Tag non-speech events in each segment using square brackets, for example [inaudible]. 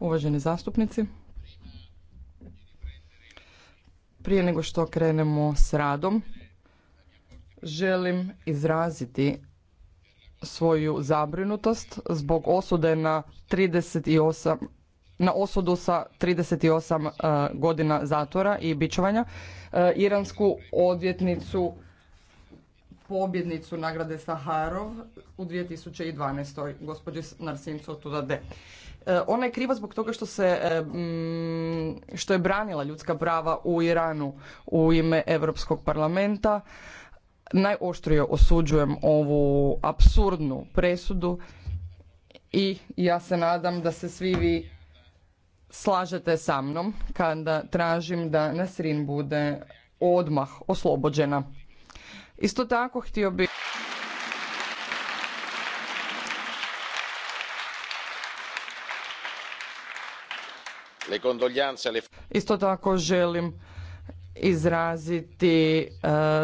Uvaženi zastupnici, prije nego što krenemo s radom, želim izraziti svoju zabrinutost zbog osude na 38 na osudu sa 38 e, godina zatvora i bičovanja e, iransku odvjetnicu pobjednicu nagrade Saharov u 2012. gospođi Narsinco Tudade. E, ona je kriva zbog toga što se e, što je branila ljudska prava u Iranu u ime Europskog parlamenta. Najoštrije osuđujem ovu apsurdnu presudu i ja se nadam da se svi vi slažete sa mnom kada tražim da Nasrin bude odmah oslobođena. Isto tako htio bih Isto tako želim izraziti e,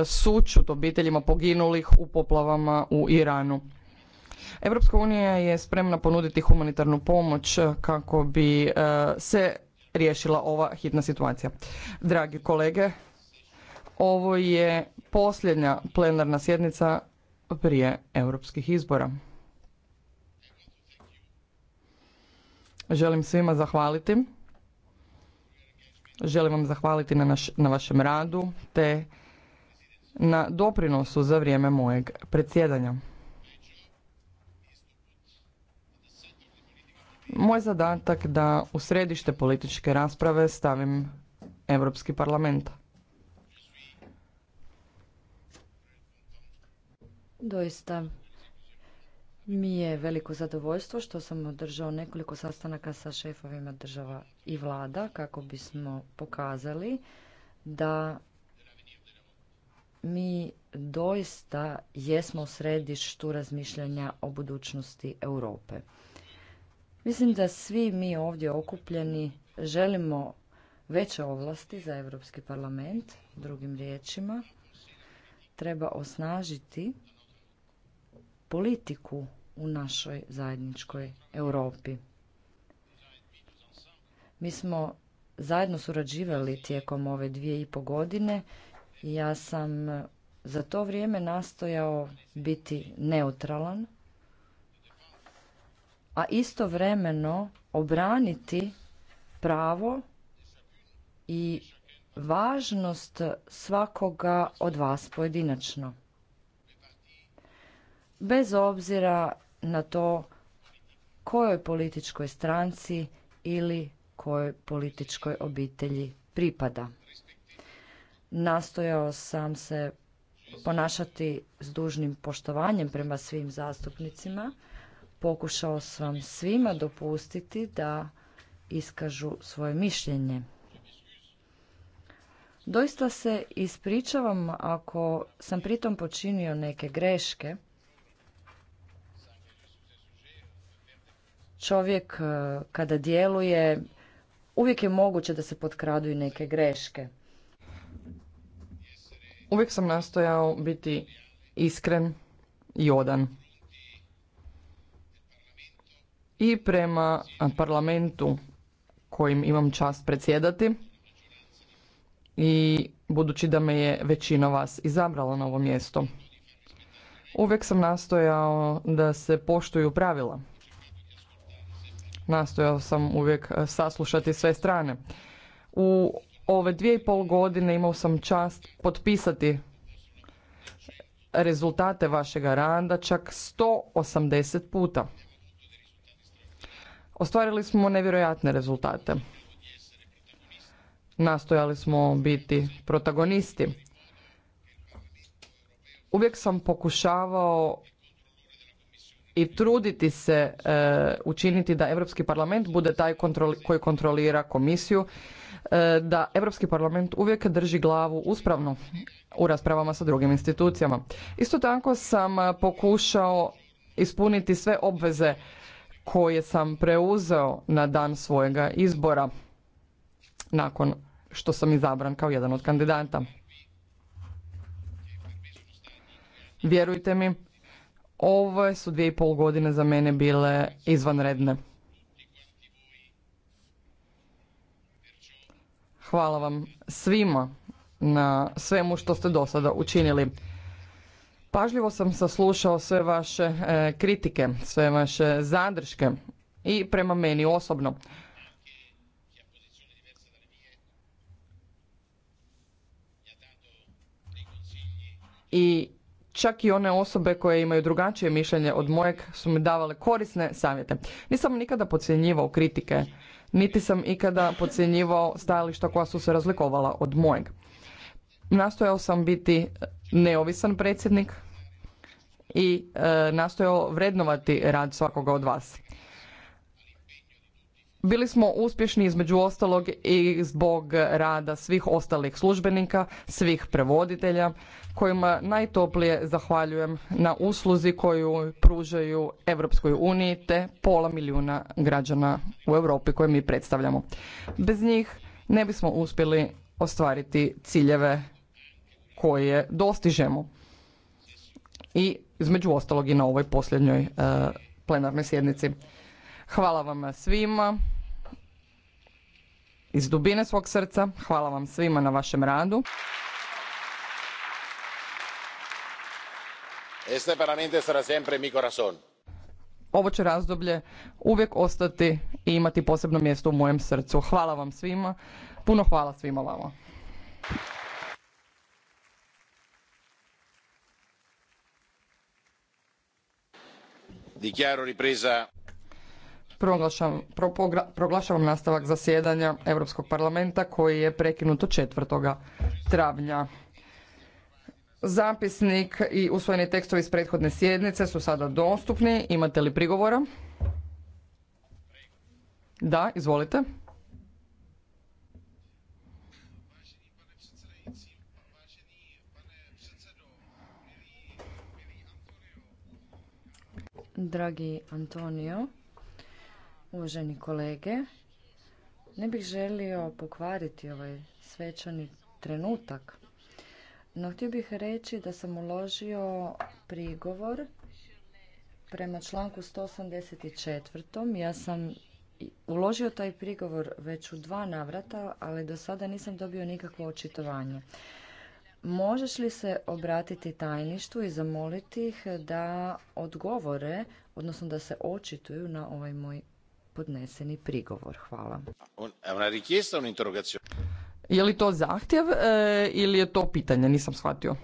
sućut obiteljima poginulih u poplavama u Iranu. Europska unija je spremna ponuditi humanitarnu pomoć kako bi e, se riješila ova hitna situacija. Dragi kolege, ovo je posljednja plenarna sjednica prije europskih izbora. Želim svima zahvaliti. Želim vam zahvaliti na, na vašem radu te na doprinosu za vrijeme mojeg predsjedanja. Moj zadatak da u središte političke rasprave stavim Europski parlament. Doista mi je veliko zadovoljstvo što sam održao nekoliko sastanaka sa šefovima država i vlada kako bismo pokazali da mi doista jesmo u središtu razmišljanja o budućnosti Europe. Mislim da svi mi ovdje okupljeni želimo veće ovlasti za Europski parlament, drugim riječima, treba osnažiti politiku u našoj zajedničkoj Europi. Mi smo zajedno surađivali tijekom ove dvije i po godine i ja sam za to vrijeme nastojao biti neutralan, a istovremeno obraniti pravo i važnost svakoga od vas pojedinačno bez obzira na to kojoj političkoj stranci ili kojoj političkoj obitelji pripada. Nastojao sam se ponašati s dužnim poštovanjem prema svim zastupnicima. Pokušao sam svima dopustiti da iskažu svoje mišljenje. Doista se ispričavam ako sam pritom počinio neke greške čovjek e, kada djeluje, uvijek je moguće da se potkradu i neke greške. Uvijek sam nastojao biti iskren i odan. I prema parlamentu kojim imam čast predsjedati i budući da me je većina vas izabrala na ovo mjesto. Uvijek sam nastojao da se poštuju pravila nastojao sam uvijek e, saslušati sve strane. U ove dvije i pol godine imao sam čast potpisati rezultate vašega randa čak 180 puta. Ostvarili smo nevjerojatne rezultate. Nastojali smo biti protagonisti. Uvijek sam pokušavao i truditi se e, učiniti da Europski parlament bude taj koji kontrolira komisiju, e, da Europski parlament uvijek drži glavu uspravno u raspravama sa drugim institucijama. Isto tako sam pokušao ispuniti sve obveze koje sam preuzeo na dan svojega izbora nakon što sam izabran kao jedan od kandidata. Vjerujte mi, Ove su dvije i pol godine za mene bile izvanredne. Hvala vam svima na svemu što ste do sada učinili. Pažljivo sam saslušao sve vaše e, kritike, sve vaše zadrške i prema meni osobno. I Čak i one osobe koje imaju drugačije mišljenje od mojeg su mi davale korisne savjete. Nisam nikada podcjenjivao kritike, niti sam ikada podcjenjivao stajališta koja su se razlikovala od mojeg. Nastojao sam biti neovisan predsjednik i e, nastojao vrednovati rad svakoga od vas. Bili smo uspješni između ostalog i zbog rada svih ostalih službenika, svih prevoditelja, kojima najtoplije zahvaljujem na usluzi koju pružaju Europskoj uniji te pola milijuna građana u Europi koje mi predstavljamo. Bez njih ne bismo uspjeli ostvariti ciljeve koje dostižemo. I između ostalog i na ovoj posljednjoj e, plenarnoj sjednici. Hvala vam svima iz dubine svog srca. Hvala vam svima na vašem radu. Este Ovo će razdoblje uvijek ostati i imati posebno mjesto u mojem srcu. Hvala vam svima. Puno hvala svima vama. Dichiaro ripresa Proglašavam, nastavak zasjedanja Europskog parlamenta koji je prekinuto 4. travnja. Zapisnik i usvojeni tekstovi iz prethodne sjednice su sada dostupni. Imate li prigovora? Da, izvolite. Dragi Antonio, Uvaženi kolege, ne bih želio pokvariti ovaj svečani trenutak, no htio bih reći da sam uložio prigovor prema članku 184. Ja sam uložio taj prigovor već u dva navrata, ali do sada nisam dobio nikakvo očitovanje. Možeš li se obratiti tajništvu i zamoliti ih da odgovore, odnosno da se očituju na ovaj moj podneseni prigovor. Hvala. Je li to zahtjev e, ili je to pitanje? Nisam shvatio.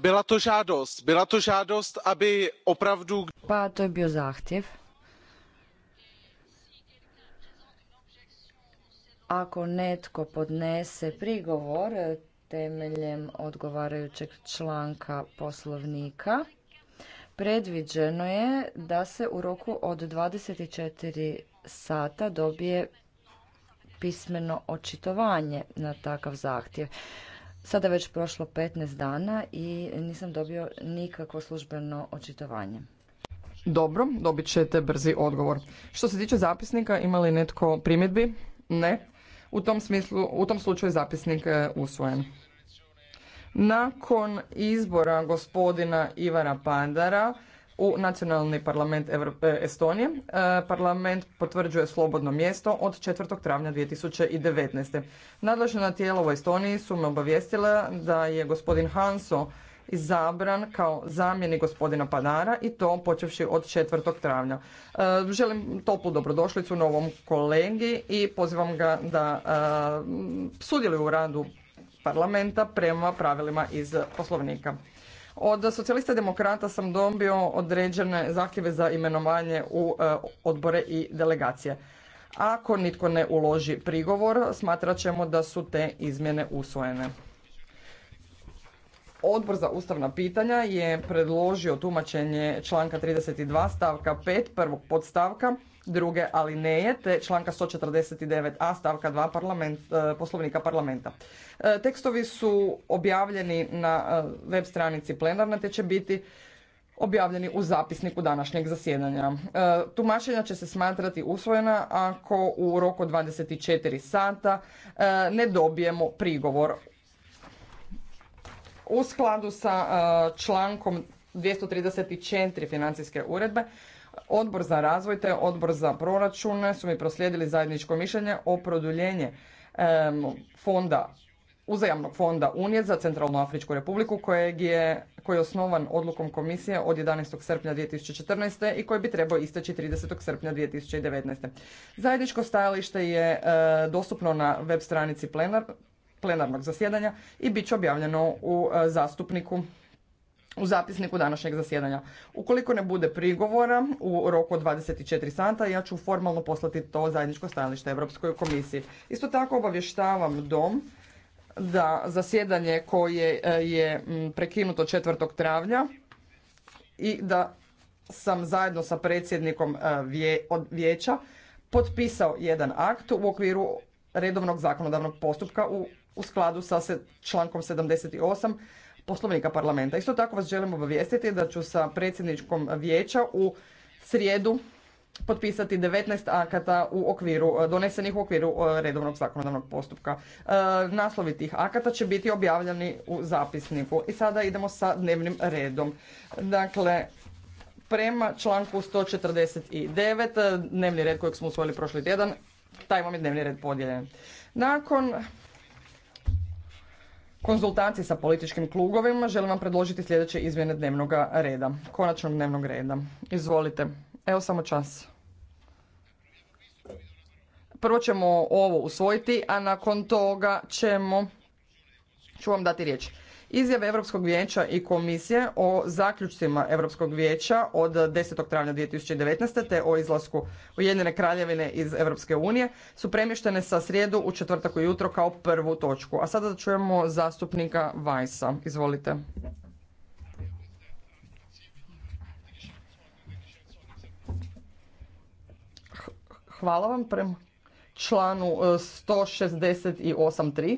Bila to žadost. Bila to žadost aby opravdu... Pa to je bio zahtjev. Ako netko podnese prigovor e, temeljem odgovarajućeg članka poslovnika, Predviđeno je da se u roku od 24 sata dobije pismeno očitovanje na takav zahtjev. Sada je već prošlo 15 dana i nisam dobio nikakvo službeno očitovanje. Dobro, dobit ćete brzi odgovor. Što se tiče zapisnika, ima li netko primjedbi? Ne. U tom, smislu, u tom slučaju zapisnik je usvojen. Nakon izbora gospodina Ivana Pandara u Nacionalni parlament e, Estonije, e, parlament potvrđuje slobodno mjesto od 4. travnja 2019. Nadležna tijela u Estoniji su me obavijestila da je gospodin Hanso izabran kao zamjenik gospodina Padara i to počevši od 4. travnja. E, želim toplu dobrodošlicu novom kolegi i pozivam ga da sudjeluje u radu parlamenta prema pravilima iz poslovnika. Od socijalista demokrata sam dobio određene zahtjeve za imenovanje u e, odbore i delegacije. Ako nitko ne uloži prigovor, smatrat ćemo da su te izmjene usvojene. Odbor za ustavna pitanja je predložio tumačenje članka 32 stavka 5 prvog podstavka druge alineje te članka 149a stavka 2 parlament, e, poslovnika parlamenta. E, tekstovi su objavljeni na e, web stranici plenarne te će biti objavljeni u zapisniku današnjeg zasjedanja. Tumačenja će se smatrati usvojena ako u roku 24 sata ne dobijemo prigovor. U skladu sa člankom 234 financijske uredbe Odbor za razvoj te Odbor za proračune su mi proslijedili zajedničko mišljenje o produljenje fonda uzajamnog fonda Unije za Centralnu Afričku republiku kojeg je, koji je osnovan odlukom komisije od 11. srpnja 2014. i koji bi trebao isteći 30. srpnja 2019. Zajedničko stajalište je e, dostupno na web stranici plenarnog zasjedanja i bit će objavljeno u e, zastupniku u zapisniku današnjeg zasjedanja. Ukoliko ne bude prigovora u roku od 24 sata, ja ću formalno poslati to zajedničko stajalište Europskoj komisiji. Isto tako obavještavam dom da zasjedanje koje e, je prekinuto 4. travnja i da sam zajedno sa predsjednikom e, vijeća potpisao jedan akt u okviru redovnog zakonodavnog postupka u, skladu sa člankom 78 poslovnika parlamenta. Isto tako vas želim obavijestiti da ću sa predsjedničkom vijeća u srijedu potpisati 19 akata u okviru, donesenih u okviru e, redovnog zakonodavnog postupka. E, naslovi tih akata će biti objavljeni u zapisniku. I sada idemo sa dnevnim redom. Dakle, prema članku 149, e, dnevni red kojeg smo usvojili prošli tjedan, taj vam je dnevni red podijeljen. Nakon Konzultacije sa političkim klugovima želim vam predložiti sljedeće izmjene dnevnog reda, konačnog dnevnog reda. Izvolite. Evo samo čas. Prvo ćemo ovo usvojiti, a nakon toga ćemo, ću vam dati riječ. Izjave Europskog vijeća i komisije o zaključcima Europskog vijeća od 10. travnja 2019. te o izlasku Ujedinjene kraljevine iz Europske unije su premještene sa srijedu u četvrtak ujutro kao prvu točku. A sada da čujemo zastupnika Vajsa. Izvolite. Hvala vam prema članu 168.3 e,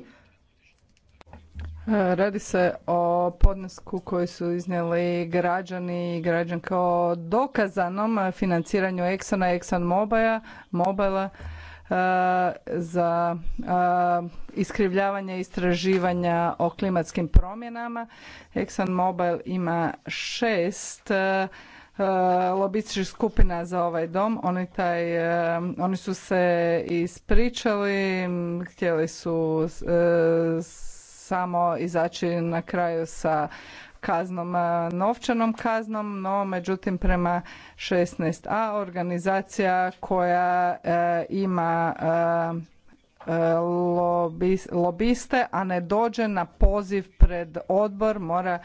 Radi se o podnesku koji su iznijeli građani i građanke kao dokazanom financiranju Exxona, Exxon mobile e, za e, iskrivljavanje istraživanja o klimatskim promjenama. Exxon mobile ima šest e, lobističkih skupina za ovaj dom. Oni, taj, oni su se ispričali, htjeli su samo izaći na kraju sa kaznom, e, novčanom kaznom, no međutim prema 16a organizacija koja e, ima e, lobiste, a ne dođe na poziv pred odbor, mora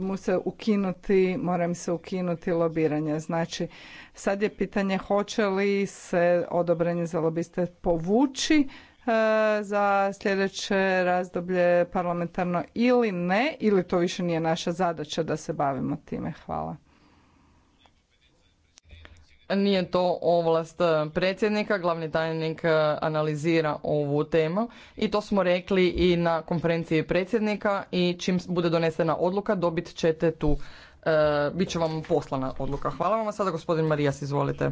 mu se ukinuti, mora im se ukinuti lobiranje. Znači, sad je pitanje hoće li se odobrenje za lobiste povući E, za sljedeće razdoblje parlamentarno ili ne, ili to više nije naša zadaća da se bavimo time. Hvala. Nije to ovlast predsjednika, glavni tajnik e, analizira ovu temu i to smo rekli i na konferenciji predsjednika i čim bude donesena odluka dobit ćete tu, e, bit će vam poslana odluka. Hvala vam, sada gospodin Marijas, izvolite.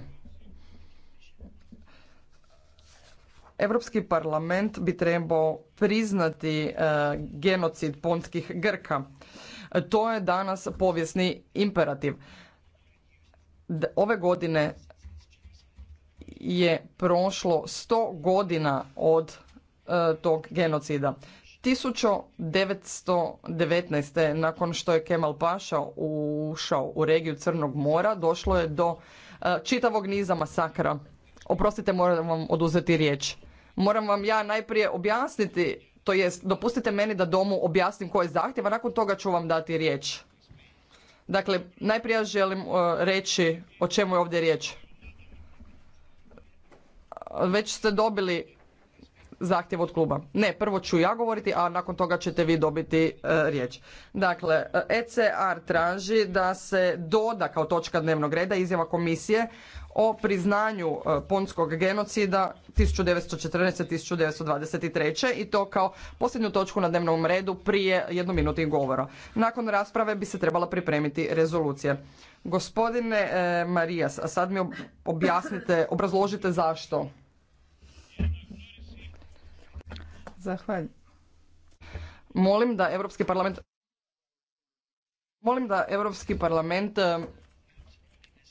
Europski parlament bi trebao priznati e, genocid pontskih Grka. To je danas povijesni imperativ. Ove godine je prošlo sto godina od e, tog genocida. 1919. nakon što je Kemal Paša ušao u regiju Crnog mora, došlo je do e, čitavog niza masakra. Oprostite, moram vam oduzeti riječ moram vam ja najprije objasniti, to jest dopustite meni da domu objasnim koje zahtjeva, a nakon toga ću vam dati riječ. Dakle, najprije ja želim e, reći o čemu je ovdje riječ. Već ste dobili zahtjev od kluba. Ne, prvo ću ja govoriti, a nakon toga ćete vi dobiti e, riječ. Dakle, ECR e traži da se doda kao točka dnevnog reda izjava komisije o priznanju e, ponskog genocida 1914-1923 i to kao posljednju točku na dnevnom redu prije jednominutnih govora. Nakon rasprave bi se trebala pripremiti rezolucija. Gospodine e, Marijas, a sad mi objasnite, obrazložite zašto. Zahvaljujem. Molim da Europski parlament Molim da Europski parlament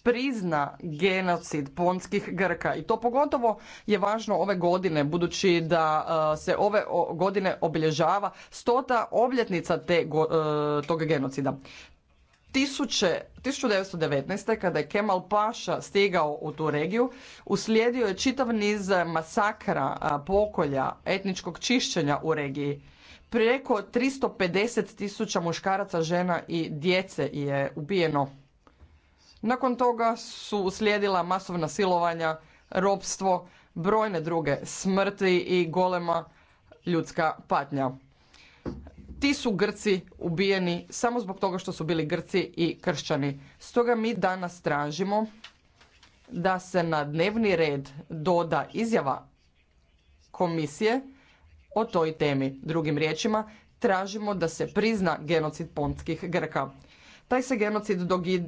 prizna genocid ponskih Grka i to pogotovo je važno ove godine budući da e, se ove godine obilježava stota obljetnica te, e, tog genocida. 1919. kada je Kemal Paša stigao u tu regiju, uslijedio je čitav niz masakra, e, pokolja, etničkog čišćenja u regiji. Preko 350 tisuća muškaraca, žena i djece je ubijeno nakon toga su uslijedila masovna silovanja, ropstvo, brojne druge smrti i golema ljudska patnja. Ti su Grci ubijeni samo zbog toga što su bili Grci i kršćani. Stoga mi danas tražimo da se na dnevni red doda izjava komisije o toj temi. Drugim riječima, tražimo da se prizna genocid ponskih Grka. Taj se genocid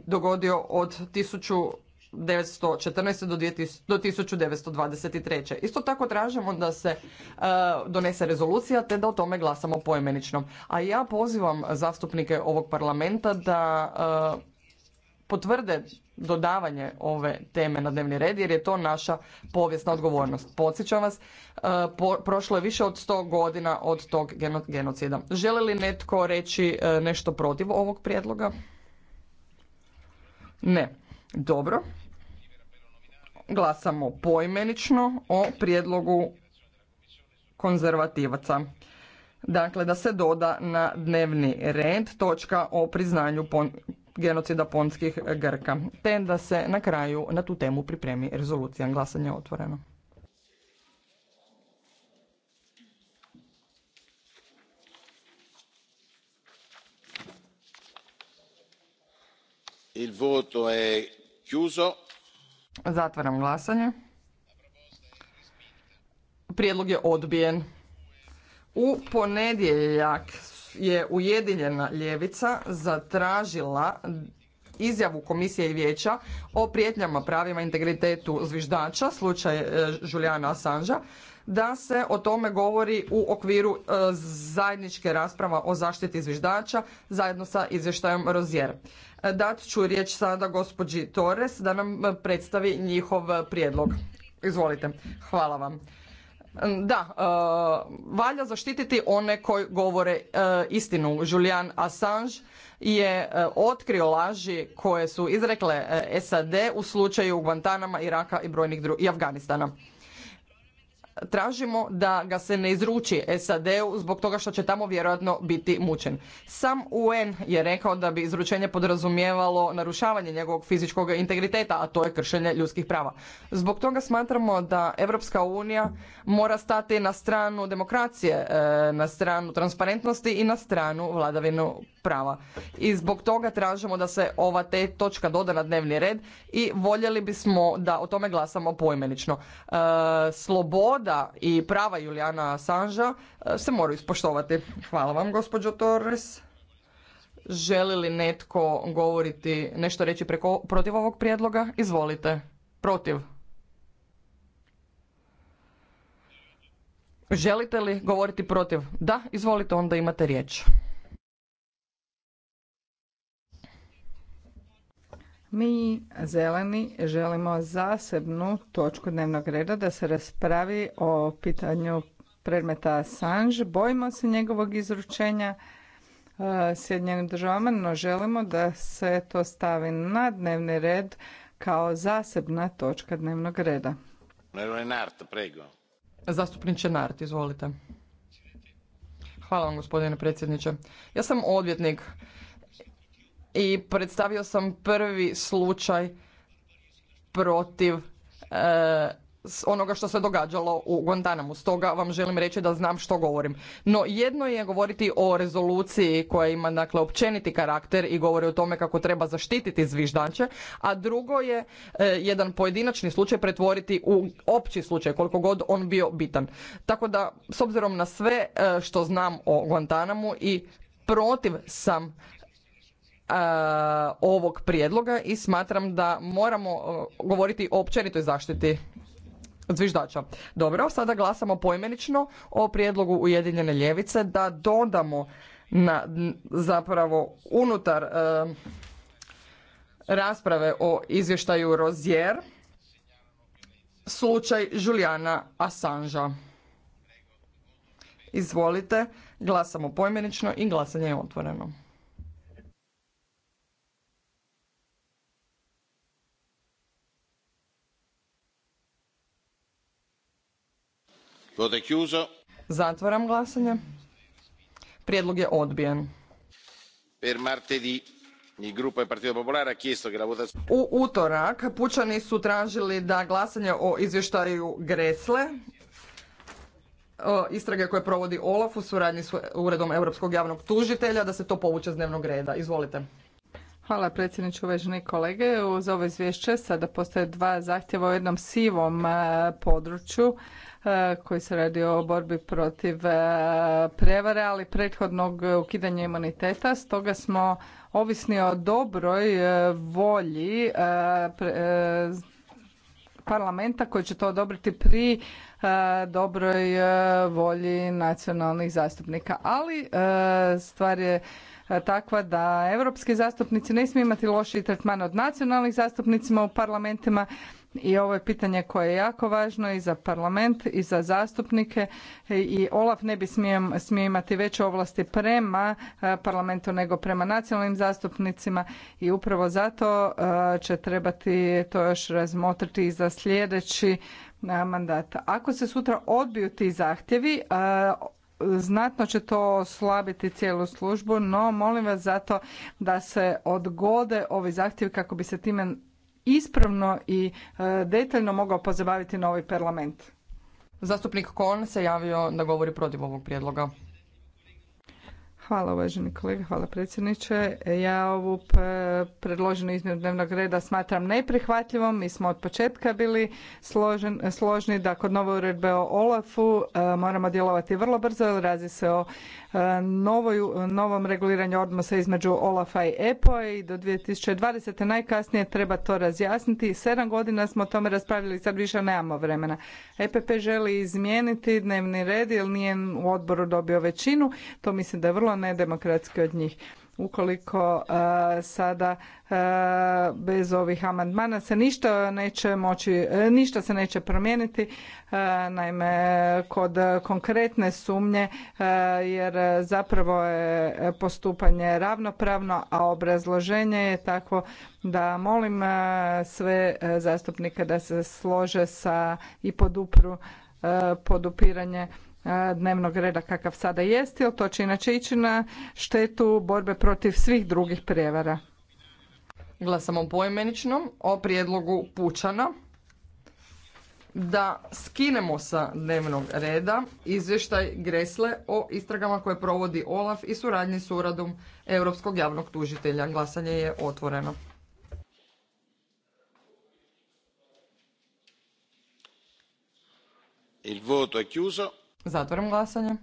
dogodio od 1914. do 1923. Isto tako tražimo da se e, donese rezolucija te da o tome glasamo poimenično. A ja pozivam zastupnike ovog parlamenta da e, potvrde dodavanje ove teme na dnevni red jer je to naša povijesna odgovornost. Podsjećam vas, e, prošlo je više od 100 godina od tog genocida. Želi li netko reći e, nešto protiv ovog prijedloga? Ne. Dobro. Glasamo poimenično o prijedlogu konzervativaca. Dakle, da se doda na dnevni red točka o priznanju genocida ponskih Grka, te da se na kraju na tu temu pripremi rezolucija. Glasanje je otvoreno. Il voto è chiuso. Zatvaram glasanje. Prijedlog je odbijen. U ponedjeljak je Ujedinjena ljevica zatražila izjavu komisije i vijeća o prijetnjama pravima integritetu zviždača, slučaj e, Julijana Asanža, da se o tome govori u okviru e, zajedničke rasprava o zaštiti zviždača zajedno sa izvještajem Rozier. E, dat ću riječ sada gospođi Torres da nam predstavi njihov prijedlog. Izvolite. Hvala vam. Da, e, valja zaštititi one koji govore e, istinu. Julian Assange je e, otkrio laži koje su izrekle SAD u slučaju Guantanama, Iraka i brojnih drugih i Afganistana tražimo da ga se ne izruči SAD-u zbog toga što će tamo vjerojatno biti mučen. Sam UN je rekao da bi izručenje podrazumijevalo narušavanje njegovog fizičkog integriteta, a to je kršenje ljudskih prava. Zbog toga smatramo da Europska unija mora stati na stranu demokracije, e, na stranu transparentnosti i na stranu vladavinu prava. I zbog toga tražimo da se ova te točka doda na dnevni red i voljeli bismo da o tome glasamo poimenično. E, sloboda i prava Julijana Sanža e, se moraju ispoštovati. Hvala vam gospođo Torres. Želi li netko govoriti nešto reći preko, protiv ovog prijedloga? Izvolite. Protiv. Želite li govoriti protiv? Da, izvolite, onda imate riječ. Mi, zeleni, želimo zasebnu točku dnevnog reda da se raspravi o pitanju predmeta Sanž. Bojimo se njegovog izručenja uh, Sjedinjenim državama, no želimo da se to stavi na dnevni red kao zasebna točka dnevnog reda. Zastupniče Nart, izvolite. Hvala vam gospodine predsjedniče. Ja sam odvjetnik i predstavio sam prvi slučaj protiv e, onoga što se događalo u Guantanamu. Stoga vam želim reći da znam što govorim. No jedno je govoriti o rezoluciji koja ima dakle općeniti karakter i govori o tome kako treba zaštititi zviždanče, a drugo je e, jedan pojedinačni slučaj pretvoriti u opći slučaj koliko god on bio bitan. Tako da s obzirom na sve e, što znam o Guantanamu i protiv sam E, ovog prijedloga i smatram da moramo e, govoriti o općenitoj zaštiti zviždača. Dobro, sada glasamo poimenično o prijedlogu Ujedinjene ljevice da dodamo na zapravo unutar e, rasprave o izvještaju Rozier slučaj Juliana Assangea. Izvolite, glasamo poimenično i glasanje je otvoreno. Zatvaram glasanje. Prijedlog je odbijen. U utorak pučani su tražili da glasanje o izvještaju Gresle istrage koje provodi Olaf u suradnji s Uredom Europskog javnog tužitelja, da se to povuče s dnevnog reda. Izvolite. Hvala predsjedniče, uvaženi kolege. Uz ovo izvješće sada postoje dva zahtjeva u jednom sivom e, području E, koji se radi o borbi protiv e, prevare, ali prethodnog ukidanja imuniteta. Stoga smo ovisni o dobroj e, volji parlamenta koji će to odobriti pri dobroj volji nacionalnih zastupnika. Ali stvar je takva da europski zastupnici ne smiju imati loši tretman od nacionalnih zastupnicima u parlamentima i ovo je pitanje koje je jako važno i za parlament i za zastupnike i Olaf ne bi smio, imati veće ovlasti prema e, parlamentu nego prema nacionalnim zastupnicima i upravo zato e, će trebati to još razmotriti i za sljedeći e, mandat. Ako se sutra odbiju ti zahtjevi, znatno će to oslabiti cijelu službu, no molim vas zato da se odgode ovi zahtjevi kako bi se time ispravno i e, detaljno mogao pozabaviti novi parlament. Zastupnik Kon se javio da govori protiv ovog prijedloga. Hvala uvaženi kolega, hvala predsjedniče. Ja ovu predloženu izmjenu dnevnog reda smatram neprihvatljivom. Mi smo od početka bili složen, složni da kod nove uredbe o OLAF-u e, moramo djelovati vrlo brzo jer razi se o e, novoj, novom reguliranju odnosa između OLAF-a i EPO i do 2020. najkasnije treba to razjasniti. Sedam godina smo o tome raspravljali, sad više nemamo vremena. EPP želi izmijeniti dnevni red jer nije u odboru dobio većinu. To mislim da je vrlo nedemokratski od njih. Ukoliko e, sada e, bez ovih amandmana se ništa neće moći, e, ništa se neće promijeniti, naime kod konkretne sumnje jer zapravo je postupanje ravnopravno, a obrazloženje je takvo da molim sve zastupnike da se slože sa i podupru podupiranje dnevnog reda kakav sada jest, jer to će inače ići na štetu borbe protiv svih drugih prijevara. Glasamo poimenično o prijedlogu Pučana da skinemo sa dnevnog reda izvještaj Gresle o istragama koje provodi OLAF i suradnji s uradom Europskog javnog tužitelja. Glasanje je otvoreno. Il voto è chiuso. Zatvaram glasanje.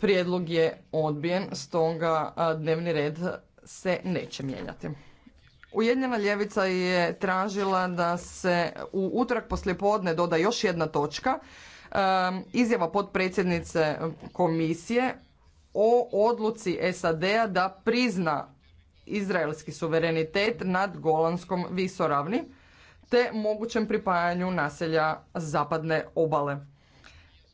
Prijedlog je odbijen, stoga dnevni red se neće mijenjati. Ujedinjena ljevica je tražila da se u utorak poslijepodne doda još jedna točka. Izjava potpredsjednice komisije o odluci SAD-a da prizna izraelski suverenitet nad Golanskom visoravni te mogućem pripajanju naselja zapadne obale.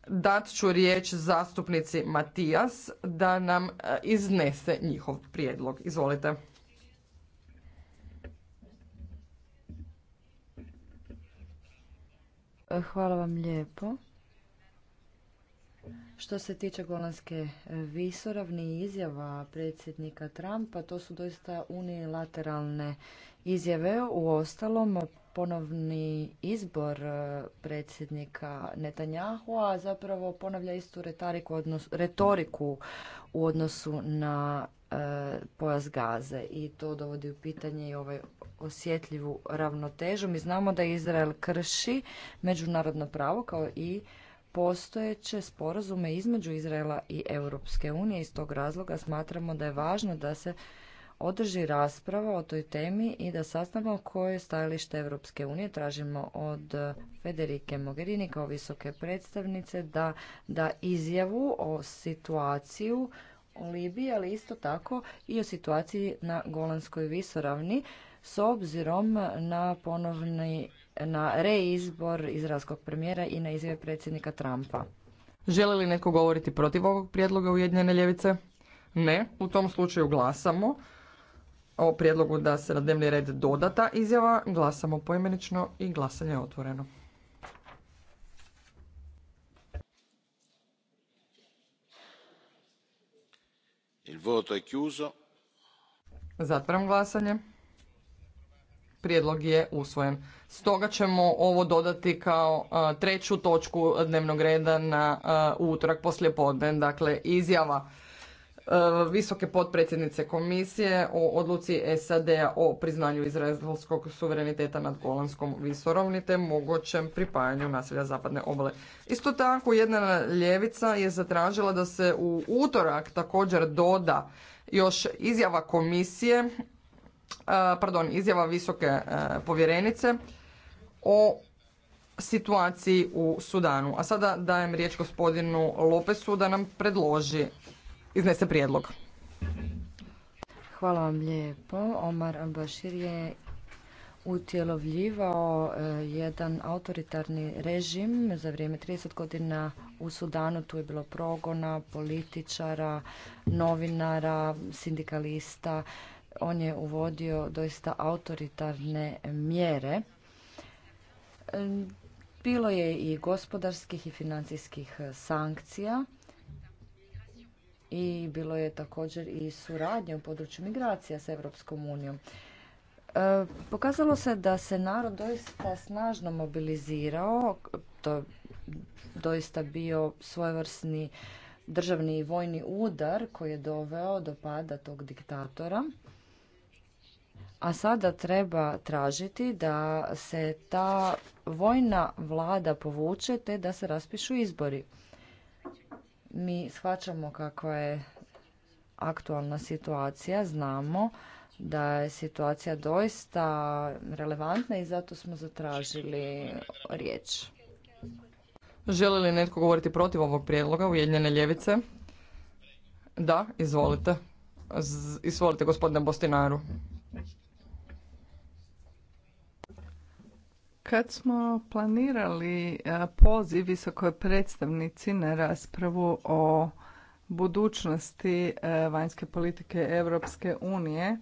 Dat ću riječ zastupnici Matijas da nam e, iznese njihov prijedlog. Izvolite. E, hvala vam lijepo. Što se tiče Golanske e, visoravni izjava predsjednika Trumpa, to su doista unilateralne izjave. U ostalom, ponovni izbor e, predsjednika Netanjahua zapravo ponavlja istu retoriku, odnos, retoriku u odnosu na e, pojas gaze i to dovodi u pitanje i ovaj osjetljivu ravnotežu. Mi znamo da Izrael krši međunarodno pravo kao i postojeće sporazume između Izraela i Europske unije. Iz tog razloga smatramo da je važno da se održi rasprava o toj temi i da saznamo koje stajalište Europske unije. Tražimo od Federike Mogherini kao visoke predstavnice da, da izjavu o situaciju u Libiji, ali isto tako i o situaciji na Golanskoj visoravni s obzirom na ponovni na reizbor izraelskog premijera i na izjave predsjednika Trumpa. Želi li netko govoriti protiv ovog prijedloga Ujedinjene ljevice? Ne. U tom slučaju glasamo o prijedlogu da se na dnevni red dodata izjava. Glasamo poimenično i glasanje je otvoreno. Il voto chiuso. Zatvaram glasanje. Prijedlog je usvojen. Stoga ćemo ovo dodati kao e, treću točku dnevnog reda na e, utorak poslijepodne. Dakle, izjava Eh, visoke potpredsjednice komisije o odluci SAD-a o priznanju izraelskog suvereniteta nad Golanskom visorovni te mogućem pripajanju naselja Zapadne obale. Isto tako jedna ljevica je zatražila da se u utorak također doda još izjava komisije, eh, pardon, izjava visoke eh, povjerenice o situaciji u Sudanu. A sada dajem riječ gospodinu Lopesu da nam predloži iznese prijedlog. Hvala vam lijepo. Omar Albašir je utjelovljivao e, jedan autoritarni režim za vrijeme 30 godina u Sudanu. Tu je bilo progona, političara, novinara, sindikalista. On je uvodio doista autoritarne mjere. E, bilo je i gospodarskih i financijskih sankcija i bilo je također i suradnje u području migracija s Europskom unijom. E, pokazalo se da se narod doista snažno mobilizirao, to je doista bio svojevrsni državni i vojni udar koji je doveo do pada tog diktatora. A sada treba tražiti da se ta vojna vlada povuče te da se raspišu izbori. Mi shvaćamo kakva je aktualna situacija, znamo da je situacija doista relevantna i zato smo zatražili riječ. Želi li netko govoriti protiv ovog prijedloga Ujedinjene ljevice? Da, izvolite. izvolite gospodine Bostinaru. Kad smo planirali e, poziv visokoj predstavnici na raspravu o budućnosti e, vanjske politike Europske unije,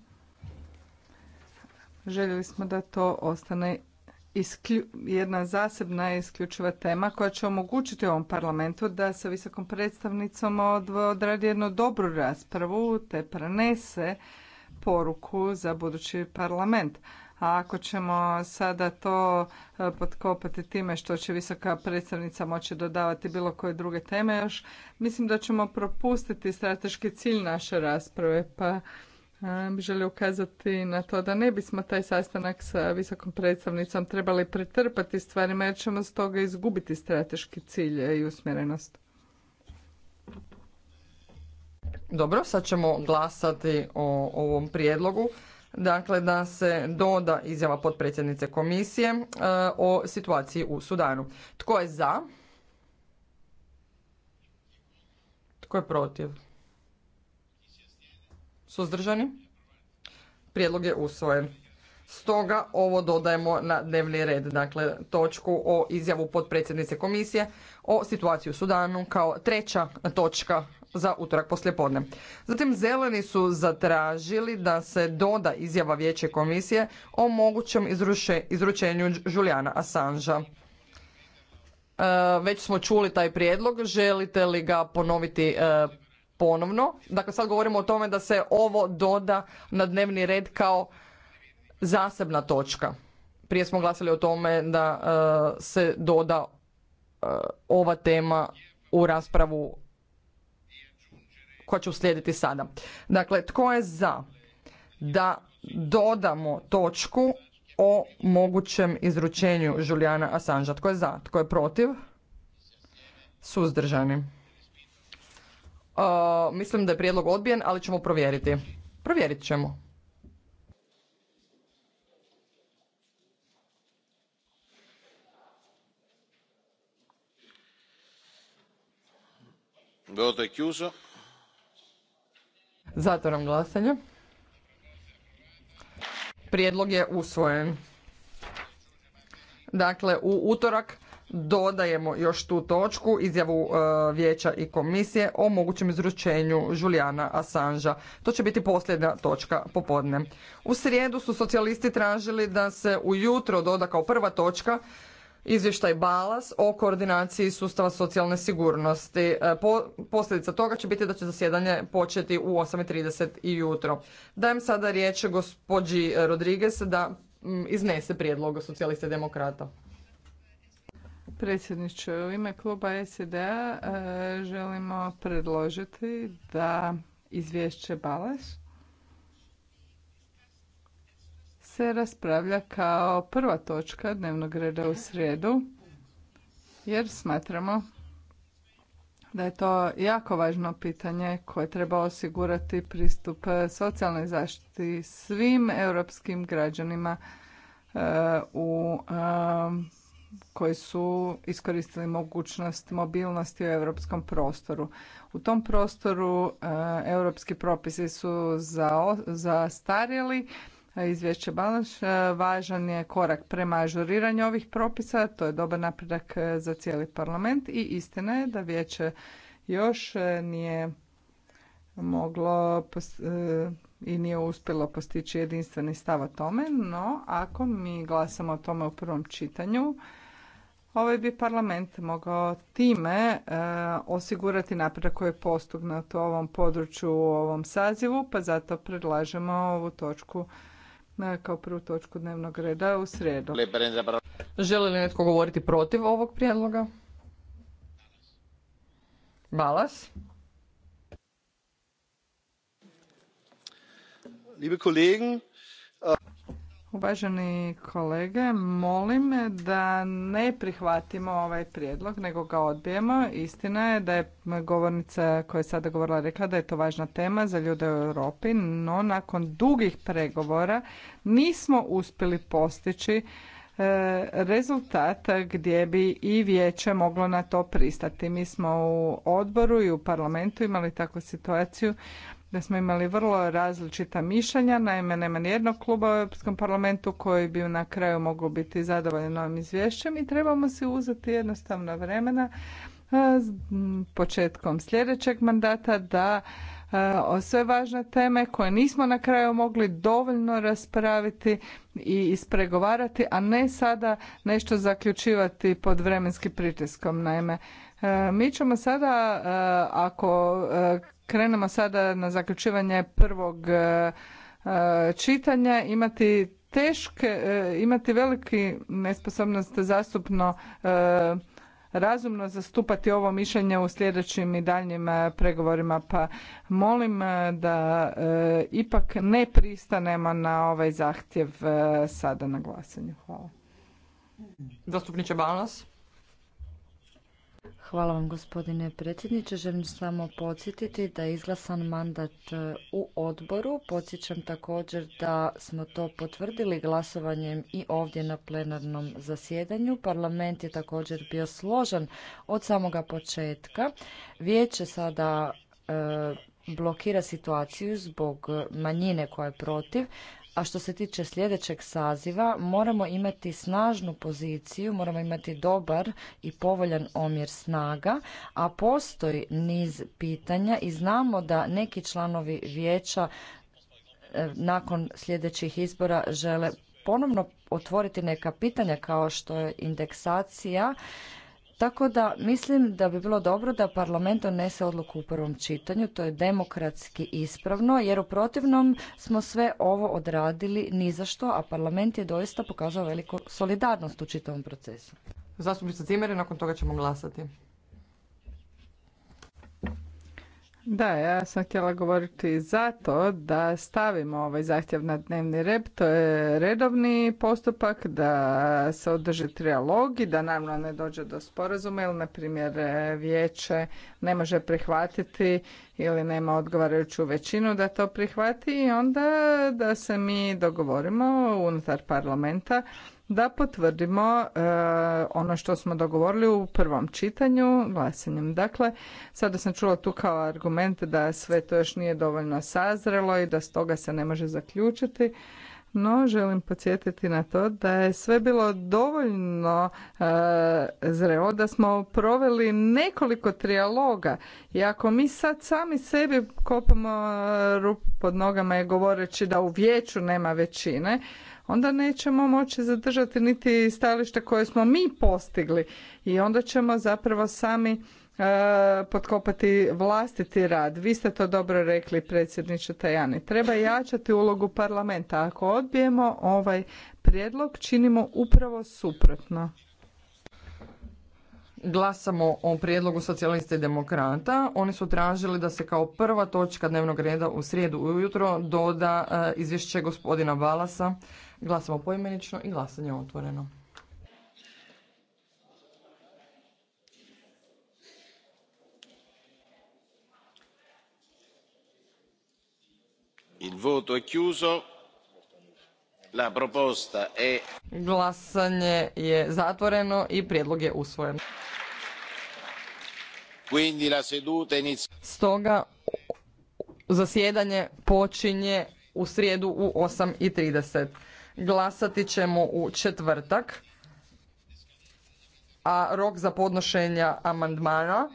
željeli smo da to ostane jedna zasebna i isključiva tema koja će omogućiti ovom parlamentu da sa visokom predstavnicom odradi jednu dobru raspravu te prenese poruku za budući parlament a ako ćemo sada to e, potkopati time što će visoka predstavnica moći dodavati bilo koje druge teme još, mislim da ćemo propustiti strateški cilj naše rasprave. Pa e, bi želio ukazati na to da ne bismo taj sastanak sa visokom predstavnicom trebali pretrpati stvarima jer ćemo stoga izgubiti strateški cilj i usmjerenost. Dobro, sad ćemo glasati o ovom prijedlogu dakle da se doda izjava potpredsjednice komisije e, o situaciji u Sudanu. Tko je za? Tko je protiv? Suzdržani? Prijedlog je usvojen. Stoga ovo dodajemo na dnevni red, dakle točku o izjavu potpredsjednice komisije o situaciji u Sudanu kao treća točka za utorak poslijepodne. Zatim zeleni su zatražili da se doda izjava vijeće komisije o mogućem izručenju Juliana Assangea. E, već smo čuli taj prijedlog, želite li ga ponoviti e, ponovno? Dakle, sad govorimo o tome da se ovo doda na dnevni red kao zasebna točka. Prije smo glasali o tome da e, se doda ova tema u raspravu koja će uslijediti sada. Dakle, tko je za da dodamo točku o mogućem izručenju Julijana Assangea? Tko je za? Tko je protiv? Suzdržani. Uh, mislim da je prijedlog odbijen, ali ćemo provjeriti. Provjerit ćemo. Voto je chiuso. Zatvaram glasanje. Prijedlog je usvojen. Dakle, u utorak dodajemo još tu točku, izjavu e, vijeća i komisije o mogućem izručenju Julijana Assangea. To će biti posljedna točka popodne. U srijedu su socijalisti tražili da se ujutro doda kao prva točka izvještaj Balas o koordinaciji sustava socijalne sigurnosti. E, posljedica toga će biti da će zasjedanje početi u 8.30 i jutro. Dajem sada riječ gospođi Rodriguez da mm, iznese prijedlog socijalista demokrata. Predsjedniče, u ime kluba sed želimo predložiti da izvješće Balas se raspravlja kao prva točka dnevnog reda u srijedu jer smatramo da je to jako važno pitanje koje treba osigurati pristup socijalnoj zaštiti svim europskim građanima e, u e, koji su iskoristili mogućnost mobilnosti u europskom prostoru. U tom prostoru e, europski propisi su zastarjeli izvješće Balanš e, važan je korak prema ažuriranju ovih propisa, to je dobar napredak e, za cijeli parlament i istina je da vijeće još e, nije moglo i nije uspjelo postići jedinstveni stav o tome, no ako mi glasamo o tome u prvom čitanju, ovaj bi parlament mogao time osigurati napredak koji je postignut u ovom području, u ovom sazivu, pa zato predlažemo ovu točku na kao prvu točku dnevnog reda u sredu. Želi li netko govoriti protiv ovog prijedloga? Balas. Liebe Kollegen, Uvaženi kolege, molim da ne prihvatimo ovaj prijedlog, nego ga odbijemo. Istina je da je govornica koja je sada govorila rekla da je to važna tema za ljude u Europi, no nakon dugih pregovora nismo uspjeli postići e, rezultat gdje bi i vijeće moglo na to pristati. Mi smo u odboru i u parlamentu imali takvu situaciju da smo imali vrlo različita mišljenja. Naime, nema ni jednog kluba u Europskom parlamentu koji bi na kraju mogao biti zadovoljen ovim izvješćem i trebamo si uzeti jednostavno vremena e, s početkom sljedećeg mandata da e, o sve važne teme koje nismo na kraju mogli dovoljno raspraviti i ispregovarati, a ne sada nešto zaključivati pod vremenskim pritiskom. Naime, E, mi ćemo sada, e, ako e, krenemo sada na zaključivanje prvog čitanja, imati teške, imati veliki nesposobnost zastupno razumno zastupati ovo mišljenje u sljedećim i daljnjim pregovorima, pa molim da ipak ne pristanemo na ovaj zahtjev sada na glasanju. Hvala. Zastupniče Balas. Hvala vam gospodine predsjedniče. Želim samo podsjetiti da je izglasan mandat e, u odboru. Podsjećam također da smo to potvrdili glasovanjem i ovdje na plenarnom zasjedanju. Parlament je također bio složan od samoga početka. Vijeće sada e, blokira situaciju zbog manjine koja je protiv. A što se tiče sljedećeg saziva, moramo imati snažnu poziciju, moramo imati dobar i povoljan omjer snaga, a postoji niz pitanja i znamo da neki članovi vijeća e, nakon sljedećih izbora žele ponovno otvoriti neka pitanja kao što je indeksacija tako da mislim da bi bilo dobro da parlament donese odluku u prvom čitanju, to je demokratski ispravno, jer u protivnom smo sve ovo odradili ni za što, a parlament je doista pokazao veliku solidarnost u čitavom procesu. Zastupnica Cimere, nakon toga ćemo glasati. Da, ja sam htjela govoriti zato da stavimo ovaj zahtjev na dnevni rep, to je redovni postupak, da se održi trijalog i da naravno ne dođe do sporazuma ili na primjer vijeće ne može prihvatiti ili nema odgovarajuću većinu da to prihvati i onda da se mi dogovorimo unutar parlamenta da potvrdimo e, ono što smo dogovorili u prvom čitanju glasanjem. Dakle, sada sam čula tu kao argument da sve to još nije dovoljno sazrelo i da stoga se ne može zaključiti. No, želim podsjetiti na to da je sve bilo dovoljno e, zrelo da smo proveli nekoliko trijaloga i ako mi sad sami sebi kopamo e, rupu pod nogama i govoreći da u vijeću nema većine, onda nećemo moći zadržati niti stajalište koje smo mi postigli i onda ćemo zapravo sami e, potkopati vlastiti rad. Vi ste to dobro rekli, predsjedniče Tajani. Treba jačati ulogu parlamenta. Ako odbijemo ovaj prijedlog, činimo upravo suprotno. Glasamo o prijedlogu socijalista i demokrata. Oni su tražili da se kao prva točka dnevnog reda u srijedu ujutro doda e, izvješće gospodina Valasa Glasamo poimenično i glasanje je otvoreno. Il voto è chiuso. La proposta è... Glasanje je zatvoreno i prijedlog je usvojen. Quindi la seduta inizia... Stoga zasjedanje počinje u srijedu u 8.30. Glasati ćemo u četvrtak, a rok za podnošenje amandmana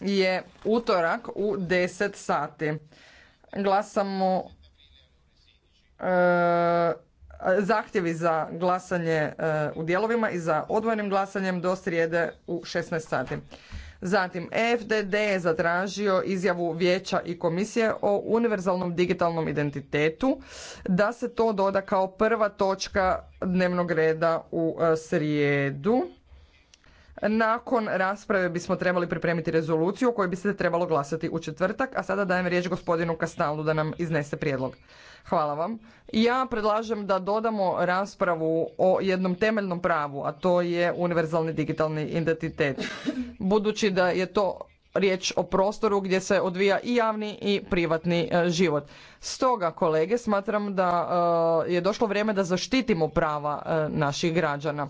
je utorak u 10 sati. Glasamo e, zahtjevi za glasanje e, u dijelovima i za odvojenim glasanjem do srijede u 16 sati. Zatim, FDD je zatražio izjavu vijeća i komisije o univerzalnom digitalnom identitetu, da se to doda kao prva točka dnevnog reda u e, srijedu. Nakon rasprave bismo trebali pripremiti rezoluciju o kojoj bi se trebalo glasati u četvrtak, a sada dajem riječ gospodinu Kastalu da nam iznese prijedlog. Hvala vam. Ja predlažem da dodamo raspravu o jednom temeljnom pravu, a to je univerzalni digitalni identitet. Budući da je to riječ o prostoru gdje se odvija i javni i privatni e, život. Stoga, kolege, smatram da e, je došlo vrijeme da zaštitimo prava e, naših građana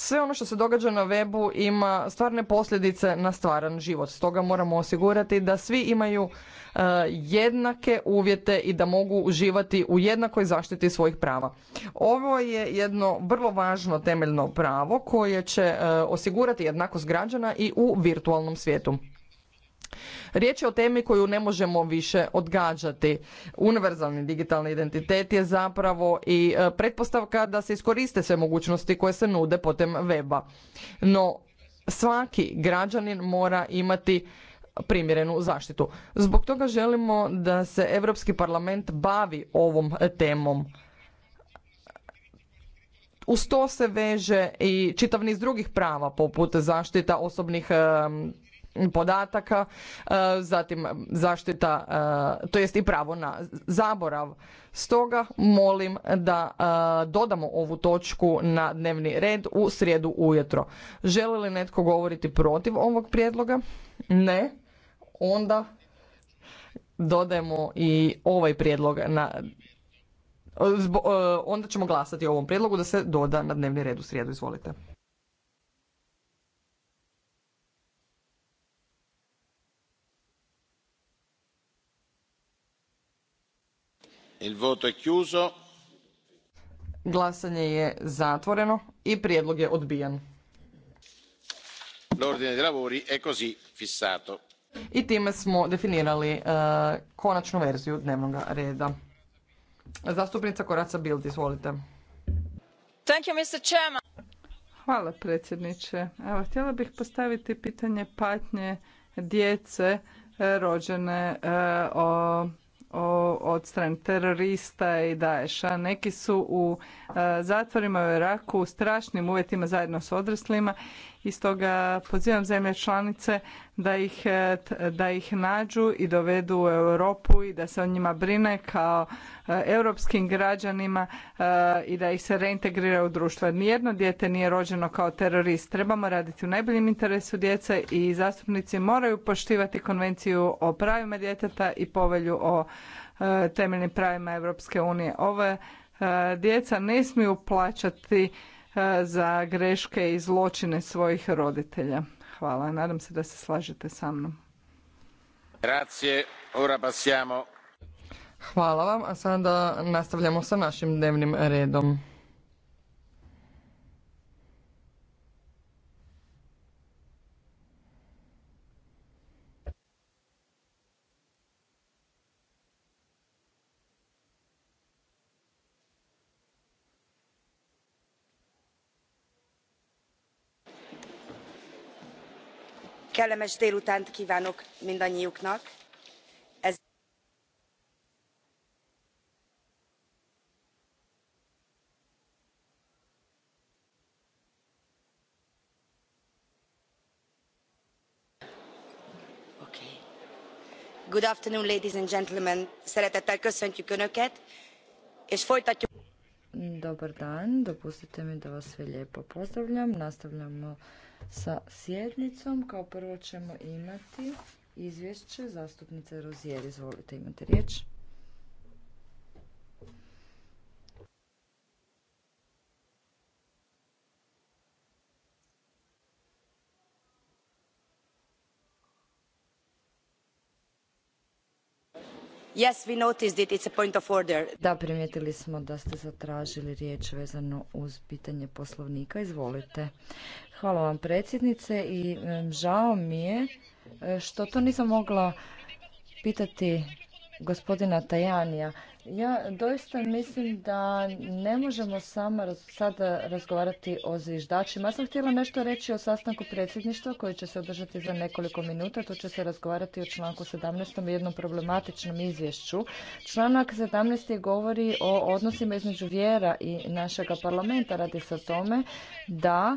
sve ono što se događa na webu ima stvarne posljedice na stvaran život. Stoga moramo osigurati da svi imaju e, jednake uvjete i da mogu uživati u jednakoj zaštiti svojih prava. Ovo je jedno vrlo važno temeljno pravo koje će e, osigurati jednakost građana i u virtualnom svijetu. Riječ je o temi koju ne možemo više odgađati. Univerzalni digitalni identitet je zapravo i e, pretpostavka da se iskoriste sve mogućnosti koje se nude putem weba. No, svaki građanin mora imati primjerenu zaštitu. Zbog toga želimo da se Europski parlament bavi ovom temom. Uz to se veže i čitav niz drugih prava poput zaštita osobnih podataka, e, zatim zaštita, e, to jest i pravo na zaborav. Stoga molim da e, dodamo ovu točku na dnevni red u srijedu ujutro. Želi li netko govoriti protiv ovog prijedloga? Ne. Onda dodajemo i ovaj prijedlog na onda ćemo glasati o ovom prijedlogu da se doda na dnevni red u srijedu. Izvolite. Glasanje je zatvoreno i prijedlog je odbijen. L'ordine dei fissato. I time smo definirali eh, konačnu verziju dnevnog reda. Zastupnica Koraca Bild, izvolite. Hvala predsjedniče. Evo, htjela bih postaviti pitanje patnje djece eh, rođene eh, o od stran terorista i daeša. Neki su u e, zatvorima u Iraku u strašnim uvjetima zajedno s odraslima i stoga pozivam zemlje članice da ih, e, da ih nađu i dovedu u Europu i da se o njima brine kao e, europskim građanima e, i da ih se reintegrira u društvo. Nijedno dijete nije rođeno kao terorist. Trebamo raditi u najboljem interesu djece i zastupnici moraju poštivati konvenciju o pravima djeteta i povelju o temeljnim pravima Europske unije. Ove djeca ne smiju plaćati za greške i zločine svojih roditelja. Hvala, nadam se da se slažete sa mnom. Grazie, ora passiamo. Hvala vam, a sada nastavljamo sa našim dnevnim redom. kellemes délutánt kvánok mindannyiuknak. Ezzel... Okay. good afternoon ladies and gentlemen szeretettel köszöntjük önöket és folytatjuk. Dobar dan, dopustite mi da vas sve lijepo pozdravljam. Nastavljamo sa sjednicom. Kao prvo ćemo imati izvješće zastupnice Rozijer. Izvolite, imate riječ. Yes, point Da, primijetili smo da ste zatražili riječ vezano uz pitanje poslovnika. Izvolite. Hvala vam predsjednice i žao mi je eh, što to nisam mogla pitati gospodina Tajanija. Ja doista mislim da ne možemo samo sada razgovarati o zviždačima. Ja sam htjela nešto reći o sastanku predsjedništva koji će se održati za nekoliko minuta. Tu će se razgovarati o članku 17. i jednom problematičnom izvješću. Članak 17. govori o odnosima između vjera i našega parlamenta. Radi se o tome da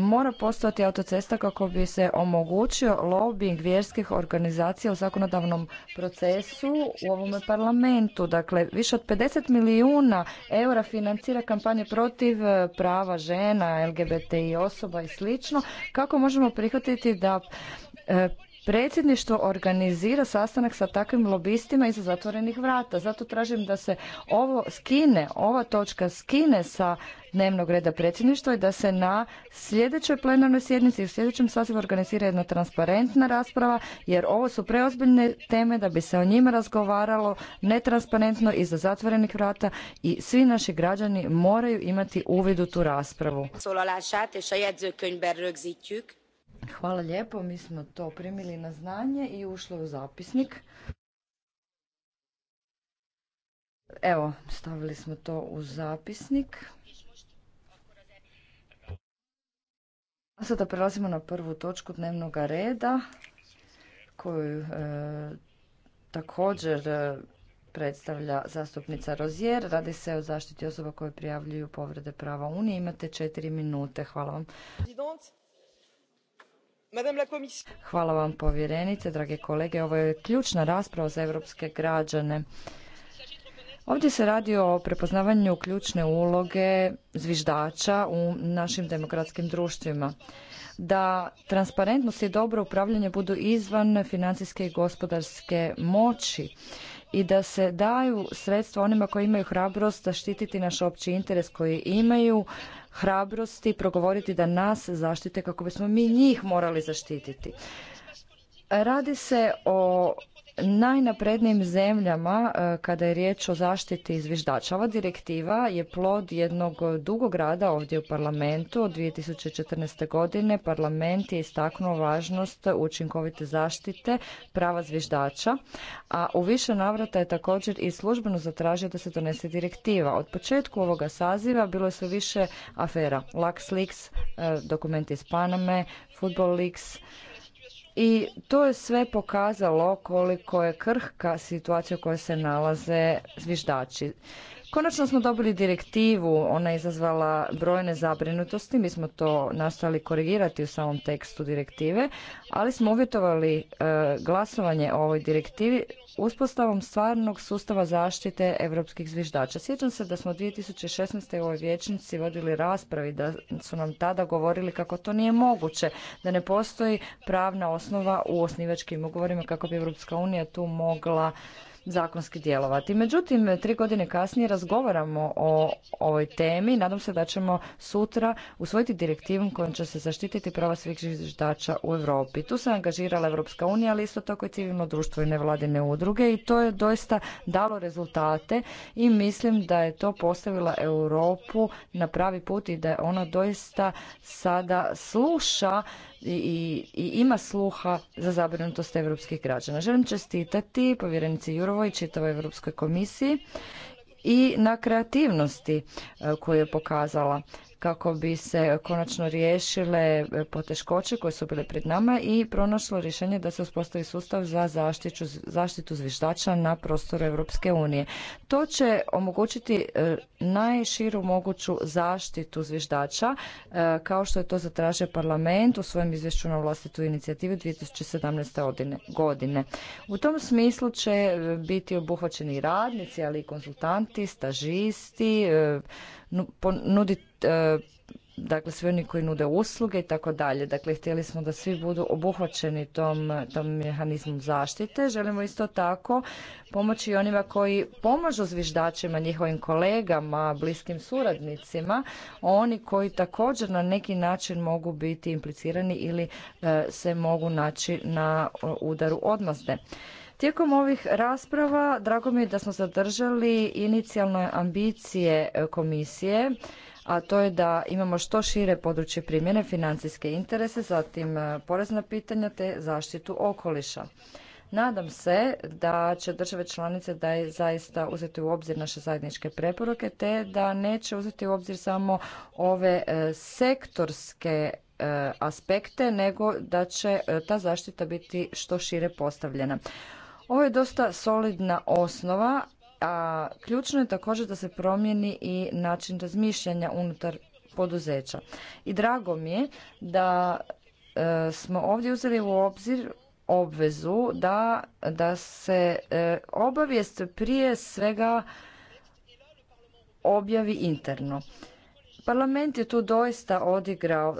mora postojati autocesta kako bi se omogućio lobbying vjerskih organizacija u zakonodavnom procesu u ovom parlamentu. Dakle, više od 50 milijuna eura financira kampanje protiv e, prava žena, i osoba i slično. Kako možemo prihvatiti da e, Predsjedništvo organizira sastanak sa takvim lobistima iza zatvorenih vrata. Zato tražim da se ovo skine, ova točka skine sa dnevnog reda predsjedništva i da se na sljedećoj plenarnoj sjednici i u sljedećem sazivu organizira jedna transparentna rasprava jer ovo su preozbiljne teme da bi se o njima razgovaralo netransparentno iza zatvorenih vrata i svi naši građani moraju imati uvid u tu raspravu. Hvala lijepo, mi smo to primili na znanje i ušlo u zapisnik. Evo, stavili smo to u zapisnik. A sada prelazimo na prvu točku dnevnog reda koju e, također e, predstavlja zastupnica Rozjer. Radi se o zaštiti osoba koje prijavljuju povrede prava Unije. Imate četiri minute. Hvala vam. Hvala vam povjerenice, drage kolege. Ovo je ključna rasprava za europske građane. Ovdje se radi o prepoznavanju ključne uloge zviždača u našim demokratskim društvima. Da transparentnost i dobro upravljanje budu izvan financijske i gospodarske moći i da se daju sredstva onima koji imaju hrabrost da zaštititi naš opći interes koji imaju hrabrosti progovoriti da nas zaštite kako bismo mi njih morali zaštititi. Radi se o najnaprednijim zemljama e, kada je riječ o zaštiti zviždača. Ova direktiva je plod jednog dugog rada ovdje u parlamentu. Od 2014. godine parlament je istaknuo važnost učinkovite zaštite prava zviždača, a u više navrata je također i službeno zatražio da se donese direktiva. Od početku ovoga saziva bilo je sve više afera. leaks, e, dokumenti iz Paname, Football Leaks, i to je sve pokazalo koliko je krhka situacija u kojoj se nalaze zviždači. Konačno smo dobili direktivu, ona je izazvala brojne zabrinutosti, mi smo to nastali korigirati u samom tekstu direktive, ali smo uvjetovali e, glasovanje o ovoj direktivi uspostavom stvarnog sustava zaštite europskih zviždača. Sjećam se da smo 2016. u ovoj vječnici vodili raspravi da su nam tada govorili kako to nije moguće, da ne postoji pravna osnova u osnivačkim ugovorima kako bi Europska unija tu mogla zakonski djelovati. Međutim, tri godine kasnije razgovaramo o ovoj temi. Nadam se da ćemo sutra usvojiti direktivu kojom će se zaštititi prava svih zviždača u Europi. Tu se angažirala Europska unija, ali isto tako i civilno društvo i nevladine udruge i to je doista dalo rezultate i mislim da je to postavila Europu na pravi put i da je ona doista sada sluša i, ima sluha za zabrinutost europskih građana. Želim čestitati povjerenici Jurovoj i čitavoj Europskoj komisiji i na kreativnosti e, koju je pokazala kako bi se konačno riješile e, poteškoće koje su bile pred nama i pronašlo rješenje da se uspostavi sustav za zaštitu, zviždača na prostoru Europske unije. To će omogućiti e, najširu moguću zaštitu zviždača e, kao što je to zatražio parlament u svojem izvješću na vlastitu inicijativu 2017. godine. U tom smislu će biti obuhvaćeni radnici, ali i konsultanti, stažisti, nudit, e, dakle svi oni koji nude usluge i tako dalje. Dakle, htjeli smo da svi budu obuhvaćeni tom, tom mehanizmom zaštite. Želimo isto tako pomoći onima koji pomažu zviždačima, njihovim kolegama, bliskim suradnicima, oni koji također na neki način mogu biti implicirani ili e, se mogu naći na e, udaru odmazde. Tijekom ovih rasprava drago mi je da smo zadržali inicijalne ambicije e, komisije, a to je da imamo što šire područje primjene, financijske interese, zatim e, porezna pitanja te zaštitu okoliša. Nadam se da će države članice da je zaista uzeti u obzir naše zajedničke preporuke te da neće uzeti u obzir samo ove e, sektorske aspekte nego da će ta zaštita biti što šire postavljena. Ovo je dosta solidna osnova, a ključno je također da se promijeni i način razmišljanja unutar poduzeća. I drago mi je da e, smo ovdje uzeli u obzir obvezu da, da se e, obavijest prije svega objavi interno. Parlament je tu doista odigrao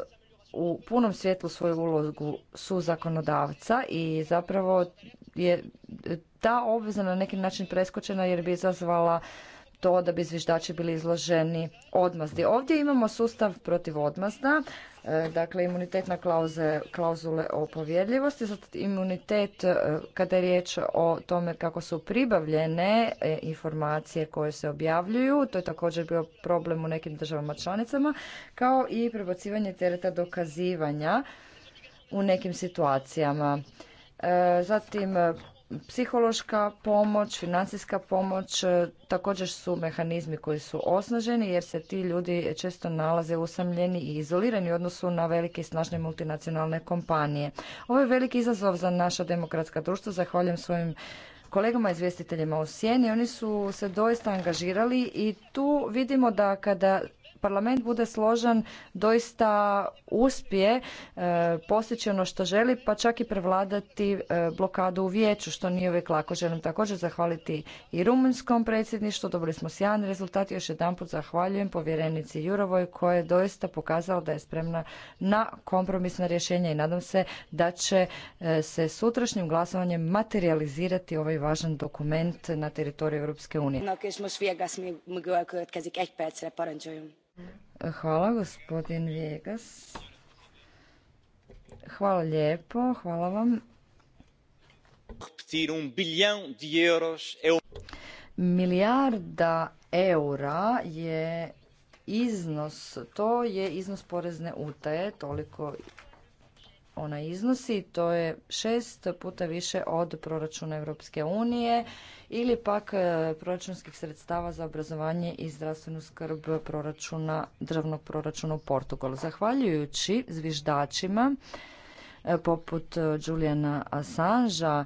u punom svjetlu svoju ulogu su zakonodavca i zapravo je ta obveza na neki način preskočena jer bi izazvala to da bi zviždači bili izloženi odmazdi. Ovdje imamo sustav protiv odmazda, e, dakle imunitetna klauze, klauzule o povjedljivosti, imunitet e, kada je riječ o tome kako su pribavljene e, informacije koje se objavljuju, to je također bio problem u nekim državama članicama, kao i prebacivanje tereta dokazivanja u nekim situacijama. E, zatim e, psihološka pomoć, financijska pomoć, e, također su mehanizmi koji su osnaženi jer se ti ljudi često nalaze usamljeni i izolirani u odnosu na velike i snažne multinacionalne kompanije. Ovo je veliki izazov za naša demokratska društva. Zahvaljujem svojim kolegama izvjestiteljima u Sjeni. Oni su se doista angažirali i tu vidimo da kada parlament bude složan doista uspije e, postići ono što želi pa čak i prevladati e, blokadu u vijeću što nije uvijek lako. Želim također zahvaliti i rumunjskom predsjedništvu. Dobili smo sjajan rezultat. Još jedanput zahvaljujem povjerenici Jurovoj koja je doista pokazala da je spremna na kompromisna rješenja i nadam se da će e, se sutrašnjim glasovanjem materializirati ovaj važan dokument na teritoriju Europske unije. Hvala, gospodin Vjegas. Hvala lijepo, hvala vam. Milijarda eura je iznos, to je iznos porezne utaje, toliko ona iznosi, to je šest puta više od proračuna Europske unije ili pak e, proračunskih sredstava za obrazovanje i zdravstvenu skrb proračuna, državnog proračuna u Portugalu. Zahvaljujući zviždačima e, poput Juliana Assangea,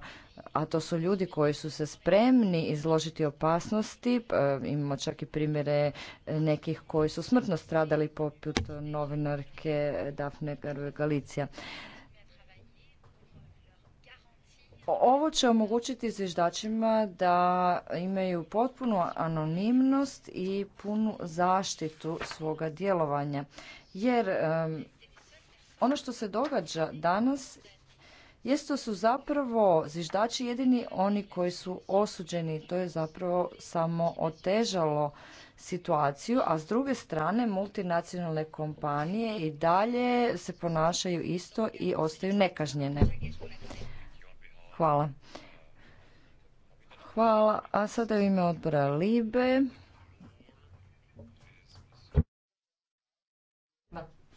a to su ljudi koji su se spremni izložiti opasnosti. E, imamo čak i primjere nekih koji su smrtno stradali poput novinarke Dafne Galicija. Ovo će omogućiti zviždačima da imaju potpunu anonimnost i punu zaštitu svoga djelovanja. Jer ono što se događa danas jesto su zapravo zviždači jedini oni koji su osuđeni. To je zapravo samo otežalo situaciju, a s druge strane multinacionalne kompanije i dalje se ponašaju isto i ostaju nekažnjene. Hvala. Hvala. A sada u ime odbora Libe.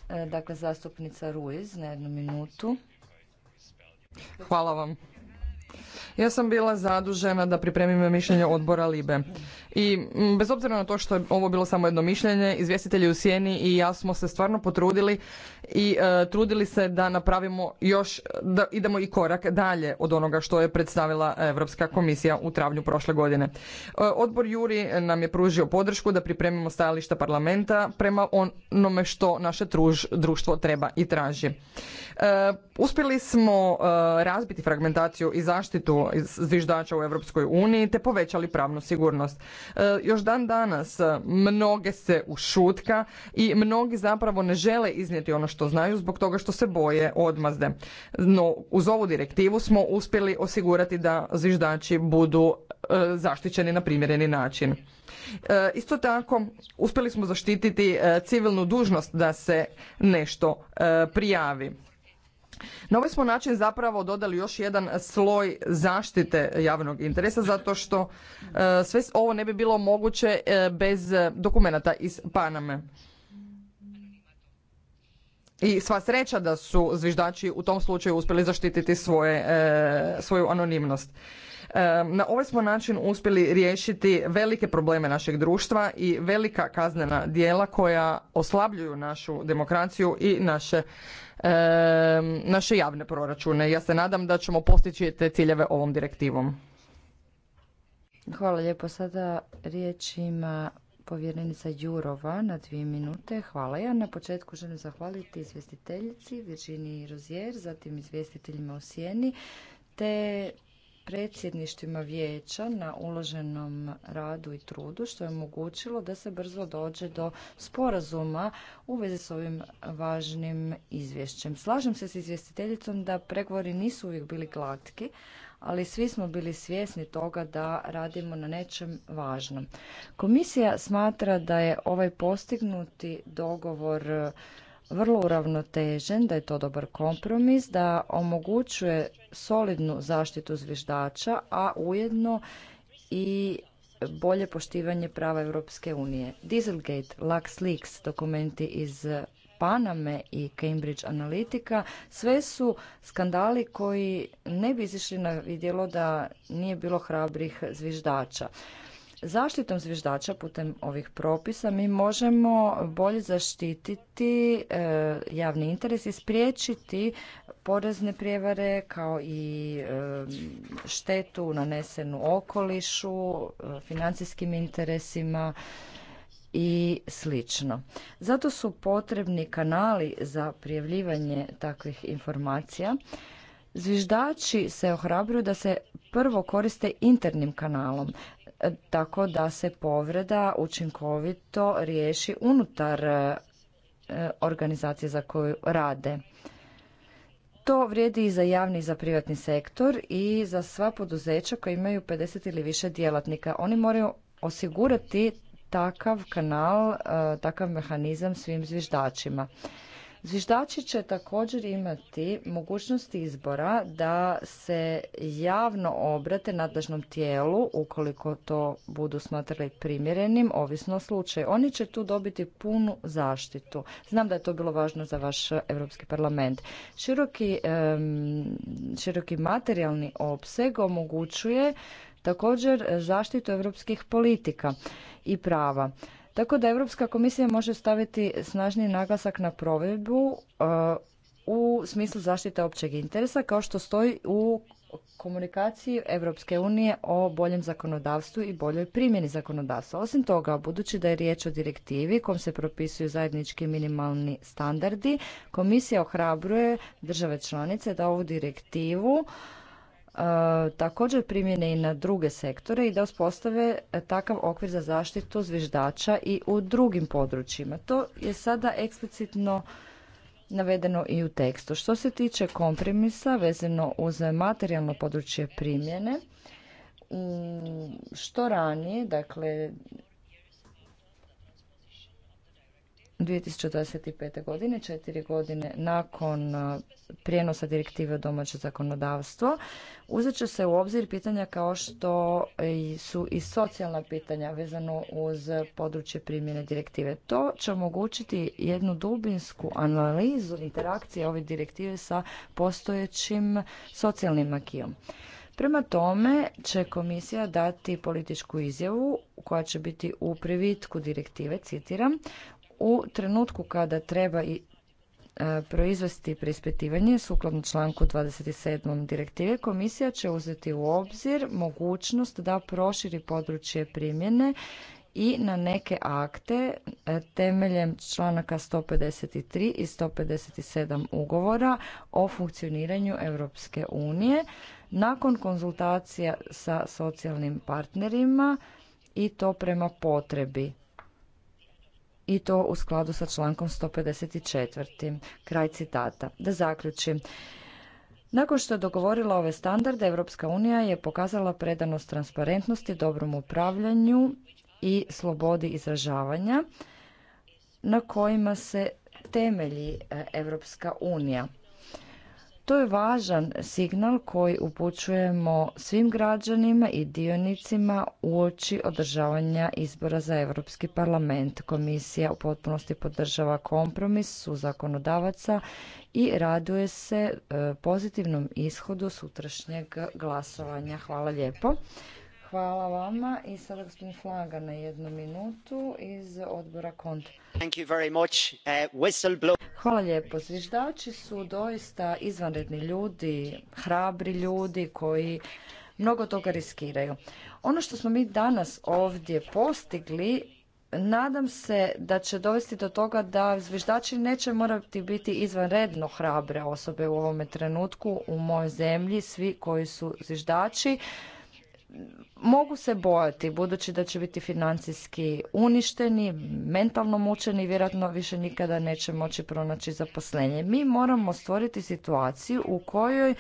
E, dakle, zastupnica Ruiz na jednu minutu. Hvala vam. Ja sam bila zadužena da pripremim mišljenje odbora Libe. I mm, bez obzira na to što je ovo bilo samo jedno mišljenje, izvjestitelji u Sjeni i ja smo se stvarno potrudili i e, trudili se da napravimo još, da idemo i korak dalje od onoga što je predstavila Europska komisija u travnju prošle godine. E, odbor Juri nam je pružio podršku da pripremimo stajališta parlamenta prema onome što naše društvo treba i traži. E, uspjeli smo razbiti fragmentaciju i zaštitu zaštitu zviždača u Europskoj uniji te povećali pravnu sigurnost. E, još dan danas e, mnoge se ušutka i mnogi zapravo ne žele iznijeti ono što znaju zbog toga što se boje odmazde. No uz ovu direktivu smo uspjeli osigurati da zviždači budu e, zaštićeni na primjereni način. Isto tako, uspjeli smo zaštititi civilnu dužnost da se nešto prijavi. Na ovaj smo način zapravo dodali još jedan sloj zaštite javnog interesa zato što e, sve ovo ne bi bilo moguće e, bez dokumenata iz Paname. I sva sreća da su zviždači u tom slučaju uspjeli zaštititi svoje, e, svoju anonimnost. Na ovaj smo način uspjeli riješiti velike probleme našeg društva i velika kaznena dijela koja oslabljuju našu demokraciju i naše naše javne proračune. Ja se nadam da ćemo postići te ciljeve ovom direktivom. Hvala lijepo. Sada riječ ima povjerenica Jurova na dvije minute. Hvala. Ja na početku želim zahvaliti izvjestiteljici Virginiji Rozier, zatim izvjestiteljima u Sijeni, te predsjedništvima vijeća na uloženom radu i trudu što je omogućilo da se brzo dođe do sporazuma u vezi s ovim važnim izvješćem. Slažem se s izvjestiteljicom da pregovori nisu uvijek bili glatki, ali svi smo bili svjesni toga da radimo na nečem važnom. Komisija smatra da je ovaj postignuti dogovor vrlo uravnotežen, da je to dobar kompromis, da omogućuje solidnu zaštitu zviždača, a ujedno i bolje poštivanje prava Europske unije. Dieselgate, LuxLeaks, dokumenti iz Paname i Cambridge Analytica, sve su skandali koji ne bi izišli na vidjelo da nije bilo hrabrih zviždača. Zaštitom zviždača putem ovih propisa mi možemo bolje zaštititi e, javni interes i spriječiti porezne prijevare kao i e, štetu nanesenu okolišu, e, financijskim interesima i slično. Zato su potrebni kanali za prijavljivanje takvih informacija. Zviždači se ohrabruju da se prvo koriste internim kanalom tako da se povreda učinkovito riješi unutar e, organizacije za koju rade. To vrijedi i za javni i za privatni sektor i za sva poduzeća koja imaju 50 ili više djelatnika. Oni moraju osigurati takav kanal, e, takav mehanizam svim zviždačima. Zviždači će također imati mogućnost izbora da se javno obrate nadležnom tijelu ukoliko to budu smatrali primjerenim, ovisno o slučaju. Oni će tu dobiti punu zaštitu. Znam da je to bilo važno za vaš Europski parlament. Široki, široki materijalni opseg omogućuje također zaštitu europskih politika i prava. Tako da Europska komisija može staviti snažni naglasak na provedbu e, u smislu zaštite općeg interesa kao što stoji u komunikaciji Europske unije o boljem zakonodavstvu i boljoj primjeni zakonodavstva. Osim toga, budući da je riječ o direktivi kom se propisuju zajednički minimalni standardi, komisija ohrabruje države članice da ovu direktivu E, također primjene i na druge sektore i da uspostave takav okvir za zaštitu zviždača i u drugim područjima. To je sada eksplicitno navedeno i u tekstu. Što se tiče kompromisa vezano uz materijalno područje primjene, što ranije, dakle 2025. godine, četiri godine nakon e, prijenosa direktive u domaće zakonodavstvo, uzet će se u obzir pitanja kao što su i socijalna pitanja vezano uz područje primjene direktive. To će omogućiti jednu dubinsku analizu interakcije ove direktive sa postojećim socijalnim makijom. Prema tome će komisija dati političku izjavu koja će biti u privitku direktive, citiram, u trenutku kada treba i e, proizvesti preispitivanje sukladno članku 27. direktive, komisija će uzeti u obzir mogućnost da proširi područje primjene i na neke akte e, temeljem članaka 153 i 157 ugovora o funkcioniranju Europske unije nakon konzultacija sa socijalnim partnerima i to prema potrebi i to u skladu sa člankom 154. Kraj citata. Da zaključim. Nakon što je dogovorila ove standarde, Europska unija je pokazala predanost transparentnosti, dobrom upravljanju i slobodi izražavanja na kojima se temelji Europska unija. To je važan signal koji upućujemo svim građanima i dionicima uoči održavanja izbora za Europski parlament. Komisija u potpunosti podržava kompromis su zakonodavaca i raduje se e, pozitivnom ishodu sutrašnjeg glasovanja. Hvala lijepo. Hvala vama i sada gospodin Flaga na jednu minutu iz odbora KONT. Eh, Hvala lijepo. Zviždači su doista izvanredni ljudi, hrabri ljudi koji mnogo toga riskiraju. Ono što smo mi danas ovdje postigli nadam se da će dovesti do toga da zviždači neće morati biti izvanredno hrabre osobe u ovome trenutku u mojoj zemlji. Svi koji su zviždači mogu se bojati budući da će biti financijski uništeni, mentalno mučeni i vjerojatno više nikada neće moći pronaći zaposlenje. Mi moramo stvoriti situaciju u kojoj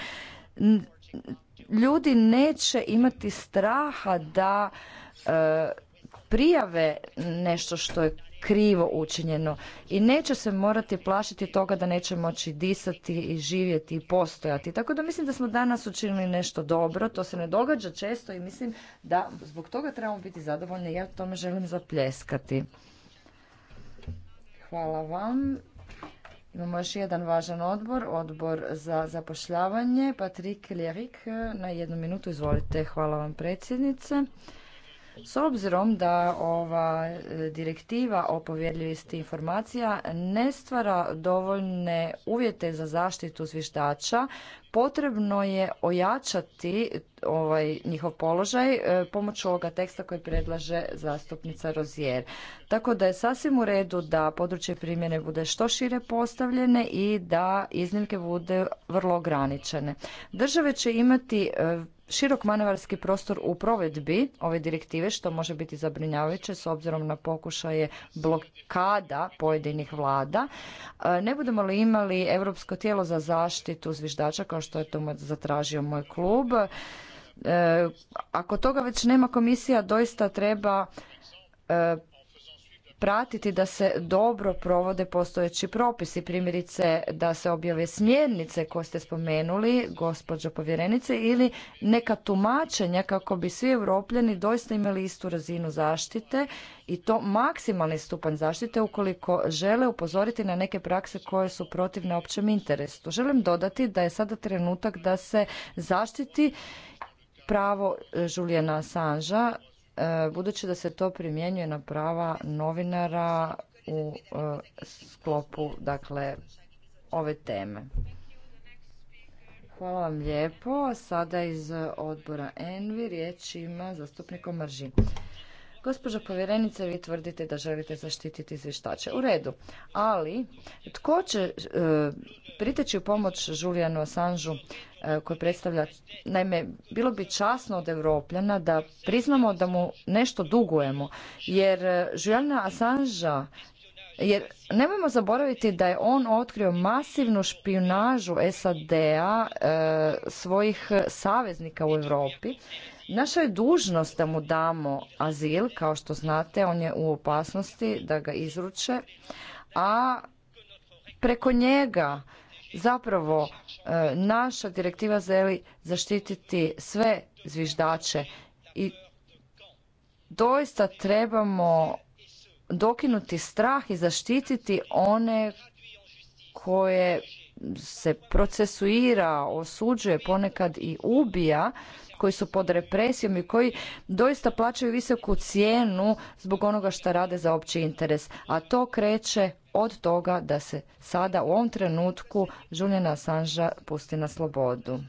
ljudi neće imati straha da e, prijave nešto što je krivo učinjeno i neće se morati plašiti toga da neće moći disati i živjeti i postojati. Tako da mislim da smo danas učinili nešto dobro, to se ne događa često i mislim da zbog toga trebamo biti zadovoljni. Ja tome želim zapljeskati. Hvala vam. Imamo još jedan važan odbor, odbor za zapošljavanje. Patrik Ljerik, na jednu minutu izvolite. Hvala vam predsjednice. S obzirom da ova e, direktiva o povjerljivosti informacija ne stvara dovoljne uvjete za zaštitu zviždača, potrebno je ojačati ovaj njihov položaj e, pomoću ovoga teksta koji predlaže zastupnica Rozier. Tako da je sasvim u redu da područje primjene bude što šire postavljene i da iznimke bude vrlo ograničene. Države će imati e, širok manevarski prostor u provedbi ove direktive što može biti zabrinjavajuće s obzirom na pokušaje blokada pojedinih vlada. E, ne budemo li imali Europsko tijelo za zaštitu zviždača kao što je to zatražio moj klub, e, ako toga već nema komisija doista treba e, pratiti da se dobro provode postojeći propisi, primjerice da se objave smjernice koje ste spomenuli, gospođo povjerenice, ili neka tumačenja kako bi svi europljani doista imali istu razinu zaštite i to maksimalni stupanj zaštite ukoliko žele upozoriti na neke prakse koje su protivne općem interesu. Želim dodati da je sada trenutak da se zaštiti pravo eh, Julijana Assangea E, budući da se to primjenjuje na prava novinara u e, sklopu dakle ove teme. Hvala vam lijepo. Sada iz odbora Envi riječ ima zastupnik Gospođo povjerenice, vi tvrdite da želite zaštititi zvištače. U redu. Ali, tko će e, priteći u pomoć Julianu Assangeu e, koji predstavlja, naime, bilo bi časno od Evropljana da priznamo da mu nešto dugujemo. Jer e, Juliana Assangea jer nemojmo zaboraviti da je on otkrio masivnu špionažu SAD-a svojih saveznika u Europi Naša je dužnost da mu damo azil, kao što znate, on je u opasnosti da ga izruče, a preko njega zapravo e, naša direktiva želi zaštititi sve zviždače i doista trebamo dokinuti strah i zaštititi one koje se procesuira, osuđuje, ponekad i ubija koji su pod represijom i koji doista plaćaju visoku cijenu zbog onoga što rade za opći interes. A to kreće od toga da se sada u ovom trenutku Julian Assange pusti na slobodu.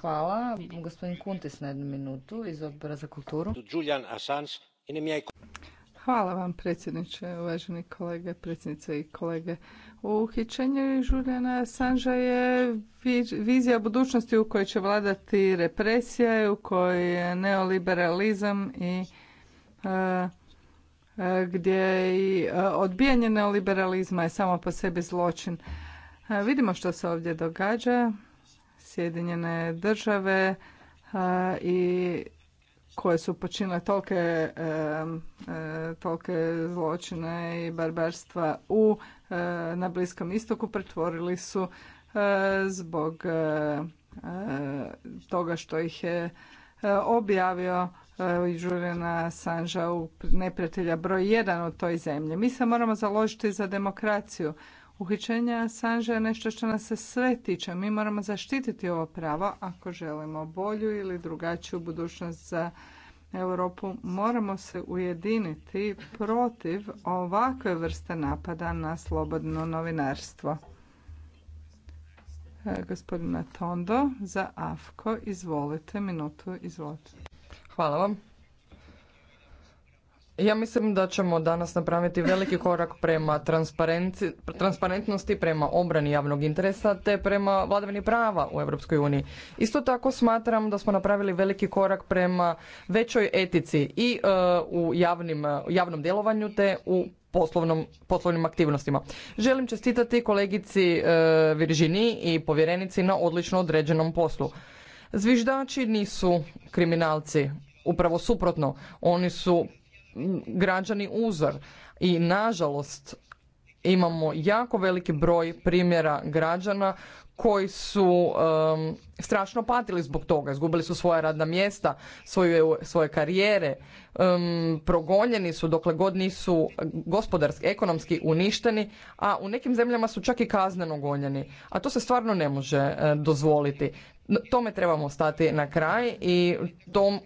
Hvala. Gospodin Kuntis na jednu minutu iz odbora za kulturu. Hvala vam predsjedniče, uvaženi kolege, predsjednice i kolege i Juliana Assangea je vizija budućnosti u kojoj će vladati represija, u kojoj je neoliberalizam i e, e, gdje i e, odbijanje neoliberalizma je samo po sebi zločin. Vidimo što se ovdje događa. Sjedinjene države i koje su počinile tolke, tolke zločine i barbarstva u, na Bliskom istoku pretvorili su zbog toga što ih je objavio Juliana Sanža u neprijatelja broj jedan u toj zemlji. Mi se moramo založiti za demokraciju uhićenja Assange je nešto što nas se sve tiče. Mi moramo zaštititi ovo pravo ako želimo bolju ili drugačiju budućnost za Europu. Moramo se ujediniti protiv ovakve vrste napada na slobodno novinarstvo. E, Gospodina Tondo za AFKO, izvolite, minutu, izvolite. Hvala vam. Ja mislim da ćemo danas napraviti veliki korak prema transparentnosti, prema obrani javnog interesa te prema vladavini prava u EU. Isto tako smatram da smo napravili veliki korak prema većoj etici i uh, u javnim, javnom djelovanju te u poslovnom, poslovnim aktivnostima. Želim čestitati kolegici uh, Viržini i povjerenici na odlično određenom poslu. Zviždači nisu kriminalci, upravo suprotno, oni su građani uzor i nažalost imamo jako veliki broj primjera građana koji su um, strašno patili zbog toga. Izgubili su svoja radna mjesta, svoje, svoje karijere, progonjeni su dokle god nisu gospodarski, ekonomski uništeni, a u nekim zemljama su čak i kazneno gonjeni. A to se stvarno ne može e, dozvoliti. Tome trebamo stati na kraj i tom,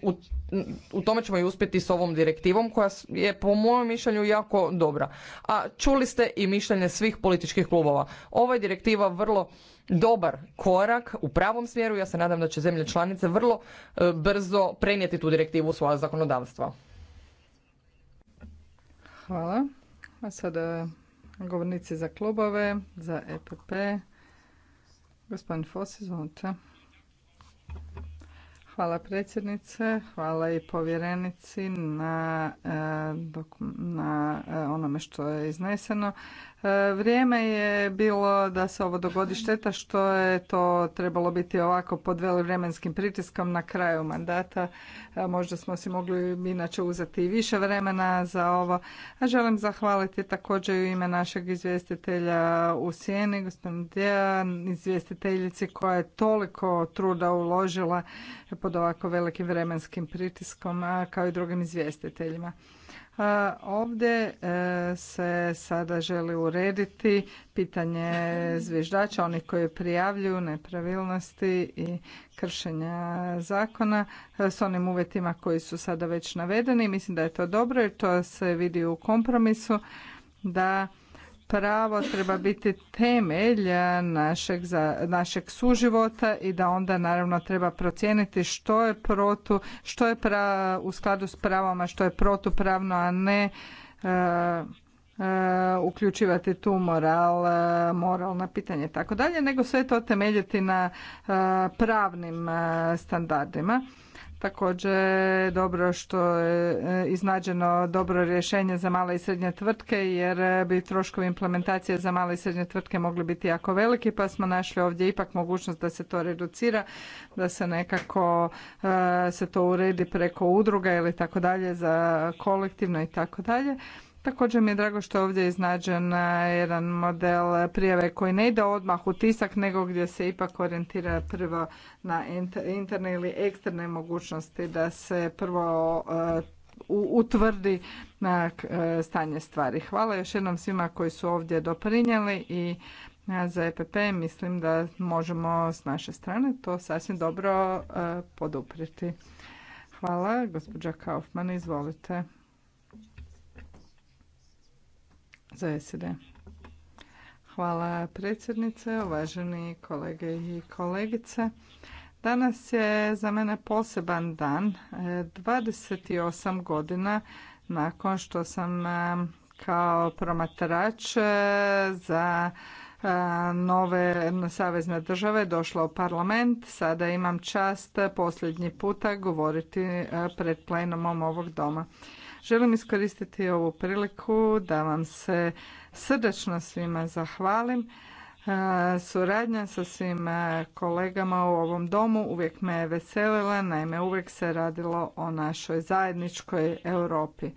u, tome ćemo i uspjeti s ovom direktivom koja je po mojem mišljenju jako dobra. A čuli ste i mišljenje svih političkih klubova. Ova je direktiva vrlo dobar korak u pravom smjeru smjeru. Ja se nadam da će zemlje članice vrlo e, brzo prenijeti tu direktivu u svoja zakonodavstva. Hvala. A sada govornici za klubove, za EPP. Gospodin Fos, izvolite. Hvala predsjednice, hvala i povjerenici na, e, na e, onome što je izneseno. E, vrijeme je bilo da se ovo dogodi šteta što je to trebalo biti ovako pod vremenskim pritiskom na kraju mandata. E, možda smo si mogli inače uzeti i više vremena za ovo. A želim zahvaliti također u ime našeg izvjestitelja u Sijeni, gospodin Dejan, izvjestiteljici koja je toliko truda uložila pod ovako velikim vremenskim pritiskom, kao i drugim izvjestiteljima. Ovdje e, se sada želi urediti pitanje zviždača, onih koji prijavljuju nepravilnosti i kršenja zakona e, s onim uvjetima koji su sada već navedeni. Mislim da je to dobro jer to se vidi u kompromisu da pravo treba biti temelj našeg, za, suživota i da onda naravno treba procijeniti što je protu, što je pra, u skladu s pravom, a što je protupravno, a ne uh, uključivati tu moral, e, moralna pitanja tako dalje, nego sve to temeljiti na pravnim standardima. Također dobro što je e, iznađeno dobro rješenje za male i srednje tvrtke jer e, bi troškovi implementacije za male i srednje tvrtke mogli biti jako veliki pa smo našli ovdje ipak mogućnost da se to reducira, da se nekako e, se to uredi preko udruga ili tako dalje za kolektivno i tako dalje. Također mi je drago što je ovdje iznađen e, jedan model prijave koji ne ide odmah u tisak, nego gdje se ipak orijentira prvo na interne ili eksterne mogućnosti da se prvo e, utvrdi na e, stanje stvari. Hvala još jednom svima koji su ovdje doprinijeli i za EPP mislim da možemo s naše strane to sasvim dobro podupriti. Hvala, gospođa Kaufman, izvolite. za Hvala predsjednice, uvaženi kolege i kolegice. Danas je za mene poseban dan, 28 godina nakon što sam e, kao promatrač e, za e, nove savezne države došla u parlament. Sada imam čast posljednji puta govoriti pred plenumom ovog doma. Želim iskoristiti ovu priliku da vam se srdečno svima zahvalim. E, suradnja sa svim e, kolegama u ovom domu uvijek me je veselila, naime uvijek se radilo o našoj zajedničkoj Europi.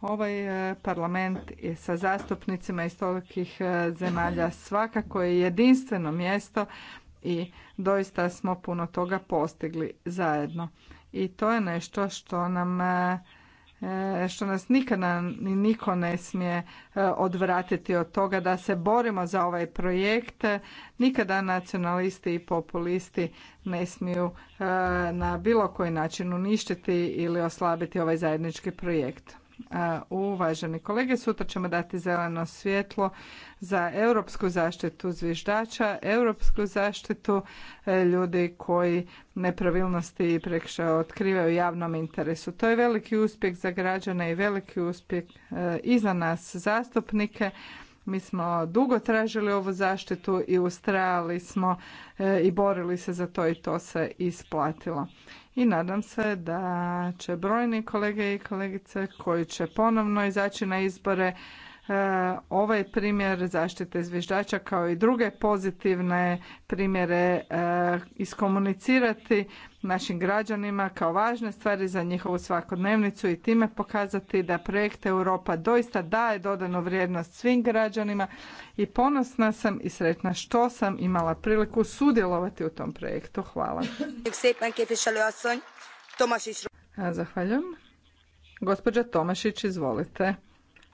Ovaj e, parlament je sa zastupnicima iz tolikih zemalja svakako je jedinstveno mjesto i doista smo puno toga postigli zajedno. I to je nešto što nam E, što nas nikada ni niko ne smije e, odvratiti od toga da se borimo za ovaj projekt. Nikada nacionalisti i populisti ne smiju e, na bilo koji način uništiti ili oslabiti ovaj zajednički projekt uvaženi kolege. Sutra ćemo dati zeleno svjetlo za europsku zaštitu zviždača, europsku zaštitu e, ljudi koji nepravilnosti i prekršaje otkrivaju javnom interesu. To je veliki uspjeh za građane i veliki uspjeh e, i za nas zastupnike. Mi smo dugo tražili ovu zaštitu i ustrajali smo e, i borili se za to i to se isplatilo i nadam se da će brojni kolege i kolegice koji će ponovno izaći na izbore E, ovaj primjer zaštite zviždača kao i druge pozitivne primjere e, iskomunicirati našim građanima kao važne stvari za njihovu svakodnevnicu i time pokazati da projekt Europa doista daje dodanu vrijednost svim građanima i ponosna sam i sretna što sam imala priliku sudjelovati u tom projektu. Hvala. E, zahvaljujem. Gospođa Tomašić, izvolite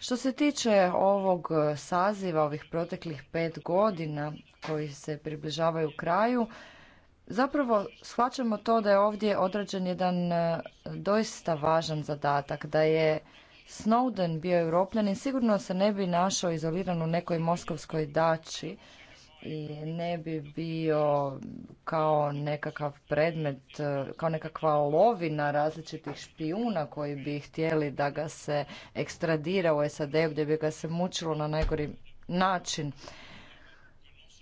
što se tiče ovog e, saziva, ovih proteklih pet godina koji se približavaju kraju, zapravo shvaćamo to da je ovdje odrađen jedan e, doista važan zadatak, da je Snowden bio europljanin, sigurno se ne bi našao izoliran u nekoj moskovskoj dači i ne bi bio kao nekakav predmet, kao nekakva lovina različitih špijuna koji bi htjeli da ga se ekstradira u SAD gdje bi ga se mučilo na najgori način.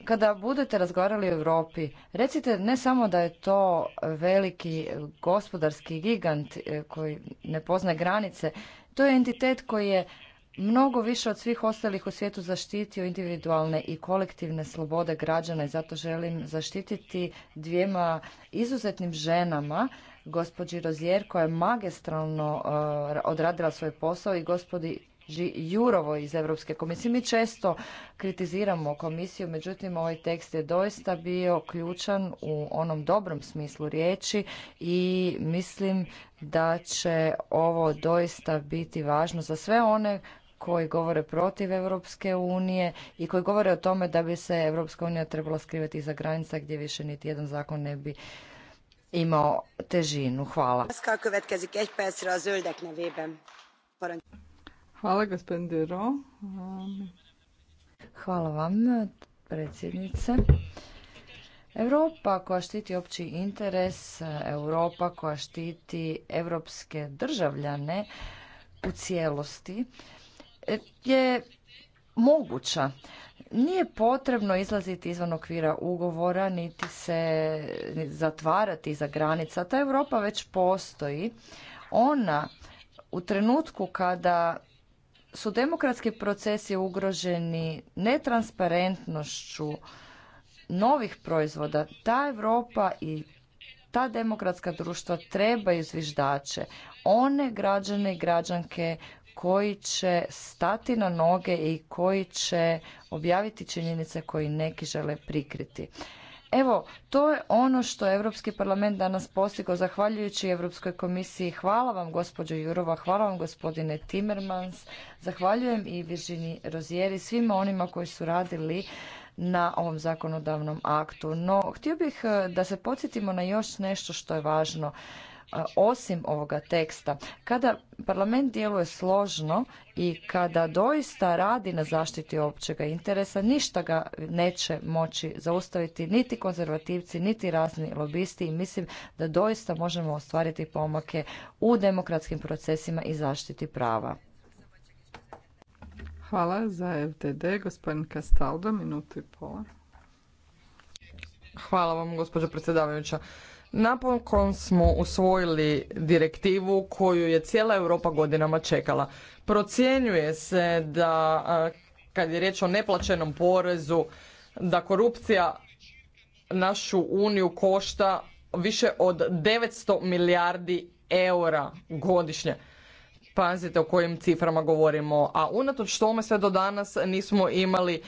Kada budete razgovarali u Europi, recite ne samo da je to veliki gospodarski gigant eh, koji ne poznaje granice, to je entitet koji je mnogo više od svih ostalih u svijetu zaštitio individualne i kolektivne slobode građana i zato želim zaštititi dvijema izuzetnim ženama, gospođi Rozjer koja je magistralno eh, odradila svoj posao i gospodi Jurovo iz Europske komisije. Mi često kritiziramo komisiju, međutim ovaj tekst je doista bio ključan u onom dobrom smislu riječi i mislim da će ovo doista biti važno za sve one koji govore protiv Europske unije i koji govore o tome da bi se Europska unija trebala skrivati iza granica gdje više niti jedan zakon ne bi imao težinu. Hvala. Hvala Hvala vam predsjednice. Europa koja štiti opći interes, Europa koja štiti europske državljane u cijelosti je moguća. Nije potrebno izlaziti izvan okvira ugovora, niti se zatvarati za granica. Ta Europa već postoji. Ona u trenutku kada su demokratski procesi ugroženi netransparentnošću novih proizvoda, ta Europa i ta demokratska društva trebaju zviždače, one građane i građanke koji će stati na noge i koji će objaviti činjenice koji neki žele prikriti. Evo, to je ono što je Europski parlament danas postigao zahvaljujući Europskoj komisiji. Hvala vam gospođo Jurova, hvala vam gospodine Timmermans, zahvaljujem i Viržini Rozijeri, svima onima koji su radili na ovom zakonodavnom aktu. No, htio bih eh, da se podsjetimo na još nešto što je važno osim ovoga teksta. Kada parlament djeluje složno i kada doista radi na zaštiti općega interesa, ništa ga neće moći zaustaviti niti konzervativci, niti razni lobisti i mislim da doista možemo ostvariti pomake u demokratskim procesima i zaštiti prava. Hvala za FDD, gospodin Castaldo, minutu i pola. Hvala vam, gospođo predsjedavajuća. Napokon smo usvojili direktivu koju je cijela Europa godinama čekala. Procjenjuje se da kad je riječ o neplaćenom porezu, da korupcija našu uniju košta više od 900 milijardi eura godišnje. Pazite o kojim ciframa govorimo. A unatoč tome sve do danas nismo imali e,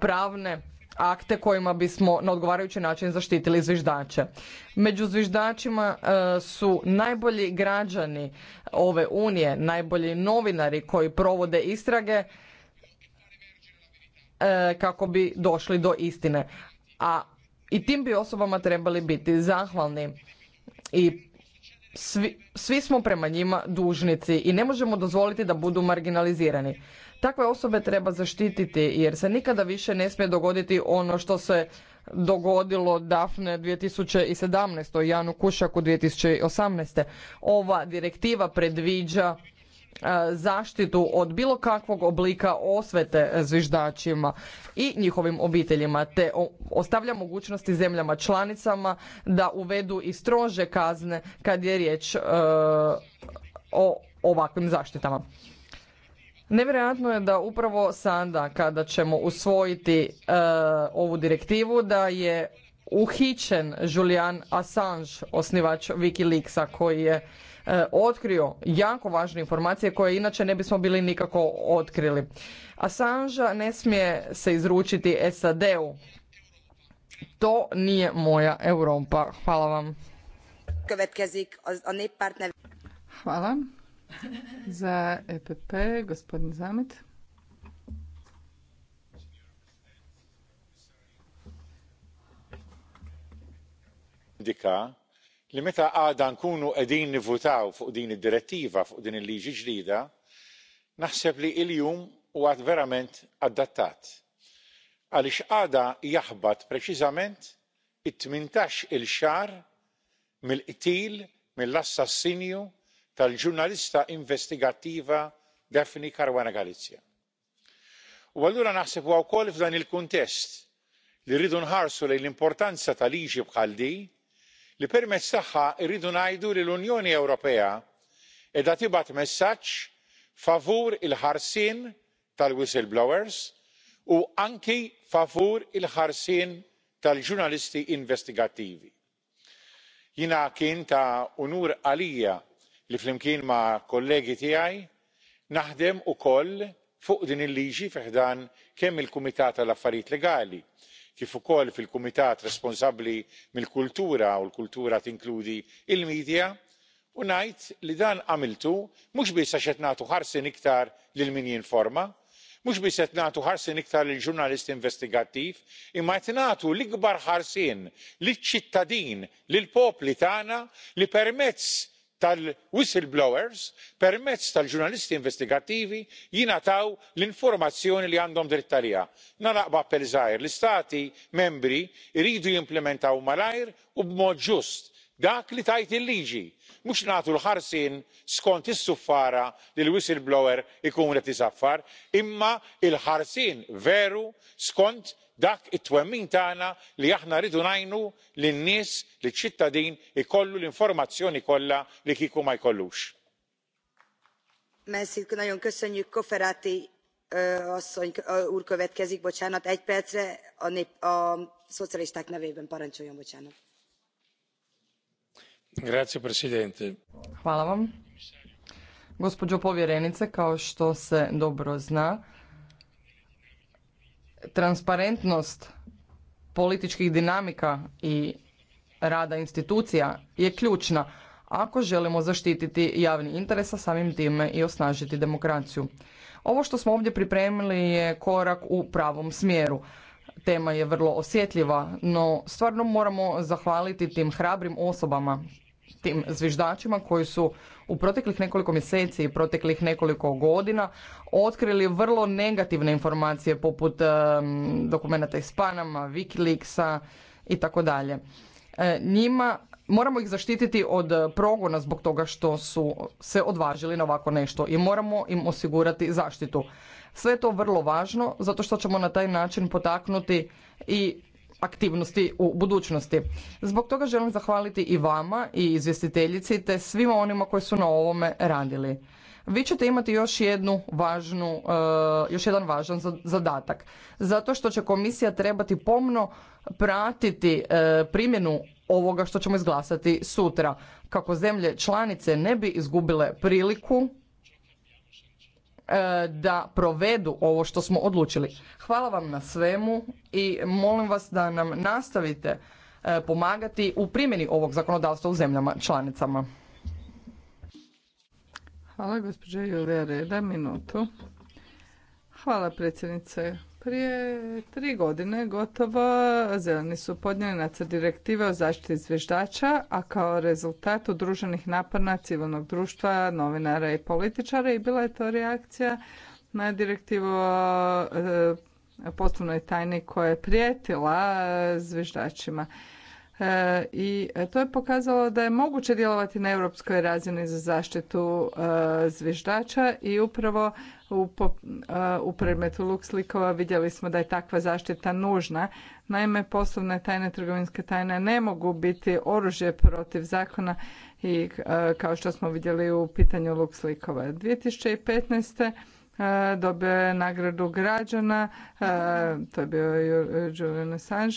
pravne akte kojima bismo na odgovarajući način zaštitili zviždače. Među zviždačima e, su najbolji građani ove unije, najbolji novinari koji provode istrage e, kako bi došli do istine. A i tim bi osobama trebali biti zahvalni i svi, svi smo prema njima dužnici i ne možemo dozvoliti da budu marginalizirani. Takve osobe treba zaštititi jer se nikada više ne smije dogoditi ono što se dogodilo Dafne 2017. i Janu Kušaku 2018. Ova direktiva predviđa e, zaštitu od bilo kakvog oblika osvete zviždačima i njihovim obiteljima te ostavlja mogućnosti zemljama članicama da uvedu i strože kazne kad je riječ e, o ovakvim zaštitama. Nevjerojatno je da upravo sada kada ćemo usvojiti e, ovu direktivu da je uhićen Julian Assange, osnivač Wikileaksa koji je e, otkrio jako važne informacije koje inače ne bismo bili nikako otkrili. Assange ne smije se izručiti SAD-u. To nije moja Europa. Hvala vam. Hvala. Za EPP, gospodin Zamet. Dika, li meta għada nkunu edin nivutaw fuq din id-direttiva fuq din il-liġi ġdida naħseb li l-jum huwa verament adattat għaliex għada jaħbad preċiżament it tmintax il xar mill qtil mill assassinju tal ġurnalista investigattiva daphne caruana galizia. u allura naħseb wkoll f'dan il kuntest li rridu nħarsu lejn l-importanza ta' liġi bħal din li permezz tagħha rridu ngħidu li unjoni ewropea qiegħda tibgħat messaġġ favur il ħarsien tal whistleblowers u anki favur il ħarsien tal ġurnalisti investigattivi. jiena kien ta' unur għalija li flimkien ma' kollegi tiegħi naħdem ukoll fuq din il-liġi fi ħdan kemm il-kumitat tal-affarijiet legali kif ukoll fil-kumitat responsabbli mill-kultura u l-kultura tinkludi l midja u ngħid li dan għamiltu mhux biss għax qed nagħtu ħarsien iktar lil min jinforma mhux biss qed nagħtu ħarsien iktar lil ġurnalist investigattiv imma qed nagħtu l ikbar ħarsien liċ ċittadin lill tagħna li permezz tal whistleblowers permezz tal ġurnalisti investigattivi jingħataw l-informazzjoni li għandhom dritt għaliha. nagħlaq b'appell żgħir l-istati membri jridu jimplementaw malajr u b'mod ġust dak li tajt il-liġi mhux nagħtu l-ħarsien skont is-suffara li l whistleblower ikun qed isaffar imma l ħarsien veru skont dak it twemmin tagħna li aħna rridu ngħinu lin nies liċ ċittadin ikollu l-informazzjoni kollha li kieku ma jkollux. nagyon köszönjük cofferati asszony úr következik bocsánat egy percre a, nép, a szocialisták nevében parancsoljon bocsánat. Grazie, presidente. Hvala vam. Gospodjo povjerenice, kao što se dobro zna, transparentnost političkih dinamika i rada institucija je ključna ako želimo zaštititi javni interes, a samim time i osnažiti demokraciju. Ovo što smo ovdje pripremili je korak u pravom smjeru. Tema je vrlo osjetljiva, no stvarno moramo zahvaliti tim hrabrim osobama tim zviždačima koji su u proteklih nekoliko mjeseci i proteklih nekoliko godina otkrili vrlo negativne informacije poput dokumenata iz Panama, Wikileaksa i tako dalje. E, njima moramo ih zaštititi od progona zbog toga što su se odvažili na ovako nešto i moramo im osigurati zaštitu. Sve je to vrlo važno zato što ćemo na taj način potaknuti i aktivnosti u budućnosti. Zbog toga želim zahvaliti i vama i izvjestiteljici te svima onima koji su na ovome radili. Vi ćete imati još jednu važnu, eh, još jedan važan zadatak. Zato što će komisija trebati pomno pratiti eh, primjenu ovoga što ćemo izglasati sutra. Kako zemlje članice ne bi izgubile priliku E, da provedu ovo što smo odlučili. Hvala vam na svemu i molim vas da nam nastavite e, pomagati u primjeni ovog zakonodavstva u zemljama članicama. Hvala Reda, minutu. Hvala predsjednice prije tri godine gotovo zeleni su podnijeli nacrt direktive o zaštiti zviždača, a kao rezultat udruženih napada civilnog društva, novinara i političara i bila je to reakcija na direktivu o e, poslovnoj tajni koja je prijetila e, zviždačima. E, I to je pokazalo da je moguće djelovati na europskoj razini za zaštitu zviždača i upravo u, u predmetu slikova vidjeli smo da je takva zaštita nužna. Naime, poslovne tajne, trgovinske tajne ne mogu biti oružje protiv zakona i kao što smo vidjeli u pitanju slikova. 2015 dobio je nagradu građana, to je bio Julian Assange,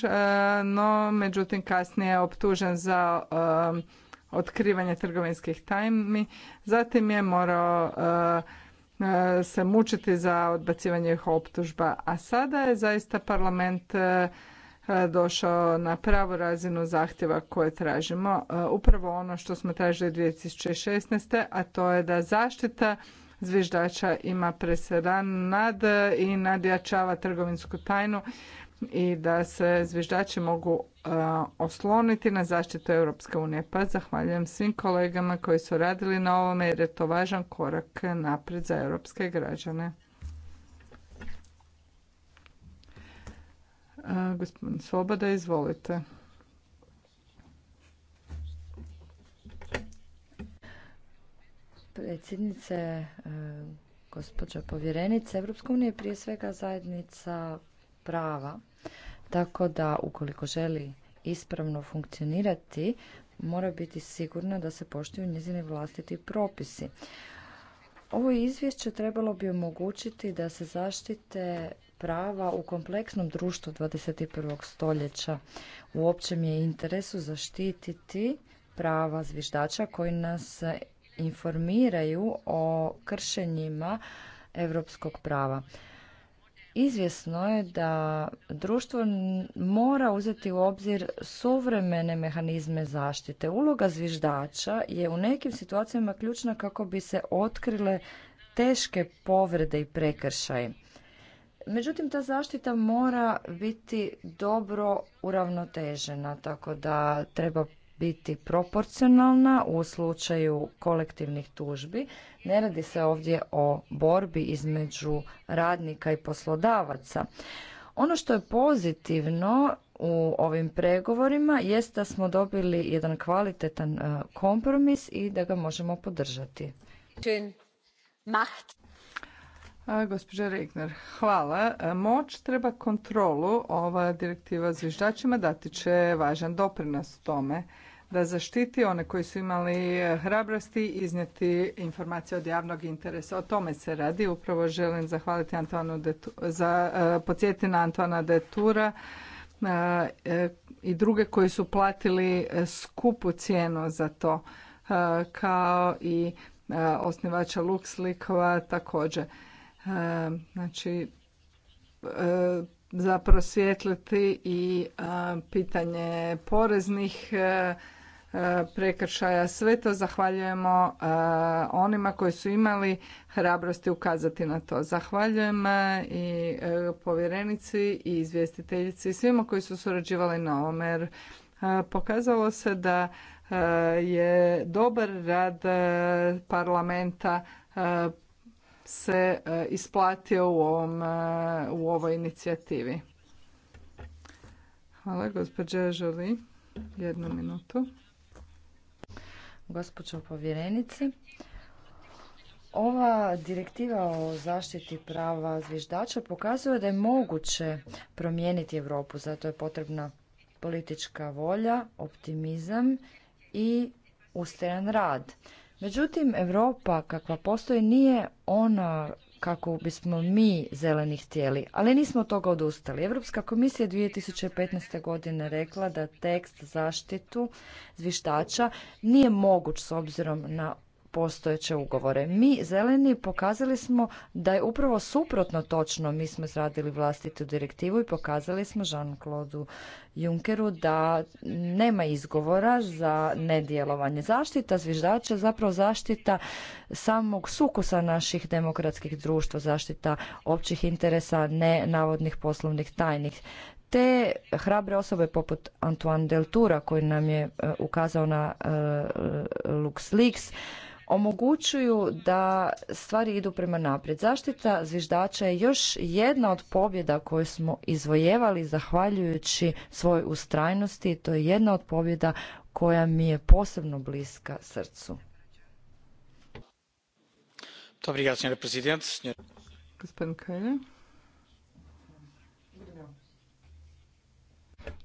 no međutim kasnije je optužen za otkrivanje trgovinskih tajmi, zatim je morao Eh, se mučiti za odbacivanje optužba, a sada je zaista parlament eh, došao na pravu razinu zahtjeva koje tražimo. Eh, upravo ono što smo tražili 2016. a to je da zaštita zviždača ima presedan nad i nadjačava trgovinsku tajnu i da se zviždači mogu e, osloniti na zaštitu Europske unije. Pa zahvaljujem svim kolegama koji su radili na ovome jer je to važan korak naprijed za europske građane. E, gospodin Svoboda, izvolite. Predsjednice, e, gospođo povjerenice, Europska unija je prije svega zajednica prava. Tako da ukoliko želi ispravno funkcionirati, mora biti sigurna da se poštuju njezini vlastiti propisi. Ovo izvješće trebalo bi omogućiti da se zaštite prava u kompleksnom društvu 21. stoljeća. U općem je interesu zaštititi prava zviždača koji nas informiraju o kršenjima europskog prava. Izvjesno je da društvo mora uzeti u obzir suvremene mehanizme zaštite. Uloga zviždača je u nekim situacijama ključna kako bi se otkrile teške povrede i prekršaje. Međutim, ta zaštita mora biti dobro uravnotežena, tako da treba biti proporcionalna u slučaju kolektivnih tužbi. Ne radi se ovdje o borbi između radnika i poslodavaca. Ono što je pozitivno u ovim pregovorima jest da smo dobili jedan kvalitetan e, kompromis i da ga možemo podržati. Gospođa Regner, hvala. E, moć treba kontrolu. Ova direktiva zviždačima dati će važan doprinos tome da zaštiti one koji su imali hrabrosti iznijeti informacije od javnog interesa. O tome se radi. Upravo želim zahvaliti Antoanu za uh, podsjetiti na Antoana Detura e, e, i druge koji su platili skupu cijenu za to kao i osnivača Luxlikova također. Znači, za prosvjetliti i pitanje poreznih E, prekršaja. Sve to zahvaljujemo e, onima koji su imali hrabrosti ukazati na to. Zahvaljujem e, i povjerenici i izvjestiteljici i svima koji su surađivali na ovome jer pokazalo se da je dobar rad parlamenta se isplatio u, ovom, u ovoj inicijativi. Hvala, gospođa Žoli. Jednu minutu gospođo povjerenici. Ova direktiva o zaštiti prava zviždača pokazuje da je moguće promijeniti Europu, zato je potrebna politička volja, optimizam i ustajan rad. Međutim, Europa kakva postoji nije ona kako bismo mi zeleni htjeli, ali nismo od toga odustali. Europska komisija je 2015. godine rekla da tekst zaštitu zvištača nije moguć s obzirom na postojeće ugovore. Mi, zeleni, pokazali smo da je upravo suprotno točno. Mi smo izradili vlastitu direktivu i pokazali smo Jean-Claude Junckeru da nema izgovora za nedjelovanje. Zaštita zviždača zapravo zaštita samog sukusa naših demokratskih društva, zaštita općih interesa, ne navodnih poslovnih tajnih te hrabre osobe poput Antoine Deltura koji nam je e, ukazao na e, e, LuxLeaks omogućuju da stvari idu prema naprijed. Zaštita zviždača je još jedna od pobjeda koju smo izvojevali zahvaljujući svojoj ustrajnosti. To je jedna od pobjeda koja mi je posebno bliska srcu.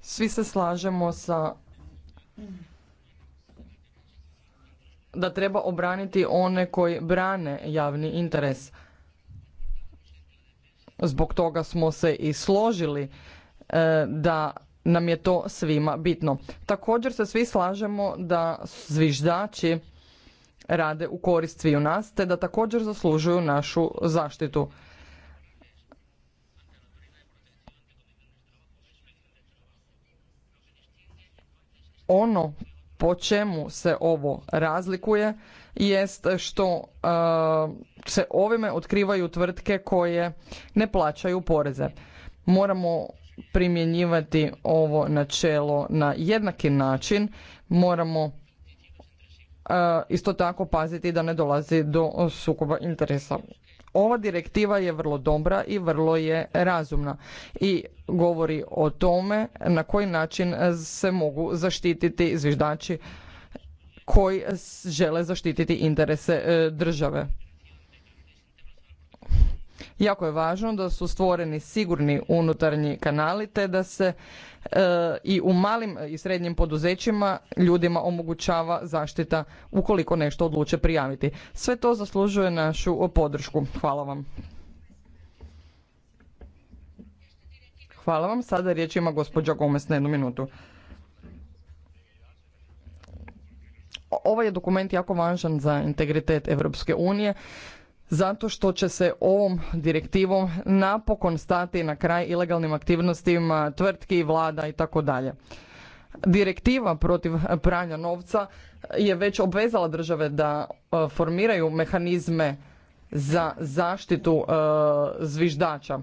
Svi se slažemo sa da treba obraniti one koji brane javni interes. Zbog toga smo se i složili e, da nam je to svima bitno. Također se svi slažemo da zviždači rade u korist sviju nas, te da također zaslužuju našu zaštitu. Ono po čemu se ovo razlikuje jest što e, se ovime otkrivaju tvrtke koje ne plaćaju poreze. Moramo primjenjivati ovo načelo na jednaki način, moramo e, isto tako paziti da ne dolazi do sukoba interesa ova direktiva je vrlo dobra i vrlo je razumna i govori o tome na koji način se mogu zaštititi zviždači koji žele zaštititi interese e, države. Jako je važno da su stvoreni sigurni unutarnji kanali te da se e, i u malim i srednjim poduzećima ljudima omogućava zaštita ukoliko nešto odluče prijaviti. Sve to zaslužuje našu podršku. Hvala vam. Hvala vam. Sada riječ ima gospođa Gomes na jednu minutu. Ovaj je dokument jako važan za integritet Europske unije zato što će se ovom direktivom napokon stati na kraj ilegalnim aktivnostima tvrtki, vlada i tako dalje. Direktiva protiv pranja novca je već obvezala države da e, formiraju mehanizme za zaštitu e, zviždača.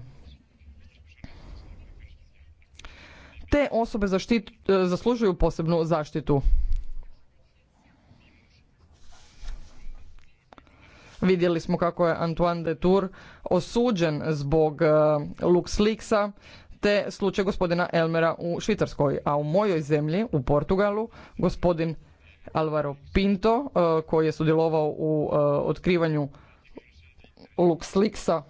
Te osobe e, zaslužuju posebnu zaštitu. Vidjeli smo kako je Antoine de Tour osuđen zbog e, Lixa te slučaj gospodina Elmera u Švicarskoj. A u mojoj zemlji, u Portugalu, gospodin Alvaro Pinto, e, koji je sudjelovao u e, otkrivanju LuxLeaksa,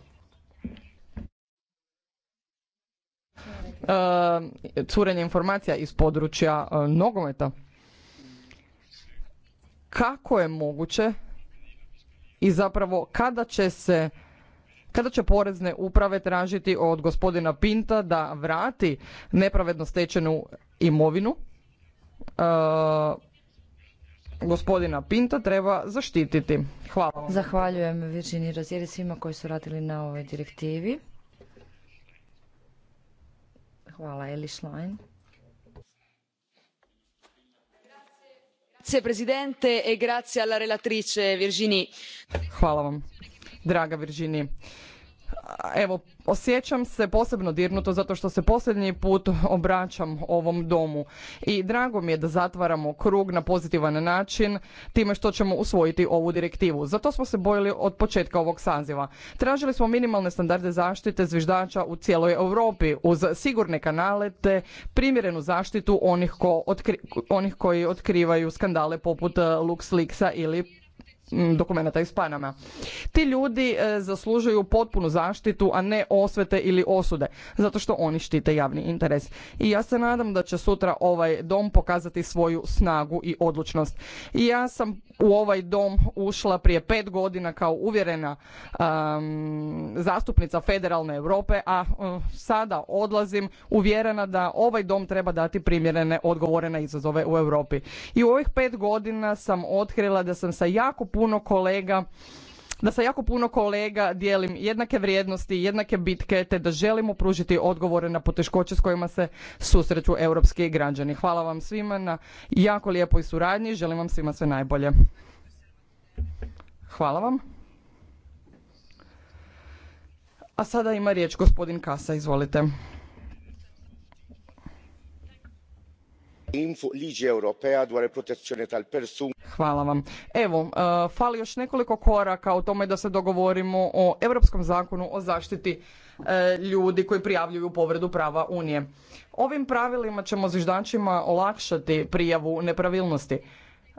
curenje informacija iz područja nogometa. Kako je moguće i zapravo kada će se kada će porezne uprave tražiti od gospodina Pinta da vrati nepravedno stečenu imovinu e, gospodina Pinta treba zaštititi. Hvala. Vam. Zahvaljujem Virginiji Razjeri svima koji su radili na ovoj direktivi. Hvala Eli Grazie presidente e grazie alla relatrice Virginie. vam. Draga Virginie evo osjećam se posebno dirnuto zato što se posljednji put obraćam ovom domu i drago mi je da zatvaramo krug na pozitivan način time što ćemo usvojiti ovu direktivu. Zato smo se bojili od početka ovog saziva. Tražili smo minimalne standarde zaštite zviždača u cijeloj Europi uz sigurne kanale te primjerenu zaštitu onih, ko onih koji otkrivaju skandale poput eh, LuxLeaksa ili dokumenata iz Panama. Ti ljudi e, zaslužuju potpunu zaštitu, a ne osvete ili osude, zato što oni štite javni interes. I ja se nadam da će sutra ovaj dom pokazati svoju snagu i odlučnost. I ja sam u ovaj dom ušla prije pet godina kao uvjerena zastupnica federalne Europe, a e, sada odlazim uvjerena da ovaj dom treba dati primjerene odgovore na izazove u Europi. I u ovih pet godina sam otkrila da sam sa jako puno kolega da sa jako puno kolega dijelim jednake vrijednosti, jednake bitke, te da želimo pružiti odgovore na poteškoće s kojima se susreću europski građani. Hvala vam svima na jako lijepoj suradnji, želim vam svima sve najbolje. Hvala vam. A sada ima riječ gospodin Kasa, izvolite. Hvala vam. Evo, uh, fali još nekoliko koraka o tome da se dogovorimo o Europskom zakonu o zaštiti uh, ljudi koji prijavljuju povredu prava Unije. Ovim pravilima ćemo zviždačima olakšati prijavu nepravilnosti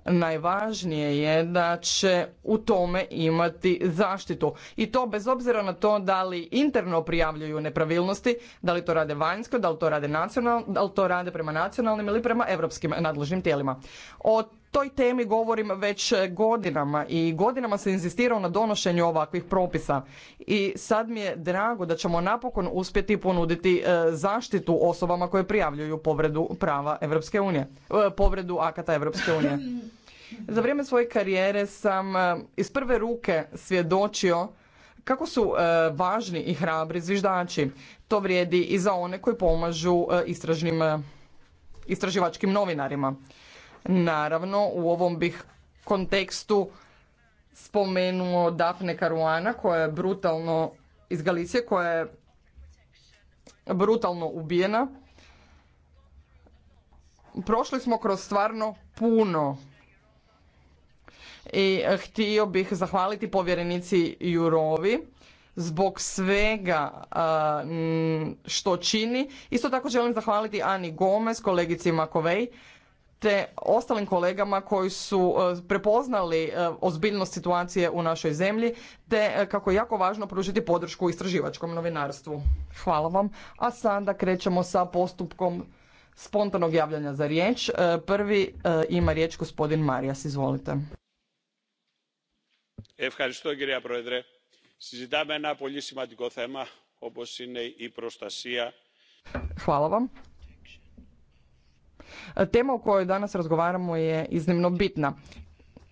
najvažnije je da će u tome imati zaštitu. I to bez obzira na to da li interno prijavljuju nepravilnosti, da li to rade vanjsko, da li to rade nacionalno, da li to rade prema nacionalnim ili prema europskim nadležnim tijelima. Od toj temi govorim već e, godinama i godinama se inzistirao na donošenju ovakvih propisa i sad mi je drago da ćemo napokon uspjeti ponuditi e, zaštitu osobama koje prijavljuju povredu prava Europske unije, e, povredu akata Europske unije. Za vrijeme svoje karijere sam iz prve ruke svjedočio kako su važni i hrabri zviždači. To vrijedi i za one koji pomažu istražnim, istraživačkim novinarima. Naravno, u ovom bih kontekstu spomenuo Dafne Karuana koja je brutalno iz Galicije koja je brutalno ubijena. Prošli smo kroz stvarno puno i htio bih zahvaliti povjerenici Jurovi zbog svega što čini. Isto tako želim zahvaliti Ani Gomez, kolegici Makovej, te ostalim kolegama koji su e, prepoznali e, ozbiljnost situacije u našoj zemlji, te e, kako je jako važno pružiti podršku istraživačkom novinarstvu. Hvala vam. A sada krećemo sa postupkom spontanog javljanja za riječ. Prvi ima riječ gospodin Marijas, izvolite. Ευχαριστώ κυρία Πρόεδρε. Συζητάμε ένα πολύ Hvala vam. Tema o kojoj danas razgovaramo je iznimno bitna,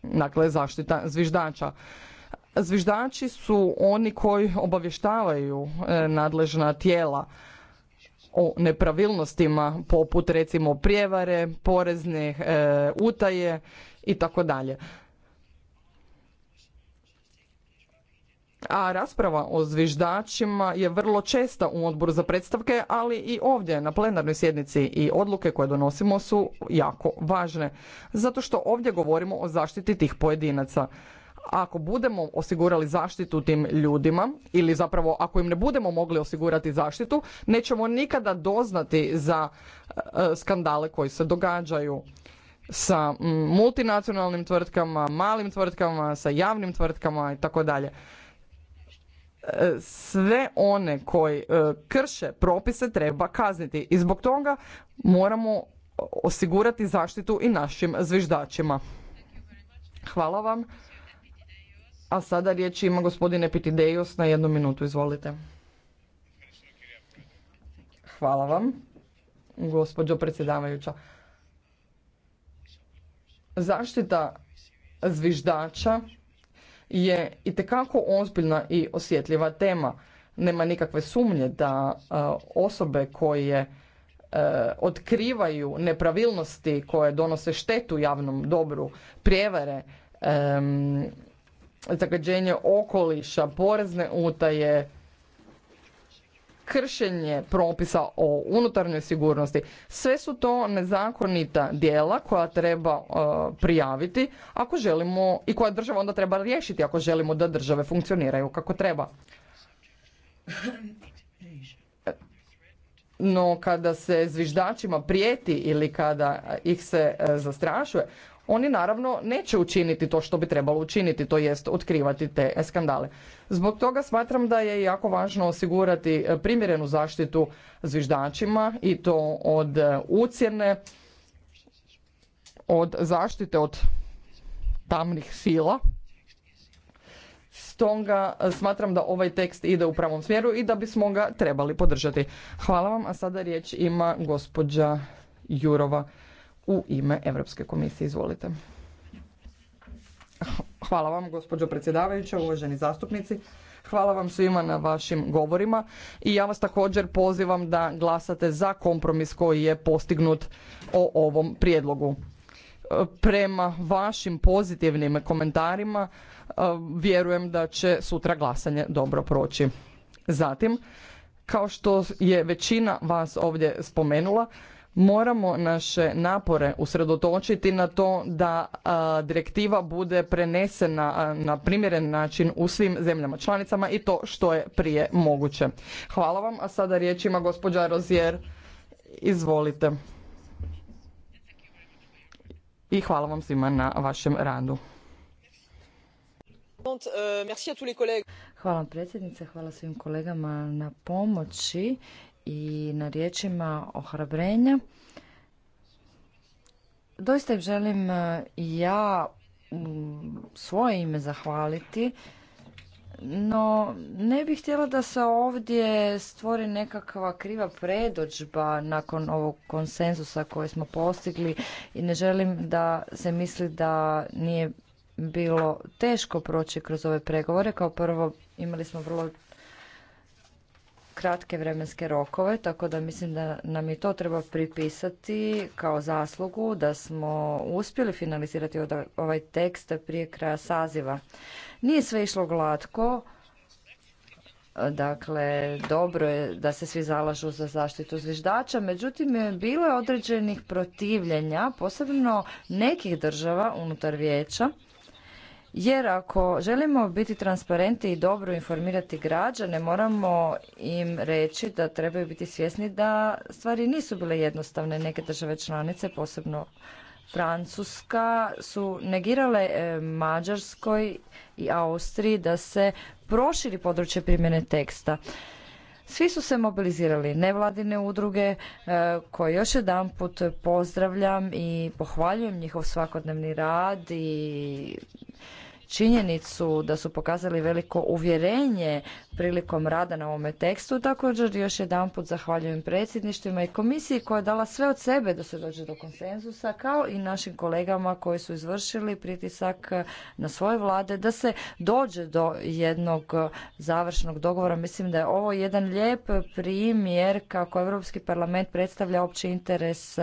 dakle zaštita zviždača. Zviždači su oni koji obavještavaju e, nadležna tijela o nepravilnostima poput recimo prijevare, porezne e, utaje i tako dalje. a rasprava o zviždačima je vrlo česta u odboru za predstavke, ali i ovdje na plenarnoj sjednici i odluke koje donosimo su jako važne. Zato što ovdje govorimo o zaštiti tih pojedinaca. Ako budemo osigurali zaštitu tim ljudima ili zapravo ako im ne budemo mogli osigurati zaštitu, nećemo nikada doznati za e, skandale koji se događaju sa multinacionalnim tvrtkama, malim tvrtkama, sa javnim tvrtkama i tako dalje sve one koji e, krše propise treba kazniti i zbog toga moramo osigurati zaštitu i našim zviždačima. Hvala vam. A sada riječ ima gospodine Epitideios na jednu minutu. Izvolite. Hvala vam, gospođo predsjedavajuća. Zaštita zviždača je itekako ozbiljna i osjetljiva tema. Nema nikakve sumnje da e, osobe koje e, otkrivaju nepravilnosti koje donose štetu javnom dobru, prijevare, zagađenje okoliša, porezne utaje, kršenje propisa o unutarnjoj sigurnosti. Sve su to nezakonita djela koja treba uh, prijaviti ako želimo i koja država onda treba riješiti ako želimo da države funkcioniraju kako treba. No kada se zviždačima prijeti ili kada ih se uh, zastrašuje, oni naravno neće učiniti to što bi trebalo učiniti, to jest otkrivati te skandale. Zbog toga smatram da je jako važno osigurati e, primjerenu zaštitu zviždačima i to od e, ucjene, od zaštite od tamnih sila. Stoga e, smatram da ovaj tekst ide u pravom smjeru i da bismo ga trebali podržati. Hvala vam, a sada riječ ima gospođa Jurova u ime Europske komisije. Izvolite. Hvala vam, gospođo predsjedavajuća, uvaženi zastupnici. Hvala vam svima na vašim govorima i ja vas također pozivam da glasate za kompromis koji je postignut o ovom prijedlogu. Prema vašim pozitivnim komentarima vjerujem da će sutra glasanje dobro proći. Zatim, kao što je većina vas ovdje spomenula, moramo naše napore usredotočiti na to da direktiva bude prenesena na primjeren način u svim zemljama članicama i to što je prije moguće. Hvala vam, a sada riječ ima gospođa Rozier. Izvolite. I hvala vam svima na vašem radu. Hvala predsjednice, hvala svim kolegama na pomoći i na riječima ohrabrenja. Doista im želim e, ja svoje ime zahvaliti, no ne bih htjela da se ovdje stvori nekakva kriva predođba nakon ovog konsenzusa koji smo postigli i ne želim da se misli da nije bilo teško proći kroz ove pregovore. Kao prvo imali smo vrlo kratke vremenske rokove, tako da mislim da nam i to treba pripisati kao zaslugu da smo uspjeli finalizirati ovaj tekst prije kraja saziva. Nije sve išlo glatko, dakle dobro je da se svi zalažu za zaštitu zviždača, međutim bilo je određenih protivljenja, posebno nekih država unutar vijeća jer ako želimo biti transparenti i dobro informirati građane, moramo im reći da trebaju biti svjesni da stvari nisu bile jednostavne. Neke države članice, posebno Francuska, su negirale e, Mađarskoj i Austriji da se proširi područje primjene teksta. Svi su se mobilizirali, nevladine udruge e, koje još jedan put pozdravljam i pohvaljujem njihov svakodnevni rad i činjenicu da su pokazali veliko uvjerenje prilikom rada na ovome tekstu. Također još put zahvaljujem predsjedništvima i komisiji koja je dala sve od sebe da se dođe do konsenzusa kao i našim kolegama koji su izvršili pritisak na svoje vlade da se dođe do jednog završnog dogovora. Mislim da je ovo jedan lijep primjer kako Europski parlament predstavlja opći interes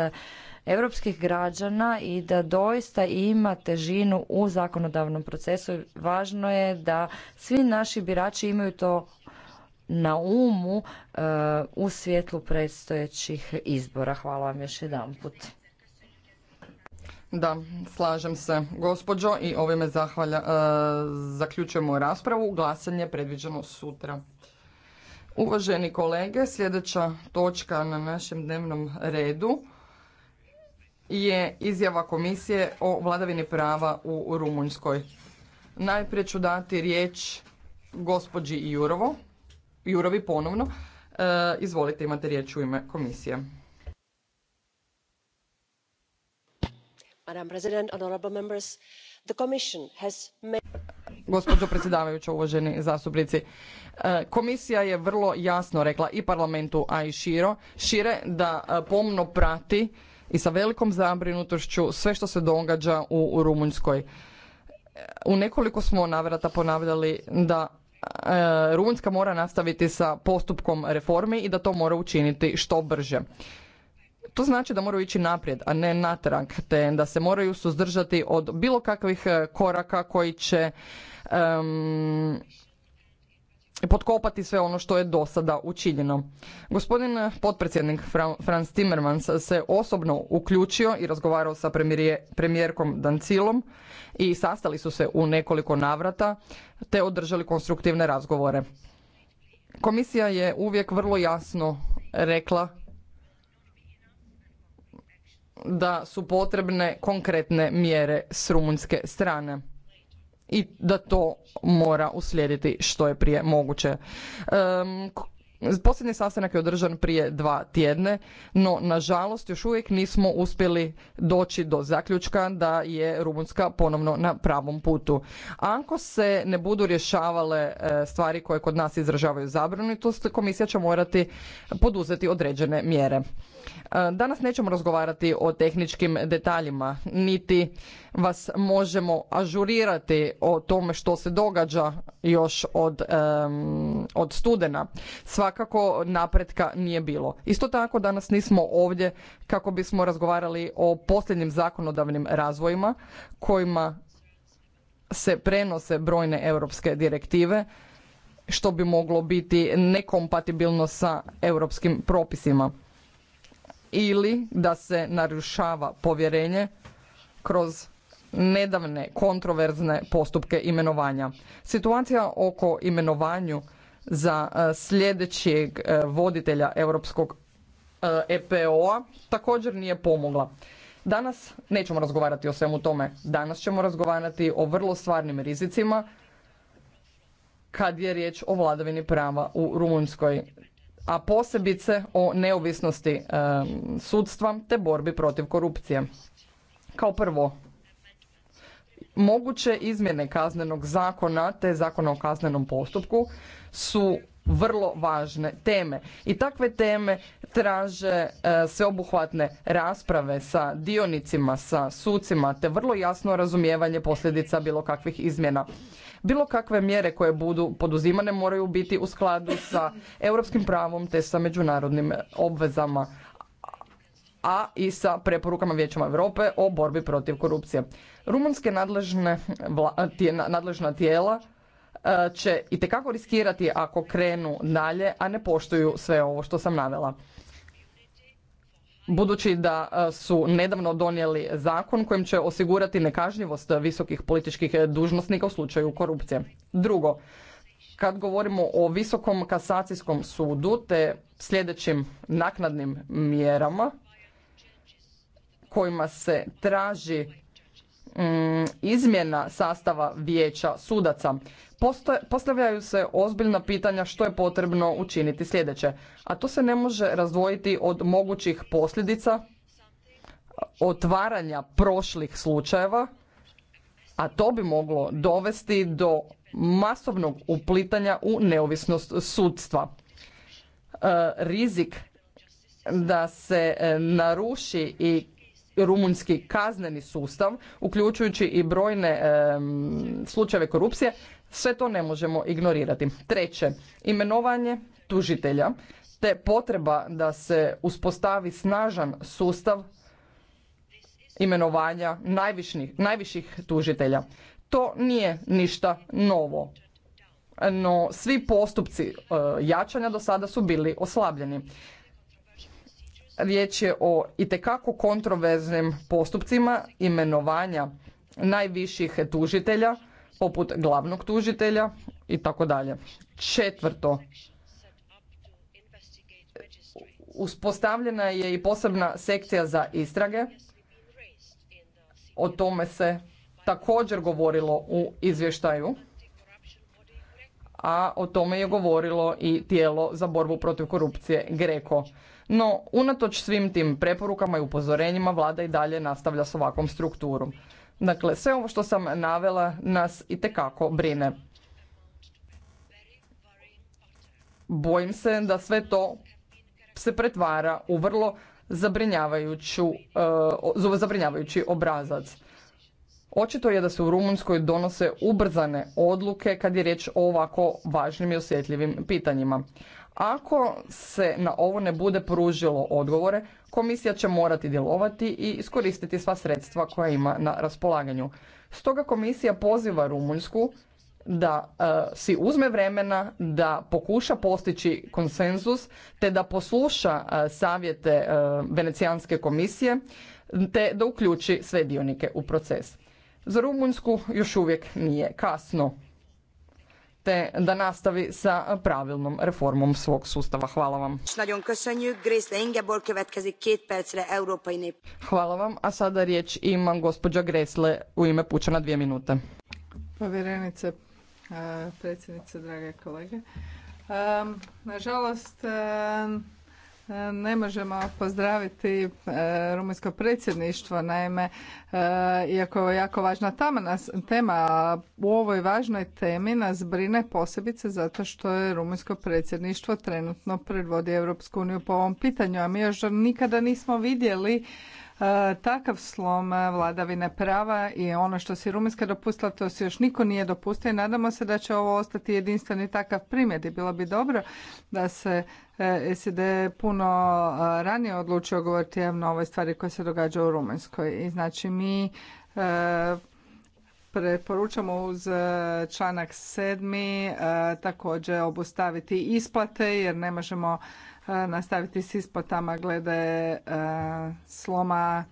europskih građana i da doista ima težinu u zakonodavnom procesu. Važno je da svi naši birači imaju to na umu e, u svjetlu predstojećih izbora. Hvala vam još jedanput. Da, slažem se gospođo i ovime e, zaključujemo raspravu. Glasanje predviđeno sutra. Uvaženi kolege, sljedeća točka na našem dnevnom redu je izjava komisije o vladavini prava u Rumunjskoj. Najprije ću dati riječ gospođi Jurovo, Jurovi ponovno. E, izvolite, imate riječ u ime komisije. Madam President, honorable members, the Commission has Gospođo predsjedavajuća, uvaženi zastupnici, e, komisija je vrlo jasno rekla i parlamentu, a i širo, šire da e, pomno prati i sa velikom zabrinutošću sve što se događa u, Rumunjskoj. U nekoliko smo navrata ponavljali da e, Rumunjska mora nastaviti sa postupkom reformi i da to mora učiniti što brže. To znači da moraju ići naprijed, a ne natrag, te da se moraju suzdržati od bilo kakvih e, koraka koji će potkopati sve ono što je do sada učinjeno. Gospodin potpredsjednik Franz Timmermans se osobno uključio i razgovarao sa premijerkom Dancilom i sastali su se u nekoliko navrata te održali konstruktivne razgovore. Komisija je uvijek vrlo jasno rekla da su potrebne konkretne mjere s rumunjske strane i da to mora uslijediti što je prije moguće. Um, Posljednji sastanak je održan prije dva tjedne, no nažalost još uvijek nismo uspjeli doći do zaključka da je Rumunska ponovno na pravom putu. Ako se ne budu rješavale e, stvari koje kod nas izražavaju zabrinutost, komisija će morati poduzeti određene mjere. E, danas nećemo razgovarati o tehničkim detaljima, niti vas možemo ažurirati o tome što se događa još od, od studena. Svakako napretka nije bilo. Isto tako danas nismo ovdje kako bismo razgovarali o posljednjim zakonodavnim razvojima kojima se prenose brojne europske direktive što bi moglo biti nekompatibilno sa europskim propisima ili da se narušava povjerenje kroz nedavne kontroverzne postupke imenovanja. Situacija oko imenovanju za e, sljedećeg e, voditelja Europskog EPO-a e također nije pomogla. Danas nećemo razgovarati o svemu tome. Danas ćemo razgovarati o vrlo stvarnim rizicima kad je riječ o vladavini prava u Rumunjskoj a posebice o neovisnosti e, sudstva te borbi protiv korupcije. Kao prvo, moguće izmjene kaznenog zakona te zakona o kaznenom postupku su vrlo važne teme i takve teme traže e, sveobuhvatne rasprave sa dionicima, sa sucima te vrlo jasno razumijevanje posljedica bilo kakvih izmjena. Bilo kakve mjere koje budu poduzimane moraju biti u skladu sa europskim pravom te sa međunarodnim obvezama a i sa preporukama Vijećama Europe o borbi protiv korupcije. Rumunske nadležna tijela e, će i riskirati ako krenu dalje, a ne poštuju sve ovo što sam navela budući da e, su nedavno donijeli zakon kojim će osigurati nekažnjivost visokih političkih dužnosnika u slučaju korupcije. Drugo, kad govorimo o visokom kasacijskom sudu te sljedećim naknadnim mjerama kojima se traži Mm, izmjena sastava vijeća sudaca, postavljaju se ozbiljna pitanja što je potrebno učiniti sljedeće, a to se ne može razdvojiti od mogućih posljedica otvaranja prošlih slučajeva, a to bi moglo dovesti do masovnog uplitanja u neovisnost sudstva. E, rizik da se e, naruši i rumunjski kazneni sustav, uključujući i brojne slučajeve korupcije, sve to ne možemo ignorirati. Treće, imenovanje tužitelja te potreba da se uspostavi snažan sustav imenovanja najviših tužitelja. To nije ništa novo. No, svi postupci e, jačanja do sada su bili oslabljeni. Riječ je o itekako kontroverznim postupcima imenovanja najviših tužitelja, poput glavnog tužitelja i tako dalje. Četvrto, uspostavljena je i posebna sekcija za istrage. O tome se također govorilo u izvještaju, a o tome je govorilo i tijelo za borbu protiv korupcije Greko. No, unatoč svim tim preporukama i upozorenjima, vlada i dalje nastavlja s ovakvom strukturom. Dakle, sve ovo što sam navela nas i tekako brine. Bojim se da sve to se pretvara u vrlo zabrinjavajuću, eh, zabrinjavajući obrazac. Očito je da se u Rumunjskoj donose ubrzane odluke kad je riječ o ovako važnim i osjetljivim pitanjima. Ako se na ovo ne bude pružilo odgovore, komisija će morati djelovati i iskoristiti sva sredstva koja ima na raspolaganju. Stoga komisija poziva Rumunjsku da e, si uzme vremena da pokuša postići konsenzus te da posluša e, savjete e, Venecijanske komisije te da uključi sve dionike u proces. Za Rumunjsku još uvijek nije kasno te da nastavi sa pravilnom reformom svog sustava. Hvala vam. Hvala vam, a sada riječ ima gospođa Gresle u ime na dvije minute. Povjerenice, e, predsjednice, drage kolege. E, nažalost, e, ne možemo pozdraviti e, rumunjsko predsjedništvo, naime, e, iako je jako važna tema, u ovoj važnoj temi nas brine posebice zato što je rumunjsko predsjedništvo trenutno predvodi Europsku uniju po ovom pitanju, a mi još nikada nismo vidjeli e, takav slom vladavine prava i ono što si Rumunjska dopustila, to se još niko nije dopustio i nadamo se da će ovo ostati jedinstveni takav primjer i bilo bi dobro da se E, SED puno e, ranije odlučio govoriti javno o ovoj stvari koja se događa u Rumunjskoj. I znači mi e, preporučamo uz članak sedmi također obustaviti isplate jer ne možemo nastaviti s isplatama glede sloma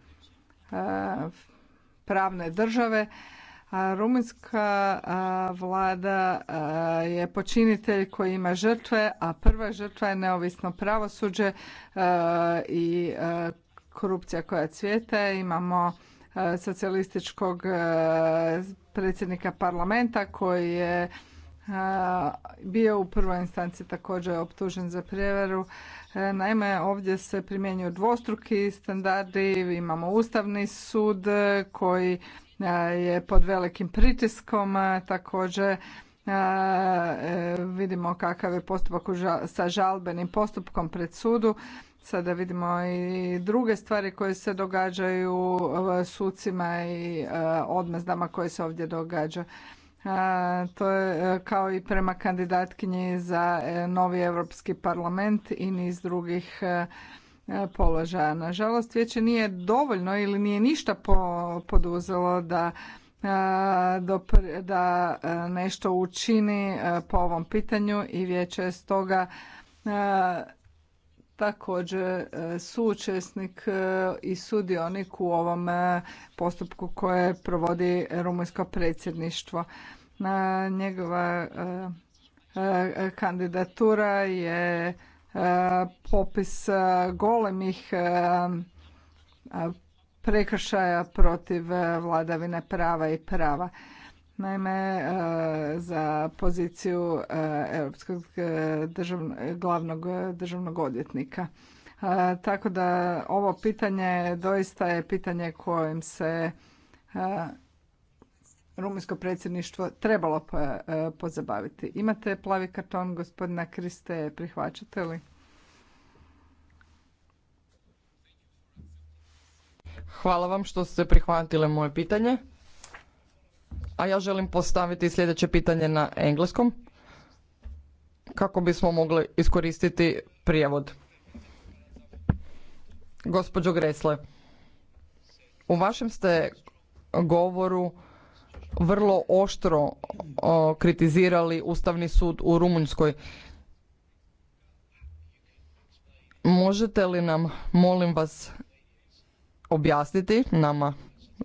pravne države Rumunjska vlada je počinitelj koji ima žrtve, a prva žrtva je neovisno pravosuđe i korupcija koja cvijeta. Imamo socijalističkog predsjednika parlamenta koji je bio u prvoj instanci također optužen za prijevaru. E, naime, ovdje se primjenjuju dvostruki standardi, imamo Ustavni sud koji je pod velikim pritiskom, također e, vidimo kakav je postupak sa žalbenim postupkom pred sudu. Sada vidimo i druge stvari koje se događaju sucima i odmazdama koje se ovdje događa. To je e, kao i prema kandidatkinji za e, novi Europski parlament i niz drugih E, položaja. Nažalost, vijeće nije dovoljno ili nije ništa poduzelo da e, da e, nešto učini po ovom pitanju i vijeće je stoga također suučesnik i sudionik u ovom postupku koje provodi rumunjsko predsjedništvo. Njegova kandidatura je popis e, golemih e, prekršaja protiv e, vladavine prava i prava. Naime, za poziciju Europskog glavnog državnog odvjetnika. Tako da ovo pitanje doista je pitanje kojim se rumunjsko predsjedništvo trebalo e, e, pozabaviti. Imate plavi karton gospodina Kriste, prihvaćate li? Hvala vam što ste prihvatile moje pitanje. A ja želim postaviti sljedeće pitanje na engleskom kako bismo mogli iskoristiti prijevod. Gospođo Gresle, u vašem ste govoru vrlo oštro kritizirali Ustavni sud u Rumunjskoj. Možete li nam, molim vas, objasniti nama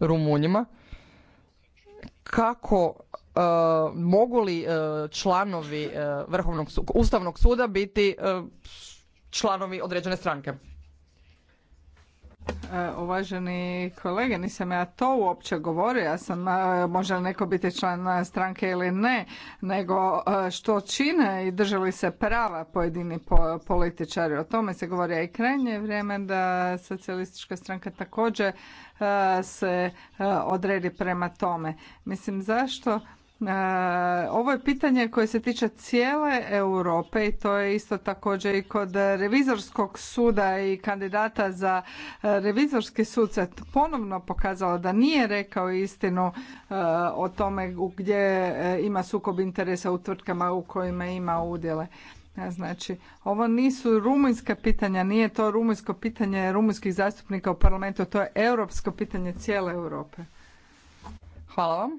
Rumunjima kako e, mogu li e, članovi e, Vrhovnog Ustavnog suda biti članovi određene stranke? E, uvaženi kolege, nisam ja to uopće govorio, ja sam, e, može neko biti član stranke ili ne, nego e, što čine i li se prava pojedini političari. O tome se govori i krajnje vrijeme da socijalistička stranka također se odredi prema tome. Mislim, zašto E, ovo je pitanje koje se tiče cijele Europe i to je isto također i kod revizorskog suda i kandidata za e, revizorski sud se ponovno pokazalo da nije rekao istinu e, o tome gdje ima sukob interesa u tvrtkama u kojima ima udjele. Znači, ovo nisu rumunjska pitanja, nije to rumunjsko pitanje rumunjskih zastupnika u parlamentu, to je europsko pitanje cijele Europe. Hvala vam.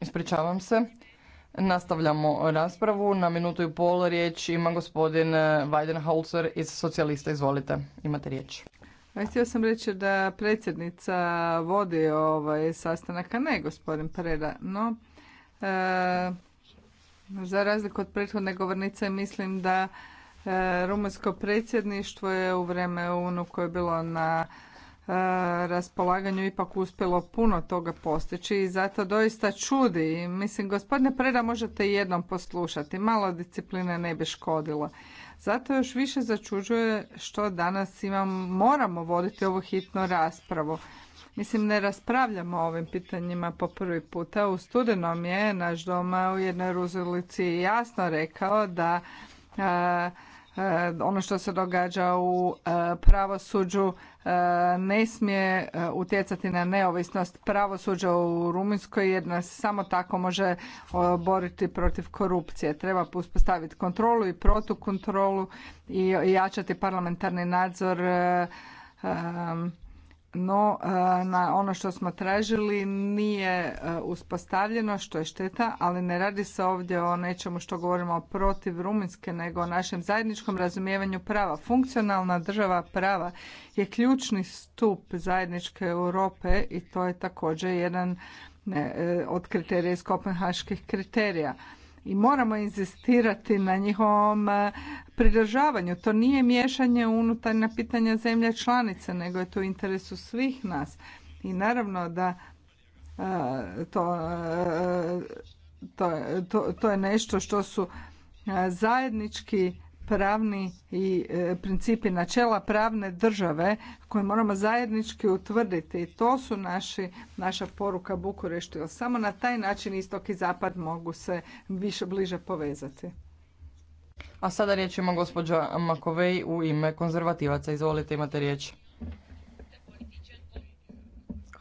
Ispričavam se. Nastavljamo raspravu. Na minutu i pol riječ ima gospodin Weidenholzer iz Socijalista. Izvolite, imate riječ. Htio sam reći da predsjednica vodi ovaj sastanak, a ne gospodin Preda. No, e, za razliku od prethodne govornice mislim da e, rumunsko predsjedništvo je u vreme UNU koje je bilo na raspolaganju ipak uspjelo puno toga postići i zato doista čudi. Mislim, gospodine Preda, možete jednom poslušati, malo discipline ne bi škodilo. Zato još više začuđuje što danas imam, moramo voditi ovu hitnu raspravu. Mislim, ne raspravljamo o ovim pitanjima po prvi puta. U studenom je naš doma u jednoj ruzulici jasno rekao da E, ono što se događa u e, pravosuđu e, ne smije utjecati na neovisnost pravosuđa u Rumunjskoj jer nas samo tako može boriti protiv korupcije. Treba uspostaviti kontrolu i protukontrolu i jačati parlamentarni nadzor no e, na ono što smo tražili nije e, uspostavljeno što je šteta, ali ne radi se ovdje o nečemu što govorimo protiv Rumunjske, nego o našem zajedničkom razumijevanju prava. Funkcionalna država prava je ključni stup zajedničke Europe i to je također jedan e, od kriterija iz kopenhaških kriterija i moramo inzistirati na njihovom e, pridržavanju. To nije miješanje unutarnja pitanja zemlje članice, nego je to u interesu svih nas. I naravno da e, to, e, to, to, to je nešto što su zajednički pravni i e, principi načela pravne države koje moramo zajednički utvrditi i to su naši, naša poruka Bukureštu. samo na taj način istok i zapad mogu se više bliže povezati. A sada riječ ima gospođa Makovej u ime konzervativaca. Izvolite, imate riječ.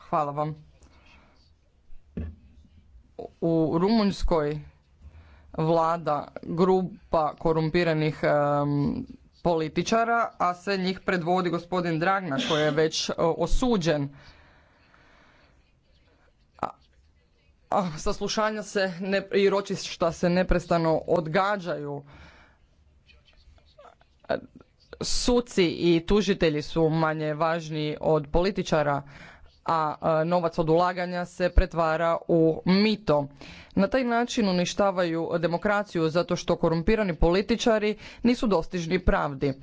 Hvala vam. U Rumunjskoj vlada grupa korumpiranih um, političara, a sve njih predvodi gospodin Dragna koji je već uh, osuđen. A, a, saslušanja se ne, i ročišta se neprestano odgađaju. Suci i tužitelji su manje važni od političara, a e, novac od ulaganja se pretvara u mito. Na taj način uništavaju demokraciju zato što korumpirani političari nisu dostižni pravdi.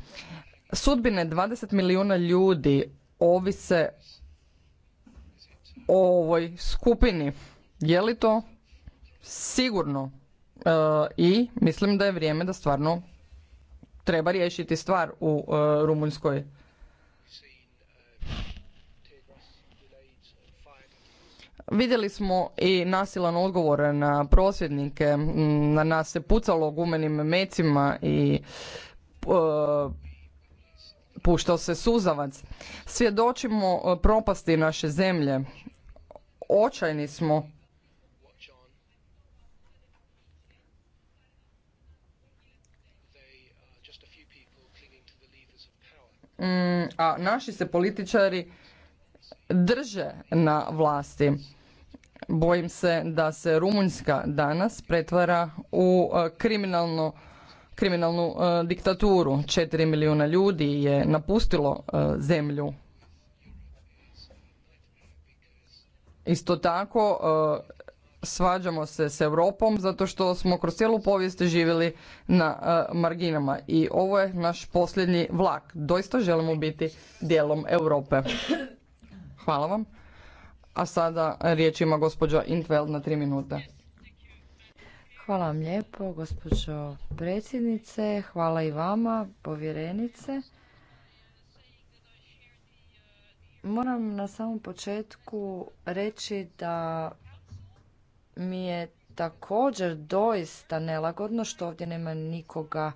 Sudbine 20 milijuna ljudi ovise o ovoj skupini. Je li to sigurno? E, I mislim da je vrijeme da stvarno treba riješiti stvar u e, Rumunjskoj. Vidjeli smo i nasilan odgovor na prosvjednike, na nas se pucalo gumenim mecima i e, puštao se suzavac. Svjedočimo e, propasti naše zemlje. Očajni smo. Mm, a naši se političari drže na vlasti. Bojim se da se Rumunjska danas pretvara u e, kriminalno kriminalnu e, diktaturu. Četiri milijuna ljudi je napustilo e, zemlju. Isto tako svađamo se s Europom zato što smo kroz cijelu povijest živjeli na marginama i ovo je naš posljednji vlak. Doista želimo biti dijelom Europe. Hvala vam. A sada riječ ima gospođa Intveld na tri minute. Hvala vam lijepo, gospođo predsjednice. Hvala i vama, povjerenice. Moram na samom početku reći da mi je također doista nelagodno što ovdje nema nikoga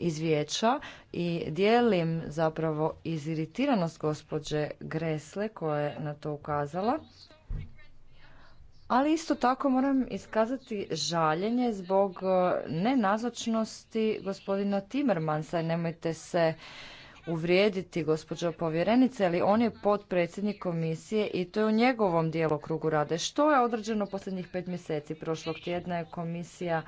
izvješća i dijelim zapravo iziritiranost gospođe Gresle koja je na to ukazala. Ali isto tako moram iskazati žaljenje zbog e, nenazočnosti gospodina Timmermansa. Nemojte se uvrijediti gospođo povjerenice, ali on je potpredsjednik komisije i to je u njegovom djelokrugu rade. Što je određeno posljednjih pet mjeseci? Prošlog tjedna je komisija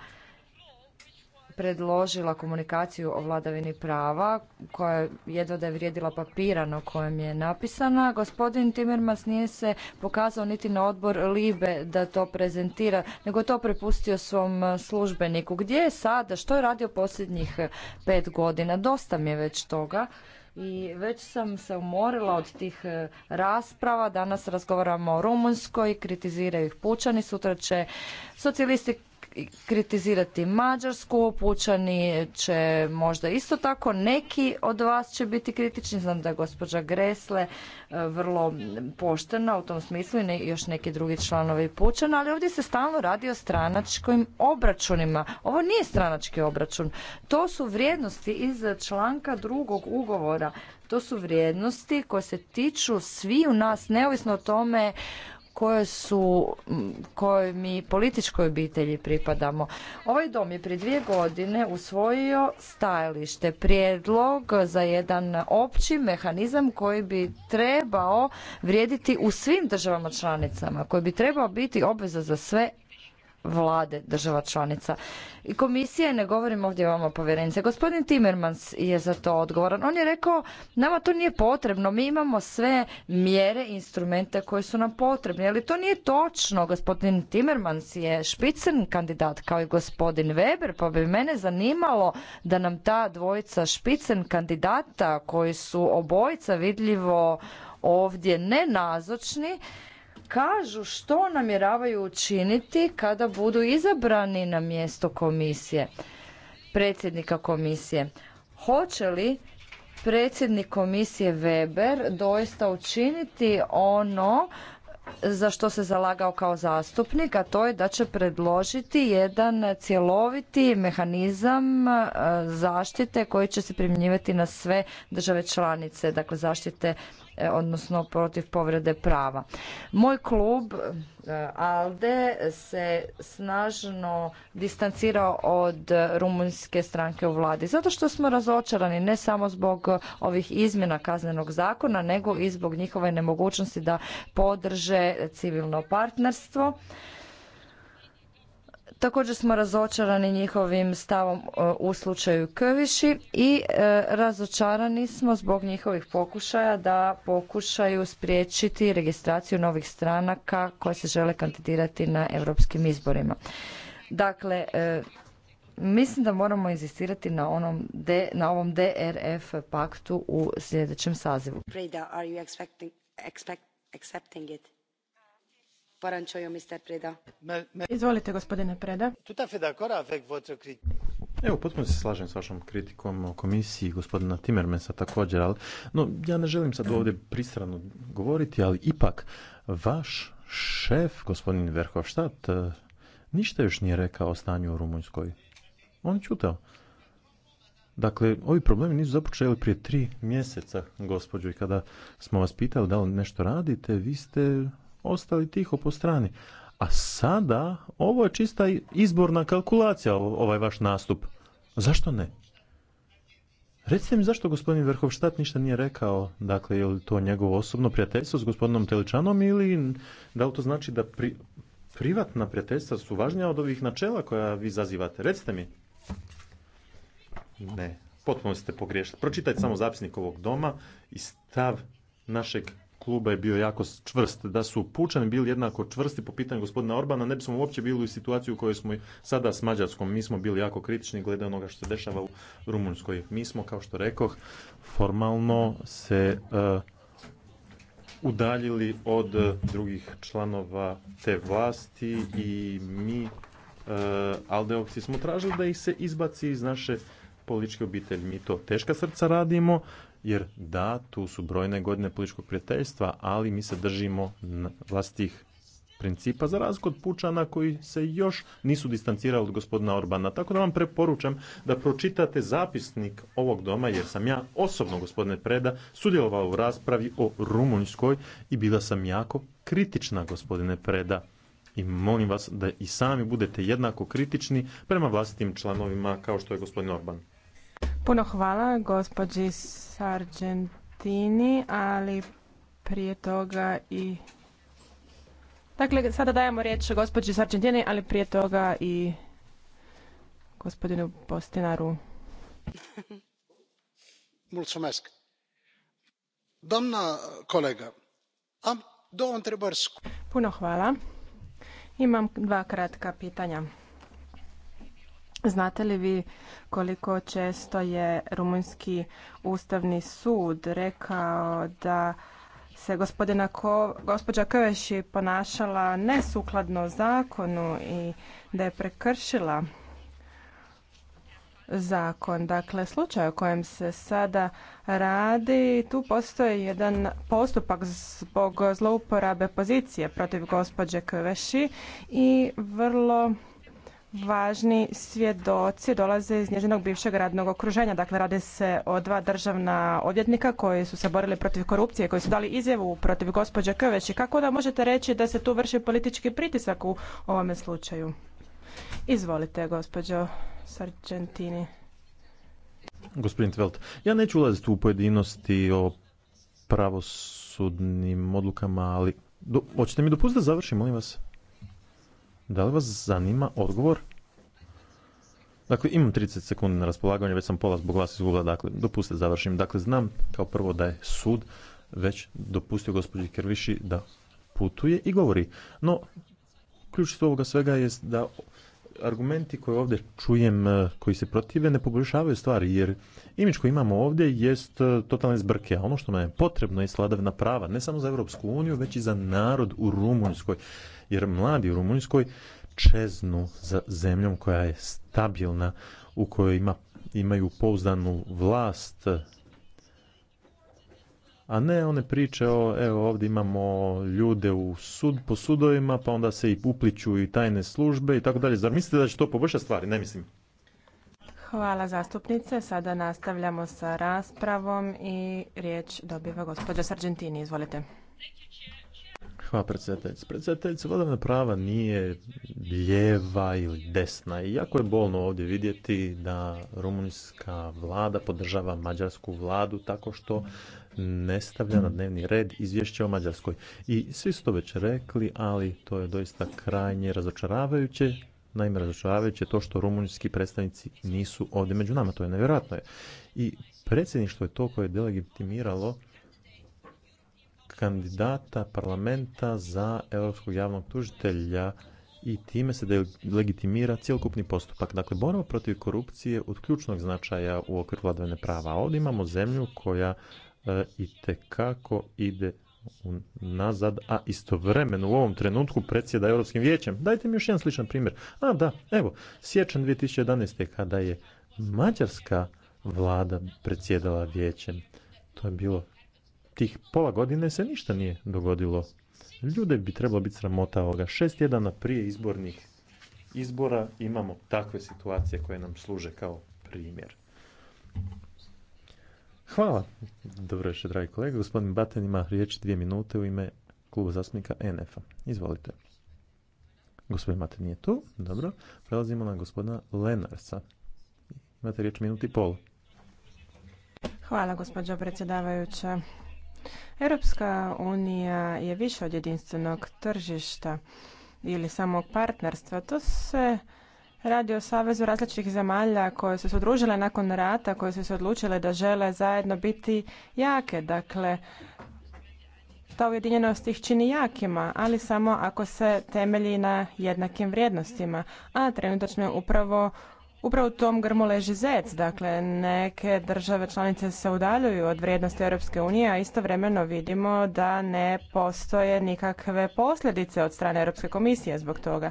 predložila komunikaciju o vladavini prava koja je jedva da je vrijedila papira na kojem je napisana. Gospodin Timmermans nije se pokazao niti na odbor Libe da to prezentira, nego je to prepustio svom službeniku. Gdje je sada? Što je radio posljednjih pet godina? Dosta mi je već toga i već sam se umorila od tih e, rasprava. Danas razgovaramo o Rumunjskoj, kritiziraju ih pučani, sutra će socijalisti kritizirati Mađarsku, pučani će možda isto tako, neki od vas će biti kritični, znam da je gospođa Gresle e, vrlo poštena u tom smislu i još neki drugi članovi pučana, ali ovdje se stalno radi o stranačkim obračunima. Ovo nije stranački obračun, to su vrijednosti iz članka drugog ugovora. To su vrijednosti koje se tiču svi u nas, neovisno o tome koje su, kojoj mi političkoj obitelji pripadamo. Ovaj dom je prije dvije godine usvojio stajalište, prijedlog za jedan opći mehanizam koji bi trebao vrijediti u svim državama članicama, koji bi trebao biti obveza za sve vlade država članica. I komisije, ne govorim ovdje vama povjerenice, gospodin Timmermans je za to odgovoran. On je rekao, nama to nije potrebno, mi imamo sve mjere, i instrumente koje su nam potrebne, ali to nije točno. Gospodin Timmermans je špicen kandidat kao i gospodin Weber, pa bi mene zanimalo da nam ta dvojica špicen kandidata koji su obojica vidljivo ovdje nenazočni, kažu što namjeravaju učiniti kada budu izabrani na mjesto komisije, predsjednika komisije. Hoće li predsjednik komisije Weber doista učiniti ono za što se zalagao kao zastupnik, a to je da će predložiti jedan cjeloviti mehanizam e, zaštite koji će se primjenjivati na sve države članice, dakle zaštite E, odnosno protiv povrede prava. Moj klub e, ALDE se snažno distancirao od rumunjske stranke u vladi zato što smo razočarani ne samo zbog ovih izmjena kaznenog zakona nego i zbog njihove nemogućnosti da podrže civilno partnerstvo Također smo razočarani njihovim stavom e, u slučaju Kviši i e, razočarani smo zbog njihovih pokušaja da pokušaju spriječiti registraciju novih stranaka koje se žele kandidirati na europskim izborima. Dakle, e, mislim da moramo insistirati na, onom D, na ovom DRF paktu u sljedećem sazivu. are you Preda. Izvolite, gospodine Preda. Evo, potpuno se slažem s vašom kritikom o komisiji gospodina Timmermansa također, ali no, ja ne želim sad ovdje pristrano govoriti, ali ipak vaš šef, gospodin Verhofstadt, e, ništa još nije rekao o stanju u Rumunjskoj. On je čutao. Dakle, ovi problemi nisu započeli prije tri mjeseca, gospođo, i kada smo vas pitali da li nešto radite, vi ste ostali tiho po strani. A sada, ovo je čista izborna kalkulacija, ovaj vaš nastup. Zašto ne? Recite mi zašto gospodin Vrhovštat ništa nije rekao, dakle, je li to njegovo osobno prijateljstvo s gospodinom Teličanom ili da li to znači da privatna prijateljstva su važnija od ovih načela koja vi zazivate? Recite mi. Ne, potpuno ste pogriješili. Pročitajte samo zapisnik ovog doma i stav našeg kluba je bio jako čvrst. Da su pučani bili jednako čvrsti po pitanju gospodina Orbana, ne bismo uopće bili u situaciju u kojoj smo sada s Mađarskom. Mi smo bili jako kritični glede onoga što se dešava u Rumunjskoj. Mi smo, kao što rekoh, formalno se eh, udaljili od eh, drugih članova te vlasti i mi uh, Aldeovci smo tražili da ih se izbaci iz naše političke obitelji. Mi to teška srca radimo, jer da, tu su brojne godine političkog prijateljstva, ali mi se držimo vlastih principa za razliku od pučana koji se još nisu distancirali od gospodina Orbana. Tako da vam preporučam da pročitate zapisnik ovog doma jer sam ja osobno gospodine Preda sudjelovao u raspravi o Rumunjskoj i bila sam jako kritična gospodine Preda. I molim vas da i sami budete jednako kritični prema vlastitim članovima kao što je gospodin Orban. Puno hvala gospođi Sargentini, ali prije toga i... Dakle, sada dajemo riječ gospođi Sargentini, ali prije toga i gospodinu Postinaru. [laughs] Mulțumesc. Doamna kolega am două întrebări. Puno hvala. Imam dva kratka pitanja. Znate li vi koliko često je Rumunjski ustavni sud rekao da se gospodina gospođa Kveši ponašala nesukladno zakonu i da je prekršila zakon. Dakle, slučaj o kojem se sada radi, tu postoji jedan postupak zbog zlouporabe pozicije protiv gospođe Kveši i vrlo važni svjedoci dolaze iz njezinog bivšeg radnog okruženja. Dakle, radi se o dva državna odvjetnika koji su se borili protiv korupcije, koji su dali izjavu protiv gospođe I Kako da možete reći da se tu vrši politički pritisak u ovome slučaju? Izvolite, gospođo Sargentini. Gospodin Tvelt, ja neću ulaziti u pojedinosti o pravosudnim odlukama, ali hoćete mi dopustiti da završim, molim vas? Da li vas zanima odgovor? Dakle, imam 30 sekundi na raspolaganje, već sam pola zbog vas izgubila, dakle, dopustite završim. Dakle, znam kao prvo da je sud već dopustio gospođi Kerviši da putuje i govori. No, ključ ovoga svega je da argumenti koje ovdje čujem, e, koji se protive, ne poboljšavaju stvari, jer imidž koji imamo ovdje jest e, totalne zbrke, a ono što nam je potrebno je sladavna prava, ne samo za Europsku uniju, već i za narod u Rumunjskoj, jer mladi u Rumunjskoj čeznu za zemljom koja je stabilna, u kojoj imaju pouzdanu vlast, a ne one priče o, evo ovdje imamo ljude u sud, po sudovima, pa onda se i upliću i tajne službe i tako dalje. Zar mislite da će to poboljšati stvari? Ne mislim. Hvala zastupnice. Sada nastavljamo sa raspravom i riječ dobiva gospođa Sargentini. Izvolite. Hvala predsjedateljice. Predsjedateljice, vladavna prava nije lijeva ili desna i jako je bolno ovdje vidjeti da rumunjska vlada podržava mađarsku vladu tako što ne stavlja na dnevni red izvješće o Mađarskoj. I svi su to već rekli, ali to je doista krajnje razočaravajuće. Naime, razočaravajuće je to što rumunjski predstavnici nisu ovdje među nama. To je nevjerojatno. I predsjedništvo je to koje je delegitimiralo kandidata parlamenta za europskog javnog tužitelja i time se legitimira cjelokupni postupak. Dakle, borba protiv korupcije od ključnog značaja u okviru vladavine prava. A ovdje imamo zemlju koja E, i kako ide nazad, a istovremeno u ovom trenutku predsjeda Europskim vijećem. Dajte mi još jedan sličan primjer. A da, evo, sječan 2011. kada je mađarska vlada predsjedala vijećem. To je bilo tih pola godine se ništa nije dogodilo. Ljude bi trebalo biti sramota ovoga. Šest tjedana prije izbornih izbora imamo takve situacije koje nam služe kao primjer. Hvala. Dobro večer, dragi kolega. Gospodin Baten ima riječ dvije minute u ime kluba zastupnika NF-a. Izvolite. Gospodin Baten nije tu. Dobro. Prelazimo na gospodina Lenarsa. Imate riječ minuti i pol. Hvala, gospođo predsjedavajuća. Europska unija je više od jedinstvenog tržišta ili samog partnerstva. To se radi o savezu različitih zemalja koje su se udružile nakon rata, koje su se odlučile da žele zajedno biti jake. Dakle, ta ujedinjenost ih čini jakima, ali samo ako se temelji na jednakim vrijednostima. A trenutačno je upravo Upravo u tom grmu leži zec, dakle neke države članice se udaljuju od vrijednosti Europske unije, a istovremeno vidimo da ne postoje nikakve posljedice od strane Europske komisije zbog toga.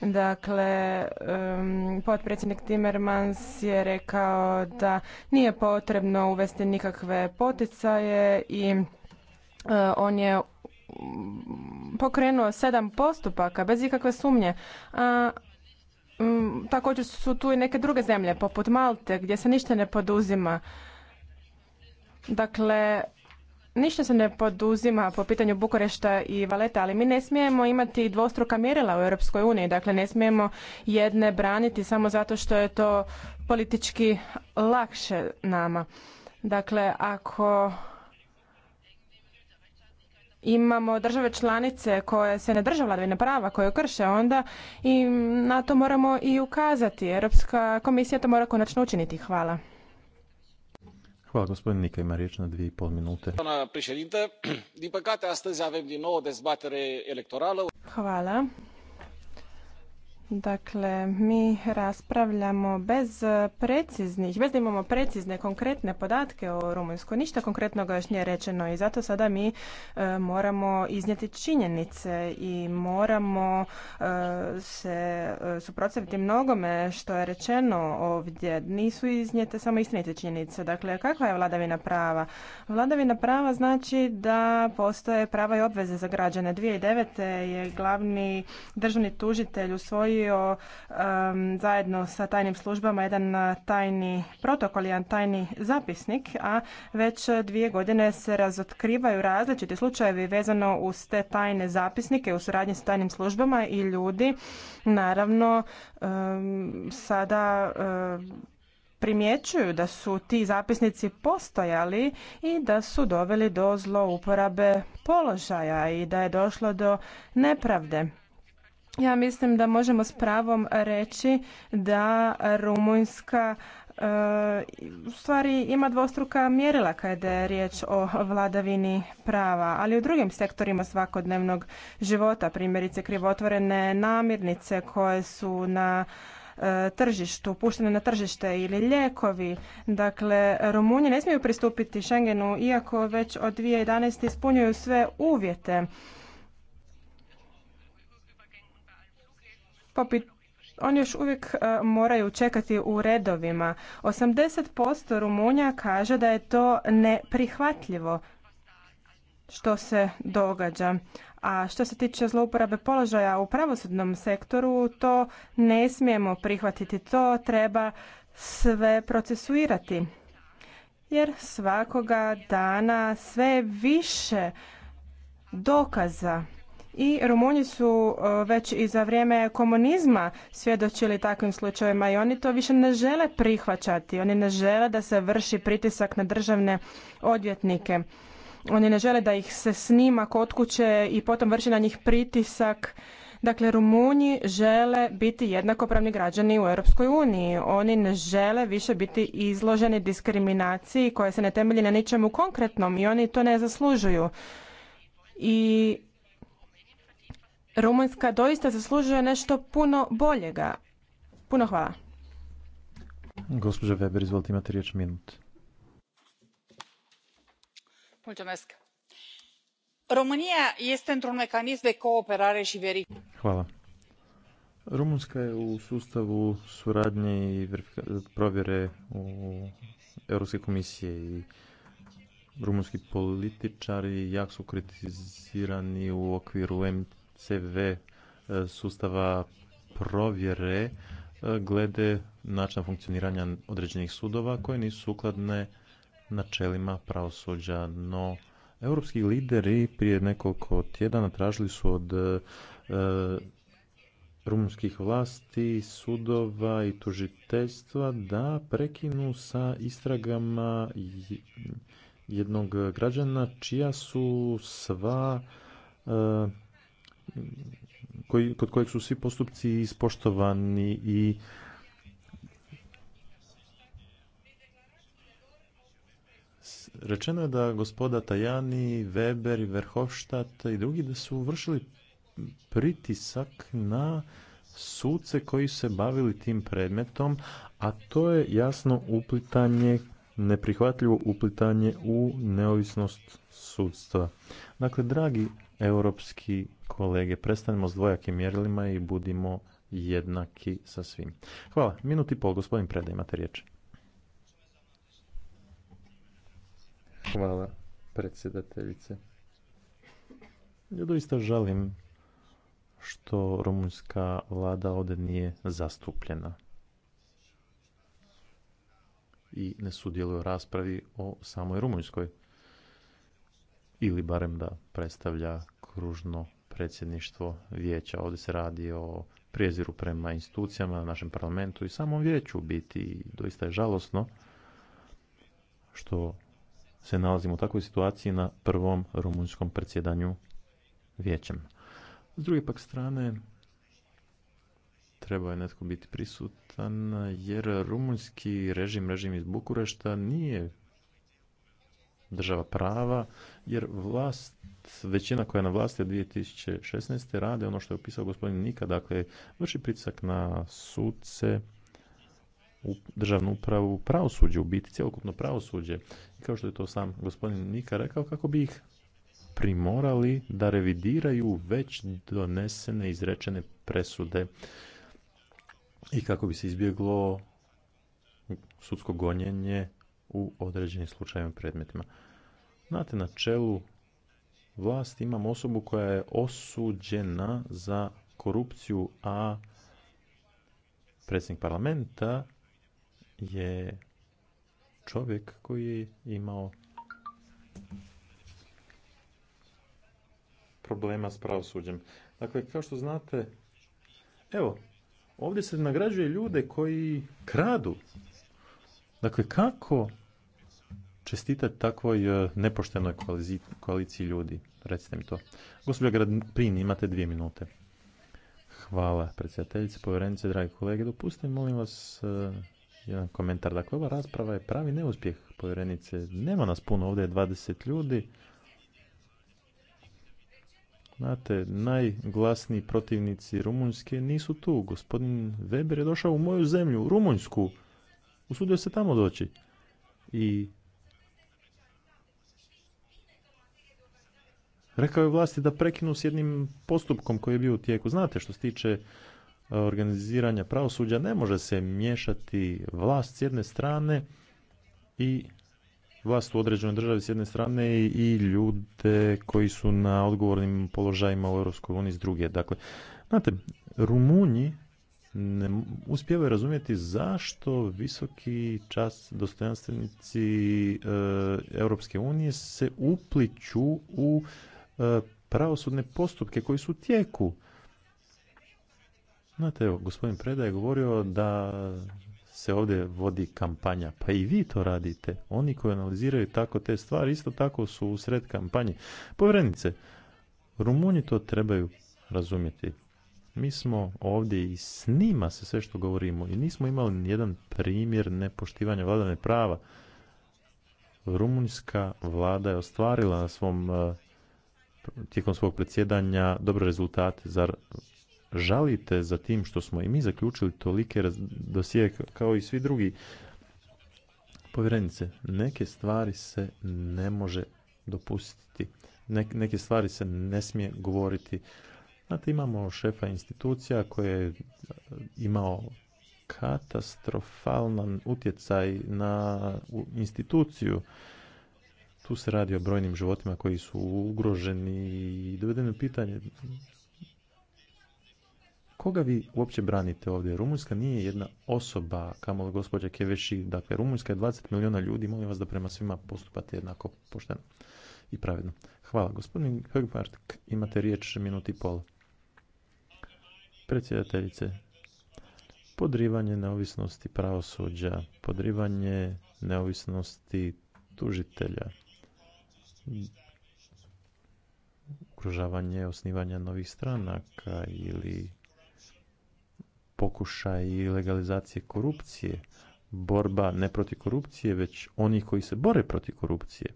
Dakle, potpredsjednik Timmermans je rekao da nije potrebno uvesti nikakve poticaje i on je pokrenuo sedam postupaka bez ikakve sumnje. A, također su tu i neke druge zemlje poput Malte gdje se ništa ne poduzima. Dakle, ništa se ne poduzima po pitanju Bukurešta i Valeta, ali mi ne smijemo imati dvostruka mjerila u Europskoj uniji. Dakle, ne smijemo jedne braniti samo zato što je to politički lakše nama. Dakle, ako imamo države članice koje se ne drže vladavine prava, koje krše, onda i na to moramo i ukazati. Europska komisija to mora konačno učiniti. Hvala. Hvala, gospodin din ima riječ na dvije i dezbatere minute. Hvala. Dakle, mi raspravljamo bez preciznih, bez da imamo precizne, konkretne podatke o Rumunjskoj. Ništa ga još nije rečeno i zato sada mi e, moramo iznijeti činjenice i moramo e, se e, suprotstaviti mnogome što je rečeno ovdje. Nisu iznijete samo istinite činjenice. Dakle, kakva je vladavina prava? Vladavina prava znači da postoje prava i obveze za građane. 2009. je glavni državni tužitelj u svojoj usvojio um, zajedno sa tajnim službama jedan eh, tajni protokol, jedan tajni zapisnik, a već dvije godine se razotkrivaju različiti slučajevi vezano uz te tajne zapisnike u suradnji s tajnim službama i ljudi naravno sada um, primjećuju da su ti zapisnici postojali i da su doveli do zlouporabe položaja i da je došlo do nepravde ja mislim da možemo s pravom reći da Rumunjska e, u stvari ima dvostruka mjerila kada je riječ o vladavini prava, ali u drugim sektorima svakodnevnog života, primjerice krivotvorene namirnice koje su na e, tržištu, puštene na tržište ili lijekovi. Dakle, Rumunji ne smiju pristupiti Schengenu iako već od 2011. ispunjuju sve uvjete oni još uvijek e, moraju čekati u redovima. 80% Rumunja kaže da je to neprihvatljivo što se događa. A što se tiče zlouporabe položaja u pravosudnom sektoru, to ne smijemo prihvatiti. To treba sve procesuirati. Jer svakoga dana sve više dokaza i Rumunji su e, već i za vrijeme komunizma svjedočili takvim slučajevima i oni to više ne žele prihvaćati. Oni ne žele da se vrši pritisak na državne odvjetnike. Oni ne žele da ih se snima kod kuće i potom vrši na njih pritisak. Dakle, Rumunji žele biti jednakopravni građani u Europskoj uniji. Oni ne žele više biti izloženi diskriminaciji koja se ne temelji na ničemu konkretnom i oni to ne zaslužuju. I Rumunjska doista zaslužuje nešto puno boljega. Puno hvala. Gospođa Weber, izvolite, imate riječ minut. Mulțumesc. România este într-un mecanism de cooperare și verificare. Hvala. Rumunska je u sustavu suradnje i provjere u Europske komisije i rumunski političari jak su kritizirani u okviru CV e, sustava provjere e, glede načina funkcioniranja određenih sudova koje nisu sukladne načelima pravosuđa. No, europski lideri prije nekoliko tjedana tražili su od e, rumunskih vlasti, sudova i tužiteljstva da prekinu sa istragama jednog građana čija su sva koji, kod kojeg su svi postupci ispoštovani i rečeno je da gospoda Tajani, Weber i Verhofstadt i drugi da su vršili pritisak na suce koji se bavili tim predmetom, a to je jasno uplitanje, neprihvatljivo uplitanje u neovisnost sudstva. Dakle, dragi europski kolege. Prestanimo s dvojakim mjerilima i budimo jednaki sa svim. Hvala. Minut i pol, gospodin Preda, imate riječ. Hvala, predsjedateljice. Ja doista žalim što rumunjska vlada ovdje nije zastupljena i ne sudjeluje u raspravi o samoj Rumunjskoj ili barem da predstavlja kružno predsjedništvo vijeća. Ovdje se radi o prijeziru prema institucijama, našem parlamentu i samom vijeću biti. Doista je žalosno što se nalazimo u takvoj situaciji na prvom rumunjskom predsjedanju vijećem. S druge pak strane, trebao je netko biti prisutan jer rumunjski režim, režim iz Bukurešta nije država prava, jer vlast, većina koja je na vlasti od 2016. rade ono što je opisao gospodin Nika, dakle vrši pritisak na sudce, u državnu upravu, pravosuđe, u biti cjelokupno pravosuđe. I kao što je to sam gospodin Nika rekao, kako bi ih primorali da revidiraju već donesene izrečene presude i kako bi se izbjeglo sudsko gonjenje u određenim slučajevima predmetima. Znate, na čelu vlasti imam osobu koja je osuđena za korupciju, a predsjednik parlamenta je čovjek koji je imao problema s pravosuđem. Dakle, kao što znate, evo, ovdje se nagrađuje ljude koji kradu, Dakle, kako čestitati takvoj e, nepoštenoj koaliciji ljudi? Recite mi to. Gospodin Gradprin, imate dvije minute. Hvala, predsjedateljice, povjerenice, dragi kolege. Dopustite, molim vas, e, jedan komentar. Dakle, ova rasprava je pravi neuspjeh povjerenice. Nema nas puno, ovdje je 20 ljudi. Znate, najglasniji protivnici Rumunjske nisu tu. Gospodin Weber je došao u moju zemlju, u Rumunjsku usudio se tamo doći. I rekao je vlasti da prekinu s jednim postupkom koji je bio u tijeku. Znate, što se tiče e, organiziranja pravosuđa, ne može se miješati vlast s jedne strane i vlast u određenoj državi s jedne strane i ljude koji su na odgovornim položajima u EU s druge. Dakle, znate, Rumunji ne uspijevaju razumjeti zašto visoki čast dostojanstvenici e, Europske unije se upliću u e, pravosudne postupke koji su u tijeku. Znate, evo, gospodin Preda je govorio da se ovdje vodi kampanja. Pa i vi to radite. Oni koji analiziraju tako te stvari, isto tako su u sred kampanje. Povrednice, Rumunji to trebaju razumjeti. Mi smo ovdje i snima se sve što govorimo i nismo imali nijedan jedan primjer nepoštivanja vladane prava. Rumunjska vlada je ostvarila na svom e, tijekom svog predsjedanja dobre rezultate. Zar žalite za tim što smo i mi zaključili tolike dosije kao i svi drugi? Povjerenice, neke stvari se ne može dopustiti. Neke stvari se ne smije govoriti. Znate, imamo šefa institucija koji je eh, imao katastrofalan utjecaj na instituciju. Tu se radi o brojnim životima koji su ugroženi i dovedeno pitanje koga vi uopće branite ovdje? Rumunjska nije jedna osoba, kamoli gospođa Keveši. Dakle, Rumunjska je 20 milijuna ljudi, molim vas da prema svima postupate jednako pošteno i pravedno. Hvala, gospodin Högmark, imate riječ minuti i pol predsjedateljice podrivanje neovisnosti pravosuđa podrivanje neovisnosti tužitelja ugrožavanje osnivanja novih stranaka ili pokušaj legalizacije korupcije borba ne protiv korupcije već onih koji se bore protiv korupcije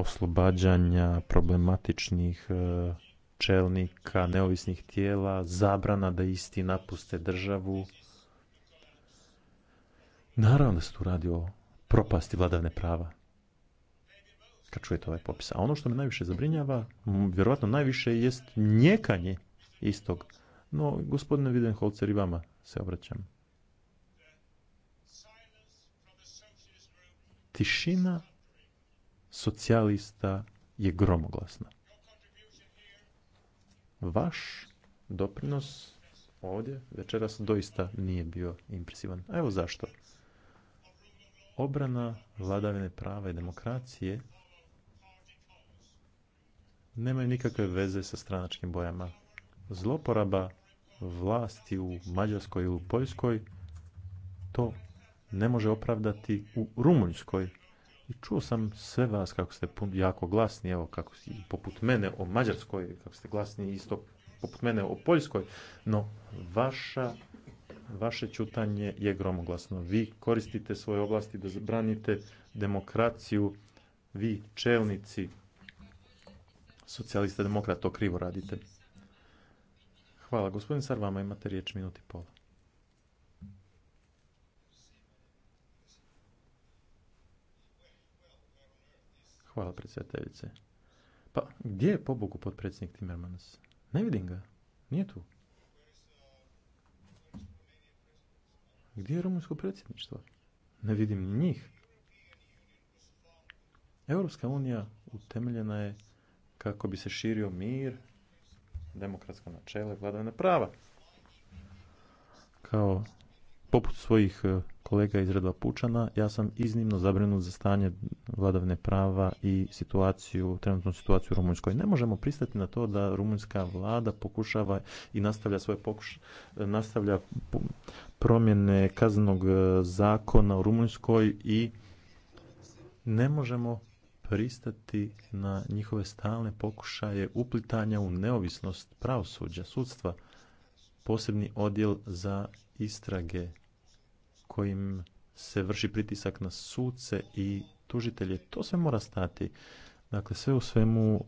oslobađanja problematičnih e, čelnika neovisnih tijela, zabrana da isti napuste državu. Naravno da se tu radi o propasti vladavne prava. Kad čujete ovaj popis. A ono što me najviše zabrinjava, vjerojatno najviše, jest njekanje istog. No, gospodine Widenholzer, i vama se obraćam. Tišina socijalista je gromoglasna. Vaš doprinos ovdje večeras doista nije bio impresivan. A evo zašto. Obrana vladavine prava i demokracije nemaju nikakve veze sa stranačkim bojama. Zloporaba vlasti u Mađarskoj ili u Poljskoj to ne može opravdati u Rumunjskoj i čuo sam sve vas kako ste jako glasni, evo kako si, poput mene o Mađarskoj, kako ste glasni isto poput mene o Poljskoj, no vaša, vaše čutanje je gromoglasno. Vi koristite svoje oblasti da zabranite demokraciju, vi čelnici socijalista demokrata to krivo radite. Hvala. Gospodin Sarvama, imate riječ minuti i pola. Hvala predsjedateljice. Pa gdje je pobogu potpredsjednik Timmermans? Ne vidim ga. Nije tu. Gdje je rumunjsko predsjedništvo? Ne vidim njih. Europska unija utemeljena je kako bi se širio mir, demokratsko načelo i vladavina prava. Kao poput svojih e, kolega iz redova Pučana, ja sam iznimno zabrinut za stanje vladavne prava i situaciju, trenutnu situaciju u Rumunjskoj. Ne možemo pristati na to da rumunjska vlada pokušava i nastavlja svoje pokuš, e, nastavlja promjene kaznog e, zakona u Rumunjskoj i ne možemo pristati na njihove stalne pokušaje uplitanja u neovisnost pravosuđa, sudstva, posebni odjel za istrage kojim se vrši pritisak na suce i tužitelje. To sve mora stati. Dakle, sve u svemu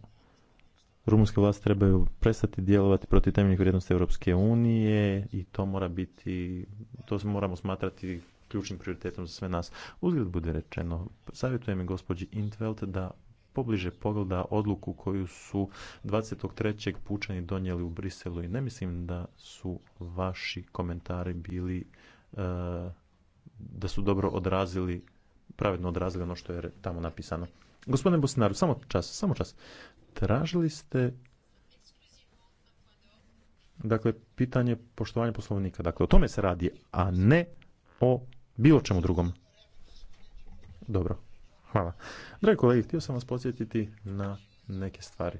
rumunske vlast trebaju prestati djelovati protiv temeljnih vrijednosti Europske unije i to mora biti, to moramo smatrati ključnim prioritetom za sve nas. Uzgled bude rečeno, savjetujem i gospođi Intveld da pobliže pogleda odluku koju su 23. pučani donijeli u Briselu i ne mislim da su vaši komentari bili e, da su dobro odrazili, pravedno odrazili ono što je tamo napisano. Gospodine Bosinaru, samo čas, samo čas. Tražili ste dakle, pitanje poštovanja poslovnika. Dakle, o tome se radi, a ne o bilo čemu drugom. Dobro, hvala. Dragi kolegi, htio sam vas podsjetiti na neke stvari.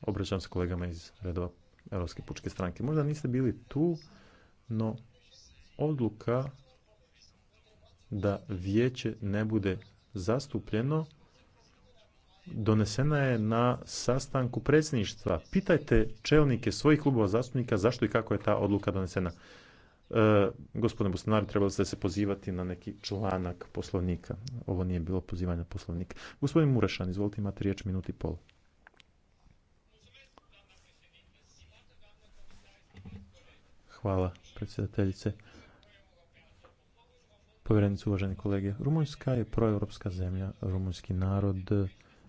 Obraćam se kolegama iz redova Europske pučke stranke. Možda niste bili tu, no odluka da vijeće ne bude zastupljeno donesena je na sastanku predsjedništva. Pitajte čelnike svojih klubova zastupnika zašto i kako je ta odluka donesena. E, gospodine trebalo trebali ste se pozivati na neki članak poslovnika. Ovo nije bilo pozivanje poslovnika. Gospodin Murešan, izvolite, imate riječ minut i pol. Hvala, predsjedateljice povjerenicu, uvaženi kolege. Rumunjska je proeuropska zemlja. Rumunjski narod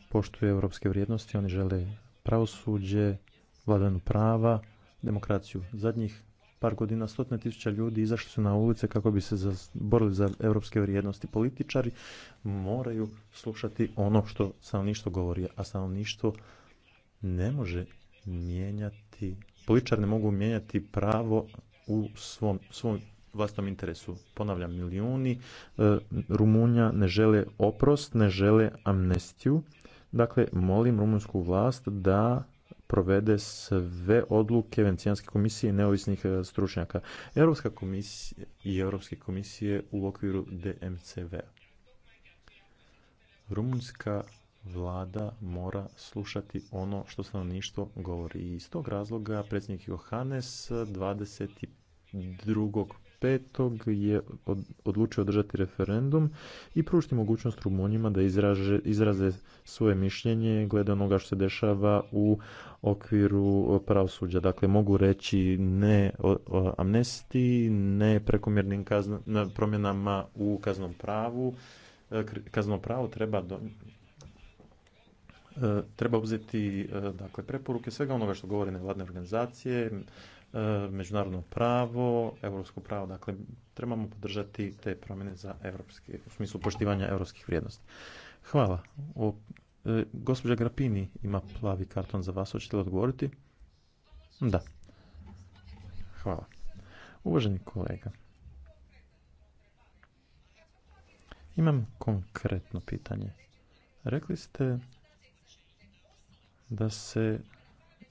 poštuje europske vrijednosti. Oni žele pravosuđe, vladanu prava, demokraciju. Zadnjih par godina stotne tisuća ljudi izašli su na ulice kako bi se borili za europske vrijednosti. Političari moraju slušati ono što stanovništvo govori, a stanovništvo ne može mijenjati, političari ne mogu mijenjati pravo u svom, svom vlastnom interesu. Ponavljam, milijuni e, Rumunja ne žele oprost, ne žele amnestiju. Dakle, molim rumunsku vlast da provede sve odluke Venecijanske komisije i neovisnih e, stručnjaka. Europska komisija i Europske komisije u okviru DMCV. Rumunska vlada mora slušati ono što stanovništvo govori. I iz tog razloga predsjednik Johannes 22 pet je odlučio održati referendum i pružiti mogućnost Rumunjima da izraže, izraze svoje mišljenje glede onoga što se dešava u okviru pravosuđa. Dakle, mogu reći ne amnestiji, ne prekomjernim promjenama u kaznom pravu. E, kazno pravo treba do, e, treba uzeti e, dakle, preporuke svega onoga što govore nevladne organizacije, E, međunarodno pravo, europsko pravo. Dakle, trebamo podržati te promjene za evropske, u smislu poštivanja europskih vrijednosti. Hvala. O, e, gospođa Grapini ima plavi karton za vas. Hoćete li odgovoriti? Da. Hvala. Uvaženi kolega, imam konkretno pitanje. Rekli ste da se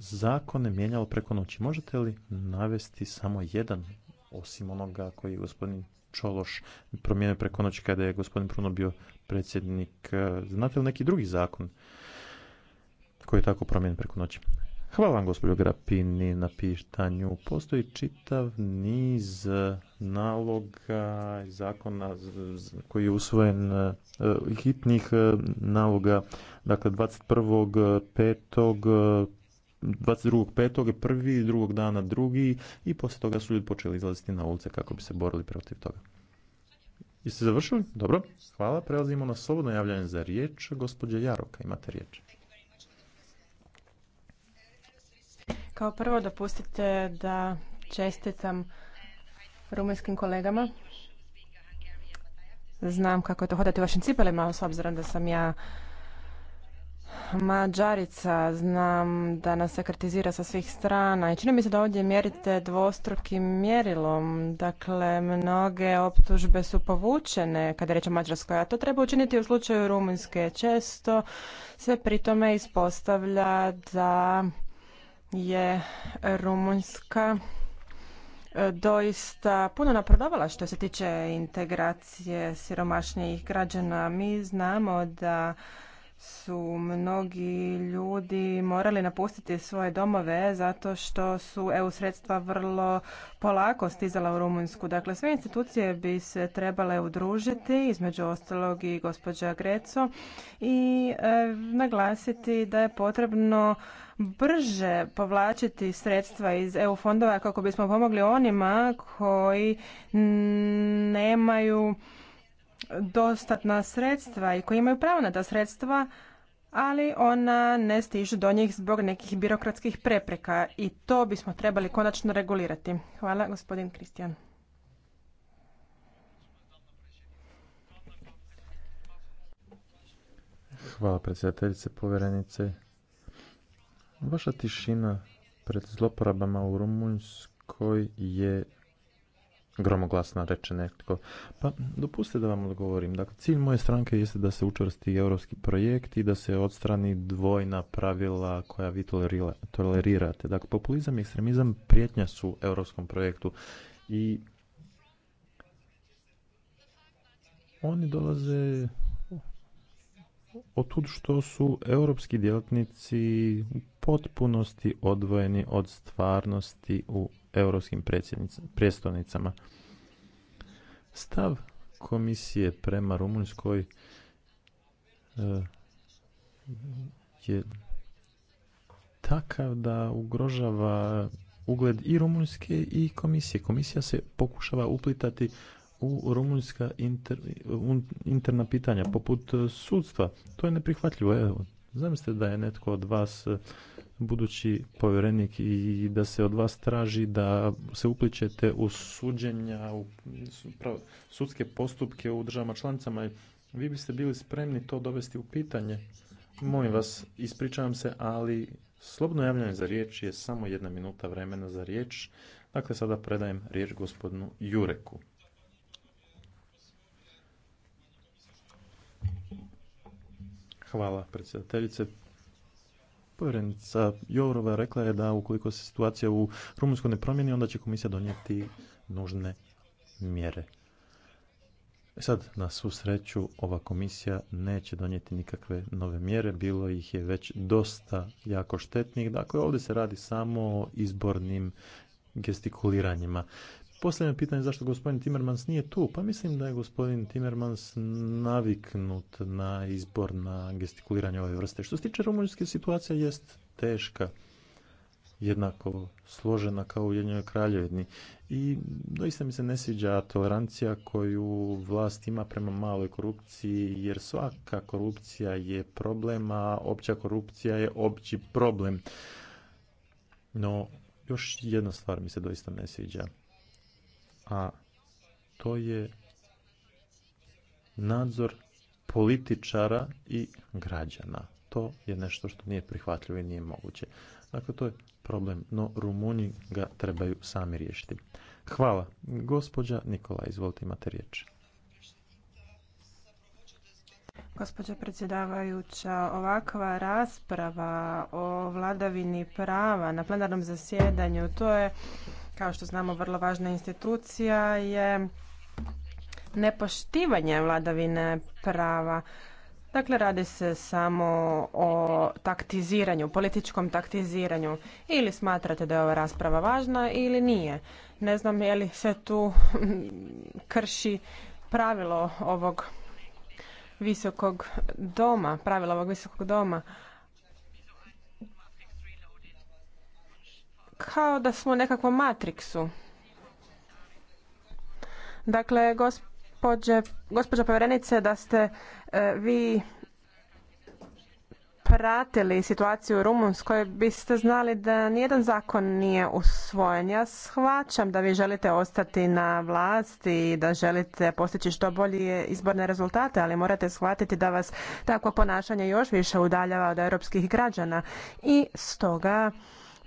zakone mijenjalo preko noći. Možete li navesti samo jedan, osim onoga koji je gospodin Čološ promijenio preko noći kada je gospodin Pruno bio predsjednik? E, znate li neki drugi zakon koji je tako promijenio preko noći? Hvala vam, gospođo Grapini, na pitanju. Postoji čitav niz naloga i zakona koji je usvojen, e, hitnih e, naloga, dakle petog dvadeset je prvi, drugog dana drugi i poslije toga su ljudi počeli izlaziti na ulice kako bi se borili protiv toga. Jeste završili? Dobro, hvala. Prelazimo na slobodno javljanje za riječ. Gospodje Jaroka, imate riječ. Kao prvo dopustite da čestitam rumunjskim kolegama. Znam kako je to hodati u vašim cipelima, s obzirom da sam ja Mađarica, znam da nas se kritizira sa svih strana i čini mi se da ovdje mjerite dvostrukim mjerilom. Dakle, mnoge optužbe su povučene kada reče o Mađarskoj, a to treba učiniti u slučaju Rumunjske. Često se pri tome ispostavlja da je Rumunjska e, doista puno napredovala što se tiče integracije siromašnijih građana. Mi znamo da su mnogi ljudi morali napustiti svoje domove zato što su EU sredstva vrlo polako stizala u Rumunjsku. Dakle, sve institucije bi se trebale udružiti, između ostalog i gospođa Greco, i e, naglasiti da je potrebno brže povlačiti sredstva iz EU fondova kako bismo pomogli onima koji nemaju dostatna sredstva i koji imaju pravo na ta sredstva, ali ona ne stižu do njih zbog nekih birokratskih prepreka i to bismo trebali konačno regulirati. Hvala, gospodin Kristijan. Hvala predsjedateljice, povjerenice. Vaša tišina pred zloporabama u Rumunjskoj je gromoglasno reče netko. Pa dopustite da vam odgovorim. Dakle, cilj moje stranke jeste da se učvrsti europski projekt i da se odstrani dvojna pravila koja vi tolerirate. Dakle, populizam i ekstremizam prijetnja su europskom projektu i oni dolaze otud što su europski djelatnici u potpunosti odvojeni od stvarnosti u europskim prijestolnicama. Stav komisije prema Rumunjskoj eh, je takav da ugrožava ugled i Rumunjske i komisije. Komisija se pokušava uplitati u rumunjska interna pitanja poput e, sudstva. To je neprihvatljivo. Evo, zamislite da je netko od vas e, budući povjerenik i da se od vas traži da se upličete u suđenja, u sudske postupke u državama članicama. Vi biste bili spremni to dovesti u pitanje. Molim vas, ispričavam se, ali slobno javljanje za riječ je samo jedna minuta vremena za riječ. Dakle, sada predajem riječ gospodinu Jureku. Hvala predsjedateljice. Povjerenica Jourova rekla je da ukoliko se situacija u Rumunjskoj ne promijeni, onda će komisija donijeti nužne mjere. E sad, na svu sreću, ova komisija neće donijeti nikakve nove mjere, bilo ih je već dosta jako štetnih, dakle ovdje se radi samo o izbornim gestikuliranjima. Posljedno pitanje zašto gospodin Timmermans nije tu. Pa mislim da je gospodin Timmermans naviknut na izbor, na gestikuliranje ove vrste. Što se tiče rumunjske situacija jest teška, jednako složena kao u Ujedinjenoj kraljevini. I doista mi se ne sviđa tolerancija koju vlast ima prema maloj korupciji, jer svaka korupcija je problem, a opća korupcija je opći problem. No, još jedna stvar mi se doista ne sviđa a to je nadzor političara i građana. To je nešto što nije prihvatljivo i nije moguće. Dakle, to je problem, no Rumunji ga trebaju sami riješiti. Hvala. Gospođa Nikola, izvolite imate riječ. Gospođo predsjedavajuća, ovakva rasprava o vladavini prava na plenarnom zasjedanju, to je kao što znamo vrlo važna institucija je nepoštivanje vladavine prava. Dakle, radi se samo o taktiziranju, političkom taktiziranju. Ili smatrate da je ova rasprava važna ili nije. Ne znam je li se tu [laughs] krši pravilo ovog visokog doma, pravilo ovog visokog doma. kao da smo u nekakvom matriksu. Dakle, gospođe, gospođa povjerenice, da ste e, vi pratili situaciju u Rumunskoj, biste znali da nijedan zakon nije usvojen. Ja shvaćam da vi želite ostati na vlasti i da želite postići što bolje izborne rezultate, ali morate shvatiti da vas takvo ponašanje još više udaljava od europskih građana. I stoga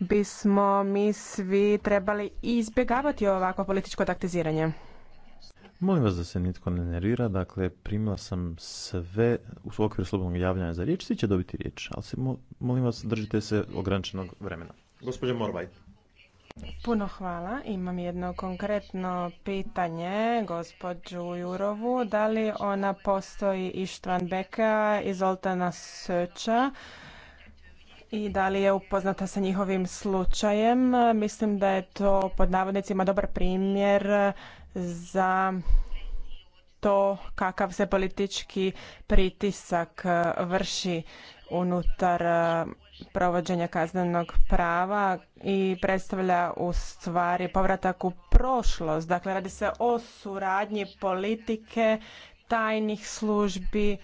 bismo mi svi trebali izbjegavati ovako političko taktiziranje. Molim vas da se nitko ne nervira, dakle primila sam sve u okviru slobodnog javljanja za riječ, svi će dobiti riječ, ali se, molim vas držite se ograničenog vremena. Gospodin Morvaj. Puno hvala. Imam jedno konkretno pitanje gospođu Jurovu. Da li ona postoji Ištvan Beka i Zoltana Söča? i da li je upoznata sa njihovim slučajem. Mislim da je to pod navodnicima dobar primjer za to kakav se politički pritisak vrši unutar e, provođenja kaznenog prava i predstavlja u stvari povratak u prošlost. Dakle, radi se o suradnji politike, tajnih službi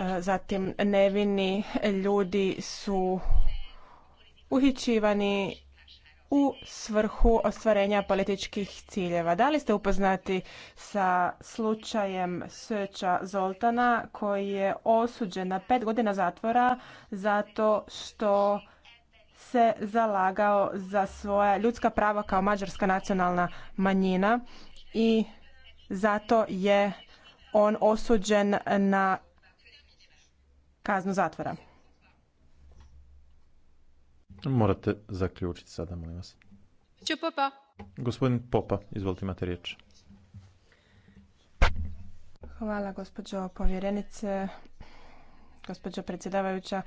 E, zatim nevini ljudi su uhićivani u svrhu ostvarenja političkih ciljeva. Da li ste upoznati sa slučajem Sveća Zoltana koji je osuđen na pet godina zatvora zato što se zalagao za svoja ljudska prava kao mađarska nacionalna manjina i zato je on osuđen na kaznu zatvora. Morate zaključiti sada, molim vas. Ću popa. Gospodin Popa, izvolite imate riječ. Hvala gospođo povjerenice, gospođo predsjedavajuća.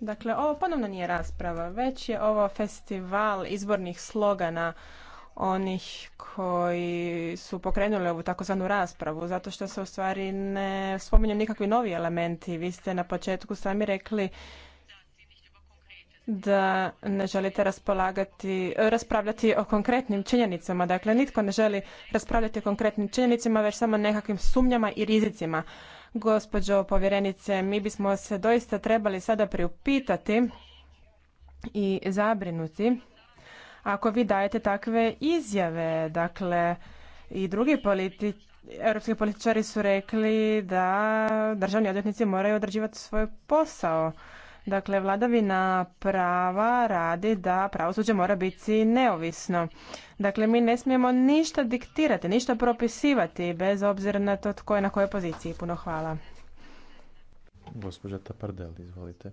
Dakle, ovo ponovno nije rasprava, već je ovo festival izbornih slogana onih koji su pokrenuli ovu takozvanu raspravu, zato što se u stvari ne spominju nikakvi novi elementi. Vi ste na početku sami rekli da ne želite raspolagati, raspravljati o konkretnim činjenicama. Dakle, nitko ne želi raspravljati o konkretnim činjenicama, već samo nekakvim sumnjama i rizicima. Gospođo povjerenice, mi bismo se doista trebali sada priupitati i zabrinuti ako vi dajete takve izjave. Dakle, i drugi europski političari su rekli da državni odvjetnici moraju odrađivati svoj posao. Dakle, vladavina prava radi da pravosuđe mora biti neovisno. Dakle, mi ne smijemo ništa diktirati, ništa propisivati, bez obzira na to tko je na kojoj poziciji. Puno hvala. Gospođa Tapardel, izvolite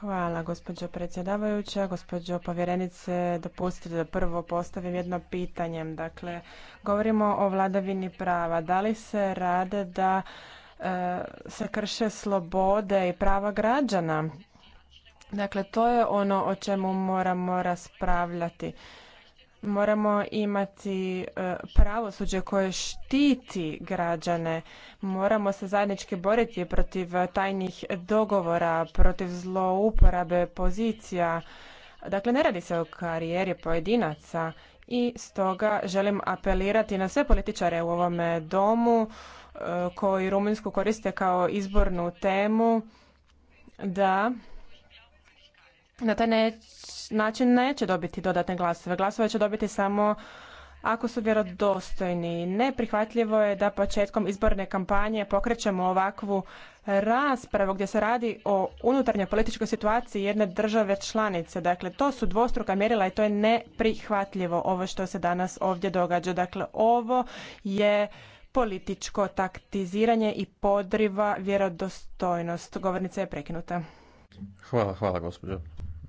hvala gospođo predsjedavajuća gospođo povjerenice dopustite da prvo postavim jedno pitanje dakle govorimo o vladavini prava da li se rade da e, se krše slobode i prava građana dakle to je ono o čemu moramo raspravljati moramo imati e, pravosuđe koje štiti građane moramo se zajednički boriti protiv tajnih dogovora protiv zlouporabe pozicija dakle ne radi se o karijeri pojedinaca i stoga želim apelirati na sve političare u ovome domu e, koji rumunjsku koriste kao izbornu temu da na taj način način neće dobiti dodatne glasove. Glasove će dobiti samo ako su vjerodostojni. Neprihvatljivo je da početkom izborne kampanje pokrećemo ovakvu raspravu gdje se radi o unutarnjoj političkoj situaciji jedne države članice. Dakle, to su dvostruka mjerila i to je neprihvatljivo ovo što se danas ovdje događa. Dakle, ovo je političko taktiziranje i podriva vjerodostojnost. Govornica je prekinuta. Hvala, hvala gospođo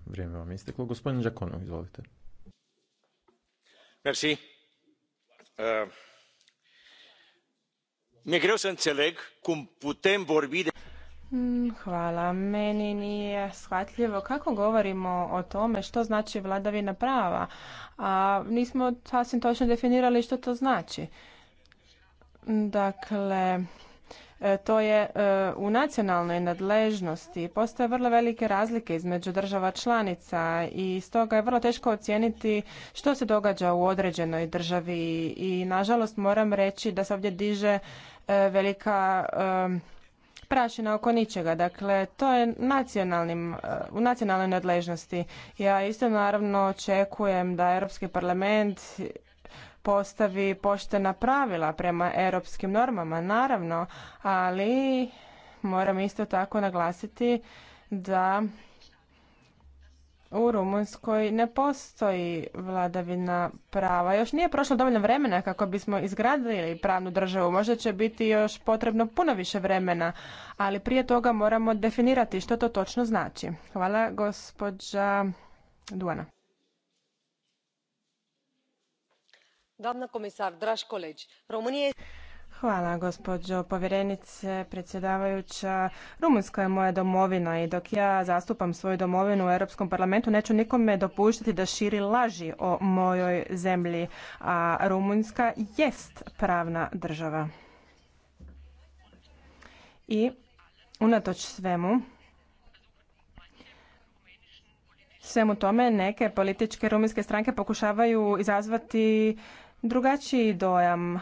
Vrijeme vam isteklo. Gospodin Đakonov, izvolite. Merci. Uh, ne greo greu înțeleg putem vorbi mm, Hvala. Meni nije shvatljivo kako govorimo o tome što znači vladavina prava, a nismo sasvim točno definirali što to znači. Dakle, E, to je e, u nacionalnoj nadležnosti. Postoje vrlo velike razlike između država članica i stoga je vrlo teško ocijeniti što se događa u određenoj državi i nažalost moram reći da se ovdje diže e, velika prašina oko ničega. Dakle, to je nacionalnim, u nacionalnoj nadležnosti. Ja isto naravno očekujem da Europski parlament postavi poštena pravila prema europskim normama, naravno, ali moram isto tako naglasiti da u Rumunskoj ne postoji vladavina prava. Još nije prošlo dovoljno vremena kako bismo izgradili pravnu državu. Možda će biti još potrebno puno više vremena, ali prije toga moramo definirati što to točno znači. Hvala gospođa Duana. Hvala, gospođo povjerenice, predsjedavajuća. Rumunjska je moja domovina i dok ja zastupam svoju domovinu u Europskom parlamentu neću nikome dopuštati da širi laži o mojoj zemlji, a Rumunjska jest pravna država. I unatoč svemu, svemu tome neke političke rumunjske stranke pokušavaju izazvati drugačiji dojam.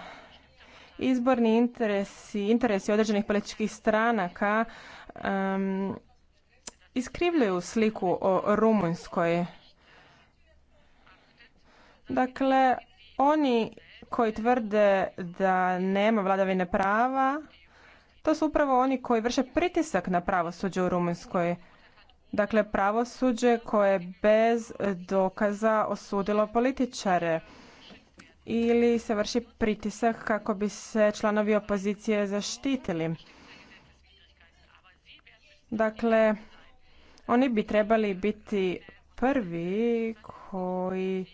Izborni interesi, interesi određenih političkih stranaka um, iskrivljuju sliku o Rumunjskoj. Dakle, oni koji tvrde da nema vladavine prava, to su upravo oni koji vrše pritisak na pravosuđe u Rumunjskoj. Dakle, pravosuđe koje bez dokaza osudilo političare ili se vrši pritisak kako bi se članovi opozicije zaštitili. Dakle, oni bi trebali biti prvi koji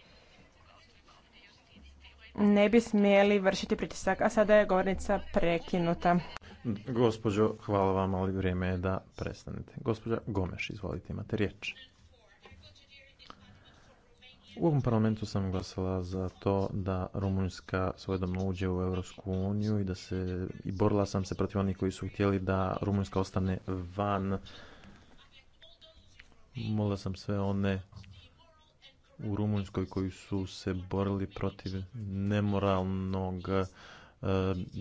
ne bi smjeli vršiti pritisak, a sada je govornica prekinuta. Gospođo, hvala vam, ali vrijeme je da prestanete. Gospođa Gomeš, izvolite, imate riječ. U ovom parlamentu sam glasala za to da Rumunjska svojedobno uđe u Europsku uniju i da se i borila sam se protiv onih koji su htjeli da Rumunjska ostane van. Molila sam sve one u Rumunjskoj koji su se borili protiv nemoralnog e,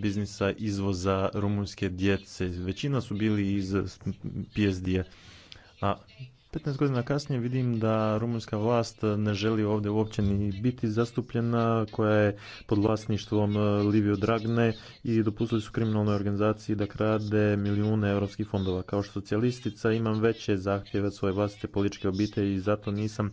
biznisa izvoza rumunjske djece. Većina su bili iz PSD-a, a 15 godina kasnije vidim da rumunjska vlast ne želi ovdje uopće ni biti zastupljena, koja je pod vlasništvom e, Livio Dragne i dopustili su kriminalnoj organizaciji da krade milijune europskih fondova. Kao što socijalistica imam veće zahtjeve od svoje vlastite političke obitelji i zato nisam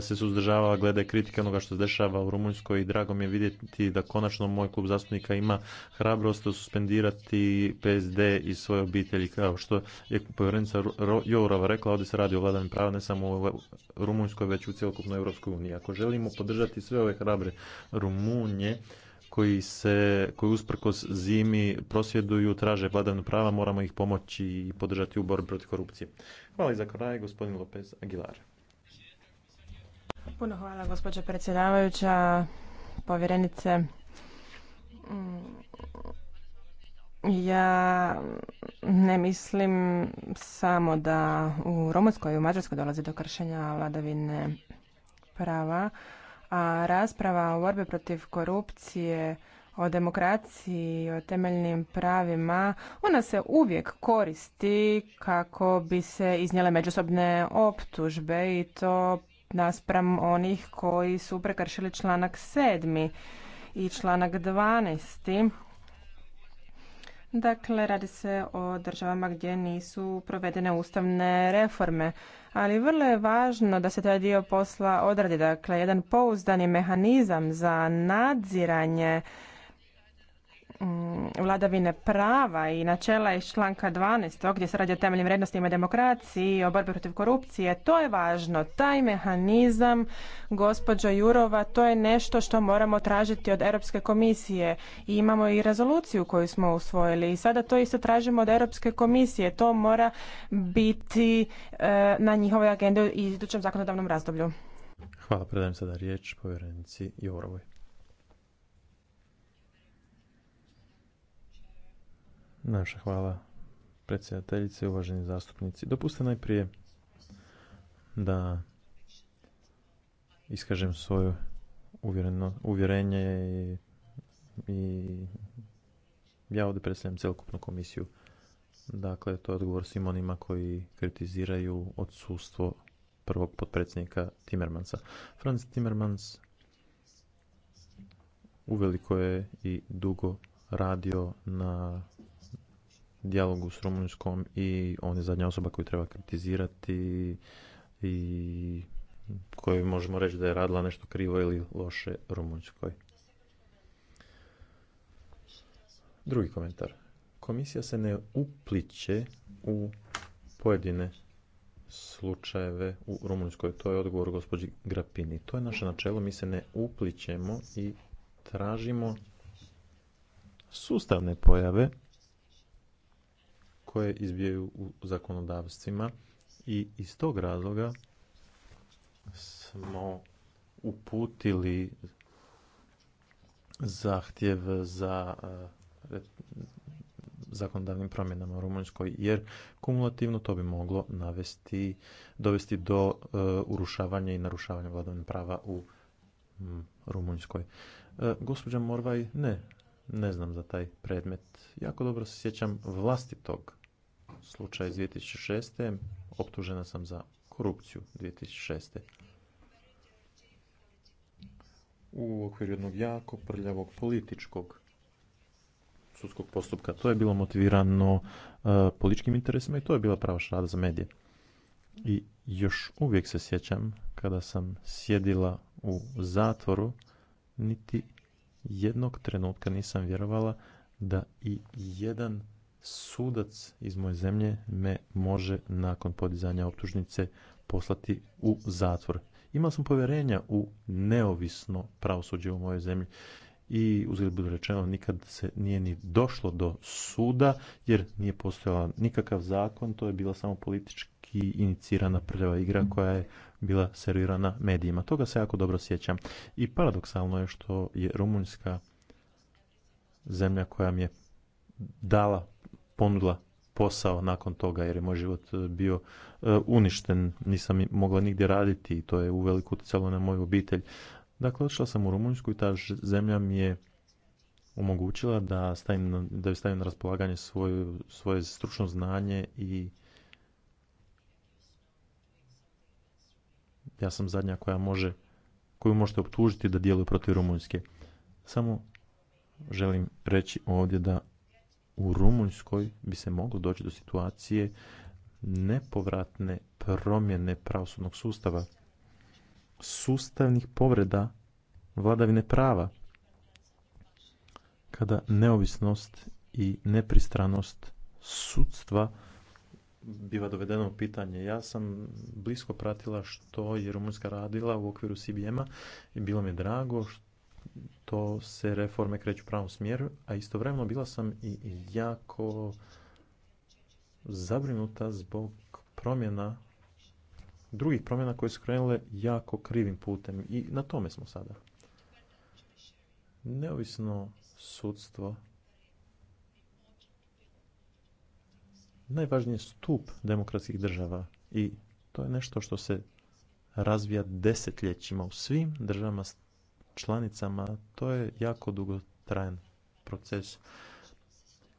se suzdržavala glede kritike onoga što se dešava u Rumunjskoj i drago mi je vidjeti da konačno moj klub zastupnika ima hrabrost suspendirati PSD i svoje obitelji. Kao što je povjerenica Jourova rekla, ovdje se radi o vladanim prava ne samo u Rumunjskoj, već u cjelokupnoj Europskoj uniji. Ako želimo podržati sve ove hrabre Rumunje, koji se, koji usprkos zimi prosvjeduju, traže vladavnu prava, moramo ih pomoći i podržati u borbi protiv korupcije. Hvala i za kraj, gospodin Lopez Aguilar. Puno hvala gospođo predsjedavajuća, povjerenice. Mm, ja ne mislim samo da u Romanskoj i u Mađarskoj dolazi do kršenja vladavine prava, a rasprava o borbi protiv korupcije, o demokraciji, o temeljnim pravima, ona se uvijek koristi kako bi se iznijele međusobne optužbe i to naspram onih koji su prekršili članak 7. i članak 12. Dakle, radi se o državama gdje nisu provedene ustavne reforme, ali vrlo je važno da se taj dio posla odradi. Dakle, jedan pouzdani mehanizam za nadziranje Mm, vladavine prava i načela iz članka 12. gdje se radi o temeljnim vrednostima demokraciji i o borbi protiv korupcije, to je važno. Taj mehanizam, gospođo Jurova, to je nešto što moramo tražiti od Europske komisije. I imamo i rezoluciju koju smo usvojili i sada to isto tražimo od Europske komisije. To mora biti e, na njihovoj agendi i idućem zakonodavnom razdoblju. Hvala, predajem sada riječ povjerenici Jurovoj. Naša hvala predsjedateljice, uvaženi zastupnici. Dopuste najprije da iskažem svoje uvjerenje i, ja ovdje predstavljam celokupnu komisiju. Dakle, to je odgovor svim onima koji kritiziraju odsustvo prvog potpredsjednika Timmermansa. Franz Timmermans uveliko je i dugo radio na dijalogu s Rumunjskom i on je zadnja osoba koju treba kritizirati i koju možemo reći da je radila nešto krivo ili loše Rumunjskoj. Drugi komentar. Komisija se ne upliće u pojedine slučajeve u Rumunjskoj. To je odgovor gospođi Grapini. To je naše načelo. Mi se ne uplićemo i tražimo sustavne pojave koje izbijaju u zakonodavstvima i iz tog razloga smo uputili zahtjev za e, zakonodavnim promjenama u Rumunjskoj, jer kumulativno to bi moglo navesti, dovesti do e, urušavanja i narušavanja vladavine prava u Rumunjskoj. E, gospođa Morvaj, ne, ne znam za taj predmet. Jako dobro se sjećam vlastitog slučaj iz 2006. Optužena sam za korupciju 2006. U okviru jednog jako prljavog političkog sudskog postupka. To je bilo motivirano e, političkim interesima i to je bila prava šrada za medije. I još uvijek se sjećam kada sam sjedila u zatvoru, niti jednog trenutka nisam vjerovala da i jedan sudac iz moje zemlje me može nakon podizanja optužnice poslati u zatvor. Imao sam povjerenja u neovisno pravosuđe u mojoj zemlji i uzgled budu rečeno nikad se nije ni došlo do suda jer nije postojala nikakav zakon, to je bila samo politički inicirana prljava igra koja je bila servirana medijima. Toga se jako dobro sjećam. I paradoksalno je što je Rumunjska zemlja koja mi je dala ponudila posao nakon toga jer je moj život e, bio e, uništen, nisam mogla nigdje raditi i to je veliku utjecalo na moju obitelj. Dakle, odšla sam u Rumunjsku i ta zemlja mi je omogućila da stavim da stavim na raspolaganje svoje stručno znanje i ja sam zadnja koja može, koju možete optužiti da djeluje protiv Rumunjske. Samo želim reći ovdje da u Rumunjskoj bi se moglo doći do situacije nepovratne promjene pravosudnog sustava, sustavnih povreda vladavine prava, kada neovisnost i nepristranost sudstva biva dovedeno u pitanje. Ja sam blisko pratila što je Rumunjska radila u okviru CBM-a i bilo mi je drago što to se reforme kreću u pravom smjeru, a istovremeno bila sam i jako zabrinuta zbog promjena, drugih promjena koje su krenule jako krivim putem i na tome smo sada. Neovisno sudstvo najvažniji stup demokratskih država i to je nešto što se razvija desetljećima u svim državama članicama, to je jako dugotrajan proces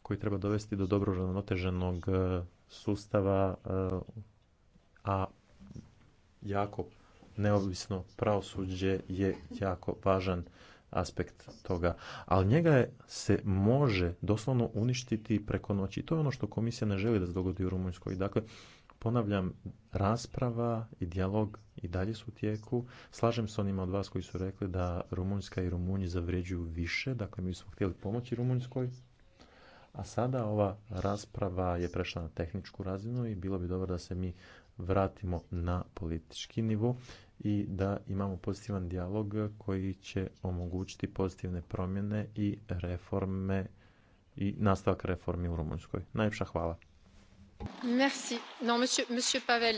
koji treba dovesti do dobro ravnoteženog e, sustava, e, a jako neovisno pravosuđe je jako važan aspekt toga. Ali njega se može doslovno uništiti preko noći. I to je ono što komisija ne želi da se dogodi u Rumunjskoj. Dakle, Ponavljam, rasprava i dijalog i dalje su u tijeku. Slažem se onima od vas koji su rekli da Rumunjska i Rumunji zavređuju više, dakle mi smo htjeli pomoći Rumunjskoj. A sada ova rasprava je prešla na tehničku razinu i bilo bi dobro da se mi vratimo na politički nivo i da imamo pozitivan dijalog koji će omogućiti pozitivne promjene i reforme i nastavak reformi u Rumunjskoj. Najljepša hvala. Merci. Pavel.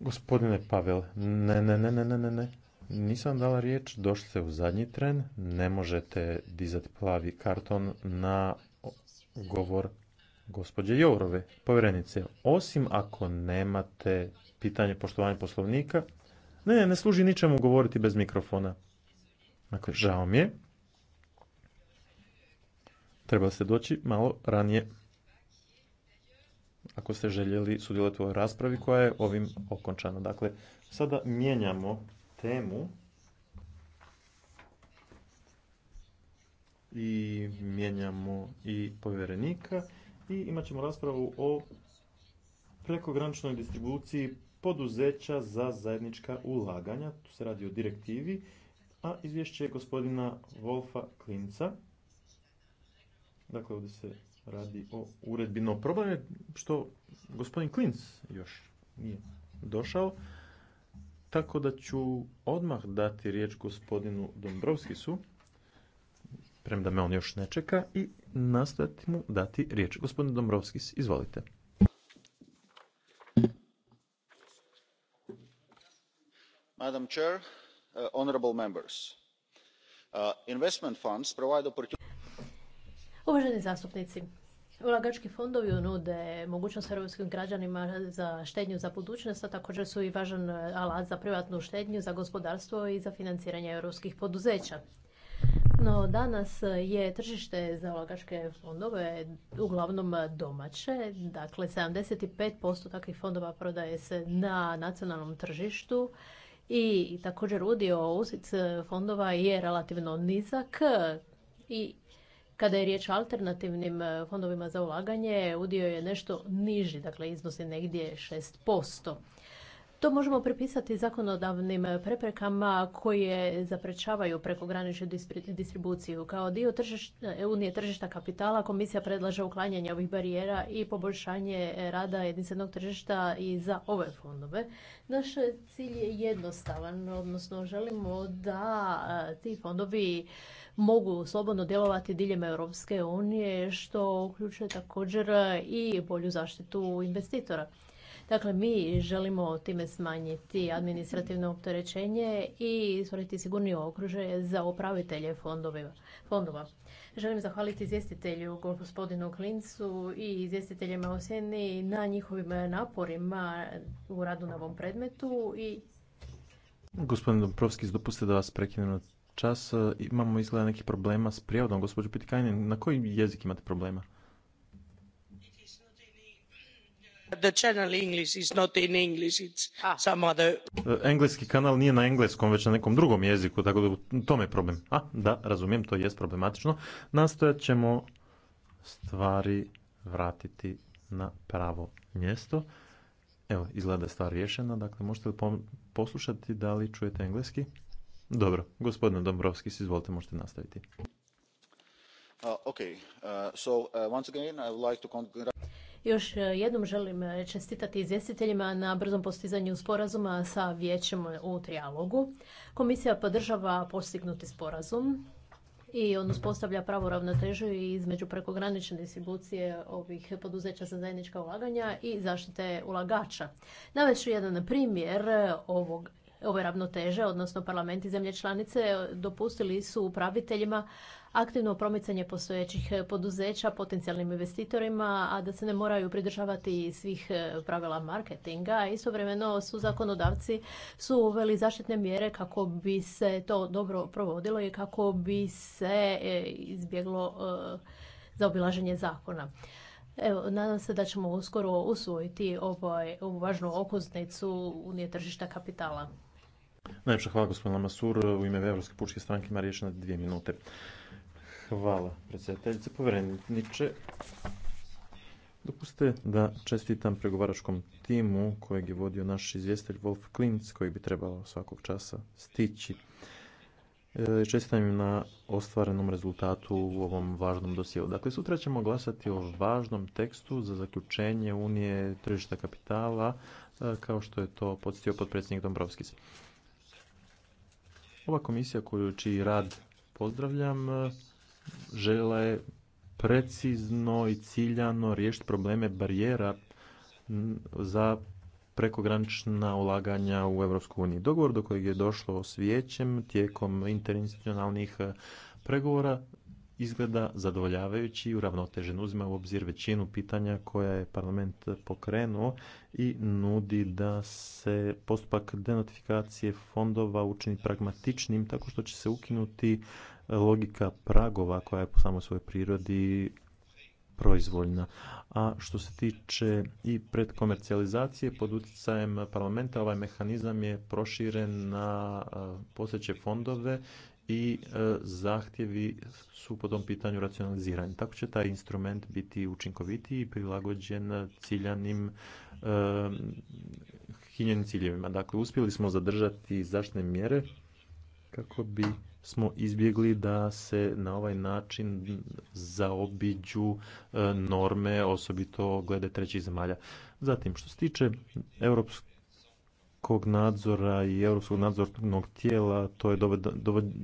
Gospodine Pavel, ne, ne, ne, ne, ne, Nisam dala riječ, došli ste u zadnji tren, ne možete dizati plavi karton na govor gospođe Jourove, povjerenice. Osim ako nemate pitanje poštovanja poslovnika, ne, ne služi ničemu govoriti bez mikrofona. Dakle, žao mi je. Trebali ste doći malo ranije ako ste željeli sudjelovati u ovoj raspravi koja je ovim okončana. Dakle, sada mijenjamo temu i mijenjamo i povjerenika i imat ćemo raspravu o prekograničnoj distribuciji poduzeća za zajednička ulaganja. Tu se radi o direktivi, a izvješće je gospodina Wolfa Klinca. Dakle, ovdje se radi o uredbi. No problem je što gospodin Klins još nije došao, tako da ću odmah dati riječ gospodinu Dombrovskisu, premda me on još ne čeka, i nastaviti mu dati riječ. Gospodin Dombrovskis, izvolite. Madam Chair, uh, honorable members, uh, investment funds provide opportunity... Uvaženi zastupnici, Ulagački fondovi nude mogućnost hrvatskim građanima za štednju za budućnost, a također su i važan alat za privatnu štednju, za gospodarstvo i za financiranje europskih poduzeća. No, danas je tržište za ulagačke fondove uglavnom domaće, dakle 75% takvih fondova prodaje se na nacionalnom tržištu i također udio usic fondova je relativno nizak i kada je riječ o alternativnim e, fondovima za ulaganje, udio je nešto niži, dakle iznosi negdje 6%. To možemo pripisati zakonodavnim preprekama koje zaprečavaju prekograničnu distribuciju. Kao dio tržišta, e, Unije tržišta kapitala komisija predlaže uklanjanje ovih barijera i poboljšanje rada jedinstvenog tržišta i za ove fondove. Naš cilj je jednostavan, odnosno želimo da e, ti fondovi mogu slobodno djelovati diljem Europske unije, što uključuje također i bolju zaštitu investitora. Dakle, mi želimo time smanjiti administrativno opterećenje i stvoriti sigurnije okruže za upravitelje fondova. Želim zahvaliti izvjestitelju gospodinu Klincu i izvjestiteljima u Sjeni na njihovim naporima u radu na ovom predmetu i Gospodin Dobrovski, dopustite da vas prekinem na čas. Imamo izgleda nekih problema s prijevodom. Gospođo Pitkajne, na koji jezik imate problema? The English Engleski kanal nije na engleskom, već na nekom drugom jeziku, tako da u tome je problem. A, da, razumijem, to jest problematično. Nastojat ćemo stvari vratiti na pravo mjesto. Evo, izgleda da je stvar rješena, dakle možete poslušati da li čujete engleski? Dobro, gospodine Dombrovski, izvolite, možete nastaviti. Uh, okay. uh, so, uh, once again, I like to još e, jednom želim e, čestitati izvjestiteljima na brzom postizanju sporazuma sa vijećem u trijalogu. Komisija podržava postignuti sporazum i on uspostavlja pravu ravnotežu između prekogranične distribucije ovih poduzeća za zajednička ulaganja i zaštite ulagača. Navest jedan primjer ovog ove ravnoteže, odnosno parlamenti zemlje članice, dopustili su upraviteljima aktivno promicanje postojećih e, poduzeća potencijalnim investitorima, a da se ne moraju pridržavati svih e, pravila marketinga. Istovremeno su zakonodavci su uveli zaštitne mjere kako bi se to dobro provodilo i kako bi se e, izbjeglo zaobilaženje zakona. Evo, nadam se da ćemo uskoro usvojiti ovaj, ovu važnu okuznicu Unije tržišta kapitala. Najpša hvala gospodina Masur. U ime Evropske pučke stranke ima na dvije minute. Hvala, predsjedateljice. Povjereniče, dopustite da čestitam pregovaračkom timu kojeg je vodio naš izvjestelj Wolf Klinc, koji bi trebalo svakog časa stići. E, čestitam na ostvarenom rezultatu u ovom važnom dosijelu. Dakle, sutra ćemo glasati o važnom tekstu za zaključenje Unije tržišta kapitala, e, kao što je to podstio potpredsjednik Dombrovskis. Ova komisija koju čiji rad pozdravljam žele precizno i ciljano riješiti probleme barijera za prekogranična ulaganja u Europsku uniju. Dogovor do kojeg je došlo s vijećem tijekom interinstitucionalnih eh, pregovora izgleda zadovoljavajući i uravnotežen. Uzima u obzir većinu pitanja koja je parlament pokrenuo i nudi da se postupak denotifikacije fondova učini pragmatičnim tako što će se ukinuti logika pragova koja je po samoj svojoj prirodi proizvoljna. A što se tiče i predkomercijalizacije pod utjecajem parlamenta, ovaj mehanizam je proširen na e, posjeće fondove i e, zahtjevi su po tom pitanju racionalizirani. Tako će taj instrument biti učinkovitiji i prilagođen ciljanim e, hinjenim ciljevima. Dakle, uspjeli smo zadržati zaštne mjere kako bi smo izbjegli da se na ovaj način zaobiđu e, norme, osobito glede trećih zemalja. Zatim, što se tiče europskog nadzora i europskog nadzornog tijela, to je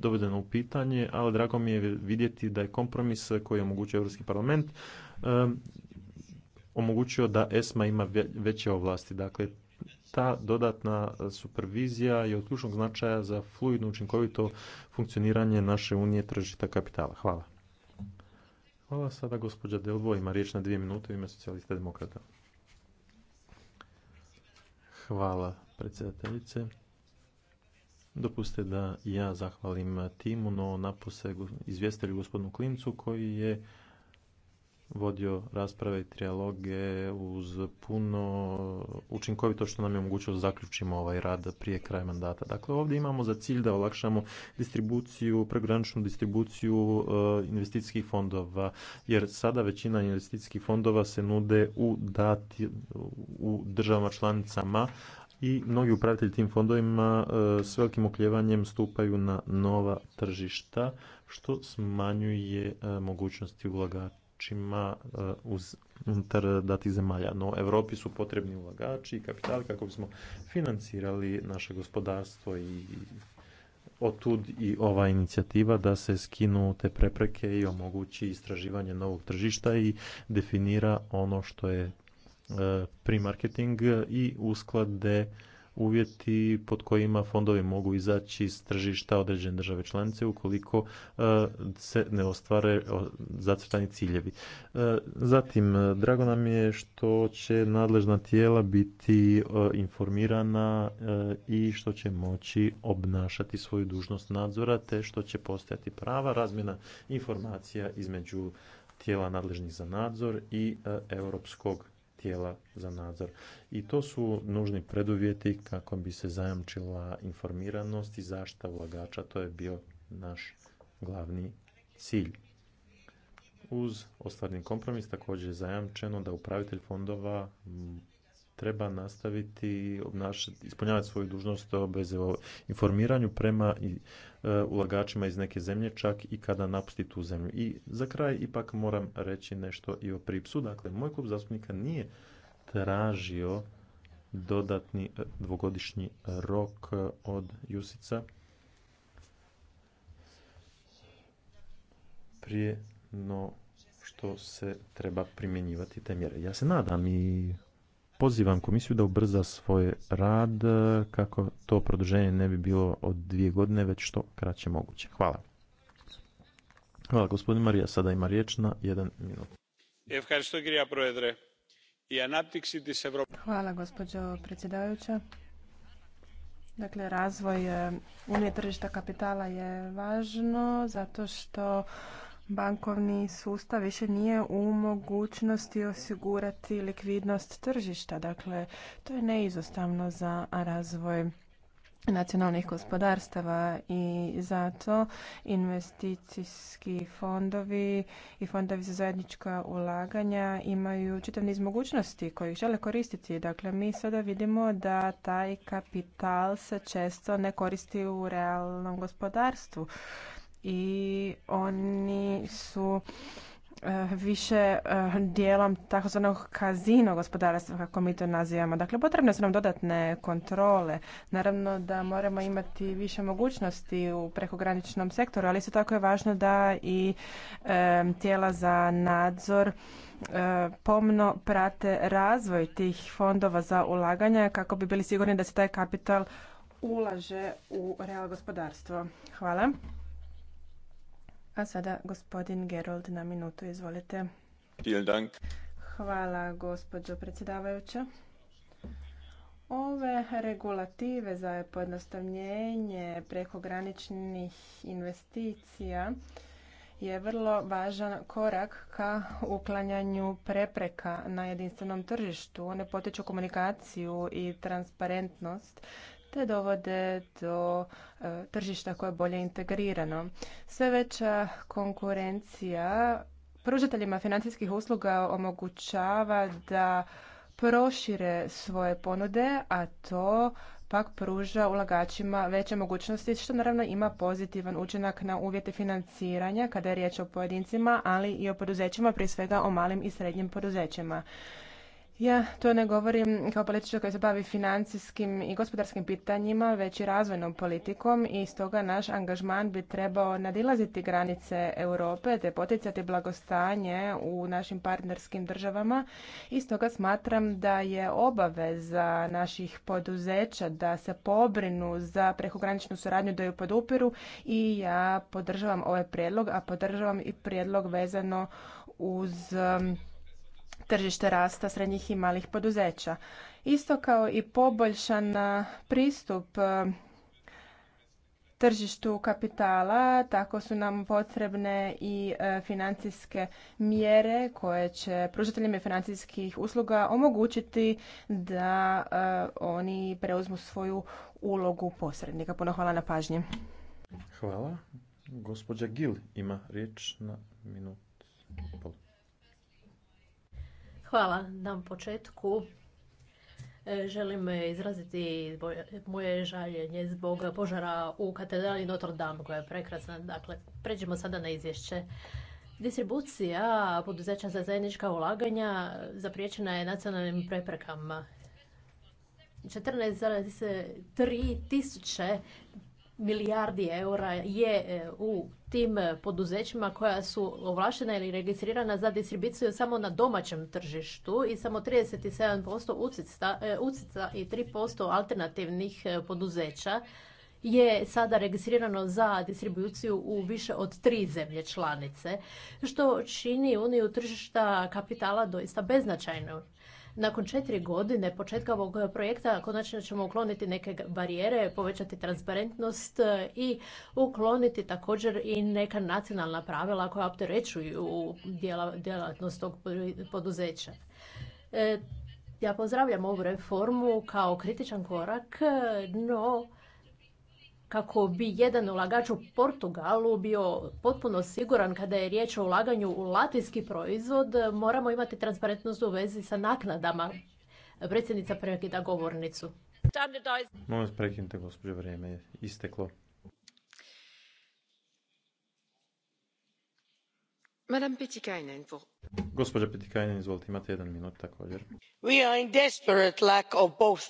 dovedeno u pitanje, ali drago mi je vidjeti da je kompromis koji je omogućio Europski parlament e, omogućio da ESMA ima veće ovlasti. Dakle, ta dodatna supervizija je od ključnog značaja za fluidno učinkovito funkcioniranje naše unije tržišta kapitala. Hvala. Hvala sada gospođa Delbo, ima riječ na dvije minute u ime socijalista demokrata. Hvala predsjedateljice. Dopustite da ja zahvalim timu, no napose izvjestelju gospodinu Klimcu koji je vodio rasprave i trialoge uz puno učinkovito što nam je omogućilo da zaključimo ovaj rad prije kraja mandata. Dakle, ovdje imamo za cilj da olakšamo distribuciju, pregraničnu distribuciju eh, investicijskih fondova, jer sada većina investicijskih fondova se nude u, dati, u državama članicama, i mnogi upravitelji tim fondovima eh, s velikim okljevanjem stupaju na nova tržišta, što smanjuje eh, mogućnosti ulagača ulagačima eh, uz unutar zemalja. No, Europi su potrebni ulagači i kapital kako bismo financirali naše gospodarstvo i otud i ova inicijativa da se skinu te prepreke i omogući istraživanje novog tržišta i definira ono što je eh, pre-marketing i usklade uvjeti pod kojima fondovi mogu izaći iz tržišta određene države članice ukoliko e, se ne ostvare zacrtani ciljevi. E, zatim, e, drago nam je što će nadležna tijela biti informirana i što će moći obnašati svoju dužnost nadzora te što će postojati prava razmjena informacija između tijela nadležnih za nadzor i europskog tijela za nadzor. I to su nužni preduvjeti kako bi se zajamčila informiranost i zaštita ulagača. To je bio naš glavni cilj. Uz ostvarni kompromis također je zajamčeno da upravitelj fondova treba nastaviti obnašati, ispunjavati svoju dužnost obveze o informiranju prema E, ulagačima iz neke zemlje čak i kada napusti tu zemlju. I za kraj ipak moram reći nešto i o pripsu. Dakle, moj klub zastupnika nije tražio dodatni e, dvogodišnji rok od Jusica prije no što se treba primjenjivati te mjere. Ja se nadam i pozivam komisiju da ubrza svoj rad e, kako to produženje ne bi bilo od dvije godine, već što kraće moguće. Hvala. Hvala, gospodin Marija. Sada ima riječ na jedan minut. Hvala, gospođo predsjedajuća. Dakle, razvoj e, unije tržišta kapitala je važno zato što bankovni sustav više nije u mogućnosti osigurati likvidnost tržišta. Dakle, to je neizostavno za razvoj nacionalnih gospodarstava i zato investicijski fondovi i fondovi za zajednička ulaganja imaju čitav niz mogućnosti kojih žele koristiti. Dakle, mi sada vidimo da taj kapital se često ne koristi u realnom gospodarstvu i oni su eh, više eh, dijelom takozvanog kazino gospodarstva, kako mi to nazivamo. Dakle, potrebne su nam dodatne kontrole. Naravno da moramo imati više mogućnosti u prekograničnom sektoru, ali isto tako je važno da i eh, tijela za nadzor pomno prate razvoj tih fondova za ulaganja kako bi bili sigurni da se taj kapital ulaže u real gospodarstvo. Hvala. A sada gospodin Gerold na minutu, izvolite. Hvala gospođo predsjedavajuća. Ove regulative za pojednostavljenje prekograničnih investicija je vrlo važan korak ka uklanjanju prepreka na jedinstvenom tržištu. One potiču komunikaciju i transparentnost te dovode do e, tržišta koje je bolje integrirano. Sve veća konkurencija pružateljima financijskih usluga omogućava da prošire svoje ponude, a to pak pruža ulagačima veće mogućnosti, što naravno ima pozitivan učinak na uvjete financiranja kada je riječ o pojedincima, ali i o poduzećima, prije svega o malim i srednjim poduzećima. Ja to ne govorim kao političar koji se bavi financijskim i gospodarskim pitanjima, već i razvojnom politikom i stoga naš angažman bi trebao nadilaziti granice Europe te poticati blagostanje u našim partnerskim državama. I stoga smatram da je obaveza naših poduzeća da se pobrinu za prekograničnu suradnju da ju podupiru i ja podržavam ovaj prijedlog, a podržavam i prijedlog vezano uz um, tržište rasta srednjih i malih poduzeća. Isto kao i poboljšan pristup tržištu kapitala, tako su nam potrebne i e, financijske mjere koje će pružateljima financijskih usluga omogućiti da e, oni preuzmu svoju ulogu posrednika. Puno hvala na pažnje. Hvala. Gospođa Gil ima riječ na minut. Hvala na početku. E, želim izraziti moje žaljenje zbog požara u katedrali Notre Dame koja je prekrasna. Dakle, pređemo sada na izvješće. Distribucija poduzeća za zajednička ulaganja zapriječena je nacionalnim preprekama. 14,3 tisuće milijardi eura je e, u tim e, poduzećima koja su ovlaštena ili registrirana za distribuciju samo na domaćem tržištu i samo 37% ucica, e, ucica i 3% alternativnih e, poduzeća je sada registrirano za distribuciju u više od tri zemlje članice, što čini uniju tržišta kapitala doista beznačajno. Nakon četiri godine početka ovog e, projekta konačno ćemo ukloniti neke barijere, povećati transparentnost e, i ukloniti također i neka nacionalna pravila koja opterećuju djelatnost tog poduzeća. E, ja pozdravljam ovu reformu kao kritičan korak, no kako bi jedan ulagač u Portugalu bio potpuno siguran kada je riječ o ulaganju u latinski proizvod, moramo imati transparentnost u vezi sa naknadama. Predsjednica prekida govornicu. Molim vas prekinite, gospođo, vrijeme je isteklo. Madame Petikainen, Gospođa Petikajnen, izvolite, imate jedan minut također. We are in desperate lack of both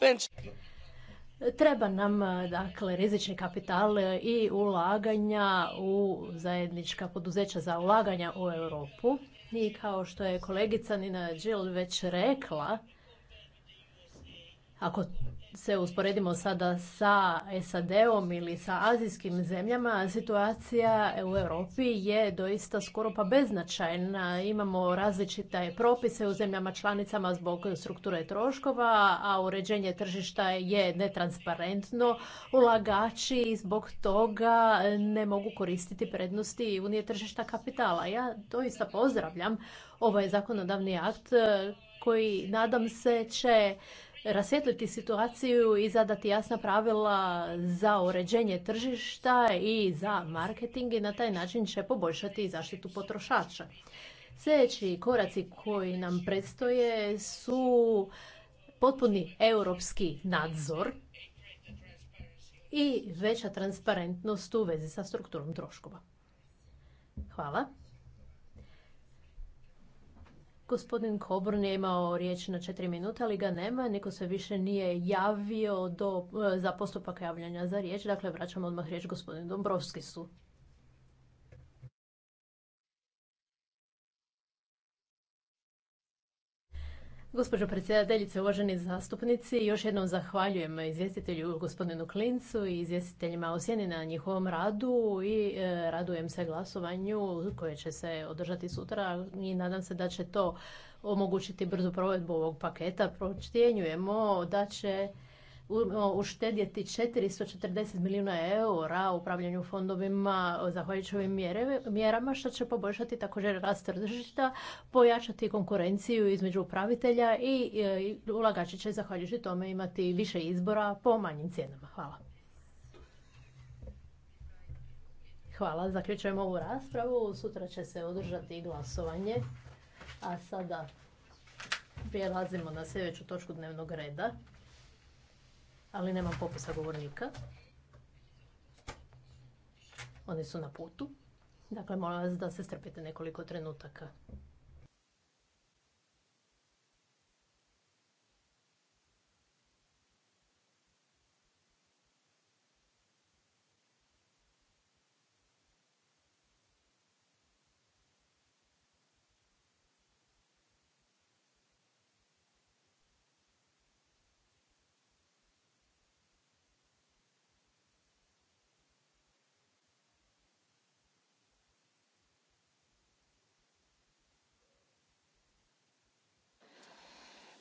Treba nam e, dakle rizični kapital i ulaganja u zajednička poduzeća za ulaganja u Europu. I kao što je kolegica Nina Đil već rekla, ako se usporedimo sada sa SAD-om ili sa azijskim zemljama, situacija u Europi je doista skoro pa beznačajna. Imamo različite propise u zemljama članicama zbog strukture troškova, a uređenje tržišta je netransparentno. Ulagači zbog toga ne mogu koristiti prednosti unije tržišta kapitala. Ja doista pozdravljam ovaj zakonodavni akt koji nadam se će rasvijetliti situaciju i zadati jasna pravila za uređenje tržišta i za marketing i na taj način će poboljšati zaštitu potrošača. Sljedeći koraci koji nam predstoje su potpuni europski nadzor i veća transparentnost u vezi sa strukturom troškova. Hvala. Gospodin Kobor je imao riječ na četiri minute, ali ga nema. Niko se više nije javio do, e, za postupak javljanja za riječ. Dakle, vraćamo odmah riječ gospodinu su. Gospođo predsjedateljice, uvaženi zastupnici, još jednom zahvaljujem izvjestitelju gospodinu Klincu i izvjestiteljima Osjeni na njihovom radu i e, radujem se glasovanju koje će se održati sutra i nadam se da će to omogućiti brzu provedbu ovog paketa. Procjenjujemo da će uštedjeti 440 milijuna eura u upravljanju fondovima zahvaljujući ovim mjerama, što će poboljšati također rast tržišta, pojačati konkurenciju između upravitelja e, i ulagači će zahvaljujući tome imati više izbora po manjim cijenama. Hvala. Hvala, zaključujemo ovu raspravu. Sutra će se održati glasovanje. A sada prelazimo na sljedeću točku dnevnog reda ali nemam popisa govornika. Oni su na putu. Dakle, molim vas da se strpite nekoliko trenutaka.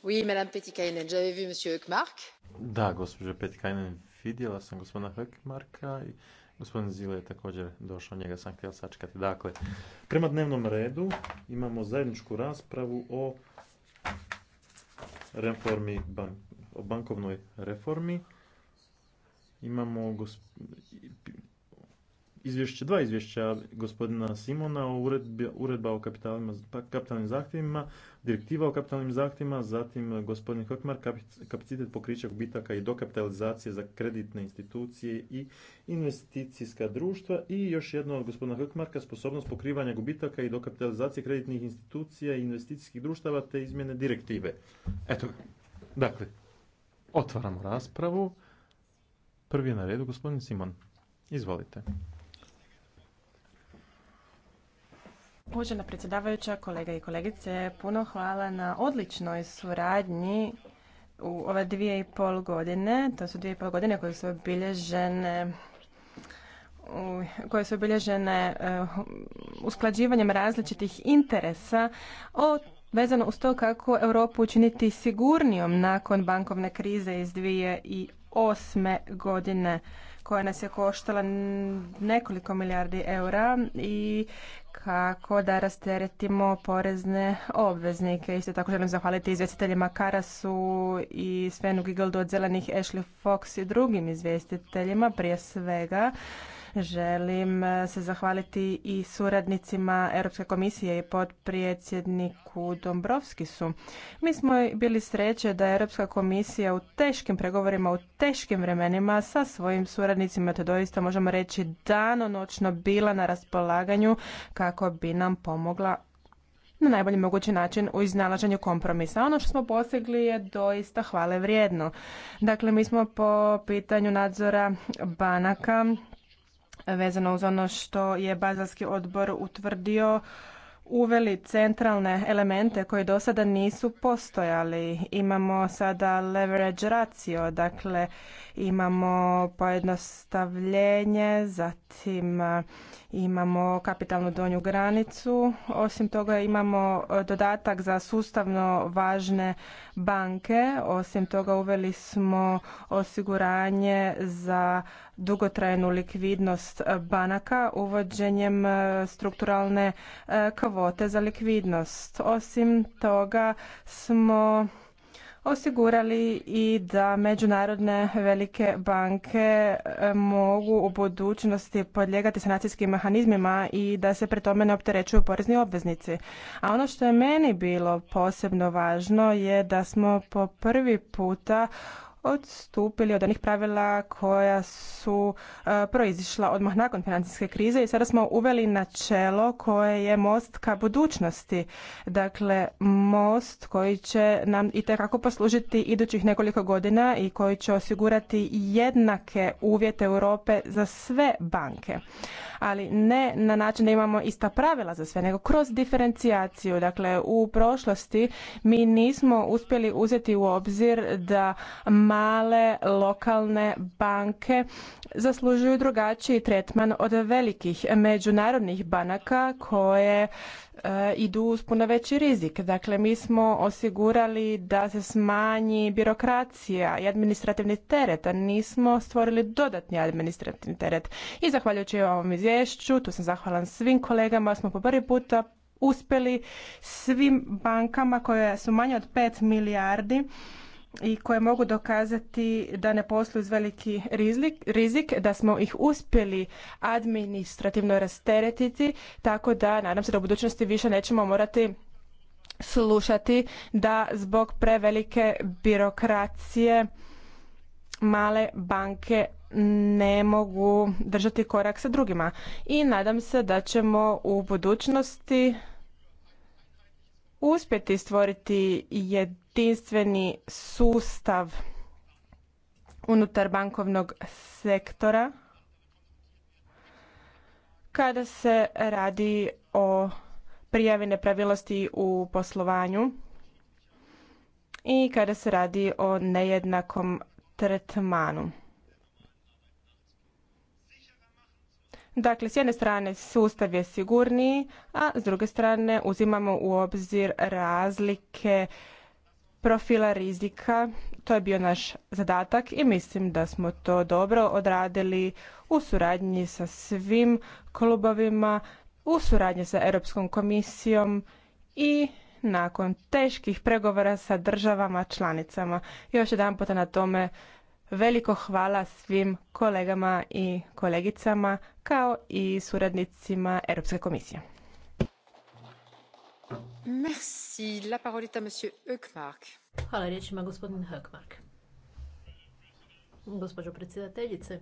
Oui, madame Da, gospođo Petikainen, vidjela sam gospodina Hökmarka i gospodin Zile je također došao, njega sam htjela sačekati. Dakle, prema dnevnom redu imamo zajedničku raspravu o reformi, o bankovnoj reformi. Imamo gosp izvješće, dva izvješća gospodina Simona o uredbi, uredba o pa, kapitalnim, zahtjevima, direktiva o kapitalnim zahtjevima, zatim e, gospodin Hokmar, kapacitet pokrića gubitaka i dokapitalizacije za kreditne institucije i investicijska društva i još jedno od gospodina Hokmarka, sposobnost pokrivanja gubitaka i dokapitalizacije kreditnih institucija i investicijskih društava te izmjene direktive. Eto, dakle, otvaramo raspravu. Prvi je na redu gospodin Simon. Izvolite. Uvažena predsjedavajuća, kolega i kolegice, puno hvala na odličnoj suradnji u ove dvije i pol godine. To su dvije i pol godine koje su obilježene koje su obilježene eh, usklađivanjem različitih interesa o vezano uz to kako Europu učiniti sigurnijom nakon bankovne krize iz osme godine koja nas je koštala nekoliko milijardi eura i kako da rasteretimo porezne obveznike. Isto tako želim zahvaliti izvjestiteljima Karasu i Svenu Gigaldu od Zelenih, Ashley Fox i drugim izvjestiteljima prije svega Želim e, se zahvaliti i suradnicima Europske komisije i podpredsjedniku Dombrovskisu. Mi smo bili sreće da je Europska komisija u teškim pregovorima, u teškim vremenima sa svojim suradnicima, to doista možemo reći danonoćno bila na raspolaganju kako bi nam pomogla na najbolji mogući način u iznalaženju kompromisa. Ono što smo postigli je doista hvale vrijedno. Dakle, mi smo po pitanju nadzora banaka vezano uz ono što je Bazalski odbor utvrdio uveli centralne elemente koji do sada nisu postojali. Imamo sada leverage ratio, dakle imamo pojednostavljenje, zatim imamo kapitalnu donju granicu. Osim toga imamo dodatak za sustavno važne banke. Osim toga uveli smo osiguranje za dugotrajnu likvidnost e, banaka uvođenjem e, strukturalne e, kvote za likvidnost. Osim toga smo osigurali i da međunarodne velike banke mogu u budućnosti podlijegati sanacijskim mehanizmima i da se pri tome ne opterećuju porezni obveznici. A ono što je meni bilo posebno važno je da smo po prvi puta odstupili od onih pravila koja su e, proizišla odmah nakon financijske krize i sada smo uveli načelo koje je most ka budućnosti. Dakle, most koji će nam i tekako poslužiti idućih nekoliko godina i koji će osigurati jednake uvjete Europe za sve banke ali ne na način da imamo ista pravila za sve, nego kroz diferencijaciju. Dakle, u prošlosti mi nismo uspjeli uzeti u obzir da male lokalne banke zaslužuju drugačiji tretman od velikih međunarodnih banaka koje E, idu uz puno veći rizik. Dakle, mi smo osigurali da se smanji birokracija i administrativni teret, a nismo stvorili dodatni administrativni teret. I zahvaljujući ovom izvješću, tu sam zahvalan svim kolegama, smo po prvi puta uspjeli svim bankama koje su manje od 5 milijardi i koje mogu dokazati da ne posluju uz veliki rizik, da smo ih uspjeli administrativno rasteretiti, tako da nadam se da u budućnosti više nećemo morati slušati da zbog prevelike birokracije male banke ne mogu držati korak sa drugima. I nadam se da ćemo u budućnosti uspjeti stvoriti jedinu jedinstveni sustav unutar bankovnog sektora kada se radi o prijavi nepravilnosti u poslovanju i kada se radi o nejednakom tretmanu. Dakle, s jedne strane sustav je sigurniji, a s druge strane uzimamo u obzir razlike profila rizika. To je bio naš zadatak i mislim da smo to dobro odradili u suradnji sa svim klubovima, u suradnji sa Europskom komisijom i nakon teških pregovora sa državama članicama. Još jedan na tome veliko hvala svim kolegama i kolegicama kao i suradnicima Europske komisije. Merci. La parole est à gospodin Hkmark. Gospođo predsjedateljice,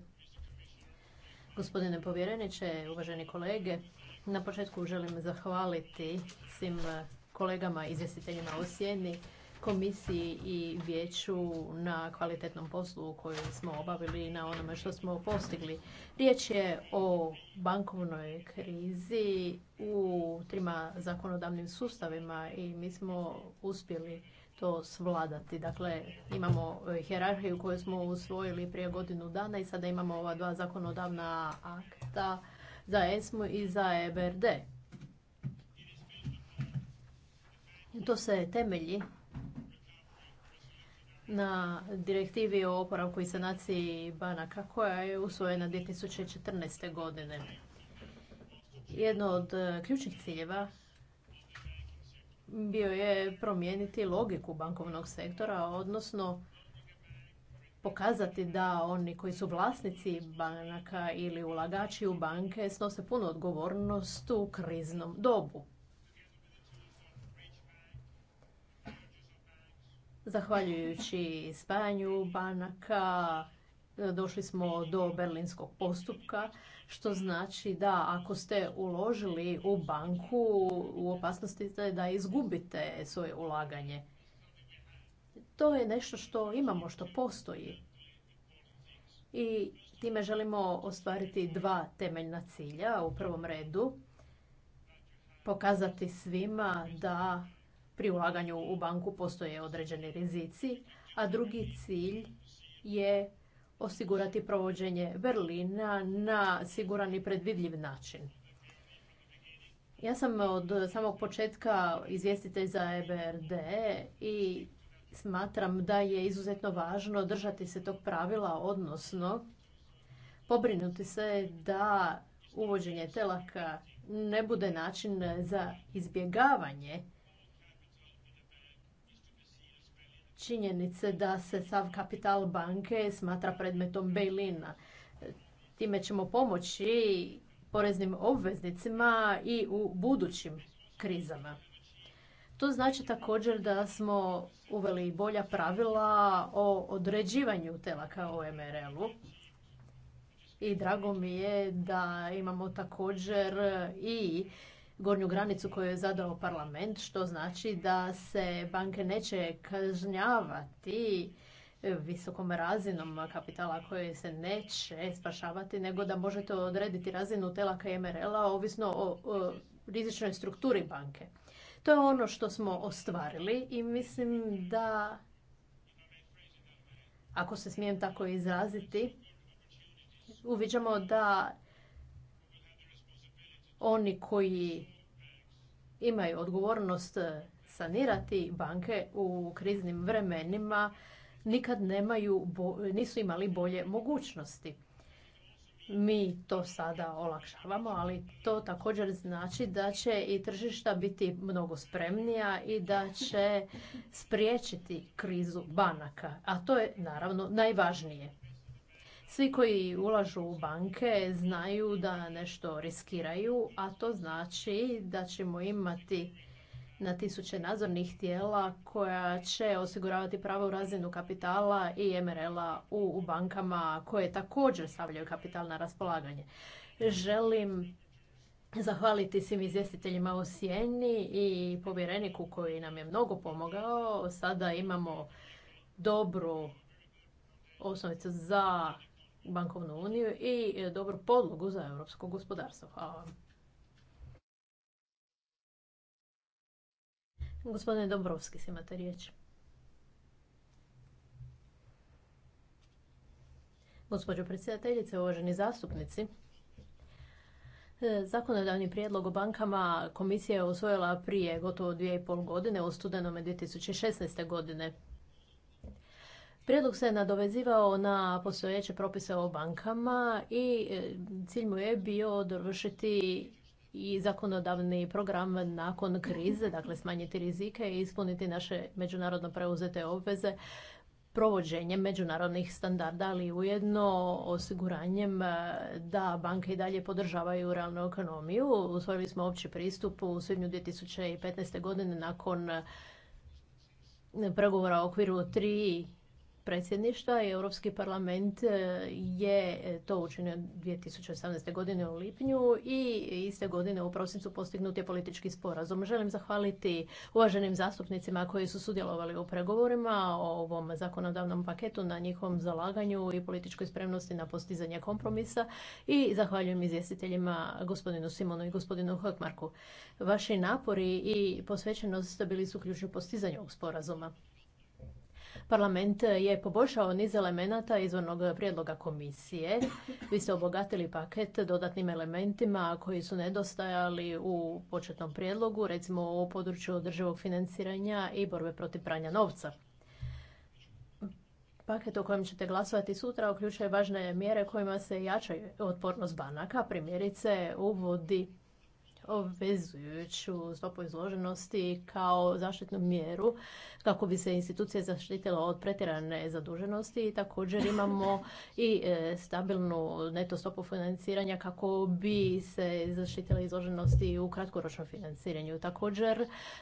gospodine povjereniče, uvaženi kolege, na početku želim zahvaliti svim kolegama izvjestiteljima u Sjeni komisiji i vijeću na kvalitetnom poslu koji smo obavili i na onome što smo postigli. Riječ je o bankovnoj krizi u trima zakonodavnim sustavima i mi smo uspjeli to svladati. Dakle, imamo hjerarhiju koju smo usvojili prije godinu dana i sada imamo ova dva zakonodavna akta za ESMU i za EBRD. To se temelji na direktivi o oporavku i sanaciji banaka koja je usvojena 2014. godine. Jedno od e, ključnih ciljeva bio je promijeniti logiku bankovnog sektora, odnosno pokazati da oni koji su vlasnici banaka ili ulagači u banke snose punu odgovornost u kriznom dobu. Zahvaljujući spajanju banaka e, došli smo do berlinskog postupka, što znači da ako ste uložili u banku, u opasnosti ste da izgubite svoje ulaganje. To je nešto što imamo, što postoji. I time želimo ostvariti dva temeljna cilja. U prvom redu pokazati svima da pri ulaganju u banku postoje određeni rizici, a drugi cilj je osigurati provođenje Berlina na siguran i predvidljiv način. Ja sam od samog početka izvjestitelj za EBRD i smatram da je izuzetno važno držati se tog pravila, odnosno pobrinuti se da uvođenje telaka ne bude način za izbjegavanje činjenice da se sav kapital banke smatra predmetom bailina. Time ćemo pomoći poreznim obveznicima i u budućim krizama. To znači također da smo uveli bolja pravila o određivanju telaka o MRL-u. I drago mi je da imamo također i gornju granicu koju je zadao parlament, što znači da se banke neće kažnjavati visokom razinom kapitala koje se neće spašavati, nego da možete odrediti razinu telaka i MRL-a ovisno o, o rizičnoj strukturi banke. To je ono što smo ostvarili i mislim da, ako se smijem tako izraziti, uviđamo da oni koji imaju odgovornost eh, sanirati banke u kriznim vremenima nikad nemaju, nisu imali bolje mogućnosti. Mi to sada olakšavamo, ali to također znači da će i tržišta biti mnogo spremnija i da će spriječiti krizu banaka, a to je naravno najvažnije. Svi koji ulažu u banke znaju da nešto riskiraju, a to znači da ćemo imati na tisuće nadzornih tijela koja će osiguravati pravu razinu kapitala i MRL-a u bankama koje također stavljaju kapital na raspolaganje. Želim zahvaliti svim izvjestiteljima o Sjeni i povjereniku koji nam je mnogo pomogao. Sada imamo dobru osnovicu za bankovnu uniju i e, dobru podlogu za europsko gospodarstvo. Hvala vam. Gospodine Dobrovski, imate riječ. Gospođo predsjedateljice, uvaženi zastupnici, e, Zakonodavni prijedlog o bankama komisija je usvojila prije gotovo dvije i pol godine, u studenome 2016. godine. Prijedlog se nadovezivao na postojeće propise o bankama i e, cilj mu je bio dovršiti i zakonodavni program nakon krize, dakle smanjiti rizike i ispuniti naše međunarodno preuzete obveze provođenjem međunarodnih standarda, ali ujedno osiguranjem e, da banke i dalje podržavaju realnu ekonomiju. Usvojili smo opći pristup u svibnju 2015. godine nakon pregovora o okviru 3 predsjedništva i Europski parlament e, je e, to učinio 2018. godine u lipnju i iste godine u prosincu postignut je politički sporazum. Želim zahvaliti uvaženim zastupnicima koji su sudjelovali u pregovorima o ovom zakonodavnom paketu na njihovom zalaganju i političkoj spremnosti na postizanje kompromisa i zahvaljujem izvjestiteljima gospodinu Simonu i gospodinu Hojkmarku. Vaši napori i posvećenost bili su ključni postizanju ovog sporazuma. Parlament je poboljšao niz elemenata izvornog prijedloga komisije. Vi ste obogatili paket dodatnim elementima koji su nedostajali u početnom prijedlogu, recimo u području održivog financiranja i borbe protiv pranja novca. Paket o kojem ćete glasovati sutra uključuje važne mjere kojima se jača otpornost banaka, primjerice uvodi obvezujuću stopu izloženosti kao zaštitnu mjeru kako bi se institucije zaštitila od pretjerane zaduženosti i također imamo i e, stabilnu neto stopu financiranja kako bi se zaštitila izloženosti u kratkoročnom financiranju. Također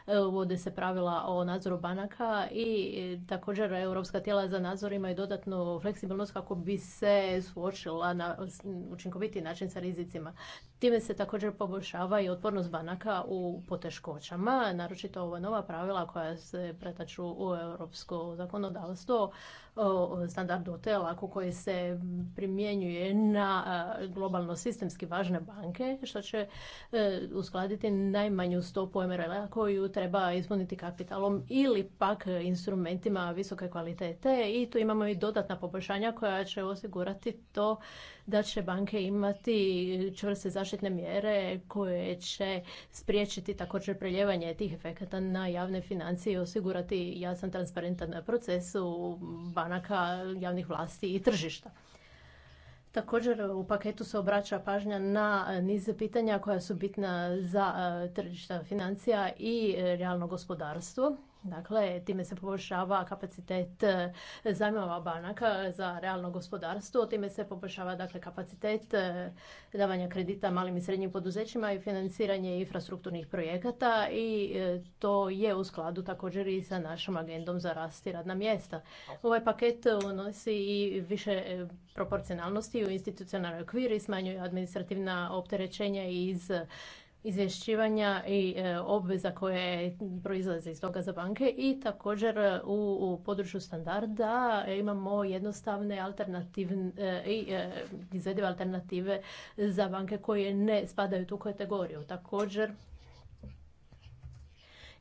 e, uvode se pravila o nadzoru banaka i e, također europska tijela za nadzor imaju dodatnu fleksibilnost kako bi se suočila na učinkoviti način sa rizicima. Time se također poboljšava i otpornost banaka u poteškoćama, naročito ova nova pravila koja se pretaču u europsko zakonodavstvo standard o ako koji se primjenjuje na globalno sistemski važne banke, što će e, uskladiti najmanju stopu MRL-a koju treba ispuniti kapitalom ili pak instrumentima visoke kvalitete i tu imamo i dodatna poboljšanja koja će osigurati to da će banke imati čvrste zaštitne mjere koje će spriječiti također preljevanje tih efekata na javne financije i osigurati jasan transparentan proces u banaka, javnih vlasti i tržišta. Također u paketu se obraća pažnja na niz pitanja koja su bitna za e, tržišta financija i e, realno gospodarstvo. Dakle, time se poboljšava kapacitet e, zajmova banaka za realno gospodarstvo, time se poboljšava dakle, kapacitet e, davanja kredita malim i srednjim poduzećima i financiranje infrastrukturnih projekata i e, to je u skladu također i sa našom agendom za rast i radna mjesta. Ovaj paket unosi i više proporcionalnosti u institucionalni okvir i smanjuje administrativna opterećenja iz izvješćivanja i e, obveza koje proizlaze iz toga za banke i također e, u području standarda e, imamo jednostavne alternativne i izvedive alternative za banke koje ne spadaju u tu kategoriju. Također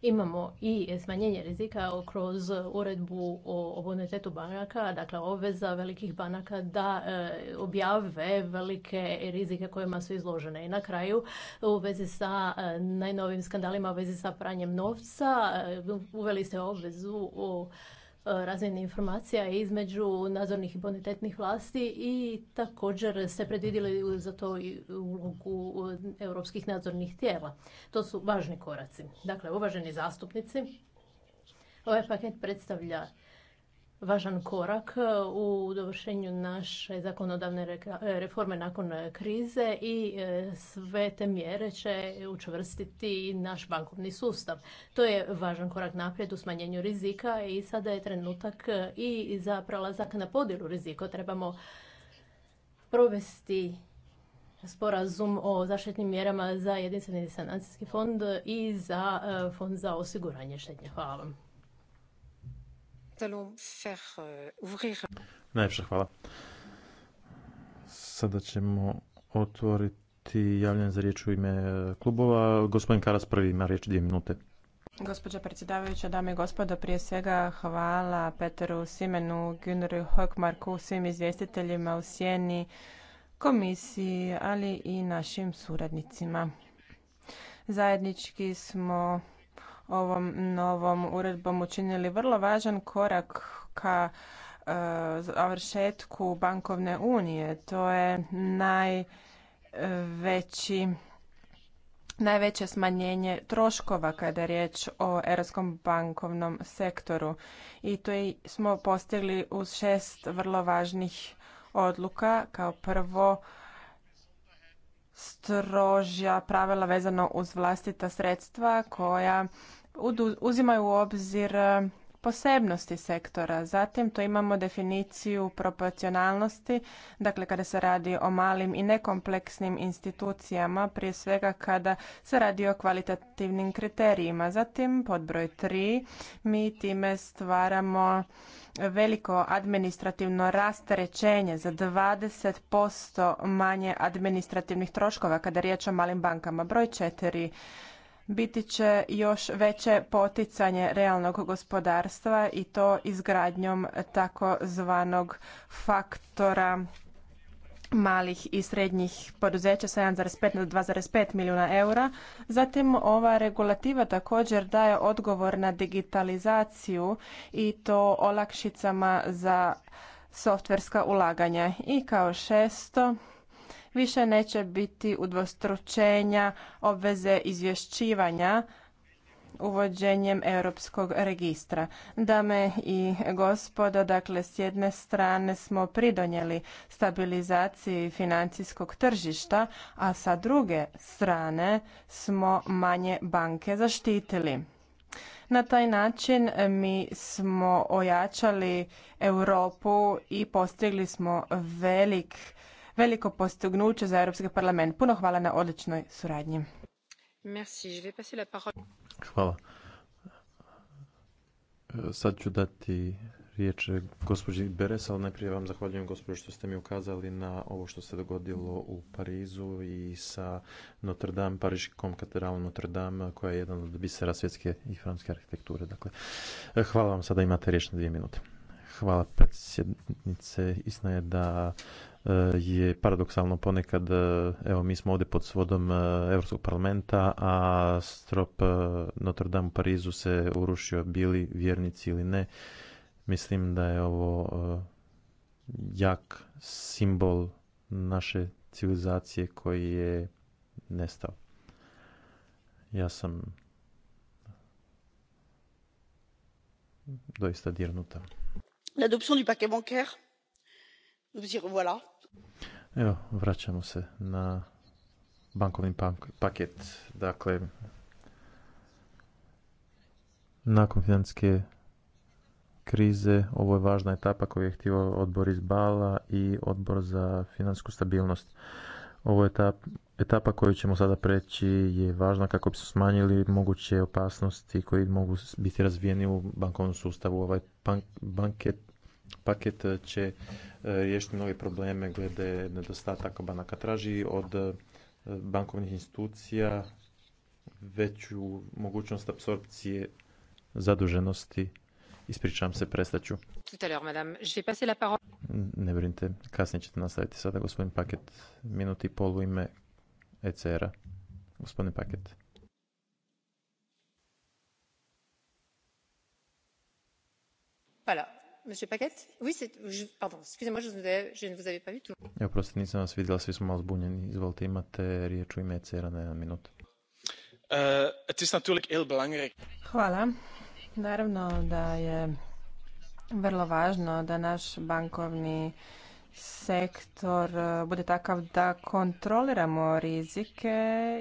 Imamo i smanjenje rizika kroz uredbu o bonitetu banaka, dakle obveza velikih banaka da e, objave velike rizike kojima su izložene. I na kraju, u vezi sa e, najnovim skandalima, u vezi sa pranjem novca, e, uveli ste obvezu o E, razmjeni informacija između nadzornih i bonitetnih vlasti i također ste predvidjeli za to i ulogu e, europskih nadzornih tijela. To su važni koraci. Dakle, uvaženi zastupnici, ovaj paket predstavlja važan korak e, u dovršenju naše zakonodavne e, reforme nakon e, krize i sve te mjere će učvrstiti naš bankovni sustav. To je važan korak naprijed u smanjenju rizika i sada je trenutak i za prelazak na podjelu rizika. Trebamo provesti sporazum o zaštitnim mjerama za jedinstveni sanacijski fond i za fond za osiguranje štednje. Hvala vam. Euh, Najljepša hvala. Sada ćemo otvoriti javljanje za riječ u ime e, klubova. Gospodin Karas prvi ima riječ dvije minute. Gospođa predsjedavajuća, dame i gospodo, prije svega hvala Peteru Simenu, Günneru Hökmarku, svim izvjestiteljima u Sjeni, komisiji, ali i našim suradnicima. Zajednički smo ovom novom uredbom učinili vrlo važan korak ka e, završetku bankovne unije. To je najveći najveće smanjenje troškova kada je riječ o europskom bankovnom sektoru i to smo postigli uz šest vrlo važnih odluka. Kao prvo strožja pravila vezano uz vlastita sredstva koja uzimaju u obzir e, posebnosti sektora. Zatim to imamo definiciju proporcionalnosti, dakle kada se radi o malim i nekompleksnim institucijama, prije svega kada se radi o kvalitativnim kriterijima. Zatim pod broj 3 mi time stvaramo veliko administrativno rasterećenje za 20% manje administrativnih troškova kada je riječ o malim bankama. Broj 4 biti će još veće poticanje realnog gospodarstva i to izgradnjom takozvanog faktora malih i srednjih poduzeća sa 1,5 na 2,5 milijuna eura. Zatim ova regulativa također daje odgovor na digitalizaciju i to olakšicama za softverska ulaganja. I kao šesto, više neće biti udvostručenja obveze izvješćivanja uvođenjem europskog registra. Dame i gospodo, dakle s jedne strane smo pridonijeli stabilizaciji financijskog tržišta, a sa druge strane smo manje banke zaštitili. Na taj način mi smo ojačali Europu i postigli smo velik veliko postignuće za Europski parlament. Puno hvala na odličnoj suradnji. Hvala. Sad ću dati riječ gospođi Beres, ali najprije vam zahvaljujem gospođo što ste mi ukazali na ovo što se dogodilo u Parizu i sa Notre Dame, Pariškom katedralom Notre Dame, koja je jedan od bisera svjetske i francuske arhitekture. Dakle, hvala vam, sada imate riječ na dvije minute. Hvala predsjednice. Istina je da e, je paradoksalno ponekad, e, evo mi smo ovdje pod svodom e, Europskog parlamenta, a strop Notre Dame u Parizu se urušio, bili vjernici ili ne. Mislim da je ovo jak simbol naše civilizacije koji je nestao. Ja sam doista dirnuta l'adoption du paquet bancaire. Nous y revoilà. Evo, vraćamo se na bankovni paket. Dakle, nakon financijske krize ovo je važna etapa koju je htio odbor iz Bala i odbor za financijsku stabilnost. Ovo je etap, etapa koju ćemo sada preći je važna kako bi se smanjili moguće opasnosti koji mogu biti razvijeni u bankovnom sustavu. Ovaj banket paket e, će e, riješiti mnoge probleme glede nedostataka banaka. Traži od e, bankovnih institucija veću mogućnost apsorpcije zaduženosti. Ispričavam se, prestaću. Ne brinite, kasnije ćete nastaviti sada gospodin Paket, Minuti i pol u ime ECR-a. Gospodin Paket. Hvala. Evo, prosto nisam vas vidjela, svi smo malo zbunjeni. Izvolite, imate riječ u ime Cera na jedan minut. Eh, Hvala. Naravno da je vrlo važno da naš bankovni sektor eh, bude takav da kontroliramo rizike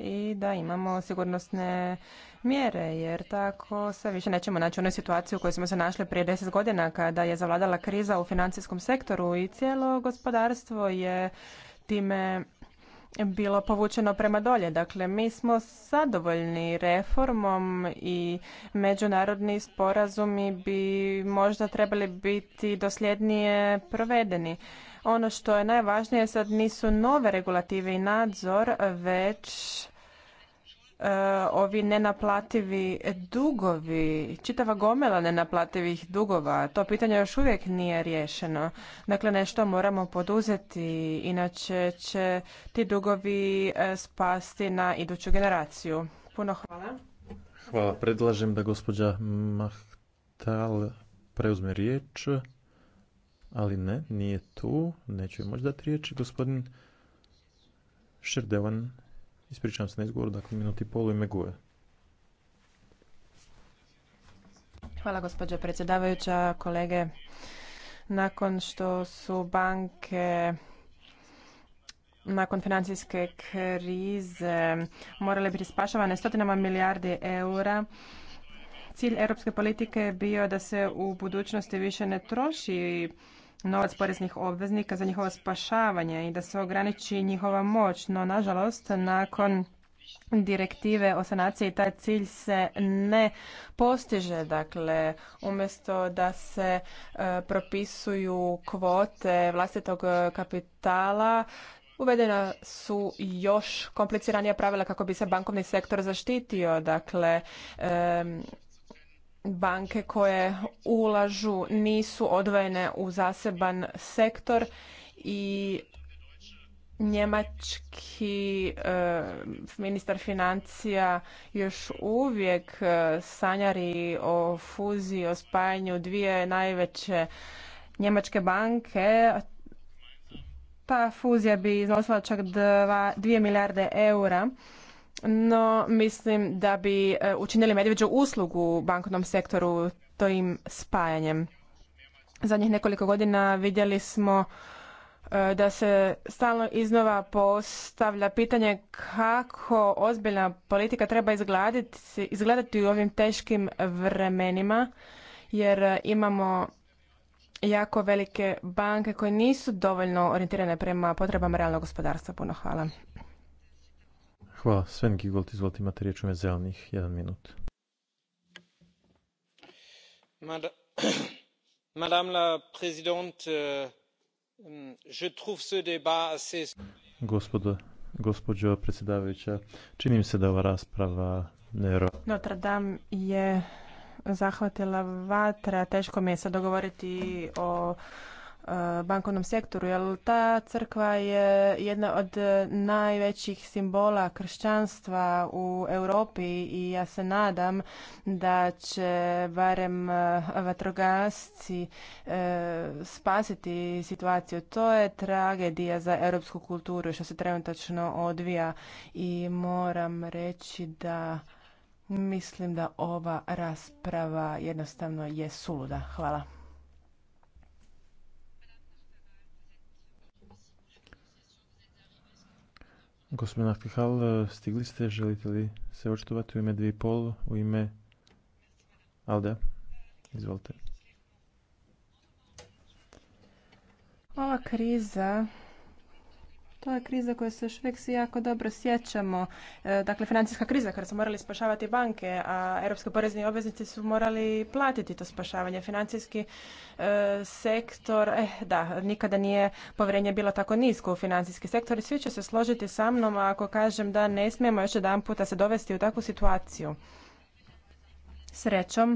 i da imamo sigurnosne mjere jer tako se više nećemo naći u onoj situaciji u kojoj smo se našli prije deset godina kada je zavladala kriza u financijskom sektoru i cijelo gospodarstvo je time bilo povučeno prema dolje. Dakle, mi smo zadovoljni reformom i međunarodni sporazumi bi možda trebali biti dosljednije provedeni. Ono što je najvažnije sad nisu nove regulative i nadzor, već E, ovi nenaplativi dugovi, čitava gomela nenaplativih dugova, to pitanje još uvijek nije riješeno. Dakle, nešto moramo poduzeti, inače će ti dugovi e, spasti na iduću generaciju. Puno hvala. Hvala. Predlažem da gospođa Mahtal preuzme riječ, ali ne, nije tu. Neću joj moći dati riječ. Gospodin Šerdevan Ispričavam se na izgovoru, dakle minuti i Hvala gospođo predsjedavajuća, kolege. Nakon što su banke nakon financijske krize morale biti spašavane stotinama milijardi eura, cilj europske politike je bio da se u budućnosti više ne troši novac poreznih obveznika za njihovo spašavanje i da se ograniči njihova moć, no nažalost nakon direktive o sanaciji taj cilj se ne postiže. Dakle, umjesto da se e, propisuju kvote vlastitog kapitala, Uvedena su još kompliciranija pravila kako bi se bankovni sektor zaštitio. Dakle, banke koje ulažu nisu odvojene u zaseban sektor i njemački e, ministar financija još uvijek e, sanjari o fuziji, o spajanju dvije najveće njemačke banke. Ta fuzija bi iznosila čak 2 milijarde eura no mislim da bi e, učinili medvjeđu uslugu bankovnom sektoru tojim spajanjem. Zadnjih nekoliko godina vidjeli smo e, da se stalno iznova postavlja pitanje kako ozbiljna politika treba izgledati u ovim teškim vremenima jer imamo jako velike banke koje nisu dovoljno orijentirane prema potrebama realnog gospodarstva. Puno hvala. Hvala. Sven Gigolt, izvolite, imate riječ u zelenih. Jedan minut. [clears throat] Madame la présidente, euh, je trouve ce débat assez... Gospodo, gospođo predsjedavajuća, čini mi se da ova rasprava ro... Notre Dame je zahvatila vatra, teško mi je sad dogovoriti o E, bankovnom sektoru, jer ta crkva je jedna od e, najvećih simbola kršćanstva u Europi i ja se nadam da će barem e, vatrogasci spasiti situaciju. To je tragedija za europsku kulturu što se trenutačno odvija i moram reći da mislim da ova rasprava jednostavno je suluda. Hvala. Gospodin Fihal, e, stigli ste, želite li se očitovati u ime pol u ime Alda? Izvolite. Ova kriza to je kriza koja se još uvijek jako dobro sjećamo. E, dakle, financijska kriza kada su morali spašavati banke, a europski porezni obveznici su morali platiti to spašavanje. Financijski e, sektor, eh, da, nikada nije povjerenje bilo tako nisko u financijski sektor i svi će se složiti sa mnom ako kažem da ne smijemo još jedan puta se dovesti u takvu situaciju. Srećom,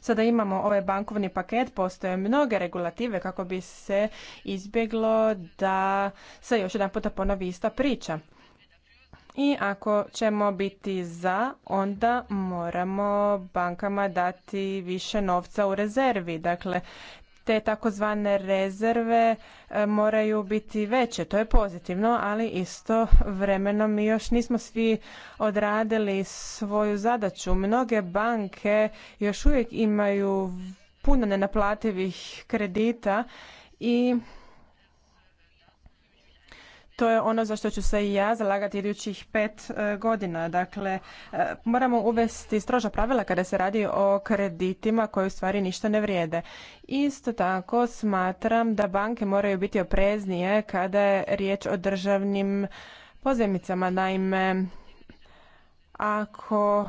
sada imamo ovaj bankovni paket, postoje mnoge regulative kako bi se izbjeglo da se još jedan puta ponovi ista priča. I ako ćemo biti za, onda moramo bankama dati više novca u rezervi. Dakle, te takozvane rezerve e, moraju biti veće. To je pozitivno, ali isto vremeno mi još nismo svi odradili svoju zadaću. Mnoge banke još uvijek imaju puno nenaplativih kredita i to je ono za što ću se i ja zalagati idućih pet e, godina. Dakle, e, moramo uvesti stroža pravila kada se radi o kreditima koji u stvari ništa ne vrijede. Isto tako smatram da banke moraju biti opreznije kada je riječ o državnim pozemicama. Naime, ako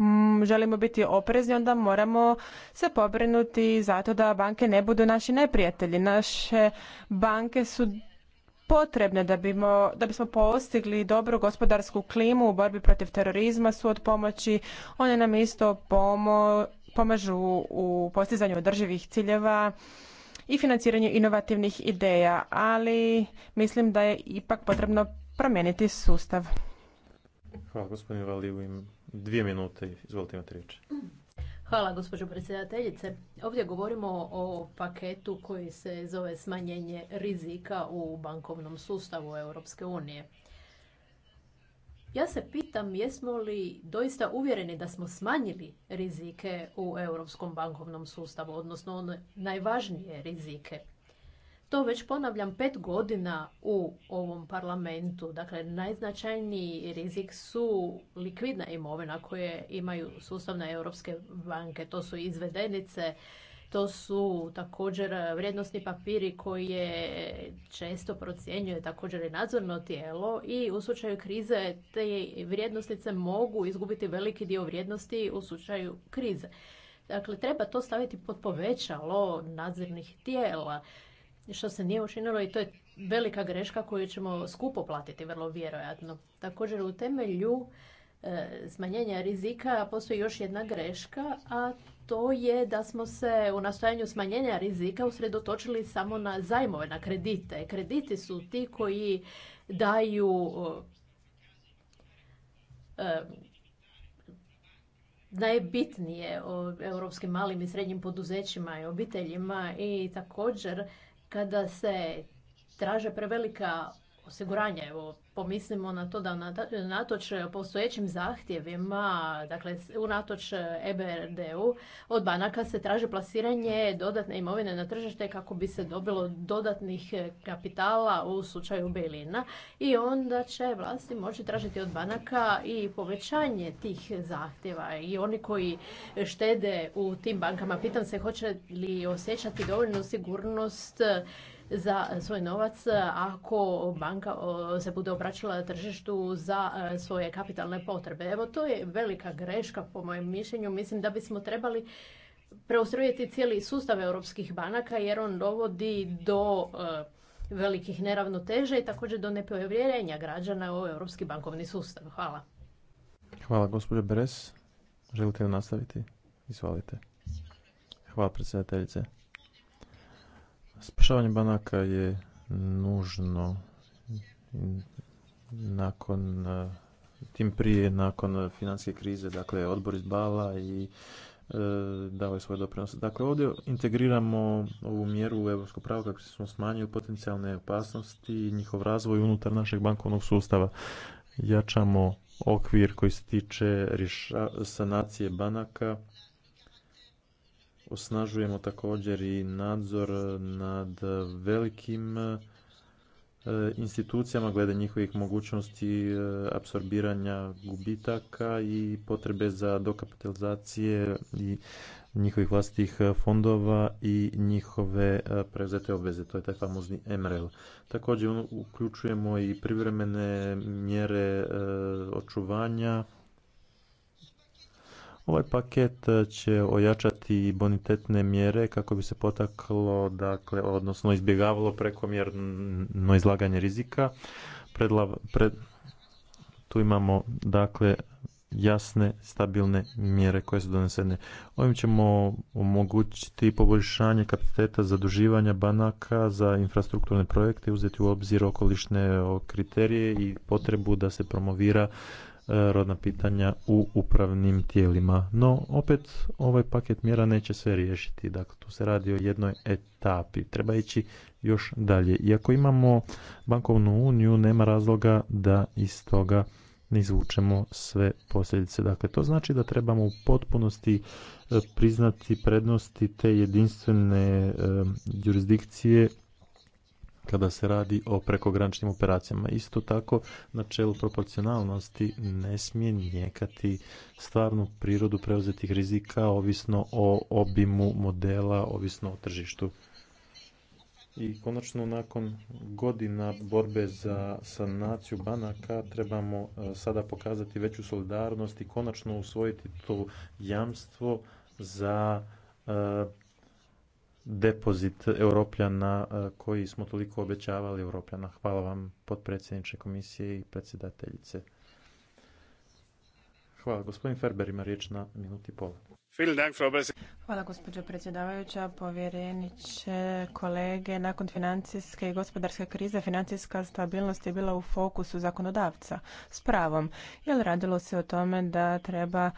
Mm, želimo biti oprezni, onda moramo se pobrinuti zato da banke ne budu naši neprijatelji. Naše banke su potrebne da, bimo, da bismo postigli dobru gospodarsku klimu u borbi protiv terorizma su od pomoći. One nam isto pomo, pomažu u postizanju održivih ciljeva i financiranju inovativnih ideja, ali mislim da je ipak potrebno promijeniti sustav. Hvala gospodine Valiju Dvije minute, izvolite imate Hvala gospođo predsjedateljice. Ovdje govorimo o paketu koji se zove smanjenje rizika u bankovnom sustavu Europske unije. Ja se pitam jesmo li doista uvjereni da smo smanjili rizike u europskom bankovnom sustavu, odnosno najvažnije rizike to već ponavljam pet godina u ovom parlamentu. Dakle, najznačajniji rizik su likvidna imovina koje imaju sustavne europske banke. To su izvedenice, to su također vrijednosni papiri koje često procjenjuje također i nadzorno tijelo i u slučaju krize te vrijednosnice mogu izgubiti veliki dio vrijednosti u slučaju krize. Dakle, treba to staviti pod povećalo nadzornih tijela što se nije učinilo i to je velika greška koju ćemo skupo platiti, vrlo vjerojatno. Također u temelju e, smanjenja rizika postoji još jedna greška, a to je da smo se u nastojanju smanjenja rizika usredotočili samo na zajmove, na kredite. Krediti su ti koji daju e, najbitnije o europskim malim i srednjim poduzećima i obiteljima i također kada se traže prevelika osiguranje. Evo, pomislimo na to da natoč postojećim zahtjevima, dakle unatoč EBRD-u, od banaka se traži plasiranje dodatne imovine na tržište kako bi se dobilo dodatnih kapitala u slučaju Belina i onda će vlasti moći tražiti od banaka i povećanje tih zahtjeva i oni koji štede u tim bankama. Pitam se hoće li osjećati dovoljnu sigurnost za e, svoj novac e, ako banka se bude obraćala tržištu za e, svoje kapitalne potrebe. Evo, to je velika greška po mojem mišljenju. Mislim da bismo trebali preustrojiti cijeli sustav europskih banaka jer on dovodi do velikih neravnoteža i također do nepovjerenja građana u europski bankovni sustav. Hvala. Hvala, gospođo Beres. Želite li nastaviti? Izvolite. Hvala, predsjedateljice. Spašavanje banaka je nužno nakon tim prije nakon financijske krize, dakle odbor iz Bala i e, dao je svoje doprinose. Dakle, ovdje integriramo ovu mjeru u europsko pravo kako smo smanjili potencijalne opasnosti i njihov razvoj unutar našeg bankovnog sustava. Jačamo okvir koji se tiče sanacije banaka osnažujemo također i nadzor nad velikim e, institucijama glede njihovih mogućnosti e, apsorbiranja gubitaka i potrebe za dokapitalizacije i njihovih vlastitih fondova i njihove e, preuzete obveze. To je taj famozni MRL. Također uključujemo i privremene mjere očuvanja Ovaj paket eh, će ojačati bonitetne mjere kako bi se potaklo, dakle, odnosno izbjegavalo prekomjerno izlaganje rizika. Predla, pred, tu imamo, dakle, jasne, stabilne mjere koje su donesene. Ovim ćemo omogućiti poboljšanje kapaciteta zaduživanja banaka za infrastrukturne projekte, uzeti u obzir okolišne eh, kriterije i potrebu da se promovira E, rodna pitanja u upravnim tijelima. No, opet ovaj paket mjera neće sve riješiti. Dakle, tu se radi o jednoj etapi. Treba ići još dalje. Iako imamo bankovnu uniju, nema razloga da iz toga ne izvučemo sve posljedice. Dakle, to znači da trebamo u potpunosti e, priznati prednosti te jedinstvene e, jurisdikcije kada se radi o prekograničnim operacijama. Isto tako, načelo proporcionalnosti ne smije njekati stvarnu prirodu preuzetih rizika, ovisno o obimu modela, ovisno o tržištu. I konačno, nakon godina borbe za sanaciju banaka, trebamo e, sada pokazati veću solidarnost i konačno usvojiti to jamstvo za e, depozit Europljana e, koji smo toliko obećavali Europljana. Hvala vam potpredsjedniče komisije i predsjedateljice. Hvala. Gospodin Ferber ima riječ na minuti pol. Hvala gospođo predsjedavajuća, povjereniče, kolege. Nakon financijske i gospodarske krize financijska stabilnost je bila u fokusu zakonodavca s pravom, jer radilo se o tome da treba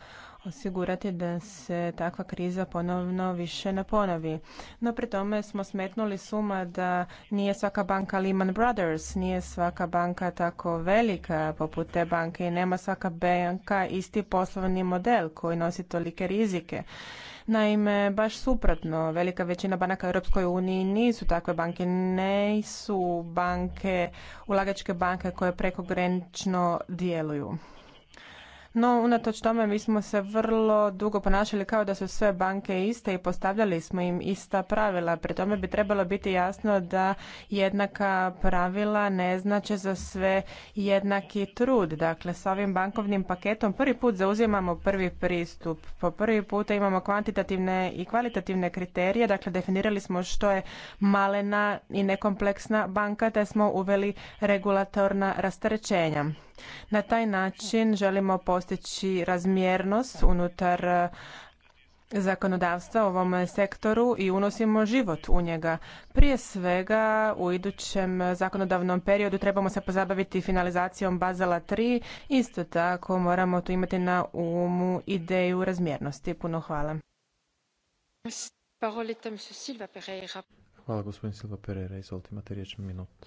osigurati da se takva kriza ponovno više ne ponovi. No pri tome smo smetnuli suma da nije svaka banka Lehman Brothers, nije svaka banka tako velika poput te banke i nema svaka banka isti poslovni model koji nosi tolike rizike. Naime, baš suprotno, velika većina banaka u Europskoj uniji nisu takve banke, ne su banke, ulagačke banke koje prekogranično djeluju. No, unatoč tome mi smo se vrlo dugo ponašali kao da su sve banke iste i postavljali smo im ista pravila. Pri tome bi trebalo biti jasno da jednaka pravila ne znače za sve jednaki trud. Dakle, s ovim bankovnim paketom prvi put zauzimamo prvi pristup. Po prvi puta imamo kvantitativne i kvalitativne kriterije. Dakle, definirali smo što je malena i nekompleksna banka te smo uveli regulatorna rasterećenja. Na taj način želimo postići razmjernost unutar e, zakonodavstva u ovom sektoru i unosimo život u njega. Prije svega u idućem zakonodavnom periodu trebamo se pozabaviti finalizacijom Bazela 3. Isto tako moramo tu imati na umu ideju razmjernosti. Puno hvala. Hvala gospodin Silva Pereira. Izvolite, imate riječ minut.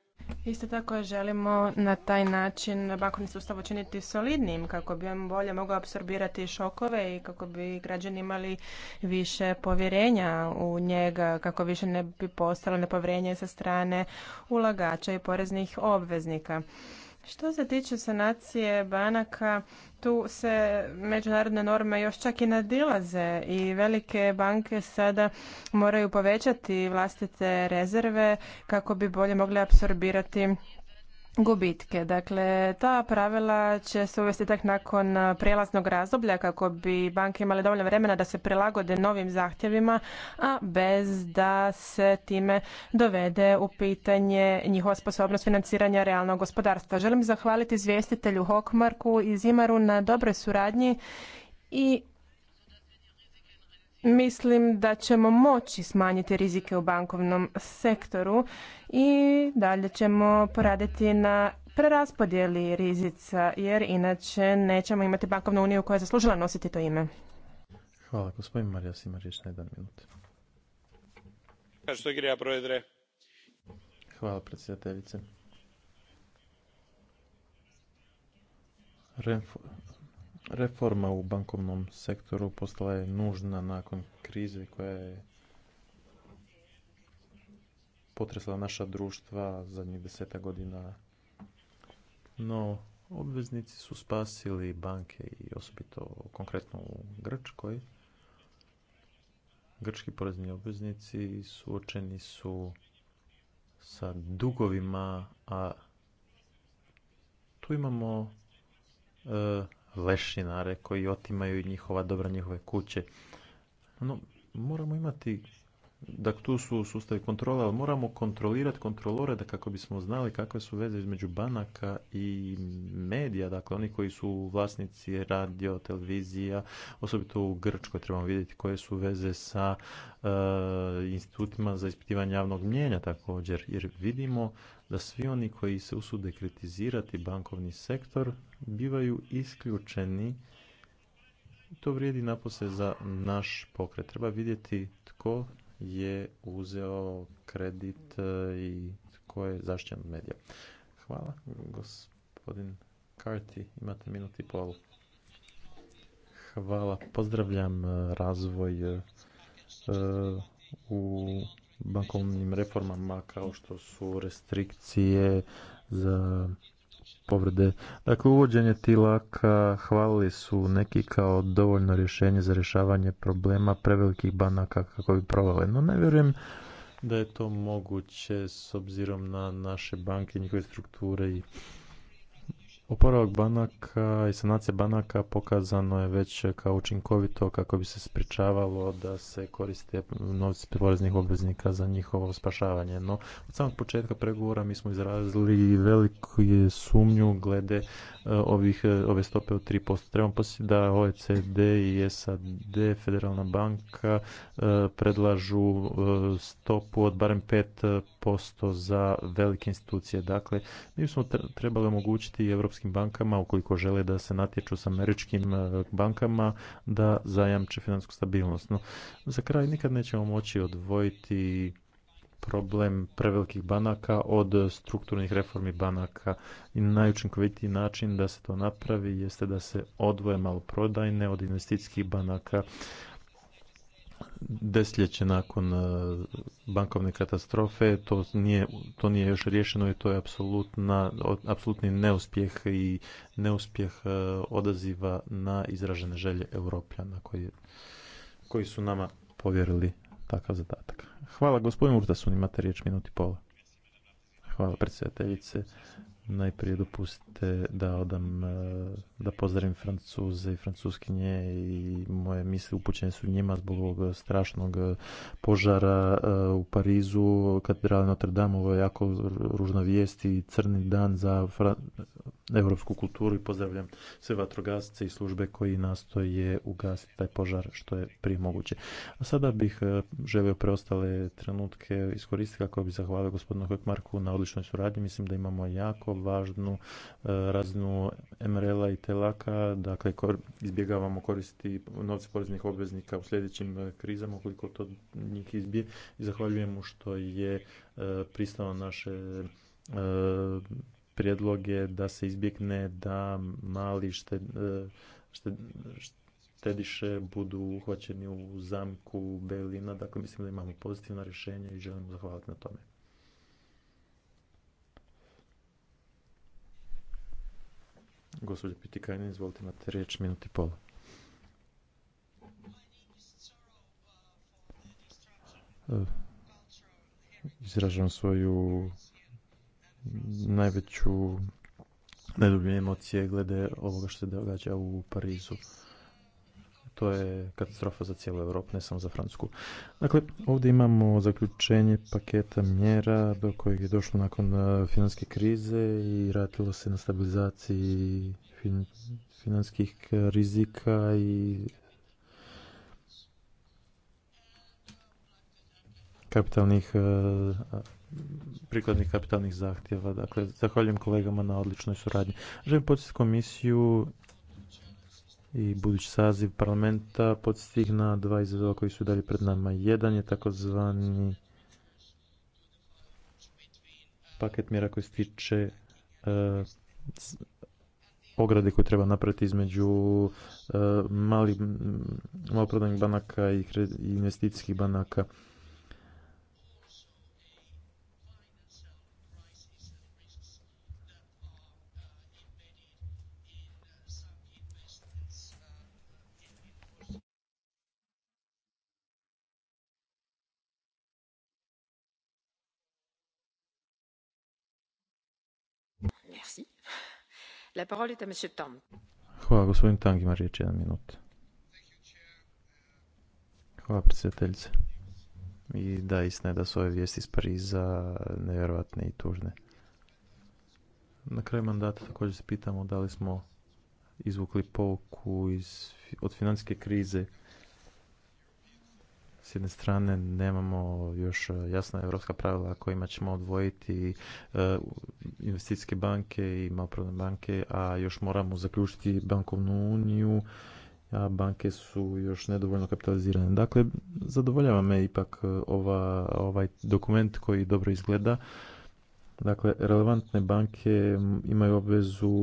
Isto tako želimo na taj način bankovni sustav učiniti solidnim kako bi on bolje mogao apsorbirati šokove i kako bi građani imali više povjerenja u njega, kako više ne bi postalo nepovjerenje sa strane ulagača i poreznih obveznika. Što se tiče sanacije banaka, tu se međunarodne norme još čak i nadilaze i velike banke sada moraju povećati vlastite rezerve kako bi bolje mogle apsorbirati gubitke. Dakle, ta pravila će se uvesti tek nakon prijelaznog razdoblja kako bi banke imale dovoljno vremena da se prilagode novim zahtjevima, a bez da se time dovede u pitanje njihova sposobnost financiranja realnog gospodarstva. Želim zahvaliti izvjestitelju Hokmarku i Zimaru na dobroj suradnji i Mislim da ćemo moći smanjiti rizike u bankovnom sektoru i dalje ćemo poraditi na preraspodjeli rizica jer inače nećemo imati bankovnu uniju koja je zaslužila nositi to ime. Hvala, gospodin Marija Simarić, na jedan minut. Hvala, predsjedateljice. Reforma u bankovnom sektoru postala je nužna nakon krize koja je potresla naša društva zadnjih deseta godina. No, obveznici su spasili banke i osobito konkretno u Grčkoj. Grčki porezni obveznici suočeni su sa dugovima, a tu imamo e, lešinare koji otimaju njihova dobra njihove kuće. No, moramo imati da tu su sustavi kontrole, ali moramo kontrolirati kontrolore da kako bismo znali kakve su veze između banaka i medija, dakle oni koji su vlasnici radio, televizija, osobito u Grčkoj trebamo vidjeti koje su veze sa e, institutima za ispitivanje javnog mnjenja također, jer vidimo da svi oni koji se usude kritizirati bankovni sektor bivaju isključeni. To vrijedi napose za naš pokret. Treba vidjeti tko je uzeo kredit e, i tko je zaštićen od medija. Hvala, gospodin Karti, imate minut i pol. Hvala, pozdravljam e, razvoj e, u bankovnim reformama kao što su restrikcije za povrede. Dakle, uvođenje tilaka hvalili su neki kao dovoljno rješenje za rješavanje problema prevelikih banaka kako bi provale. No ne vjerujem da je to moguće s obzirom na naše banke, njihove strukture i Oporavak banaka i sanacija banaka pokazano je već kao učinkovito kako bi se sprečavalo da se koriste novci poreznih obveznika za njihovo spašavanje. No, od samog početka pregovora mi smo izrazili veliku sumnju glede e, ovih, e, ove stope od 3%. Trebamo posjetiti da OECD i SAD, Federalna banka, e, predlažu stopu od barem 5% za velike institucije. Dakle, mi smo trebali omogućiti evropski kineskim bankama, ukoliko žele da se natječu sa američkim e, bankama, da zajamče financijsku stabilnost. No, za kraj nikad nećemo moći odvojiti problem prevelikih banaka od strukturnih reformi banaka i najučinkovitiji način da se to napravi jeste da se odvoje maloprodajne od investicijskih banaka desetljeće nakon e, bankovne katastrofe, to nije, to nije još riješeno i to je apsolutna, apsolutni neuspjeh i neuspjeh e, odaziva na izražene želje Europljana koji, koji su nama povjerili takav zadatak. Hvala gospodinu Urtasun, imate riječ minuti pola. Hvala predsjedateljice. Najprije dopustite da odam, e, da pozdravim Francuze i Francuskinje i moje misli upućene su njima zbog ovog strašnog e, požara e, u Parizu, katedrali Notre Dame, ovo je jako ružna vijest i crni dan za europsku kulturu i pozdravljam sve vatrogasce i službe koji nastoje ugasiti taj požar što je prije moguće. A sada bih e, želio preostale trenutke iskoristiti kako bi zahvalio gospodinu Hojkmarku na odličnoj suradnji. Mislim da imamo jako važnu e, raznu MRL-a i telaka, dakle izbjegavamo koristiti novce poreznih obveznika u sljedećim e, krizama ukoliko to njih izbije i zahvaljujem mu što je pristao naše je da se izbjegne da mali šted, e, šted, štediše budu uhvaćeni u zamku Belina. Dakle, mislim da imamo pozitivna rješenja i želimo zahvaliti na tome. Gospođa Pitikajna, izvolite, imate riječ i pola. E, izražavam svoju najveću najdublje emocije glede ovoga što se događa u Parizu. To je katastrofa za cijelu Evropu, ne samo za Francusku. Dakle, ovdje imamo zaključenje paketa mjera do kojeg je došlo nakon e, finanske krize i ratilo se na stabilizaciji financijskih rizika i kapitalnih e, prikladnih kapitalnih zahtjeva. Dakle, zahvaljujem kolegama na odličnoj suradnji. Želim podsjetiti komisiju i budući saziv parlamenta podsjetih na dva izazova koji su dalje pred nama. Jedan je takozvani paket mjera koji se tiče e, ograde koje treba napraviti između e, malih maloprodajnih banaka i investicijskih banaka. Hvala, gospodin Tang ima riječ jedan minut. Hvala, predsjedateljice. I da, istina je da su ove vijesti iz Pariza nevjerojatne i tužne. Na kraju mandata također se pitamo da li smo izvukli pouku od financijske krize s jedne strane nemamo još e, jasna evropska pravila kojima ćemo odvojiti e, investicijske banke i maloprodne banke, a još moramo zaključiti bankovnu uniju, a banke su još nedovoljno kapitalizirane. Dakle, zadovoljava me ipak e, ova, ovaj dokument koji dobro izgleda. Dakle, relevantne banke imaju obvezu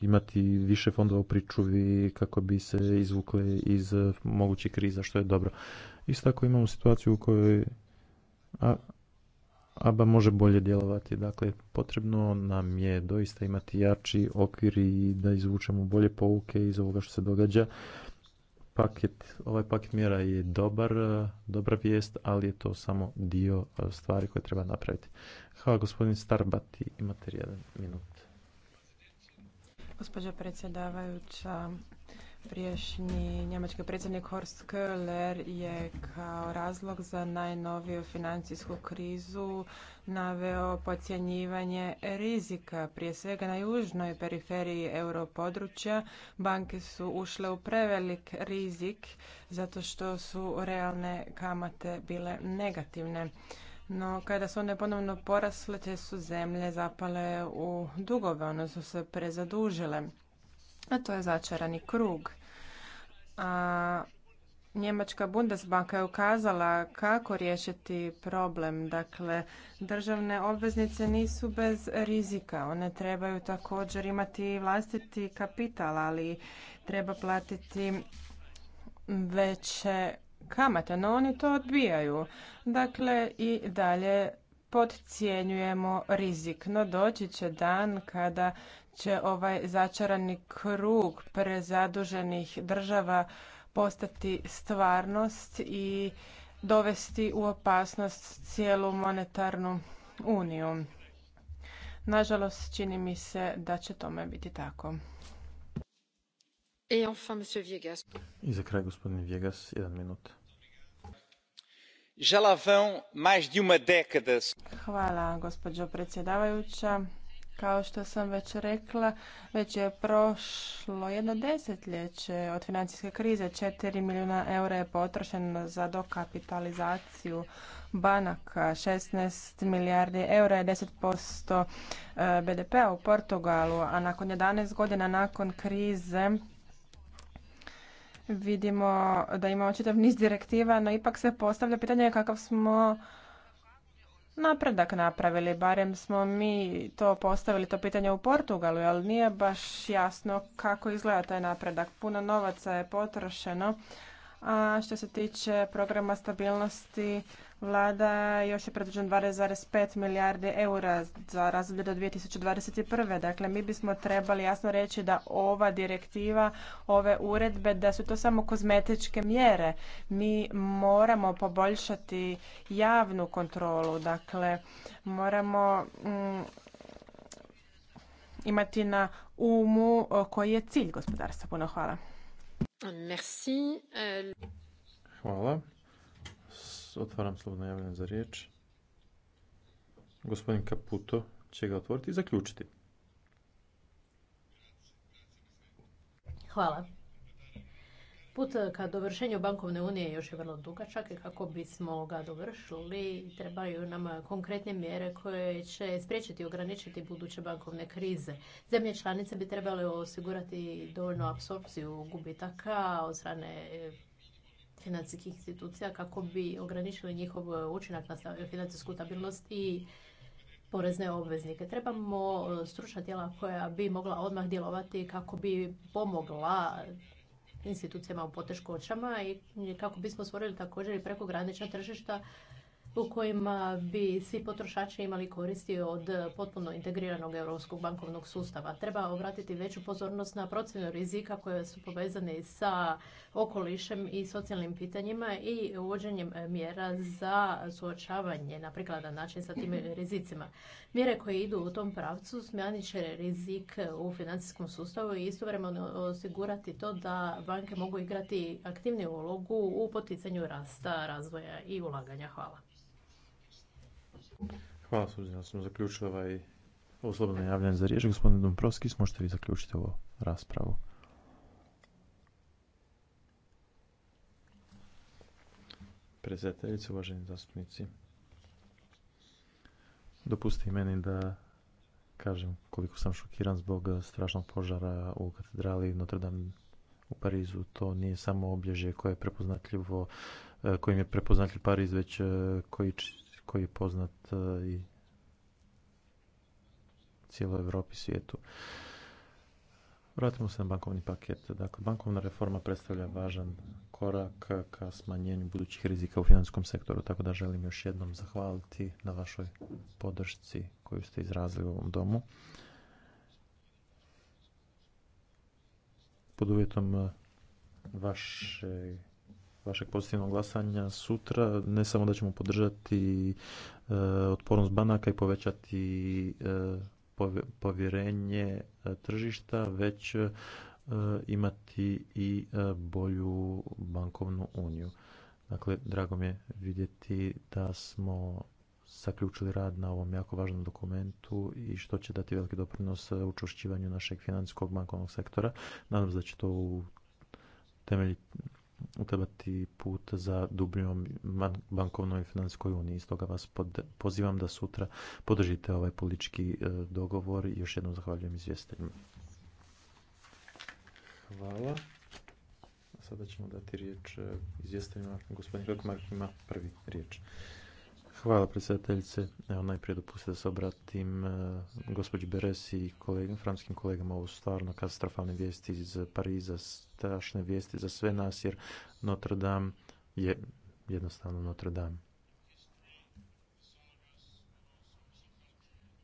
imati više fondova u pričuvi kako bi se izvukle iz mogućih kriza, što je dobro. Isto tako imamo situaciju u kojoj ABA može bolje djelovati. Dakle, potrebno nam je doista imati jači okvir i da izvučemo bolje pouke iz ovoga što se događa. Paket, ovaj paket mjera je dobar, dobra vijest, ali je to samo dio stvari koje treba napraviti. Hvala gospodin Starbati, imate jedan minut. Gospođa predsjedavajuća, Prijašnji njemački predsjednik Horst Köhler je kao razlog za najnoviju financijsku krizu naveo podcjenjivanje rizika. Prije svega na južnoj periferiji europodručja banke su ušle u prevelik rizik zato što su realne kamate bile negativne. No, kada su one ponovno porasle, te su zemlje zapale u dugove, one su se prezadužile a to je začarani krug. A, Njemačka Bundesbanka je ukazala kako riješiti problem. Dakle, državne obveznice nisu bez rizika. One trebaju također imati vlastiti kapital, ali treba platiti veće kamate, no oni to odbijaju. Dakle, i dalje podcjenjujemo rizik, no doći će dan kada će ovaj začarani krug prezaduženih država postati stvarnost i dovesti u opasnost cijelu monetarnu uniju. Nažalost, čini mi se da će tome biti tako. I za kraj, gospodin Vjegas, jedan minut. Hvala, gospođo predsjedavajuća. Kao što sam već rekla, već je prošlo jedno desetljeće od financijske krize. Četiri milijuna eura je potrošeno za dokapitalizaciju banaka, 16 milijardi eura je 10% e, BDP-a u Portugalu, a nakon 11 godina nakon krize vidimo da imamo čitav niz direktiva, no ipak se postavlja pitanje kakav smo napredak napravili. Barem smo mi to postavili, to pitanje u Portugalu, ali nije baš jasno kako izgleda taj napredak. Puno novaca je potrošeno. A što se tiče programa stabilnosti, Vlada još je predviđen 2,5 milijardi eura za razdoblje do 2021. Dakle, mi bismo trebali jasno reći da ova direktiva, ove uredbe, da su to samo kozmetičke mjere. Mi moramo poboljšati javnu kontrolu. Dakle, moramo mm, imati na umu koji je cilj gospodarstva. Puno hvala. Merci. Euh, hvala otvaram slobodno javljanje za riječ. Gospodin Kaputo će ga otvoriti i zaključiti. Hvala. Put ka dovršenju bankovne unije još je vrlo dugačak i kako bismo ga dovršili trebaju nam konkretne mjere koje će spriječiti i ograničiti buduće bankovne krize. Zemlje članice bi trebale osigurati dovoljnu apsorpciju gubitaka od strane financijskih institucija kako bi ograničili njihov e, učinak na financijsku stabilnost i porezne obveznike. Trebamo e, stručna tijela koja bi mogla odmah djelovati kako bi pomogla institucijama u poteškoćama i kako bismo stvorili također i prekogranična tržišta u kojima bi svi potrošači imali koristi od potpuno integriranog europskog bankovnog sustava. Treba obratiti veću pozornost na procjenu rizika koje su povezane sa okolišem i socijalnim pitanjima i uvođenjem mjera za suočavanje na prikladan način sa tim [clears throat] rizicima. Mjere koje idu u tom pravcu smanjit će rizik u financijskom sustavu i istovremeno osigurati to da banke mogu igrati aktivniju ulogu u poticanju rasta, razvoja i ulaganja. Hvala. Hvala, s obzirom da smo zaključili ovaj ovo javljanje za riječ. Gospodin Domprovski, možete vi zaključiti ovo raspravu? Predsjedateljice, uvaženi zastupnici, dopusti meni da kažem koliko sam šokiran zbog strašnog požara u katedrali Notre Dame u Parizu. To nije samo obježje koje je prepoznatljivo, e, kojim je prepoznatljiv Pariz, već e, koji koji je poznat e, i cijeloj Europi i svijetu. Vratimo se na bankovni paket. Dakle, bankovna reforma predstavlja važan korak ka smanjenju budućih rizika u financijskom sektoru, tako da želim još jednom zahvaliti na vašoj podršci koju ste izrazili u ovom domu. Pod uvjetom e, vaše vašeg pozitivnog glasanja sutra. Ne samo da ćemo podržati e, otpornost banaka i povećati e, povjerenje e, tržišta, već imati i bolju bankovnu uniju. Dakle, drago mi je vidjeti da smo zaključili rad na ovom jako važnom dokumentu i što će dati veliki doprinos učušćivanju našeg financijskog bankovnog sektora. Nadam se da će to u temelji utrebati put za dubljom bankovnoj i financijskoj uniji. Stoga vas pod, pozivam da sutra podržite ovaj politički e, dogovor i još jednom zahvaljujem izvjestiteljima. Hvala. sada ćemo dati riječ e, izvjestiteljima. Gospodin Rokmark ima prvi riječ. Hvala predsjedateljice. Evo najprije dopustite da se obratim e, gospođi Beres i kolegim franskim kolegama. Ovo su stvarno katastrofalne vijesti iz Pariza, strašne vijesti za sve nas jer Notre Dame je jednostavno Notre Dame.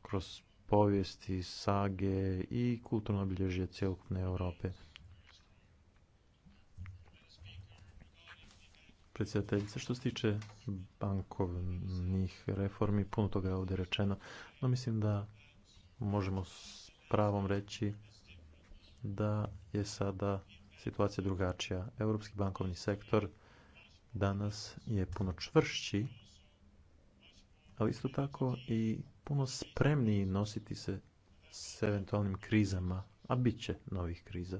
Kroz povijesti, sage i kulturno obilježje cjelokupne Europe. predsjedateljice. Što se tiče bankovnih reformi, puno toga je ovdje rečeno, no mislim da možemo s pravom reći da je sada situacija drugačija. Europski bankovni sektor danas je puno čvršći, ali isto tako i puno spremniji nositi se s eventualnim krizama, a bit će novih kriza.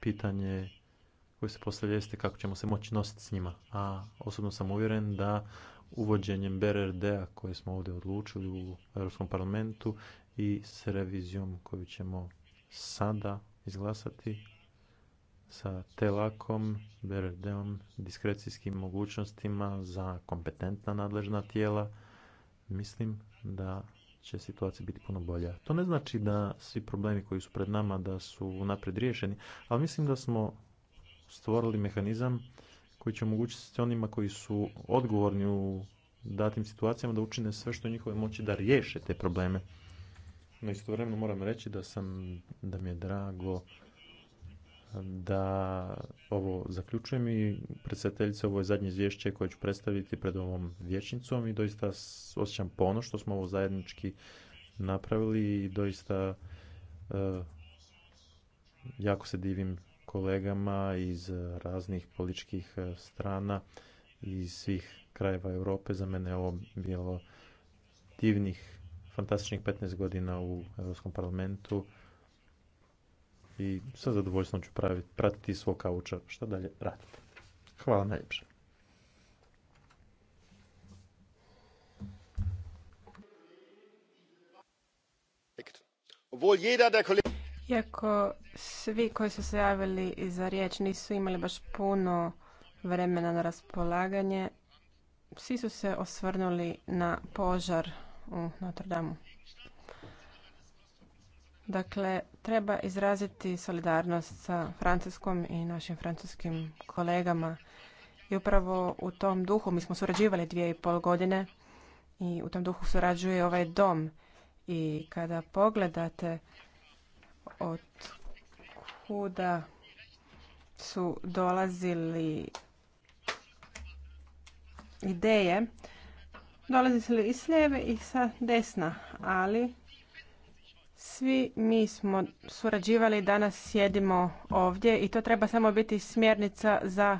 Pitanje koji se postavlja jeste kako ćemo se moći nositi s njima. A osobno sam uvjeren da uvođenjem BRRD-a koje smo ovdje odlučili u Europskom parlamentu i s revizijom koju ćemo sada izglasati sa telakom, BRD-om, diskrecijskim mogućnostima za kompetentna nadležna tijela, mislim da će situacija biti puno bolja. To ne znači da svi problemi koji su pred nama da su napred riješeni, ali mislim da smo stvorili mehanizam koji će omogućiti onima koji su odgovorni u datim situacijama da učine sve što njihove moći da riješe te probleme. No istovremeno moram reći da sam, da mi je drago eh, da ovo zaključujem i predsjedateljice ovo je zadnje izvješće koje ću predstaviti pred ovom vječnicom i doista osjećam ponos što smo ovo zajednički napravili i doista eh, jako se divim kolegama iz raznih političkih e, strana iz svih krajeva Europe. Za mene je ovo bilo divnih, fantastičnih 15 godina u Europskom parlamentu i sa zadovoljstvom ću praviti, pratiti svog kauča što dalje radite. Hvala najljepše. obwohl jeder der iako svi koji su se javili za riječ nisu imali baš puno vremena na raspolaganje, svi su se osvrnuli na požar u Notre Dame. Dakle, treba izraziti solidarnost sa Francuskom i našim francuskim kolegama. I upravo u tom duhu mi smo surađivali dvije i pol godine i u tom duhu surađuje ovaj dom. I kada pogledate od kuda su dolazili ideje. Dolazi se i s lijeve i sa desna, ali svi mi smo surađivali, danas sjedimo ovdje i to treba samo biti smjernica za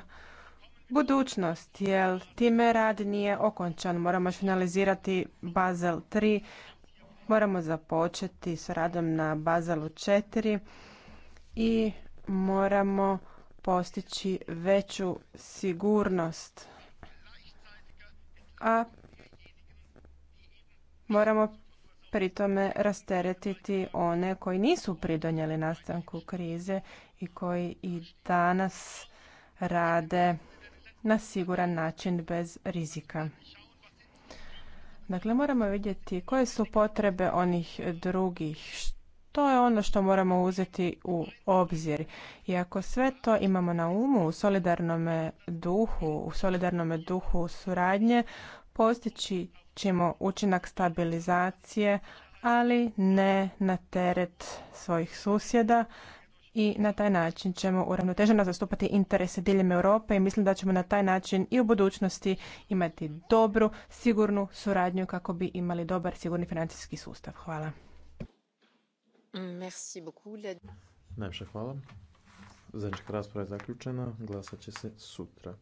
budućnost, jer time rad nije okončan. Moramo finalizirati Basel 3, moramo započeti s radom na Bazalu 4 i moramo postići veću sigurnost. A moramo pri tome rasteretiti one koji nisu pridonijeli nastanku krize i koji i danas rade na siguran način bez rizika. Dakle, moramo vidjeti koje su potrebe onih drugih, to je ono što moramo uzeti u obzir. I ako sve to imamo na umu u solidarnom duhu, u solidarnom duhu suradnje, postići ćemo učinak stabilizacije, ali ne na teret svojih susjeda, i na taj način ćemo uravnoteženo zastupati interese diljem Europe i mislim da ćemo na taj način i u budućnosti imati dobru, sigurnu suradnju kako bi imali dobar, sigurni financijski sustav. Hvala. Merci hvala. rasprava je zaključena. Glasat će se sutra.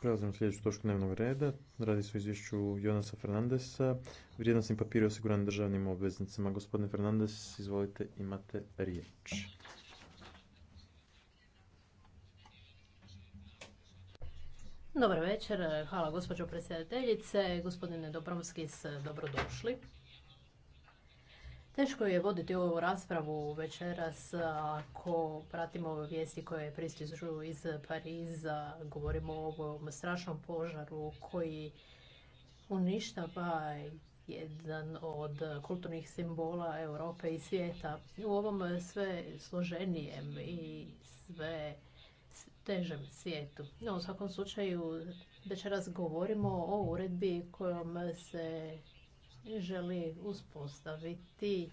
Prelazimo sljedeću točku dnevnog reda. Radi se o izvješću Jonasa Fernandesa. Vrijednostni papiri osiguran državnim obveznicama. Gospodine Fernandes, izvolite, imate riječ. Dobar večer, hvala gospođo predsjedateljice, gospodine Dobromski, dobrodošli. Teško je voditi ovu raspravu večeras ako pratimo ove vijesti koje pristižu iz Pariza. Govorimo o ovom strašnom požaru koji uništava pa jedan od kulturnih simbola Europe i svijeta. U ovom sve složenijem i sve težem svijetu. u svakom slučaju, večeras govorimo o uredbi kojom se želi uspostaviti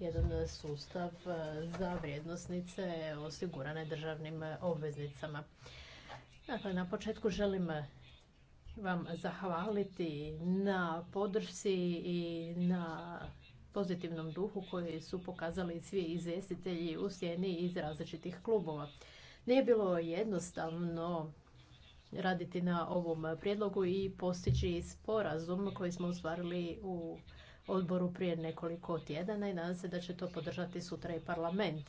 jedan sustav eh, za vrijednosnice osigurane državnim eh, obveznicama. Dakle, na početku želim eh, vam zahvaliti na podršci i na pozitivnom duhu koji su pokazali svi izvjestitelji u sjeni iz različitih klubova. Nije bilo jednostavno raditi na ovom prijedlogu i postići sporazum koji smo ostvarili u odboru prije nekoliko tjedana i nadam se da će to podržati sutra i parlament.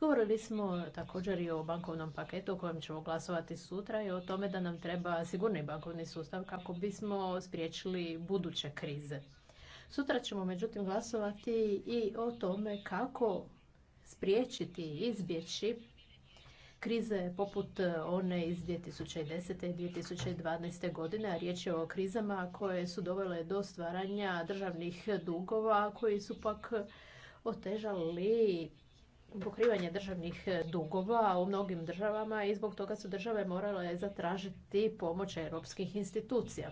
Govorili smo također i o bankovnom paketu o kojem ćemo glasovati sutra i o tome da nam treba sigurni bankovni sustav kako bismo spriječili buduće krize. Sutra ćemo međutim glasovati i o tome kako spriječiti izbjeći krize poput e, one iz 2010. i 2012. godine, a riječ je o krizama koje su dovele do stvaranja državnih dugova koji su pak otežali pokrivanje državnih dugova u mnogim državama i zbog toga su države morale zatražiti pomoć europskih institucija.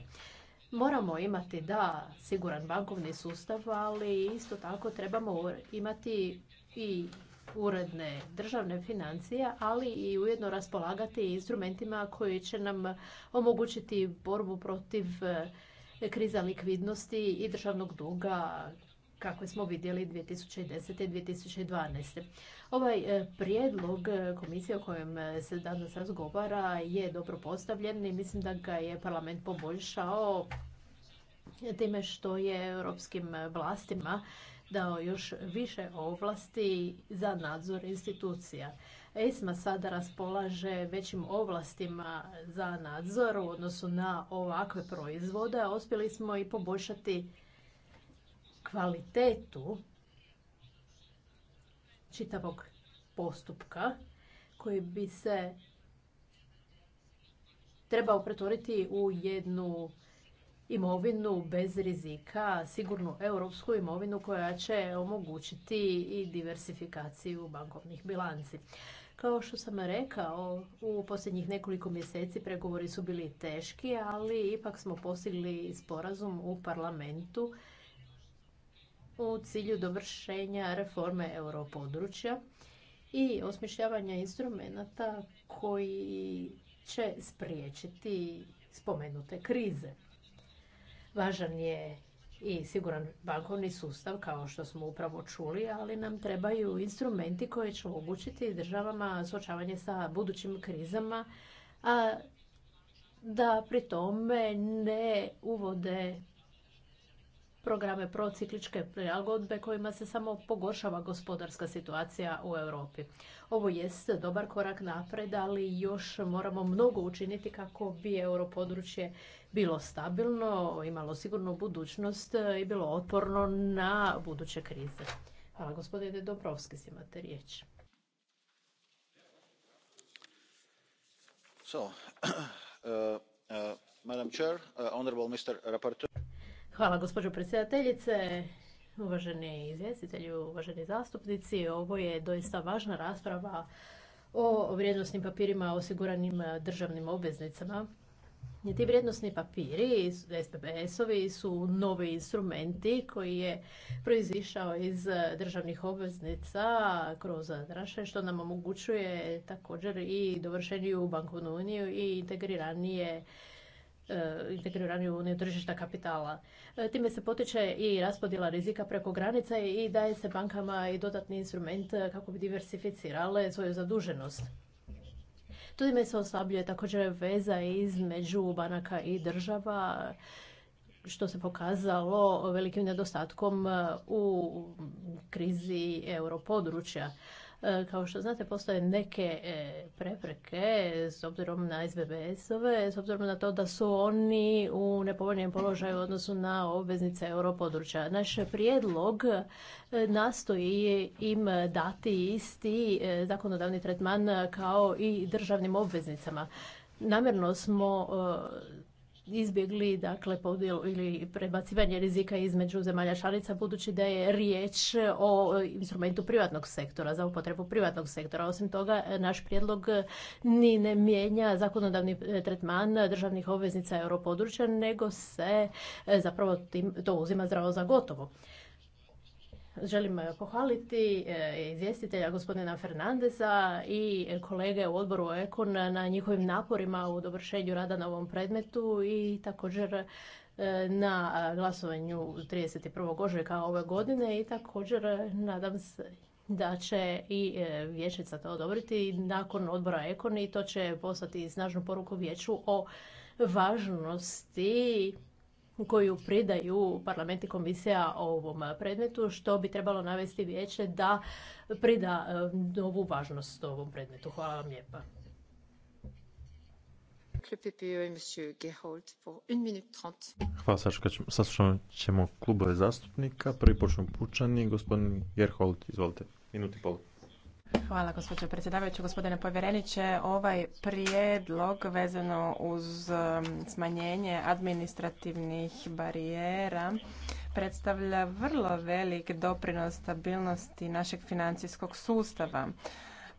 Moramo imati, da, siguran bankovni sustav, ali isto tako trebamo imati i uredne državne financije, ali i ujedno raspolagati instrumentima koji će nam omogućiti borbu protiv eh, kriza likvidnosti i državnog duga kakve smo vidjeli 2010. i 2012. Ovaj eh, prijedlog eh, komisije o kojem se danas razgovara je dobro postavljen i mislim da ga je parlament poboljšao time što je europskim vlastima dao još više ovlasti za nadzor institucija. ESMA sada raspolaže većim ovlastima za nadzor u odnosu na ovakve proizvode. Ospjeli smo i poboljšati kvalitetu čitavog postupka koji bi se trebao pretvoriti u jednu imovinu bez rizika, sigurnu europsku imovinu koja će omogućiti i diversifikaciju bankovnih bilanci. Kao što sam rekao, u posljednjih nekoliko mjeseci pregovori su bili teški, ali ipak smo postigli sporazum u parlamentu u cilju dovršenja reforme europodručja i osmišljavanja instrumenata koji će spriječiti spomenute krize. Važan je i siguran bankovni sustav, kao što smo upravo čuli, ali nam trebaju instrumenti koje će omogućiti državama suočavanje sa budućim krizama, a da pri tome ne uvode programe procikličke prilagodbe kojima se samo pogoršava gospodarska situacija u Europi. Ovo jest dobar korak napred, ali još moramo mnogo učiniti kako bi europodručje bilo stabilno, imalo sigurnu budućnost i bilo otporno na buduće krize. Hvala gospodine Dobrovski, imate riječ. So, [clears throat] uh, uh, Chair, uh, Honorable Mr. Rapporteur. Hvala gospođo predsjedateljice, uvaženi izvjestitelji, uvaženi zastupnici. Ovo je doista važna rasprava o vrijednosnim papirima osiguranim državnim obveznicama. Ti vrijednosni papiri, SPBS-ovi, su novi instrumenti koji je proizišao iz državnih obveznica kroz draše, što nam omogućuje također i dovršeniju bankovnu uniju i integriranije E, integriranju uniju tržišta kapitala. E, time se potiče i raspodjela rizika preko granice i daje se bankama i dodatni instrument e, kako bi diversificirale svoju zaduženost. Time se oslabljuje također veza između banaka i država, što se pokazalo velikim nedostatkom u krizi europodručja. E, kao što znate, postoje neke e, prepreke s obzirom na SBBS-ove, s obzirom na to da su oni u nepovoljnijem položaju u odnosu na obveznice europodručja. Naš prijedlog e, nastoji im dati isti zakonodavni tretman kao i državnim obveznicama. Namjerno smo izbjegli dakle, podjel ili prebacivanje rizika između zemalja članica, budući da je riječ o e, instrumentu privatnog sektora, za upotrebu privatnog sektora. Osim toga, e, naš prijedlog e, ni ne mijenja zakonodavni tretman državnih obveznica europodručja, nego se zapravo tim, to uzima zdravo za gotovo. Želim eh, pohvaliti eh, izvjestitelja gospodina Fernandeza i kolege u odboru Ekon na njihovim naporima u dovršenju rada na ovom predmetu i također eh, na glasovanju 31. ožujka ove godine i također nadam se da će i vijećnica to odobriti nakon odbora Ekon i to će poslati snažnu poruku vijeću o važnosti koju pridaju parlament i komisija ovom predmetu, što bi trebalo navesti vijeće da prida e, novu važnost ovom predmetu. Hvala vam lijepa. Hvala, saslušamo ćemo klubove zastupnika. Prvi počnu pučani, gospodin Gerhold, izvolite, minuti pol. Hvala gospođo predsjedavajuća. Gospodine povjereniče, ovaj prijedlog vezano uz um, smanjenje administrativnih barijera predstavlja vrlo velik doprinos stabilnosti našeg financijskog sustava.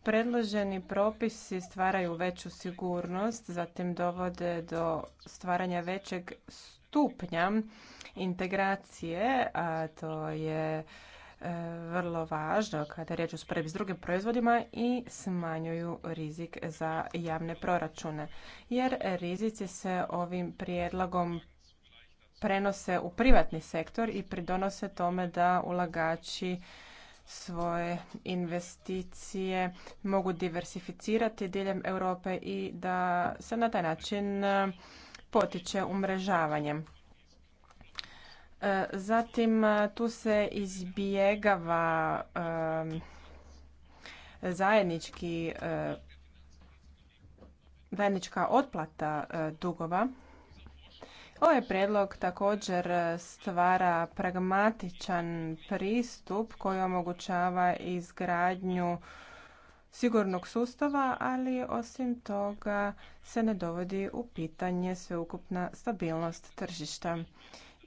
Predloženi propisi stvaraju veću sigurnost, zatim dovode do stvaranja većeg stupnja integracije, a to je E, vrlo važno kada je riječ o usporedbi s drugim proizvodima i smanjuju rizik za javne proračune. Jer rizici se ovim prijedlogom prenose u privatni sektor i pridonose tome da ulagači svoje investicije mogu diversificirati diljem Europe i da se na taj način potiče umrežavanjem. E, zatim e, tu se izbjegava e, zajednički zajednička otplata dugova. Ovaj predlog također stvara pragmatičan pristup koji omogućava izgradnju sigurnog sustava, ali osim toga se ne dovodi u pitanje sveukupna stabilnost tržišta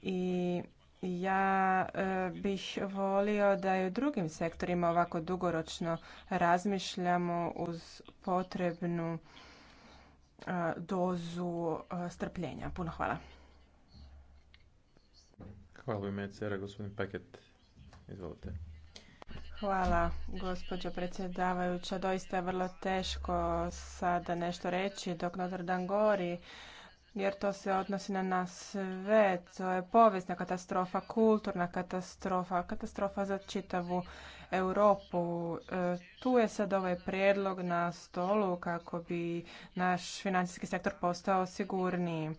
i ja e, bih volio da i u drugim sektorima ovako dugoročno razmišljamo uz potrebnu e, dozu e, strpljenja. Puno hvala. Hvala gospodin Paket. Izvolite. Hvala, gospođo predsjedavajuća. Doista je vrlo teško sada nešto reći dok Notre Dame gori jer to se odnosi na nas sve. To je povijesna katastrofa, kulturna katastrofa, katastrofa za čitavu Europu. E, tu je sad ovaj prijedlog na stolu kako bi naš financijski sektor postao sigurniji.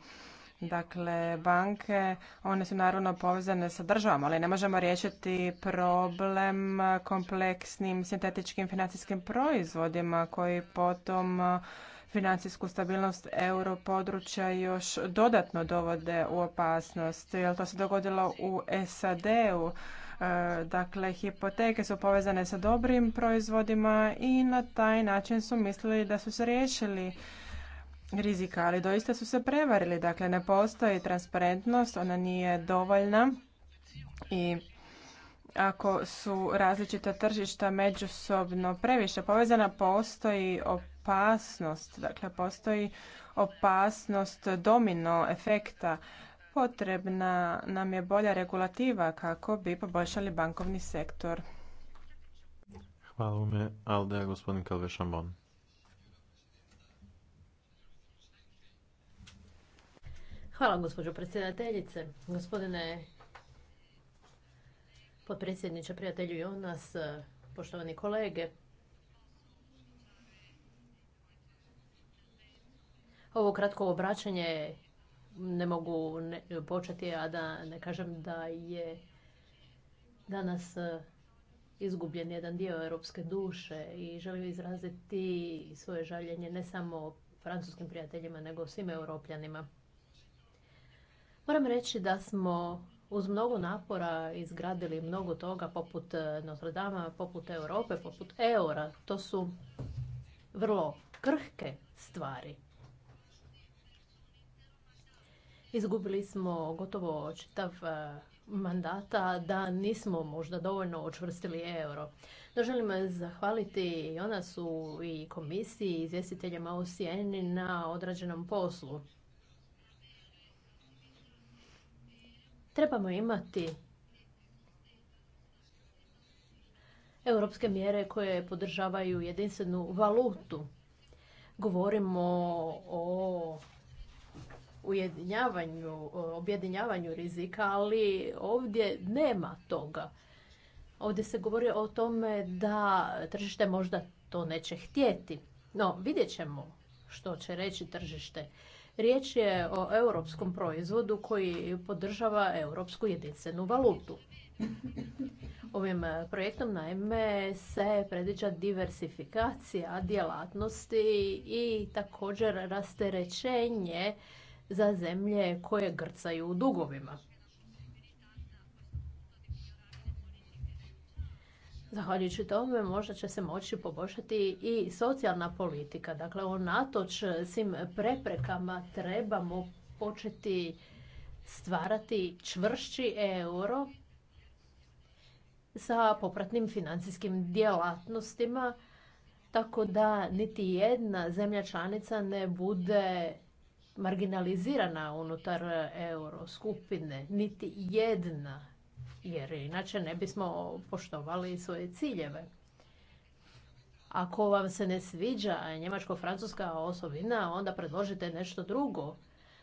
Dakle, banke, one su naravno povezane sa državama, ali ne možemo riješiti problem kompleksnim sintetičkim financijskim proizvodima koji potom financijsku stabilnost europodručja još dodatno dovode u opasnost. Jer to se dogodilo u SAD-u. E, dakle, hipoteke su povezane sa dobrim proizvodima i na taj način su mislili da su se riješili rizika, ali doista su se prevarili. Dakle, ne postoji transparentnost, ona nije dovoljna i ako su različita tržišta međusobno previše povezana postoji opasnost dakle postoji opasnost domino efekta potrebna nam je bolja regulativa kako bi poboljšali bankovni sektor Hvala gospodin Kalve Šambon. Hvala, gospođo predsjedateljice. Gospodine potpredsjedniče, prijatelju onas, e, poštovani kolege. Ovo kratko obraćanje ne mogu početi, a da ne kažem da je danas e, izgubljen jedan dio europske duše i želim izraziti svoje žaljenje ne samo francuskim prijateljima, nego svim europljanima. Moram reći da smo uz mnogo napora izgradili mnogo toga poput e, Notre Dame, poput Europe, poput eura. To su vrlo krhke stvari. Izgubili smo gotovo čitav e, mandata da nismo možda dovoljno očvrstili euro. No želim zahvaliti i ona su i komisiji i izvjestiteljima u Sijeni na odrađenom poslu. Trebamo imati europske mjere koje podržavaju jedinstvenu valutu. Govorimo o ujedinjavanju, objedinjavanju rizika, ali ovdje nema toga. Ovdje se govori o tome da tržište možda to neće htjeti. No, vidjet ćemo što će reći tržište. Riječ je o europskom proizvodu koji podržava europsku jedinstvenu valutu. Ovim projektom naime se predviđa diversifikacija djelatnosti i također rasterećenje za zemlje koje grcaju u dugovima. Zahvaljujući tome možda će se moći poboljšati i socijalna politika. Dakle, unatoč svim preprekama trebamo početi stvarati čvršći euro sa popratnim financijskim djelatnostima tako da niti jedna zemlja članica ne bude marginalizirana unutar euro skupine, niti jedna jer inače ne bismo poštovali svoje ciljeve. Ako vam se ne sviđa njemačko-francuska osobina, onda predložite nešto drugo.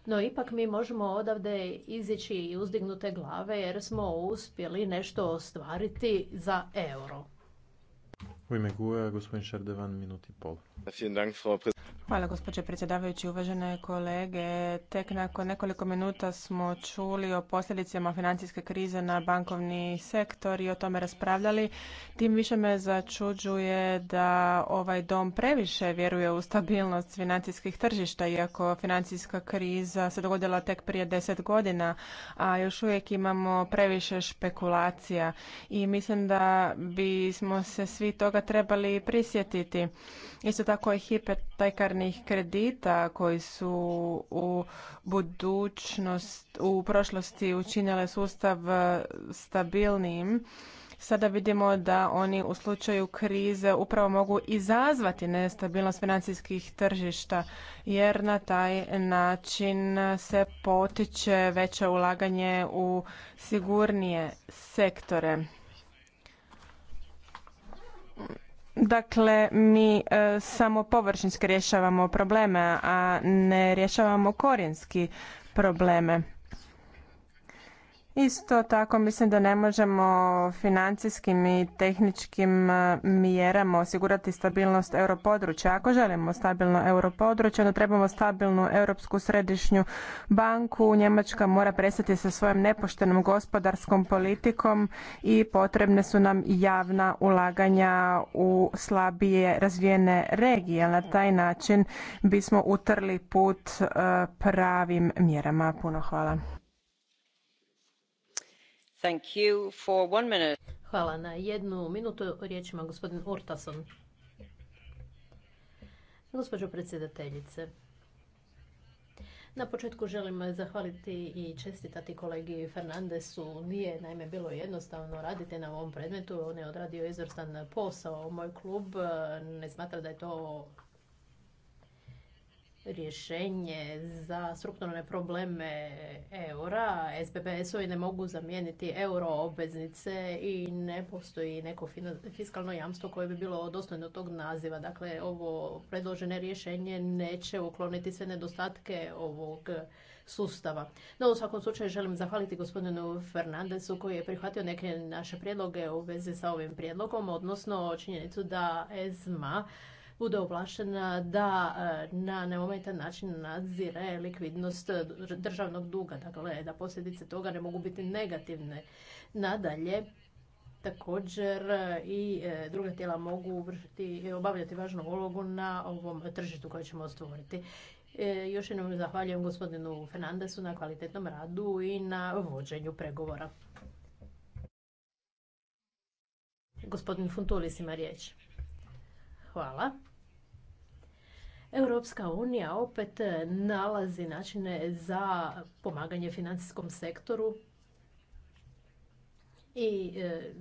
No ipak mi možemo odavde izići i uzdignute glave jer smo uspjeli nešto ostvariti za euro. U ime GUE, gospodin minut pol. Hvala gospođe predsjedavajući, uvažene kolege. Tek nakon nekoliko minuta smo čuli o posljedicama financijske krize na bankovni sektor i o tome raspravljali. Tim više me začuđuje da ovaj dom previše vjeruje u stabilnost financijskih tržišta, iako financijska kriza se dogodila tek prije deset godina, a još uvijek imamo previše špekulacija i mislim da bismo se svi toga toga trebali prisjetiti. Isto tako je hipotekarnih kredita koji su u budućnost, u prošlosti učinjale sustav e, stabilnim Sada vidimo da oni u slučaju krize upravo mogu izazvati nestabilnost financijskih tržišta jer na taj način se potiče veće ulaganje u sigurnije sektore. Dakle, mi e, samo površinski rješavamo probleme, a ne rješavamo korijenski probleme. Isto tako mislim da ne možemo financijskim i tehničkim e, mjerama osigurati stabilnost europodručja. Ako želimo stabilno europodručje, onda trebamo stabilnu europsku središnju banku. Njemačka mora prestati sa svojom nepoštenom gospodarskom politikom i potrebne su nam javna ulaganja u slabije razvijene regije. Na taj način bismo utrli put e, pravim mjerama. Puno hvala. Hvala na jednu minutu. Riječ ima gospodin Urtason. Gospođo predsjedateljice, na početku želim zahvaliti i čestitati kolegi Fernandesu. Nije naime bilo jednostavno raditi na ovom predmetu. On je odradio izvrstan posao. Moj klub eh, ne smatra da je to rješenje za strukturne probleme eura. SBBS-ovi ne mogu zamijeniti euro obveznice i ne postoji neko fiskalno jamstvo koje bi bilo dostojno tog naziva. Dakle, ovo predložene rješenje neće ukloniti sve nedostatke ovog sustava. No, u svakom slučaju želim zahvaliti gospodinu Fernandesu koji je prihvatio neke naše prijedloge u vezi sa ovim prijedlogom, odnosno činjenicu da ESMA bude ovlaštena da e, na neometan način nadzire likvidnost e, državnog duga, dakle da posljedice toga ne mogu biti negativne. Nadalje, također e, i druga tijela mogu vršiti, obavljati važnu ulogu na ovom tržištu koje ćemo stvoriti. Još jednom zahvaljujem gospodinu Fernandesu na kvalitetnom radu i na vođenju pregovora. Gospodin Funtulis ima riječ. Hvala. Europska unija opet e, nalazi načine za pomaganje financijskom sektoru i e,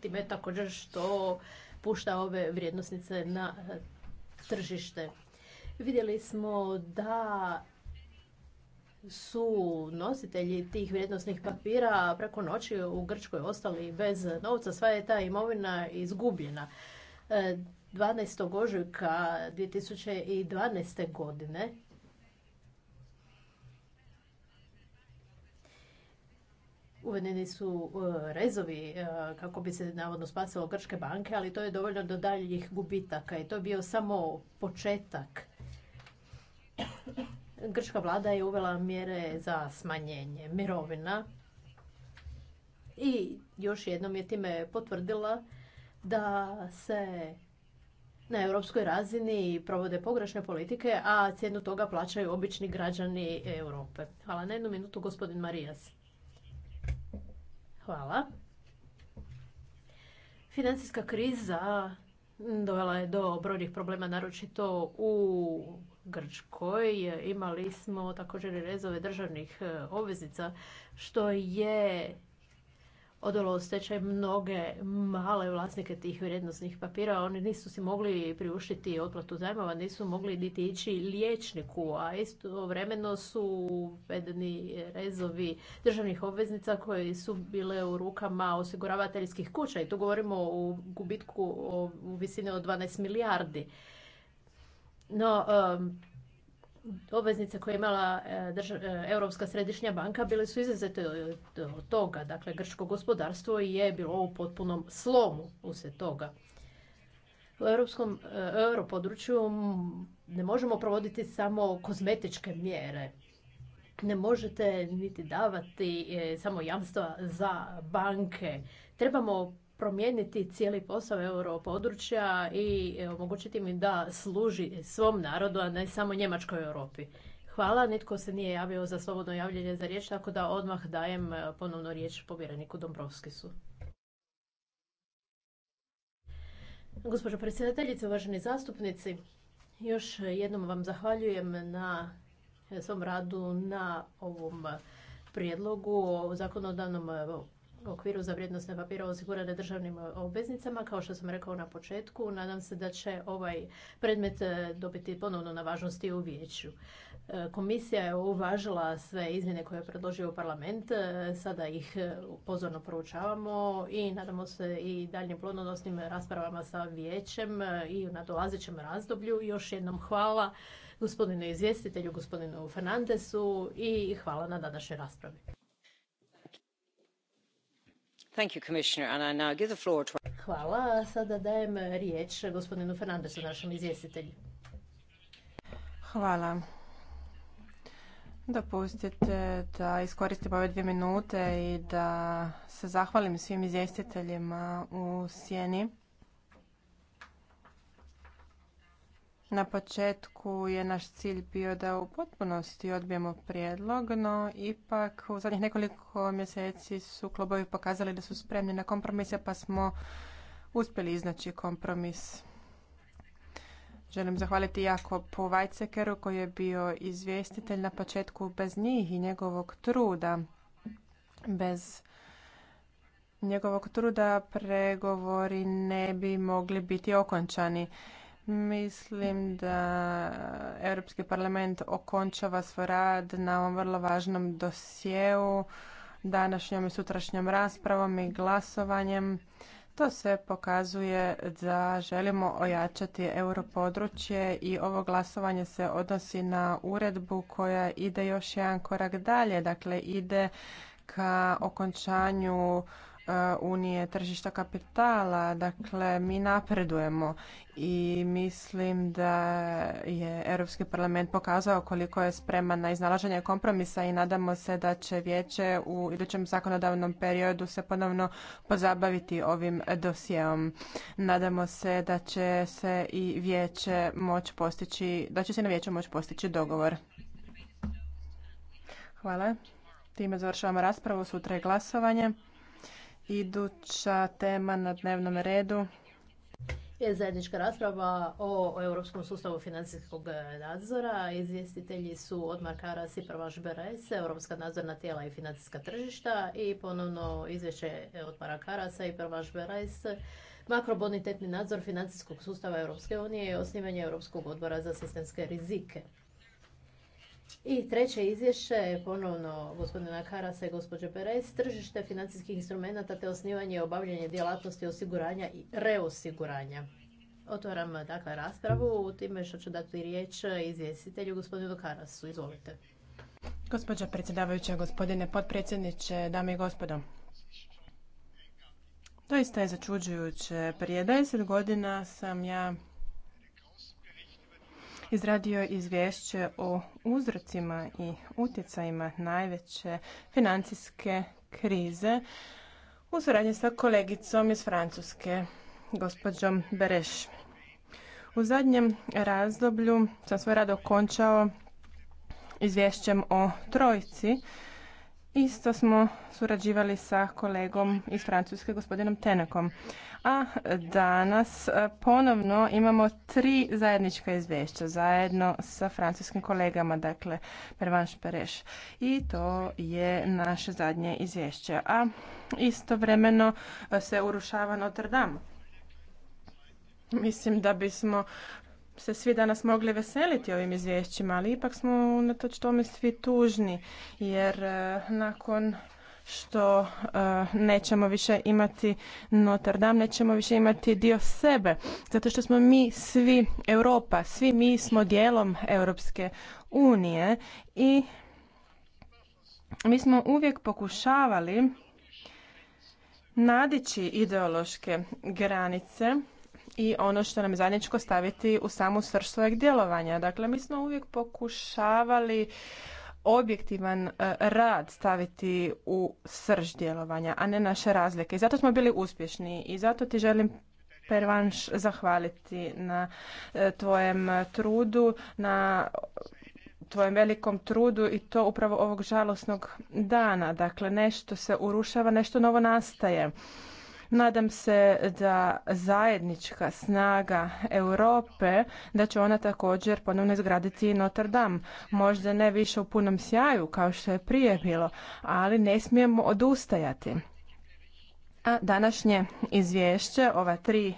time također što pušta ove vrijednosnice na e, tržište. Vidjeli smo da su nositelji tih vrijednosnih papira preko noći u Grčkoj ostali bez novca, sva je ta imovina izgubljena. 12. ožujka 2012. godine uvedeni su e, rezovi e, kako bi se navodno spasilo grčke banke, ali to je dovoljno do daljih gubitaka i to je bio samo početak. Grčka vlada je uvela mjere za smanjenje mirovina i još jednom je time potvrdila da se na europskoj razini i provode pogrešne politike, a cijenu toga plaćaju obični građani Europe. Hvala na jednu minutu, gospodin Marijas. Hvala. Financijska kriza dovela je do brojnih problema, naročito u Grčkoj. Imali smo također i rezove državnih obveznica, što je odalo stečaj mnoge male vlasnike tih vrijednosnih papira. Oni nisu si mogli priuštiti otplatu zajmova, nisu mogli niti ići liječniku, a istovremeno su uvedeni rezovi državnih obveznica koji su bile u rukama osiguravateljskih kuća. I tu govorimo o gubitku u visini od 12 milijardi. No, obveznice koje je imala e, e, Europska središnja banka bile su izuzete od toga. Dakle, grčko gospodarstvo je bilo u potpunom slomu uslijed toga. U europskom e, europodručju ne možemo provoditi samo kozmetičke mjere. Ne možete niti davati samo jamstva za banke. Trebamo promijeniti cijeli posao područja i e, omogućiti mi da služi svom narodu, a ne samo Njemačkoj Europi. Hvala, nitko se nije javio za slobodno javljanje za riječ, tako da odmah dajem e, ponovno riječ povjereniku Dombrovskisu. Gospođo predsjedateljice, uvaženi zastupnici, još jednom vam zahvaljujem na svom radu na ovom prijedlogu o zakonodavnom okviru za vrijednostne papire osigurane državnim obveznicama. Kao što sam rekao na početku, nadam se da će ovaj predmet e, dobiti ponovno na važnosti u vijeću. E, komisija je uvažila sve izmjene koje je predložio parlament, e, sada ih pozorno proučavamo i nadamo se i daljnjim plodonosnim raspravama sa vijećem i u nadolazećem razdoblju. Još jednom hvala gospodinu izvjestitelju, gospodinu Fernandesu i hvala na današnjoj raspravi. Hvala. Sada dajem riječ gospodinu Fernandesu, našem izvjestitelju. Hvala. Dopustite da iskoristim ove dvije minute i da se zahvalim svim izvjestiteljima u Sjeni Na početku je naš cilj bio da u potpunosti odbijemo prijedlog, no ipak u zadnjih nekoliko mjeseci su klubovi pokazali da su spremni na kompromise pa smo uspjeli iznaći kompromis. Želim zahvaliti po Vajcekeru koji je bio izvjestitelj na početku bez njih i njegovog truda. Bez njegovog truda pregovori ne bi mogli biti okončani. Mislim da Europski parlament okončava svoj rad na ovom vrlo važnom dosjeu današnjom i sutrašnjom raspravom i glasovanjem. To sve pokazuje da želimo ojačati europodručje i ovo glasovanje se odnosi na uredbu koja ide još jedan korak dalje, dakle ide ka okončanju Eh, unije tržišta kapitala. Dakle, mi napredujemo i mislim da je Europski parlament pokazao koliko je spreman na iznalaženje kompromisa i nadamo se da će vijeće u idućem zakonodavnom periodu se ponovno pozabaviti ovim dosjeom. Nadamo se da će se i vijeće moći postići, da će se na vijeću moći postići dogovor. Hvala. Time završavamo raspravu. Sutra je glasovanje. Iduća tema na dnevnom redu je zajednička rasprava o Europskom sustavu financijskog nadzora. Izvjestitelji su Odmar Karas i Prvaš Europska nadzorna tijela i financijska tržišta i ponovno izvješće Odmara Karasa i Prvaš makrobonitetni nadzor financijskog sustava Europske unije i osnivanje Europskog odbora za sistemske rizike. I treće izvješće je ponovno gospodina Karasa i gospođe Perez, tržište financijskih instrumenata te osnivanje i obavljanje djelatnosti osiguranja i reosiguranja. Otvaram dakle raspravu u time što ću dati riječ izvjestitelju gospodinu Karasu. Izvolite. Gospođa predsjedavajuća, gospodine potpredsjedniče, dame i gospodo. Doista je začuđujuće. Prije 10 godina sam ja izradio izvješće o uzrocima i utjecajima najveće financijske krize u suradnji sa kolegicom iz Francuske, gospođom Bereš. U zadnjem razdoblju sam svoj rad okončao izvješćem o trojci Isto smo surađivali sa kolegom iz Francuske, gospodinom Tenekom. A danas e, ponovno imamo tri zajednička izvješća zajedno sa francuskim kolegama, dakle Pervanš Pereš. I to je naše zadnje izvješće. A istovremeno e, se urušava Notre Dame. Mislim da bismo se svi danas mogli veseliti ovim izvješćima, ali ipak smo unatoč tome svi tužni jer e, nakon što e, nećemo više imati Notre Dame, nećemo više imati dio sebe, zato što smo mi svi Europa, svi mi smo dijelom Europske unije i mi smo uvijek pokušavali nadići ideološke granice i ono što nam je zajedničko staviti u samu srž svojeg djelovanja. Dakle, mi smo uvijek pokušavali objektivan e, rad staviti u srž djelovanja, a ne naše razlike. I zato smo bili uspješni i zato ti želim Pervanš zahvaliti na e, tvojem trudu, na tvojem velikom trudu i to upravo ovog žalosnog dana. Dakle, nešto se urušava, nešto novo nastaje. Nadam se da zajednička snaga Europe, da će ona također ponovno izgraditi Notre Dame. Možda ne više u punom sjaju kao što je prije bilo, ali ne smijemo odustajati. A današnje izvješće, ova tri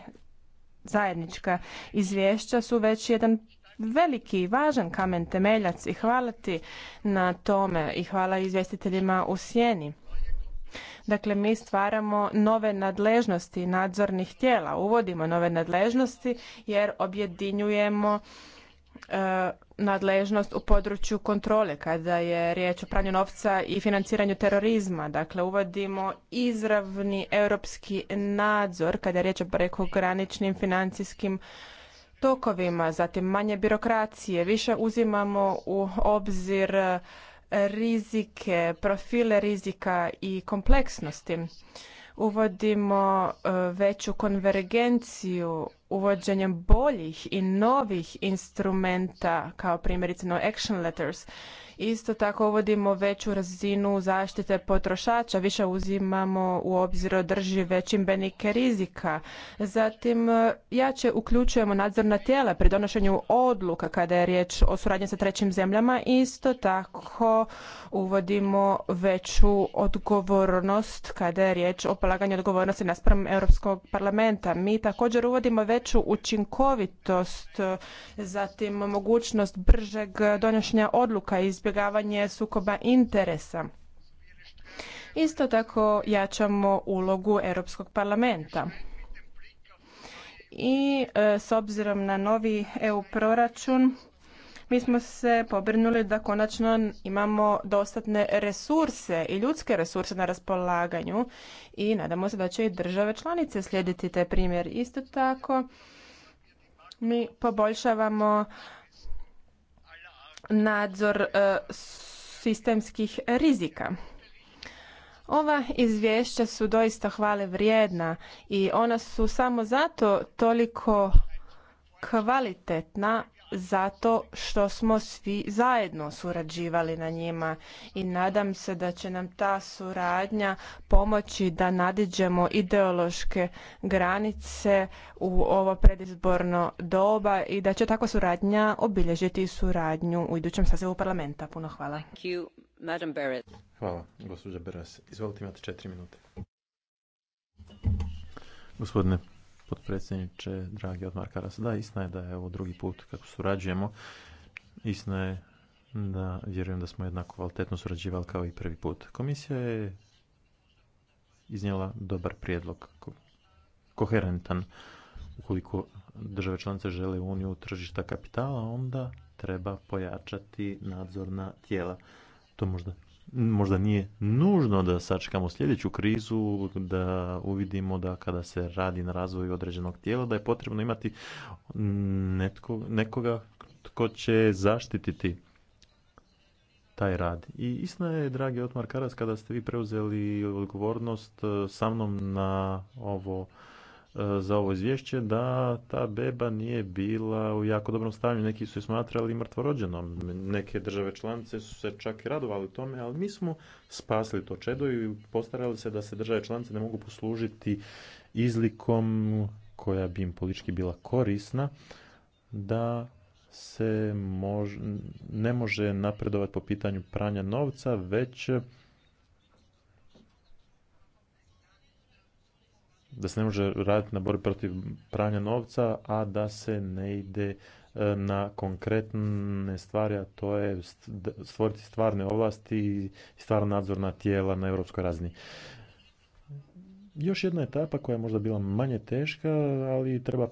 zajednička izvješća su već jedan veliki i važan kamen temeljac i hvala ti na tome i hvala izvjestiteljima u sjeni. Dakle, mi stvaramo nove nadležnosti nadzornih tijela, uvodimo nove nadležnosti jer objedinjujemo e, nadležnost u području kontrole kada je riječ o pranju novca i financiranju terorizma. Dakle, uvodimo izravni europski nadzor kada je riječ o prekograničnim financijskim tokovima, zatim manje birokracije, više uzimamo u obzir rizike, profile rizika i kompleksnosti. Uvodimo e, veću konvergenciju uvođenjem boljih i novih instrumenta kao primjerice no action letters Isto tako uvodimo veću razinu zaštite potrošača, više uzimamo u obzir održive čimbenike rizika. Zatim e, jače uključujemo nadzorna tijela pri donošenju odluka kada je riječ o suradnji sa trećim zemljama. Isto tako uvodimo veću odgovornost kada je riječ o polaganju odgovornosti naspram Europskog parlamenta. Mi također uvodimo veću učinkovitost, e, zatim mogućnost bržeg donošenja odluka iz izbjegavanje sukoba interesa. Isto tako jačamo ulogu Europskog parlamenta. I e, s obzirom na novi EU proračun, mi smo se pobrinuli da konačno imamo dostatne resurse i ljudske resurse na raspolaganju i nadamo se da će i države članice slijediti taj primjer. Isto tako mi poboljšavamo nadzor e, sistemskih rizika. Ova izvješća su doista hvale vrijedna i ona su samo zato toliko kvalitetna zato što smo svi zajedno surađivali na njima i nadam se da će nam ta suradnja pomoći da nadiđemo ideološke granice u ovo predizborno doba i da će takva suradnja obilježiti suradnju u idućem sazivu parlamenta. Puno hvala. Hvala, gospođa Izvolite, imate četiri minute. Gospodine potpredsjedniče, dragi od Marka Da, istina je da je ovo drugi put kako surađujemo. Istina je da vjerujem da smo jednako kvalitetno surađivali kao i prvi put. Komisija je iznijela dobar prijedlog, koherentan. Ukoliko države članice žele uniju tržišta kapitala, onda treba pojačati nadzorna tijela. To možda možda nije nužno da sačekamo sljedeću krizu, da uvidimo da kada se radi na razvoju određenog tijela, da je potrebno imati netko, nekoga tko će zaštititi taj rad. I istina je, dragi Otmar Karas, kada ste vi preuzeli odgovornost e, sa mnom na ovo E, za ovo izvješće da ta beba nije bila u jako dobrom stanju. Neki su je smatrali mrtvorođenom. Neke države članice su se čak i radovali tome, ali mi smo spasili to čedo i postarali se da se države članice ne mogu poslužiti izlikom koja bi im politički bila korisna da se ne može napredovati po pitanju pranja novca, već da se ne može raditi na borbi protiv pranja novca, a da se ne ide e, na konkretne stvari, a to je stvoriti stvarne ovlasti i stvarno nadzorna tijela na europskoj razini. Još jedna etapa koja je možda bila manje teška, ali treba,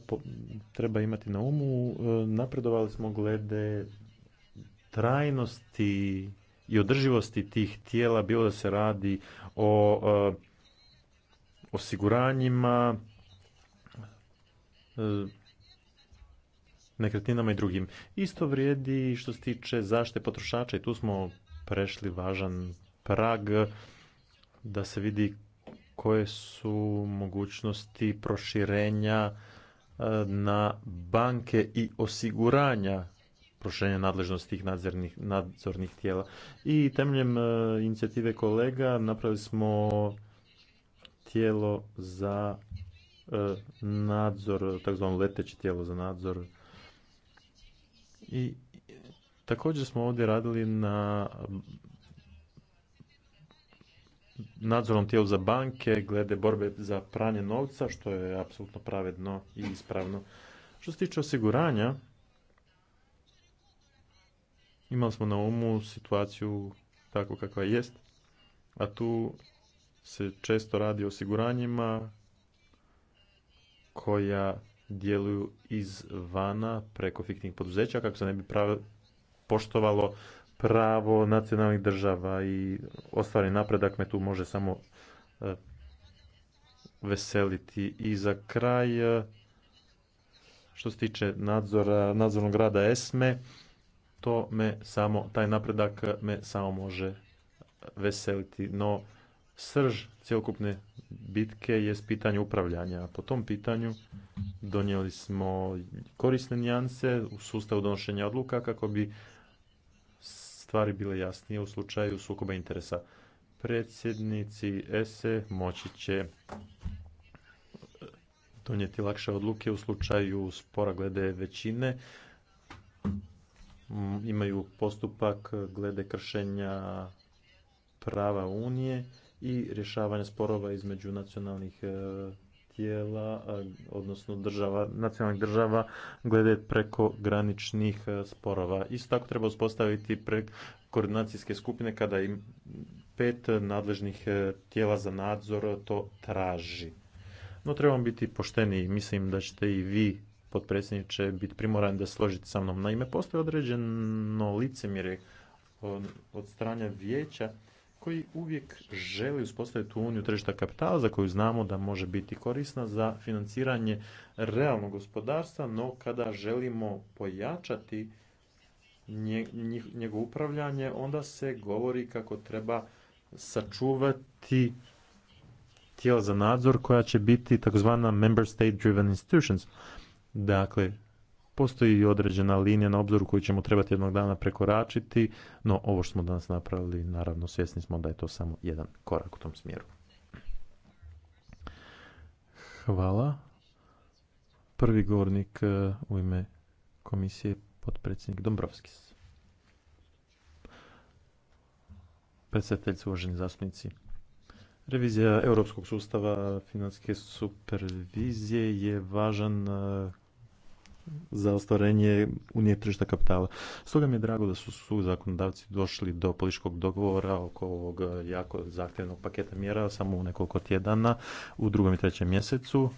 treba imati na umu, e, napredovali smo glede trajnosti i održivosti tih tijela, bilo da se radi o e, osiguranjima, e, nekretninama i drugim. Isto vrijedi što se tiče zaštite potrošača i tu smo prešli važan prag da se vidi koje su mogućnosti proširenja e, na banke i osiguranja proširenja nadležnosti tih nadzornih, nadzornih tijela. I temeljem e, inicijative kolega napravili smo tijelo za e, nadzor, takozvano leteće tijelo za nadzor. I također smo ovdje radili na nadzornom tijelu za banke glede borbe za pranje novca, što je apsolutno pravedno i ispravno. Što se tiče osiguranja, imali smo na umu situaciju tako kakva jest, a tu se često radi o osiguranjima koja djeluju izvana preko fiktivnih poduzeća kako se ne bi poštovalo pravo nacionalnih država i ostvari napredak me tu može samo e, veseliti. I za kraj, e, što se tiče nadzora, nadzornog rada ESME, to me samo, taj napredak me samo može veseliti. No, srž cjelokupne bitke je pitanje upravljanja. Po tom pitanju donijeli smo korisne nijanse u sustavu donošenja odluka kako bi stvari bile jasnije u slučaju sukoba interesa. Predsjednici ESE moći će donijeti lakše odluke u slučaju spora glede većine. Imaju postupak glede kršenja prava Unije i rješavanja sporova između nacionalnih e, tijela, odnosno država, nacionalnih država glede preko graničnih e, sporova. Isto tako treba uspostaviti pre koordinacijske skupine kada im pet nadležnih e, tijela za nadzor to traži. No trebamo biti pošteni i mislim da ćete i vi potpredsjedniče biti primorani da složite sa mnom. Naime, postoje određeno licemjerje od strane vijeća koji uvijek želi uspostaviti uniju tržišta kapitala za koju znamo da može biti korisna za financiranje realnog gospodarstva, no kada želimo pojačati njegovo upravljanje, onda se govori kako treba sačuvati tijela za nadzor koja će biti takozvana member state driven institutions. Dakle, postoji i određena linija na obzoru koju ćemo trebati jednog dana prekoračiti, no ovo što smo danas napravili, naravno svjesni smo da je to samo jedan korak u tom smjeru. Hvala. Prvi govornik e, u ime komisije, potpredsjednik Dombrovskis. Predsjedateljci, uvaženi zastupnici. Revizija europskog sustava financijske supervizije je važan e, za ostvarenje unije tržišta kapitala. Stoga mi je drago da su su zakonodavci došli do političkog dogovora oko ovog e, jako zahtjevnog paketa mjera samo u nekoliko tjedana u drugom i trećem mjesecu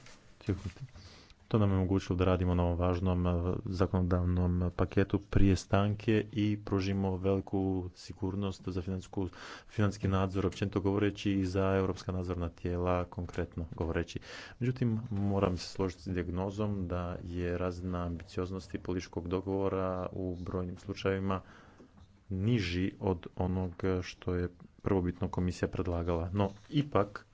to nam je omogućilo da radimo na ovom važnom eh, zakonodavnom paketu prije stanke i pružimo veliku sigurnost za financijski nadzor, općenito govoreći i za europska nadzorna tijela, konkretno govoreći. Međutim, moram se složiti s dijagnozom da je razina ambicioznosti političkog dogovora u brojnim slučajevima niži od onog što je prvobitno komisija predlagala. No, ipak,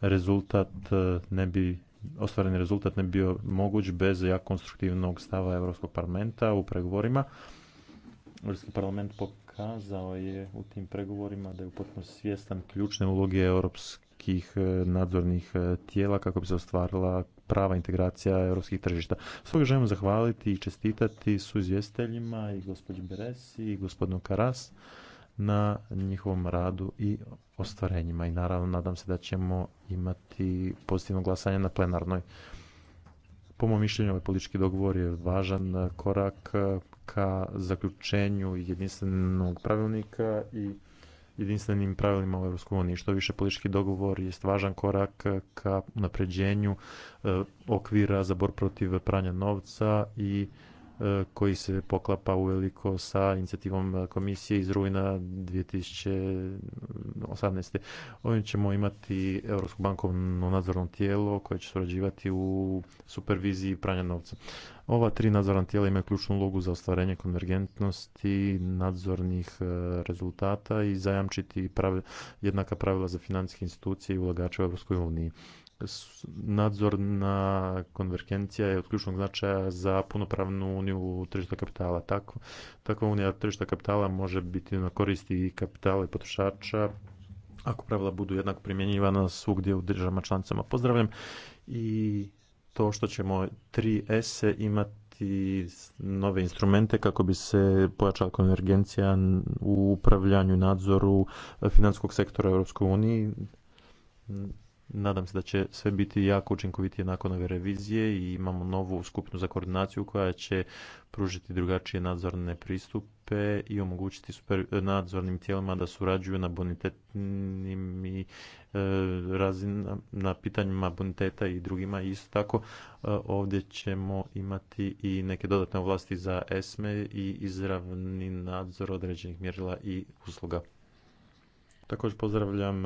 rezultat eh, ne bi ostvareni rezultat ne bio moguć bez jak konstruktivnog stava Europskog parlamenta u pregovorima. Europski parlament pokazao je u tim pregovorima da je potpuno svjestan ključne uloge europskih e, nadzornih e, tijela kako bi se ostvarila prava integracija europskih tržišta. Stoga želim zahvaliti i čestitati su izvjestiteljima i gospođi Beresi i gospodinu Karas na njihovom radu i ostvarenjima i naravno nadam se da ćemo imati pozitivno glasanje na plenarnoj. Po mom mišljenju ovaj politički dogovor je važan korak ka zaključenju jedinstvenog pravilnika i jedinstvenim pravilima u EU. Što više politički dogovor je važan korak ka napređenju e, okvira za bor protiv pranja novca i E, koji se poklapa uveliko sa inicijativom e, komisije iz rujna 2018. Ovim ćemo imati Europsko bankovno nadzorno tijelo koje će surađivati u superviziji pranja novca. Ova tri nadzorna tijela imaju ključnu ulogu za ostvarenje konvergentnosti nadzornih e, rezultata i zajamčiti jednaka pravila za financijske institucije i ulagače u Europskoj uniji nadzorna konvergencija je od ključnog značaja za punopravnu uniju tržišta kapitala. Tako, takva unija tržišta kapitala može biti na koristi i kapitala i potrošača ako pravila budu jednako primjenjivana svugdje u državama članicama. Pozdravljam i to što ćemo 3S imati nove instrumente kako bi se pojačala konvergencija u upravljanju i nadzoru financijskog sektora u Europskoj uniji Nadam se da će sve biti jako učinkovitije nakon ove revizije i imamo novu skupinu za koordinaciju koja će pružiti drugačije nadzorne pristupe i omogućiti super eh, nadzornim tijelima da surađuju na bonitetnim i eh, na pitanjima boniteta i drugima. Isto tako eh, ovdje ćemo imati i neke dodatne ovlasti za ESME i izravni nadzor određenih mjerila i usluga. Također pozdravljam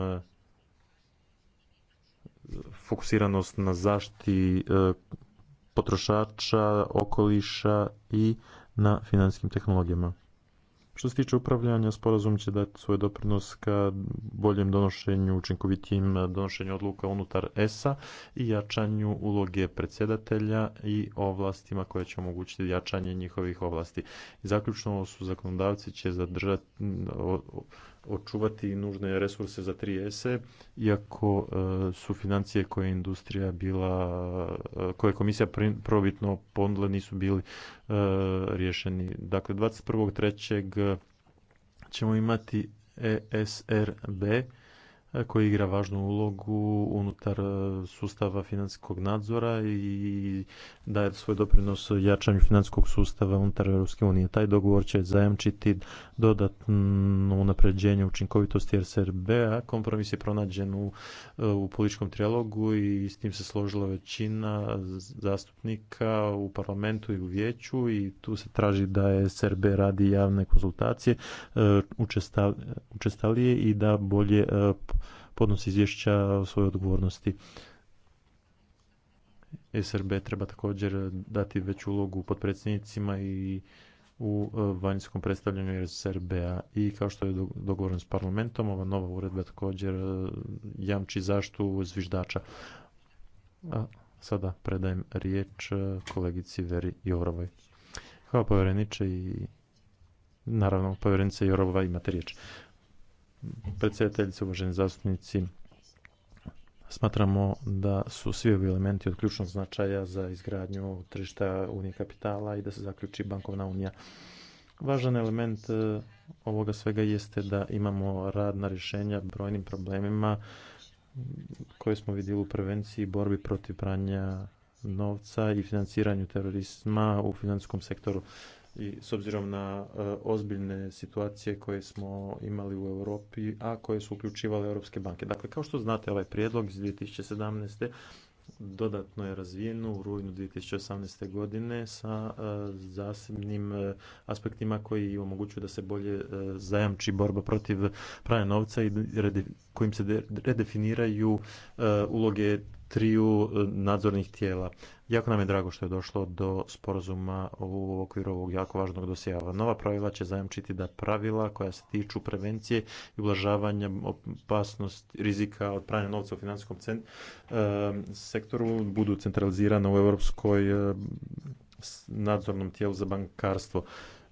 fokusiranost na zaštiti e, potrošača, okoliša i na financijskim tehnologijama. Što se tiče upravljanja, sporazum će dati svoj doprinos ka boljem donošenju, učinkovitijim donošenju odluka unutar ESA i jačanju uloge predsjedatelja i ovlastima koje će omogućiti jačanje njihovih ovlasti. I zaključno su zakonodavci će zadržati očuvati nužne resurse za 3S, iako e, su financije koje je industrija bila, e, koje je komisija probitno ponudila nisu bili e, rješeni. Dakle, 21.3. ćemo imati ESRB E, koji igra važnu ulogu unutar e, sustava financijskog nadzora i daje svoj doprinos jačanju financijskog sustava unutar Europske unije. Taj dogovor će zajamčiti dodatno unapređenje učinkovitosti RSRB-a. Kompromis je pronađen u, e, u političkom trijalogu i s tim se složila većina zastupnika u parlamentu i u vijeću i tu se traži da je SRB radi javne konzultacije učestalije i da bolje podnosi izvješća o svojoj odgovornosti. SRB treba također dati veću ulogu potpredsjednicima i u e, vanjskom predstavljanju SRB-a i kao što je dogovoreno s parlamentom, ova nova uredba također e, jamči zaštu zviždača. A sada predajem riječ e, kolegici Veri Jorovoj. Hvala povjereniče i naravno povjerenice Jorova imate riječ predsjedateljice, uvaženi zastupnici. Smatramo da su svi ovi elementi od ključnog značaja za izgradnju tržišta unije kapitala i da se zaključi bankovna unija. Važan element e, ovoga svega jeste da imamo radna rješenja brojnim problemima koje smo vidjeli u prevenciji borbi protiv pranja novca i financiranju terorizma u financijskom sektoru i s obzirom na e, ozbiljne situacije koje smo imali u Europi, a koje su uključivale europske banke. Dakle, kao što znate, ovaj prijedlog iz 2017. dodatno je razvijen u rujnu 2018. godine sa e, zasebnim e, aspektima koji omogućuju da se bolje zajamči borba protiv pranja novca i kojim se redefiniraju uloge triju nadzornih tijela. Jako nam je drago što je došlo do sporazuma u okviru ovog jako važnog dosjeva. Nova pravila će zajamčiti da pravila koja se tiču prevencije i ublažavanja opasnosti rizika od pranja novca u financijskom sektoru budu centralizirana u europskoj nadzornom tijelu za bankarstvo.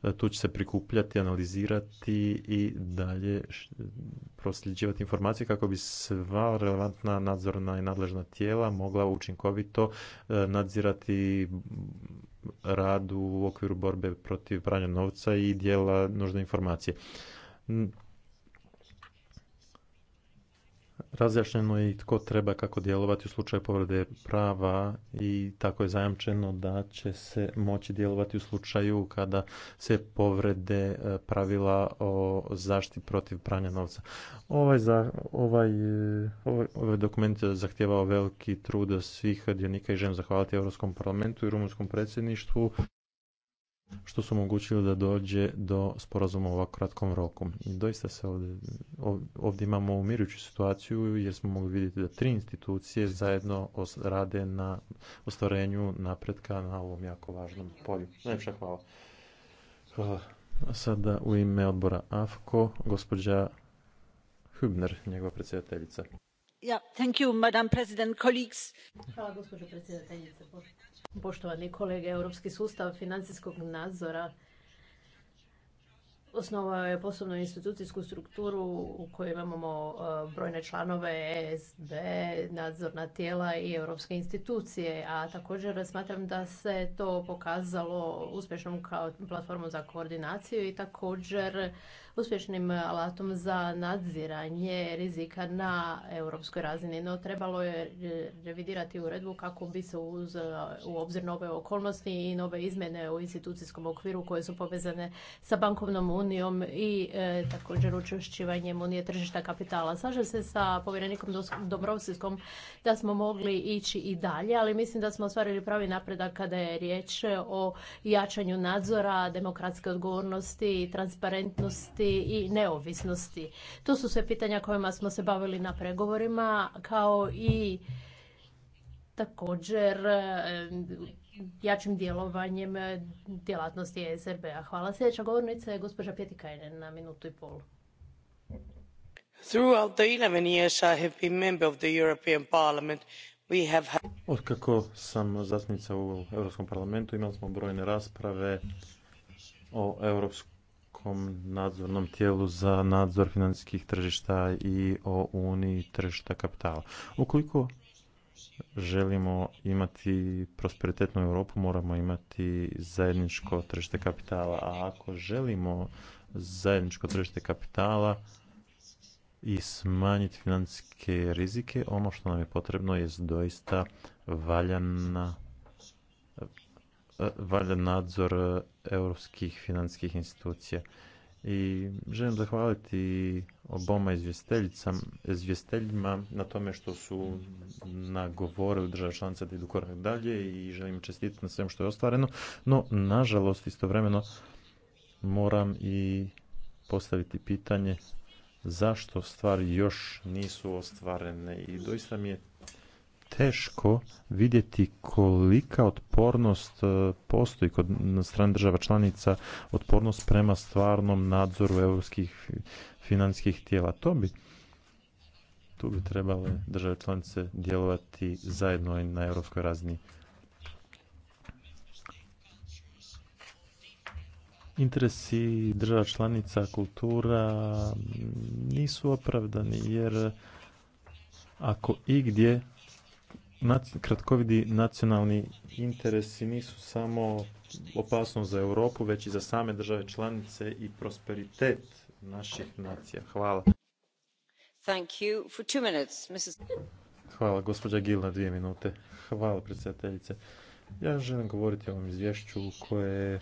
E, tu će se prikupljati, analizirati i dalje prosljeđivati informacije kako bi sva relevantna nadzorna i nadležna tijela mogla učinkovito e, nadzirati rad u okviru borbe protiv pranja novca i dijela nužne informacije Razjašnjeno je i tko treba kako djelovati u slučaju povrede prava i tako je zajamčeno da će se moći djelovati u slučaju kada se povrede e, pravila o zaštiti protiv pranja novca. Ovaj, za, ovaj, e, ovaj, ovaj, dokument zahtjevao veliki trud svih dionika i želim zahvaliti Europskom parlamentu i Rumunskom predsjedništvu što su omogućili da dođe do sporazuma u ovako kratkom roku. I doista se ovdje, ovdje imamo umirujuću situaciju jer smo mogli vidjeti da tri institucije zajedno rade na ostvarenju napretka na ovom jako važnom polju. Najpša hvala. Hvala. sada u ime odbora AFKO, gospođa Hübner, njegova predsjedateljica. Ja, thank you, madam president, colleagues. Hvala, predsjedateljice. Poštovani kolege, Europski sustav financijskog nadzora osnovao je posebnu institucijsku strukturu u kojoj imamo e, brojne članove ESB, nadzorna tijela i europske institucije, a također smatram da se to pokazalo uspješnom kao platformom za koordinaciju i također uspješnim eh, alatom za nadziranje rizika na europskoj razini. No, trebalo je eh, revidirati uredbu kako bi se uz, eh, u obzir nove okolnosti i nove izmjene u institucijskom okviru koje su povezane sa bankovnom unijom i također učešćivanjem unije tržišta kapitala. Slažem se sa povjerenikom Dobrovskom da smo mogli ići i dalje, ali mislim da smo ostvarili pravi napredak kada je riječ o jačanju nadzora, demokratske odgovornosti, transparentnosti i neovisnosti. To su sve pitanja kojima smo se bavili na pregovorima, kao i također e, jačim djelovanjem djelatnosti e srb a Hvala. Sljedeća govornica je gospođa Pjetikajnen na minutu i pol. Throughout the years sam zastupnica u Europskom parlamentu, imali smo brojne rasprave o europskom Europskom nadzornom tijelu za nadzor financijskih tržišta i o Uniji tržišta kapitala. Ukoliko želimo imati prosperitetnu Europu, moramo imati zajedničko tržište kapitala, a ako želimo zajedničko tržište kapitala i smanjiti financijske rizike, ono što nam je potrebno je doista valjana valja nadzor e, europskih financijskih institucija. I želim zahvaliti oboma izvjesteljima na tome što su nagovorili države članice da idu korak dalje i želim čestiti na svem što je ostvareno. No, nažalost, istovremeno moram i postaviti pitanje zašto stvari još nisu ostvarene i doista mi je teško vidjeti kolika otpornost e, postoji kod strane država članica otpornost prema stvarnom nadzoru europskih financijskih tijela. To bi tu bi trebale države članice djelovati zajedno i na europskoj razini. Interesi država članica kultura nisu opravdani jer ako igdje kratkovidi nacionalni interesi nisu samo opasnost za Europu, već i za same države članice i prosperitet naših nacija. Hvala. Thank you for two minutes, Mrs. Hvala, gospođa Gilna, dvije minute. Hvala, predsjedateljice. Ja želim govoriti o ovom izvješću koje je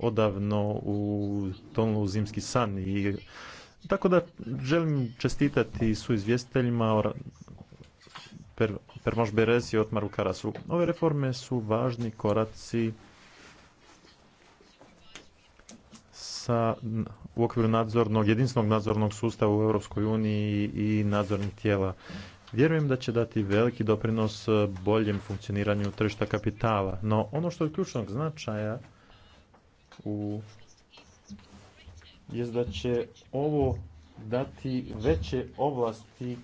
odavno u u zimski san i tako da želim čestitati su izvjestiteljima per, Permoš Berez i Otmaru Karasu. Ove reforme su važni koraci sa, u okviru nadzornog, jedinstvenog nadzornog sustava u Europskoj uniji i nadzornih tijela. Vjerujem da će dati veliki doprinos e, boljem funkcioniranju tržišta kapitala, no ono što je ključnog značaja u je da će ovo dati veće ovlasti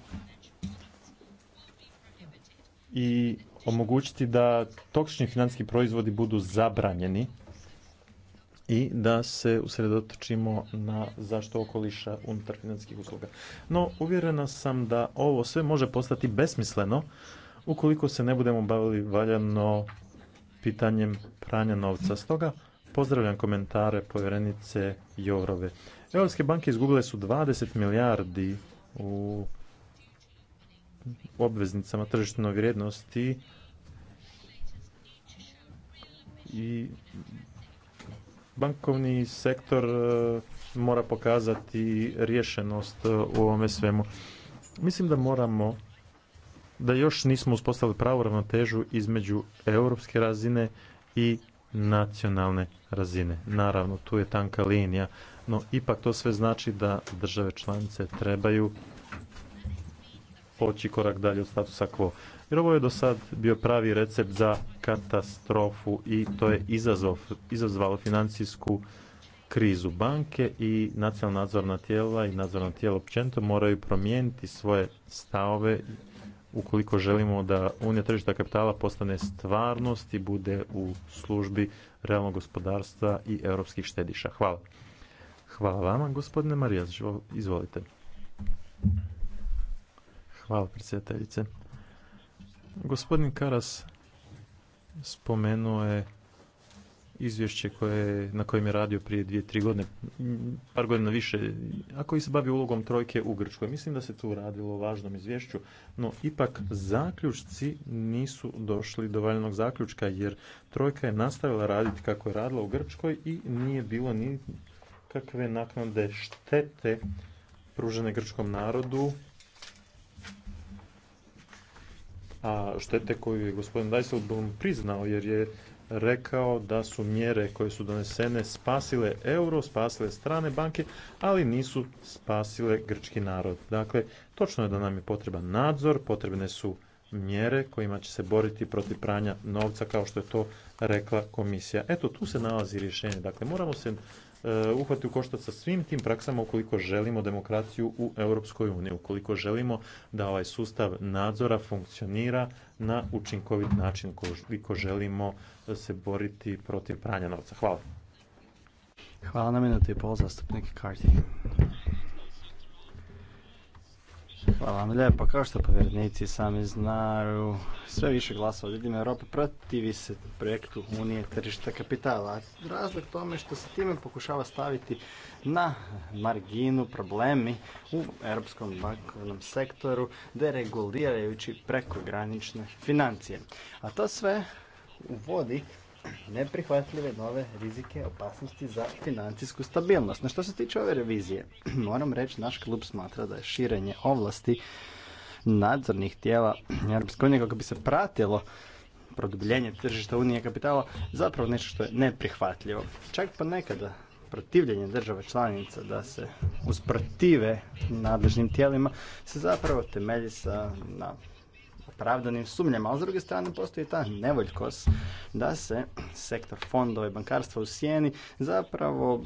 i omogućiti da toksični financijski proizvodi budu zabranjeni i da se usredotočimo na zaštitu okoliša unutar financijskih usluga. No, uvjerena sam da ovo sve može postati besmisleno ukoliko se ne budemo bavili valjano pitanjem pranja novca. Stoga pozdravljam komentare povjerenice Jorove. Europske banke izgubile su 20 milijardi u obveznicama tržišnoj vrijednosti i bankovni sektor e, mora pokazati rješenost e, u ovome svemu. Mislim da moramo da još nismo uspostavili pravu ravnotežu između europske razine i nacionalne razine. Naravno, tu je tanka linija, no ipak to sve znači da države članice trebaju poći korak dalje od statusa quo. Jer ovo je do sad bio pravi recept za katastrofu i to je izazov, izazvalo financijsku krizu. Banke i nacionalna nadzorna tijela i nadzorna tijela općenito moraju promijeniti svoje stavove ukoliko želimo da unija tržišta kapitala postane stvarnost i bude u službi realnog gospodarstva i europskih štediša. Hvala. Hvala vama, gospodine Marijas. Izvolite. Hvala predsjedateljice. Gospodin Karas spomenuo je izvješće koje, na kojem je radio prije dvije, tri godine, par godina više, a koji se bavi ulogom trojke u Grčkoj. Mislim da se tu radilo o važnom izvješću, no ipak zaključci nisu došli do valjanog zaključka, jer trojka je nastavila raditi kako je radila u Grčkoj i nije bilo ni kakve naknade štete pružene grčkom narodu a štete koju je gospodin Dijsselblom priznao jer je rekao da su mjere koje su donesene spasile euro, spasile strane banke, ali nisu spasile grčki narod. Dakle, točno je da nam je potreban nadzor, potrebne su mjere kojima će se boriti protiv pranja novca kao što je to rekla komisija. Eto, tu se nalazi rješenje. Dakle, moramo se E, uhvati u koštac sa svim tim praksama ukoliko želimo demokraciju u Europskoj uniji, ukoliko želimo da ovaj sustav nadzora funkcionira na učinkovit način, ukoliko želimo se boriti protiv pranja novca. Hvala. Hvala na minuti pol, Karti. Hvala vam lijepo. Kao što povjerenici sami znaju, sve više glasova ljudima Europe protivi se projektu Unije tržišta kapitala. Razlog tome što se time pokušava staviti na marginu problemi u europskom bankovnom sektoru deregulirajući prekogranične financije. A to sve uvodi neprihvatljive nove rizike opasnosti za financijsku stabilnost. Na što se tiče ove revizije, [clears throat] moram reći, naš klub smatra da je širenje ovlasti nadzornih tijela Europske unije kako bi se pratilo produbljenje tržišta unije kapitala zapravo nešto što je neprihvatljivo. Čak pa nekada protivljenje država članica da se usprotive nadležnim tijelima se zapravo temelji sa na opravdanim sumnjama, ali s druge strane postoji ta nevoljkost da se sektor fondova i bankarstva u sjeni zapravo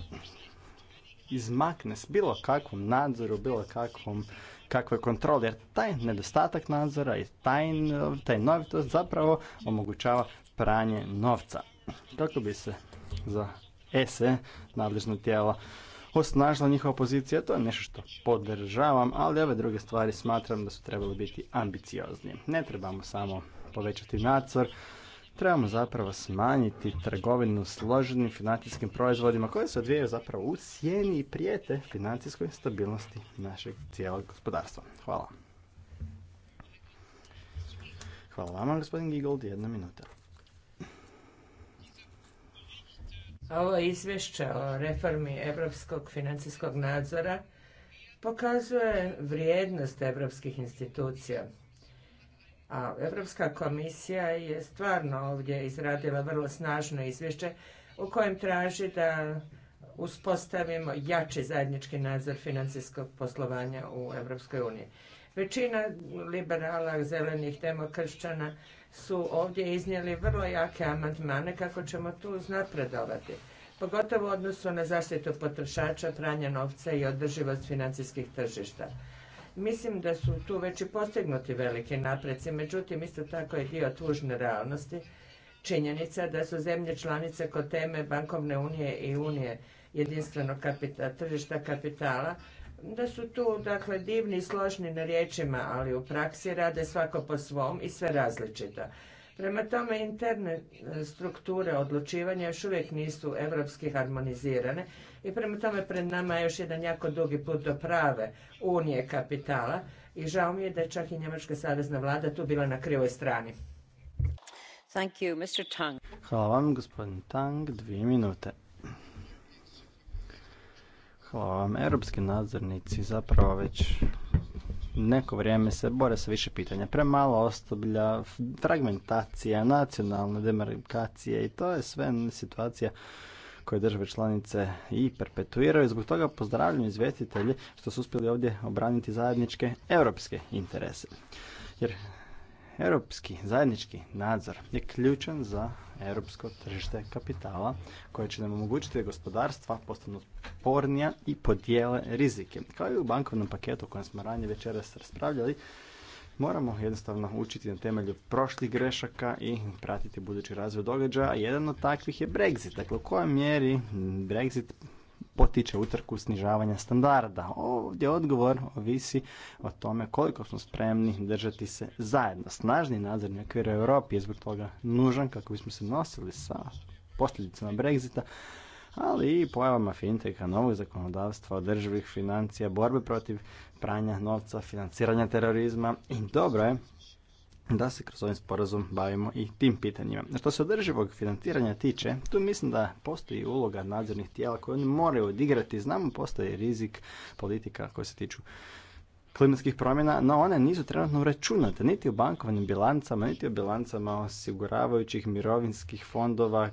izmakne s bilo kakvom nadzoru, bilo kakvom kakve kontrole, jer taj nedostatak nadzora i taj, taj novitost zapravo omogućava pranje novca. Kako bi se za ESE e nadležno tijela osnažila njihova pozicija, to je nešto što podržavam, ali ove druge stvari smatram da su trebali biti ambicioznije. Ne trebamo samo povećati nadzor, trebamo zapravo smanjiti trgovinu složenim financijskim proizvodima koje se odvijaju zapravo u sjeni i prijete financijskoj stabilnosti našeg cijelog gospodarstva. Hvala. Hvala vama, gospodin Giggold, jedna minuta. Ovo izvješće o reformi europskog financijskog nadzora pokazuje vrijednost europskih institucija. A Europska komisija je stvarno ovdje izradila vrlo snažno izvješće u kojem traži da uspostavimo jači zajednički nadzor financijskog poslovanja u Europskoj uniji. Većina liberala, zelenih, demokršćana su ovdje iznijeli vrlo jake amandmane kako ćemo tu uznapredovati pogotovo u odnosu na zaštitu potrošača, pranja novca i održivost financijskih tržišta. Mislim da su tu već i postignuti veliki napreci, međutim isto tako je dio tužne realnosti činjenica da su zemlje članice kod teme bankovne unije i unije jedinstvenog tržišta kapitala da su tu dakle divni i složni na riječima, ali u praksi rade svako po svom i sve različito. Prema tome interne e, strukture odlučivanja još uvijek nisu evropski harmonizirane i prema tome pred nama je još jedan jako dugi put do prave unije kapitala i žao mi je da je čak i njemačka savezna vlada tu bila na krivoj strani. Hvala vam, gospodin Tang, dvije minute. Hvala vam. Europski nadzornici zapravo već neko vrijeme se bore sa više pitanja. Premalo osoblja, fragmentacija, nacionalne demarkacije i to je sve situacija koje države članice i perpetuiraju. Zbog toga pozdravljam izvjetitelje što su uspjeli ovdje obraniti zajedničke europske interese. Jer Europski zajednički nadzor je ključan za europsko tržište kapitala koje će nam omogućiti da gospodarstva postanu spornija i podijele rizike. Kao i u bankovnom paketu o kojem smo ranije večeras raspravljali, moramo jednostavno učiti na temelju prošlih grešaka i pratiti budući razvoj događaja. Jedan od takvih je Brexit. Dakle, u kojoj mjeri Brexit potiče utrku snižavanja standarda. Ovdje odgovor ovisi o tome koliko smo spremni držati se zajedno. Snažni nadzorni okvir u Europi je zbog toga nužan kako bismo se nosili sa posljedicama Brexita, ali i pojavama finteka, novog zakonodavstva, održivih financija, borbe protiv pranja novca, financiranja terorizma i dobro je da se kroz ovaj sporazum bavimo i tim pitanjima. Što se održivog financiranja tiče, tu mislim da postoji uloga nadzornih tijela koje oni moraju odigrati. Znamo postoji rizik politika koje se tiču klimatskih promjena, no one nisu trenutno uračunate niti u bankovnim bilancama, niti u bilancama osiguravajućih mirovinskih fondova,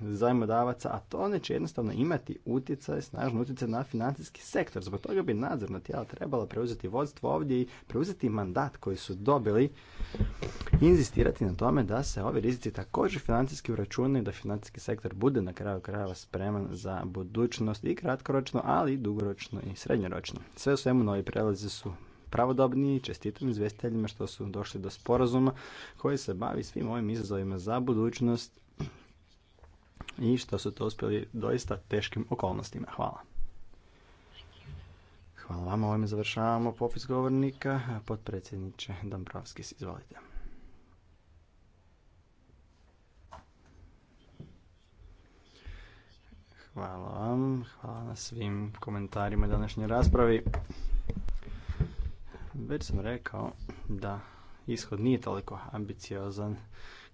zajmodavaca, a to one će jednostavno imati utjecaj, snažno utjecaj na financijski sektor. Zbog toga bi nadzorna tijela trebala preuzeti vodstvo ovdje i preuzeti mandat koji su dobili i inzistirati na tome da se ovi rizici također financijski uračunaju, da financijski sektor bude na kraju krajeva spreman za budućnost i kratkoročno, ali i dugoročno i srednjoročno. Sve u svemu novi prelazi su pravodobni i čestitam izvjestiteljima što su došli do sporazuma koji se bavi svim ovim izazovima za budućnost i što su to uspjeli doista teškim okolnostima. Hvala. Hvala vam, ovime završavamo popis govornika. Potpredsjedniče Dombrovskis, izvolite. Hvala vam, hvala na svim komentarima današnje raspravi. Već sam rekao da ishod nije toliko ambiciozan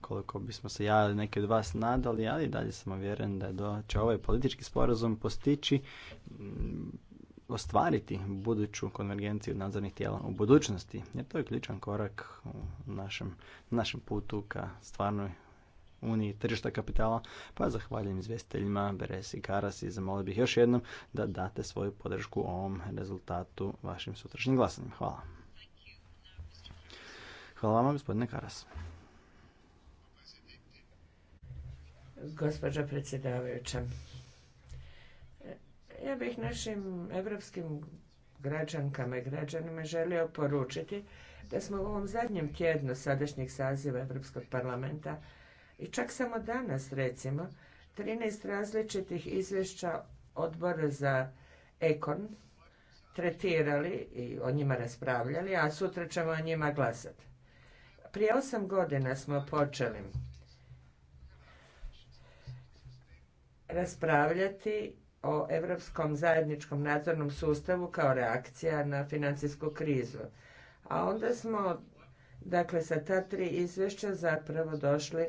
koliko bismo se ja ili neki od vas nadali, ali dalje sam uvjeren da do, će ovaj politički sporazum postići mm, ostvariti buduću konvergenciju nadzornih tijela u budućnosti, jer to je ključan korak u našem, našem putu ka stvarnoj uniji tržišta kapitala, pa zahvaljujem izvjestiteljima Beres i Karas i zamolio bih još jednom da date svoju podršku ovom rezultatu vašim sutrašnjim glasanjem. Hvala. Hvala vam, gospodine Karas. gospođo predsjedavajuća. Ja bih našim evropskim građankama i građanima želio poručiti da smo u ovom zadnjem tjednu sadašnjeg saziva Europskog parlamenta i čak samo danas recimo 13 različitih izvješća odbora za ekon tretirali i o njima raspravljali, a sutra ćemo o njima glasati. Prije osam godina smo počeli raspravljati o europskom zajedničkom nadzornom sustavu kao reakcija na financijsku krizu. A onda smo, dakle, sa ta tri izvješća zapravo došli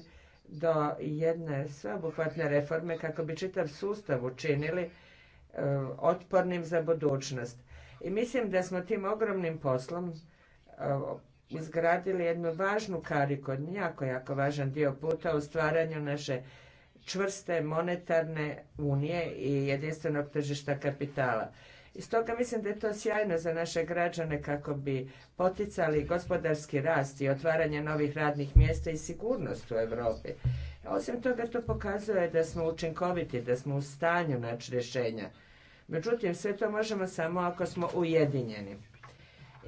do jedne sveobuhvatne reforme kako bi čitav sustav učinili e, otpornim za budućnost. I mislim da smo tim ogromnim poslom e, izgradili jednu važnu kariku, jako, jako važan dio puta u stvaranju naše čvrste monetarne unije i jedinstvenog tržišta kapitala. I stoga mislim da je to sjajno za naše građane kako bi poticali gospodarski rast i otvaranje novih radnih mjesta i sigurnost u Europi. Osim toga to pokazuje da smo učinkoviti, da smo u stanju naći rješenja. Međutim, sve to možemo samo ako smo ujedinjeni.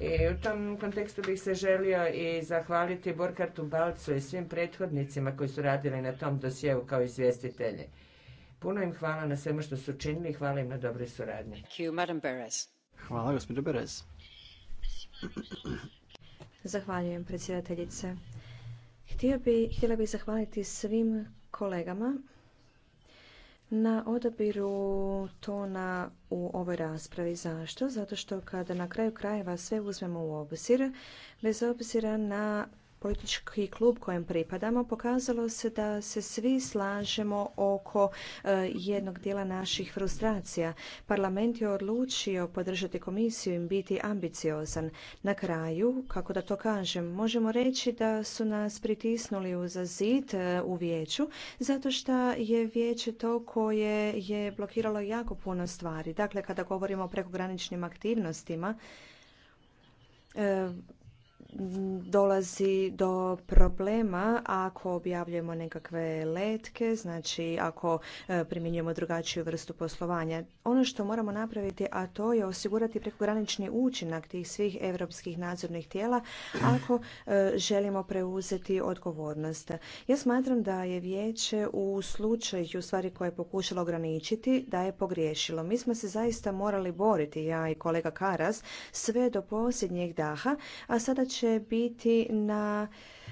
I u tom kontekstu bih se želio i zahvaliti Burkartu Balcu i svim prethodnicima koji su radili na tom dosjeu kao izvjestitelji. Puno im hvala na svemu što su činili i hvala im na dobroj suradnji. Hvala, gospođo Zahvaljujem, predsjedateljice. Htio bi, htjela bih zahvaliti svim kolegama na odabiru tona u ovoj raspravi. Zašto? Zato što kada na kraju krajeva sve uzmemo u obzir, bez obzira na politički klub kojem pripadamo pokazalo se da se svi slažemo oko e, jednog dijela naših frustracija. Parlament je odlučio podržati komisiju i biti ambiciozan. Na kraju, kako da to kažem, možemo reći da su nas pritisnuli u zid e, u vijeću zato što je vijeće to koje je blokiralo jako puno stvari. Dakle, kada govorimo o prekograničnim aktivnostima, e, dolazi do problema ako objavljujemo nekakve letke, znači ako e, primjenjujemo drugačiju vrstu poslovanja. Ono što moramo napraviti, a to je osigurati prekogranični učinak tih svih europskih nadzornih tijela ako e, želimo preuzeti odgovornost. Ja smatram da je vijeće u slučaju stvari koje je pokušalo ograničiti da je pogriješilo. Mi smo se zaista morali boriti, ja i kolega Karas, sve do posljednjeg daha, a sada će biti na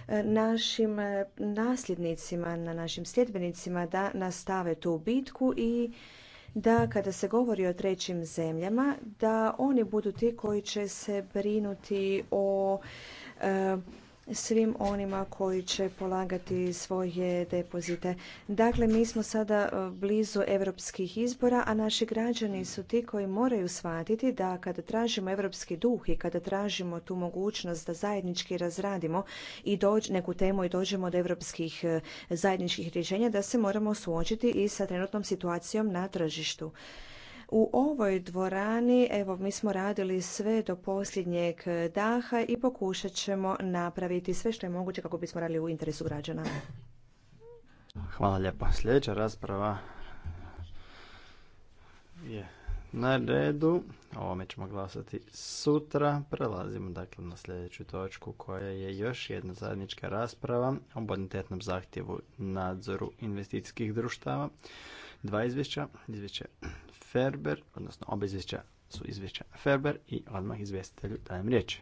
e, našim e, nasljednicima, na našim sljedbenicima da nastave tu bitku i da kada se govori o trećim zemljama, da oni budu ti koji će se brinuti o e, svim onima koji će polagati svoje depozite. Dakle, mi smo sada e, blizu europskih izbora, a naši građani su ti koji moraju shvatiti da kada tražimo europski duh i kada tražimo tu mogućnost da zajednički razradimo i dođe neku temu i dođemo do europskih e, zajedničkih rješenja, da se moramo suočiti i sa trenutnom situacijom na tržištu. U ovoj dvorani, evo, mi smo radili sve do posljednjeg daha i pokušat ćemo napraviti sve što je moguće kako bismo radili u interesu građana. Hvala lijepa. Sljedeća rasprava je na redu. O ovome ćemo glasati sutra. Prelazimo dakle na sljedeću točku koja je još jedna zajednička rasprava o bonitetnom zahtjevu nadzoru investicijskih društava. Dva izvješća. Izvješće Ferber, odnosno oba izvješća su izvješća Ferber i odmah izvjestitelju dajem riječ.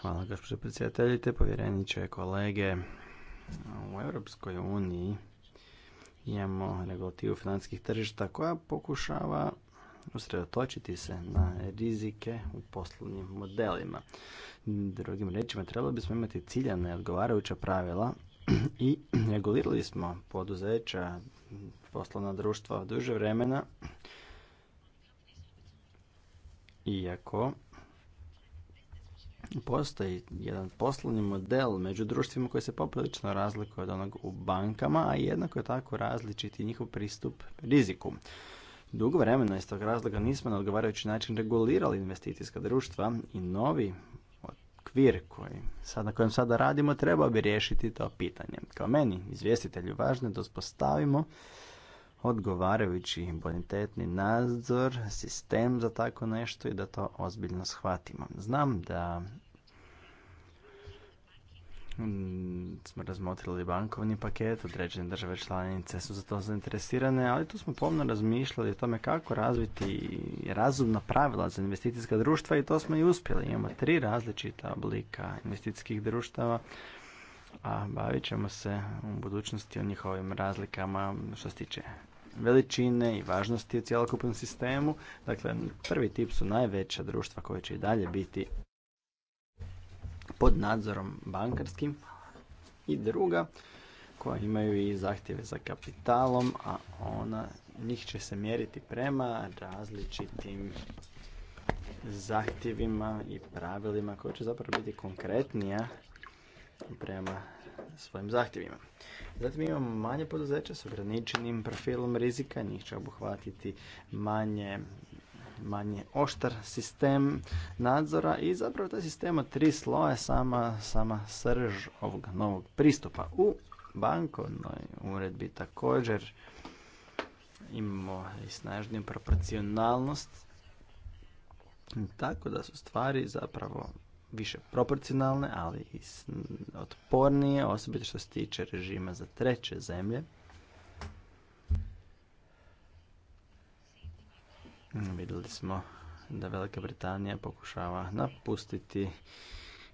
Hvala gospođo predsjedateljite, povjereniče, kolege. U Europskoj uniji imamo regulativu financijskih tržišta koja pokušava usredotočiti se na rizike u poslovnim modelima. Drugim rečima, trebali bismo imati ciljane odgovarajuća pravila [clears throat] i regulirali smo poduzeća poslovna društva duže vremena, iako postoji jedan poslovni model među društvima koji se poprilično razlikuje od onog u bankama, a jednako je tako različiti njihov pristup riziku. Dugo vremena iz tog razloga nismo na odgovarajući način regulirali investicijska društva i novi okvir sad, na kojem sada radimo treba bi riješiti to pitanje. Kao meni, izvjestitelju, važno je da uspostavimo odgovarajući bonitetni nadzor, sistem za tako nešto i da to ozbiljno shvatimo. Znam da Mm, smo razmotrili bankovni paket, određene države članice su za to zainteresirane, ali tu smo pomno razmišljali o tome kako razviti razumna pravila za investicijska društva i to smo i uspjeli. Imamo tri različita oblika investicijskih društava, a bavit ćemo se u budućnosti o njihovim razlikama što se tiče veličine i važnosti u cjelokupnom sistemu. Dakle, prvi tip su najveća društva koja će i dalje biti pod nadzorom bankarskim i druga koja imaju i zahtjeve za kapitalom, a ona, njih će se mjeriti prema različitim zahtjevima i pravilima koja će zapravo biti konkretnija prema svojim zahtjevima. Zatim imamo manje poduzeća s ograničenim profilom rizika, njih će obuhvatiti manje manje oštar sistem nadzora i zapravo taj sistem od tri sloje sama, sama srž ovog novog pristupa. U bankovnoj uredbi također imamo i snažniju proporcionalnost tako da su stvari zapravo više proporcionalne, ali i otpornije, osobito što se tiče režima za treće zemlje. Vidjeli smo da Velika Britanija pokušava napustiti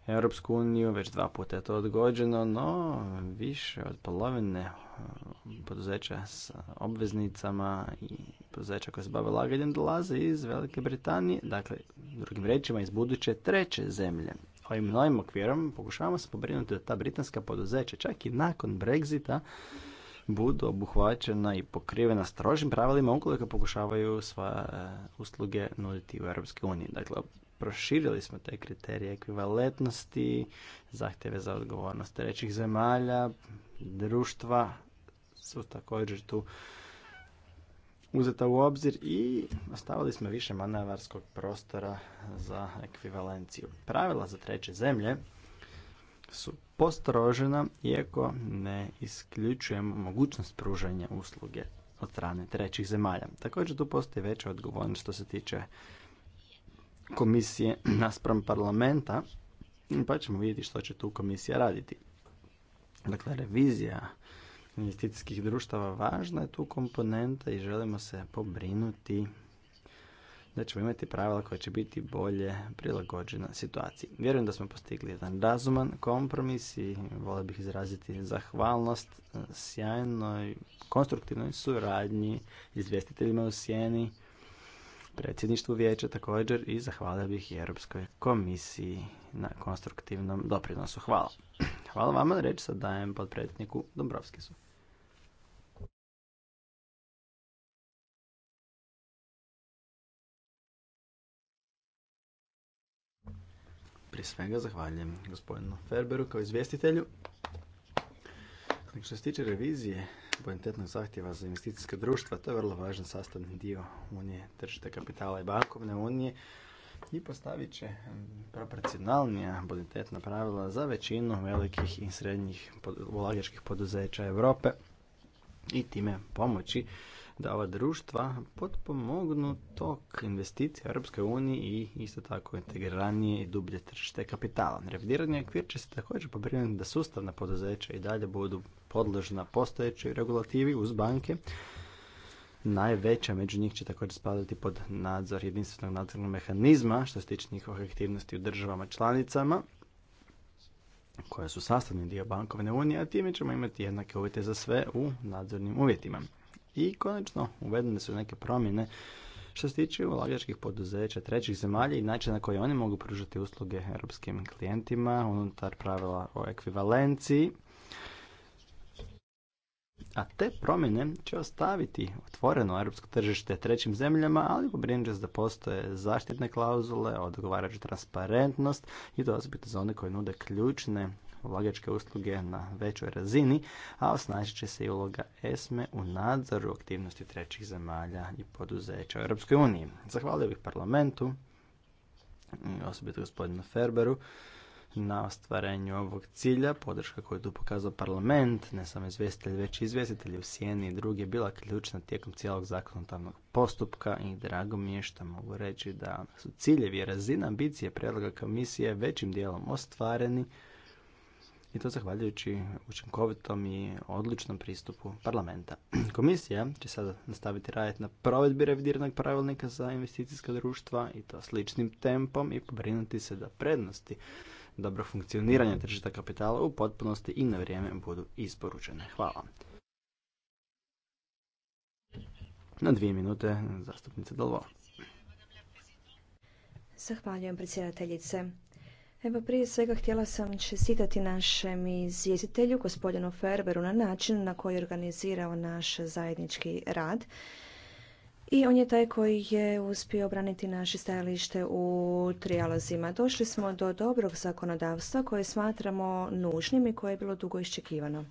Europsku uniju, već dva puta je to odgođeno, no više od polovine um, poduzeća s obveznicama i poduzeća koja se bave laganjem dolaze iz Velike Britanije, dakle drugim rečima iz buduće treće zemlje. Ovim novim okvirom pokušavamo se pobrinuti da ta britanska poduzeća čak i nakon Brexita budu obuhvaćena i pokrivena strožim pravilima ukoliko pokušavaju sva e, usluge nuditi u EU. Dakle, proširili smo te kriterije ekvivalentnosti, zahtjeve za odgovornost trećih zemalja, društva su također tu uzeta u obzir i ostavili smo više manevarskog prostora za ekvivalenciju. Pravila za treće zemlje su postrožena, iako ne isključujemo mogućnost pružanja usluge od strane trećih zemalja. Također tu postoji veća odgovornost što se tiče komisije [clears throat] naspram parlamenta, pa ćemo vidjeti što će tu komisija raditi. Dakle, revizija investicijskih društava važna je tu komponenta i želimo se pobrinuti da ćemo imati pravila koja će biti bolje prilagođena situaciji. Vjerujem da smo postigli jedan razuman kompromis i volio bih izraziti zahvalnost sjajnoj, konstruktivnoj suradnji izvjestiteljima u sjeni, predsjedništvu vijeća također i zahvalio bih i Europskoj komisiji na konstruktivnom doprinosu. Hvala. Hvala vama, reč sad dajem podpredsjedniku Dombrovskisu. Prije svega zahvaljujem gospodinu Ferberu kao izvjestitelju. Što se tiče revizije bonitetnog zahtjeva za investicijske društva, to je vrlo važan sastavni dio Unije tržišta kapitala i bankovne unije i postavit će proporcionalnija bonitetna pravila za većinu velikih i srednjih ulagačkih poduzeća Europe i time pomoći da ova društva potpomognu tok investicija Europske unije i isto tako integriranije i dublje tržište kapitala. Revidiranje okvir će se također pobrinuti da sustavna poduzeća i dalje budu podložna postojećoj regulativi uz banke. Najveća među njih će također spadati pod nadzor jedinstvenog nadzornog mehanizma što se tiče njihovih aktivnosti u državama članicama koje su sastavni dio bankovne unije, a time ćemo imati jednake uvjete za sve u nadzornim uvjetima. I konačno uvedene su neke promjene što se tiče ulagačkih poduzeća trećih zemalja i načina na koji oni mogu pružati usluge europskim klijentima unutar pravila o ekvivalenciji. A te promjene će ostaviti otvoreno europsko tržište trećim zemljama, ali pobrinut se da postoje zaštitne klauzule, odgovarajuća transparentnost i to za one koje nude ključne ulagačke usluge na većoj razini, a osnažit će se i uloga ESME u nadzoru aktivnosti trećih zemalja i poduzeća u Europskoj Zahvalio bih parlamentu, osobito gospodinu Ferberu, na ostvarenju ovog cilja, podrška koju je tu pokazao parlament, ne samo izvjestitelj, već i izvjestitelji u Sijeni i drugi, je bila ključna tijekom cijelog zakonodavnog postupka i drago mi je što mogu reći da su ciljevi i razina ambicije prijedloga komisije većim dijelom ostvareni, i to zahvaljujući učinkovitom i odličnom pristupu parlamenta. [clears throat] Komisija će sada nastaviti raditi na provedbi revidiranog pravilnika za investicijska društva i to sličnim tempom i pobrinuti se da prednosti dobro funkcioniranja tržišta kapitala u potpunosti i na vrijeme budu isporučene. Hvala. Na dvije minute zastupnica Dalvo. Zahvaljujem predsjedateljice. Evo prije svega htjela sam čestitati našem izvjestitelju, gospodinu Ferberu, na način na koji je organizirao naš zajednički rad. I on je taj koji je uspio obraniti naše stajalište u trijalozima. Došli smo do dobrog zakonodavstva koje smatramo nužnim i koje je bilo dugo iščekivano.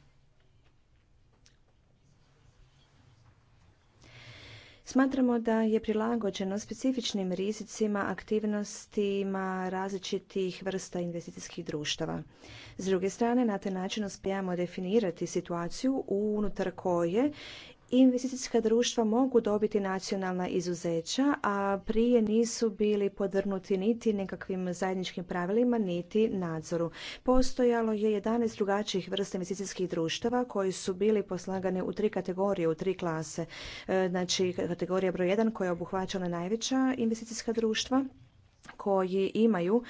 Smatramo da je prilagođeno specifičnim rizicima, aktivnostima različitih vrsta investicijskih društava. S druge strane, na taj način uspijamo definirati situaciju unutar koje investicijska društva mogu dobiti nacionalna izuzeća, a prije nisu bili podvrnuti niti nekakvim zajedničkim pravilima, niti nadzoru. Postojalo je 11 drugačijih vrsta investicijskih društava koji su bili poslagani u tri kategorije, u tri klase. E, znači, kategorija broj 1 koja obuhvaćala najveća investicijska društva, koji imaju,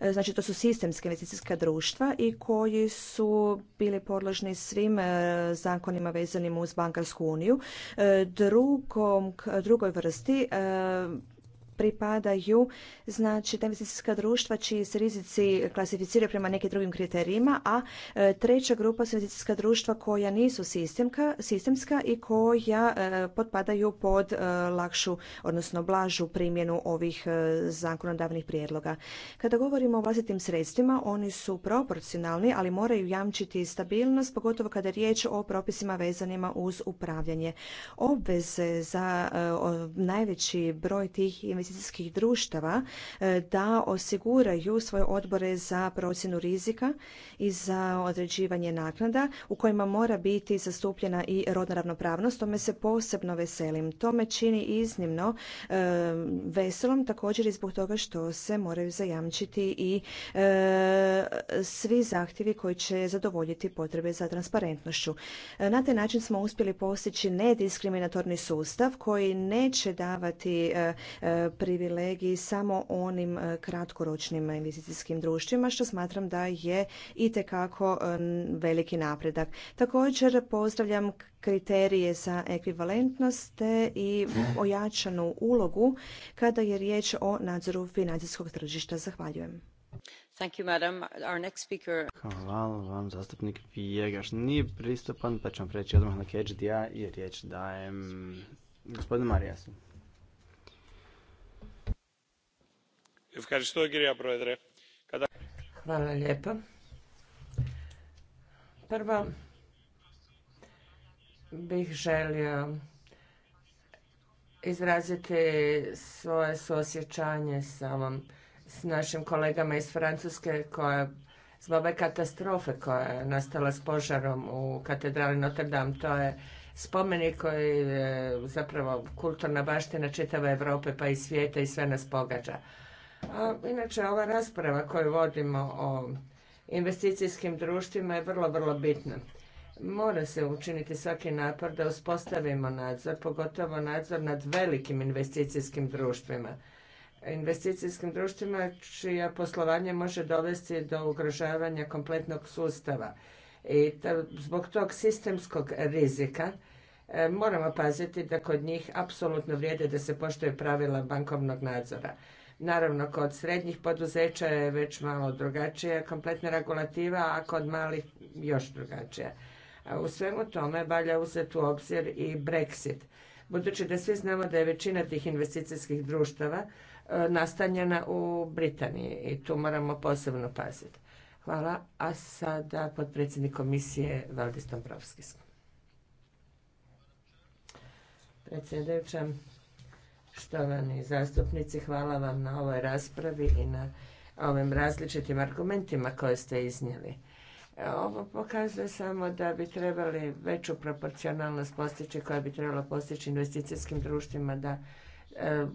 e, znači to su sistemske investicijska društva i koji su bili podložni svim e, zakonima vezanim uz bankarsku uniju. E, drugom, drugoj vrsti pripadaju znači ta investicijska društva čiji se rizici klasificiraju prema nekim drugim kriterijima, a e, treća grupa su investicijska društva koja nisu sistemka, sistemska i koja e, potpadaju pod e, lakšu, odnosno blažu primjenu ovih zakonodavnih prijedloga. Kada govorimo o vlastitim sredstvima, oni su proporcionalni, ali moraju jamčiti stabilnost, pogotovo kada je riječ o propisima vezanima uz upravljanje. Obveze za najveći broj tih investicijskih investicijskih društava e, da osiguraju svoje odbore za procjenu rizika i za određivanje naknada u kojima mora biti zastupljena i rodna ravnopravnost. Tome se posebno veselim. To me čini iznimno e, veselom također i zbog toga što se moraju zajamčiti i e, svi zahtjevi koji će zadovoljiti potrebe za transparentnošću. Na taj način smo uspjeli postići nediskriminatorni sustav koji neće davati privilegiji samo onim e, kratkoročnim investicijskim društvima, što smatram da je itekako e, veliki napredak. Također pozdravljam kriterije za ekvivalentnost i ojačanu ulogu kada je riječ o nadzoru financijskog tržišta. Zahvaljujem. Hvala vam, zastupnik Nije pristupan, pa ćemo preći odmah na KGDI i riječ dajem gospodinu Marijasu. Hvala lijepa. Prvo bih želio izraziti svoje suosjećanje sa s našim kolegama iz Francuske koja zbog ove katastrofe koja je nastala s požarom u katedrali Notre Dame. To je spomenik koji je zapravo kulturna baština čitave Europe pa i svijeta i sve nas pogađa inače, ova rasprava koju vodimo o investicijskim društvima je vrlo, vrlo bitna. Mora se učiniti svaki napor da uspostavimo nadzor, pogotovo nadzor nad velikim investicijskim društvima. Investicijskim društvima čija poslovanje može dovesti do ugrožavanja kompletnog sustava. I zbog tog sistemskog rizika e, moramo paziti da kod njih apsolutno vrijede da se poštuje pravila bankovnog nadzora. Naravno, kod srednjih poduzeća je već malo drugačija kompletna regulativa, a kod malih još drugačija. U svemu tome valja uzeti u obzir i Brexit. Budući da svi znamo da je većina tih investicijskih društava e, nastanjena u Britaniji i tu moramo posebno paziti. Hvala. A sada potpredsjednik komisije Valdis Dombrovskis. Predsjedajuća, Štovani zastupnici, hvala vam na ovoj raspravi i na ovim različitim argumentima koje ste iznijeli. E, ovo pokazuje samo da bi trebali veću proporcionalnost postići koja bi trebala postići investicijskim društvima da e,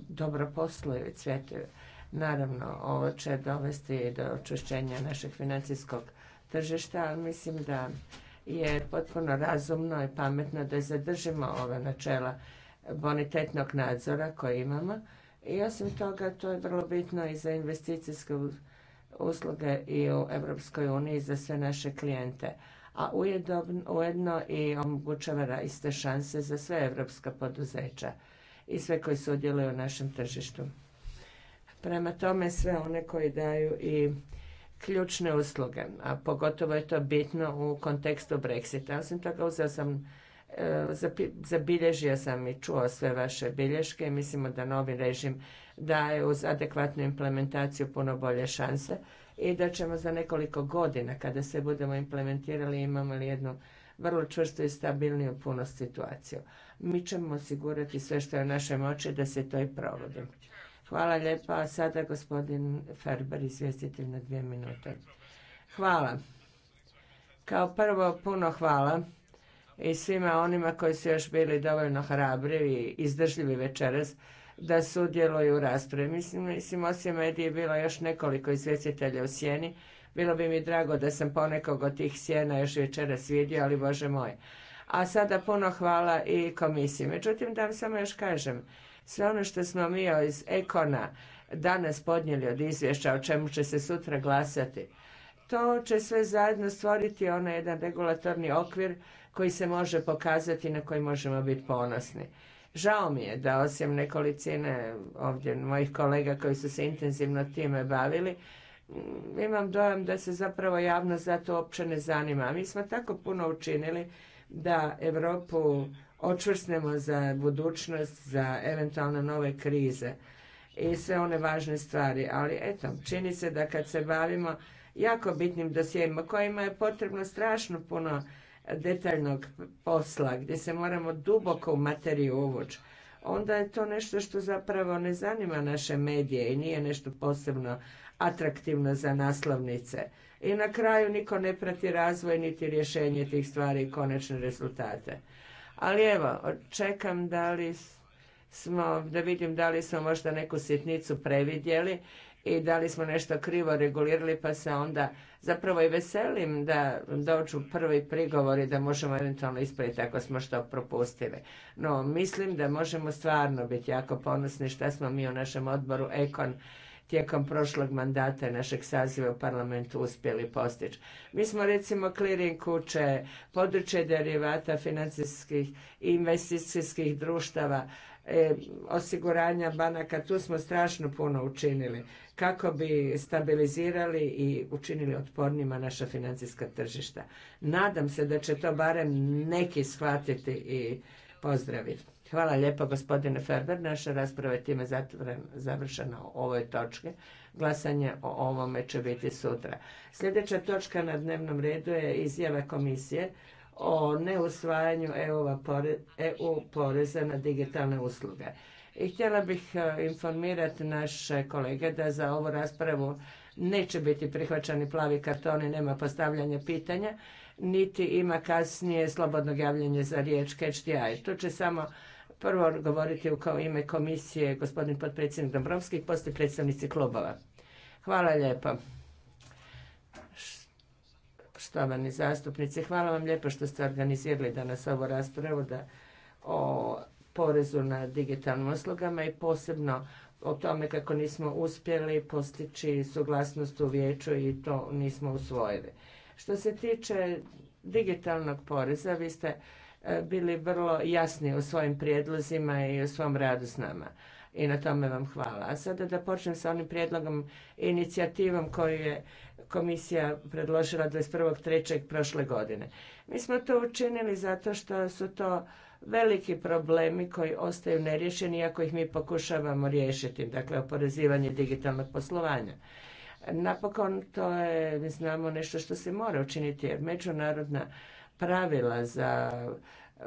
dobro posluju i cvjetuju. Naravno, ovo će dovesti do očišćenja našeg financijskog tržišta, ali mislim da je potpuno razumno i pametno da zadržimo ova načela bonitetnog nadzora koji imamo i osim toga to je vrlo bitno i za investicijske usluge i u Europskoj uniji za sve naše klijente, a ujedno i omogućava iste šanse za sve europska poduzeća i sve koji sudjeluju u našem tržištu. Prema tome sve one koji daju i ključne usluge, a pogotovo je to bitno u kontekstu Brexita. Osim toga uzeo sam E, zabilježio sam i čuo sve vaše bilješke mislimo da novi režim daje uz adekvatnu implementaciju puno bolje šanse i da ćemo za nekoliko godina kada se budemo implementirali imamo li jednu vrlo čvrstu i stabilniju puno situaciju. Mi ćemo osigurati sve što je u našoj moći da se to i provodi. Hvala lijepa. sada gospodin Ferber, izvjestitelj na dvije minute. Hvala. Kao prvo, puno hvala i svima onima koji su još bili dovoljno hrabri i izdržljivi večeras da sudjeluju u raspravi. Mislim, mislim osim medije je bilo još nekoliko izvjestitelja u sjeni. Bilo bi mi drago da sam ponekog od tih sjena još večeras vidio, ali bože moj. A sada puno hvala i komisiji. Međutim, da vam samo još kažem, sve ono što smo mi iz Ekona danas podnijeli od izvješća o čemu će se sutra glasati, to će sve zajedno stvoriti onaj jedan regulatorni okvir koji se može pokazati, na koji možemo biti ponosni. Žao mi je da osim nekolicine ovdje mojih kolega koji su se intenzivno time bavili, mm, imam dojam da se zapravo javnost za to uopće ne zanima. Mi smo tako puno učinili da Europu očvrsnemo za budućnost, za eventualne nove krize i sve one važne stvari. Ali eto, čini se da kad se bavimo jako bitnim dosjejima kojima je potrebno strašno puno detaljnog posla, gdje se moramo duboko u materiju uvući, onda je to nešto što zapravo ne zanima naše medije i nije nešto posebno atraktivno za naslovnice. I na kraju niko ne prati razvoj niti rješenje tih stvari i konačne rezultate. Ali evo, čekam da li smo, da vidim da li smo možda neku sitnicu previdjeli i da li smo nešto krivo regulirali pa se onda zapravo i veselim da dođu prvi prigovori da možemo eventualno ispraviti ako smo što propustili. No, mislim da možemo stvarno biti jako ponosni šta smo mi u našem odboru Ekon tijekom prošlog mandata našeg saziva u parlamentu uspjeli postići. Mi smo recimo clearing kuće, područje derivata financijskih i investicijskih društava E, osiguranja banaka, tu smo strašno puno učinili kako bi stabilizirali i učinili otpornima naša financijska tržišta. Nadam se da će to barem neki shvatiti i pozdraviti. Hvala lijepo gospodine Ferber. Naša rasprava je time završena o ovoj točki. Glasanje o ovome će biti sutra. Sljedeća točka na dnevnom redu je izjava komisije o neusvajanju EU e poreza na digitalne usluge. I htjela bih e, informirati naše kolege da za ovu raspravu neće biti prihvaćani plavi kartoni, nema postavljanja pitanja, niti ima kasnije slobodno javljanje za riječ catch the Tu će samo prvo govoriti u kao ime komisije gospodin potpredsjednik Dombrovski, poslije predstavnici klubova. Hvala lijepo poštovani zastupnici. Hvala vam lijepo što ste organizirali danas ovu raspravu o porezu na digitalnim uslugama i posebno o tome kako nismo uspjeli postići suglasnost u vijeću i to nismo usvojili. Što se tiče digitalnog poreza, vi ste e, bili vrlo jasni u svojim prijedlozima i u svom radu s nama. I na tome vam hvala. A sada da počnem sa onim prijedlogom, inicijativom koju je komisija predložila 21.3. prošle godine. Mi smo to učinili zato što su to veliki problemi koji ostaju neriješeni, iako ih mi pokušavamo riješiti, dakle oporezivanje digitalnog poslovanja. Napokon to je, mi znamo, nešto što se mora učiniti, jer međunarodna pravila za eh,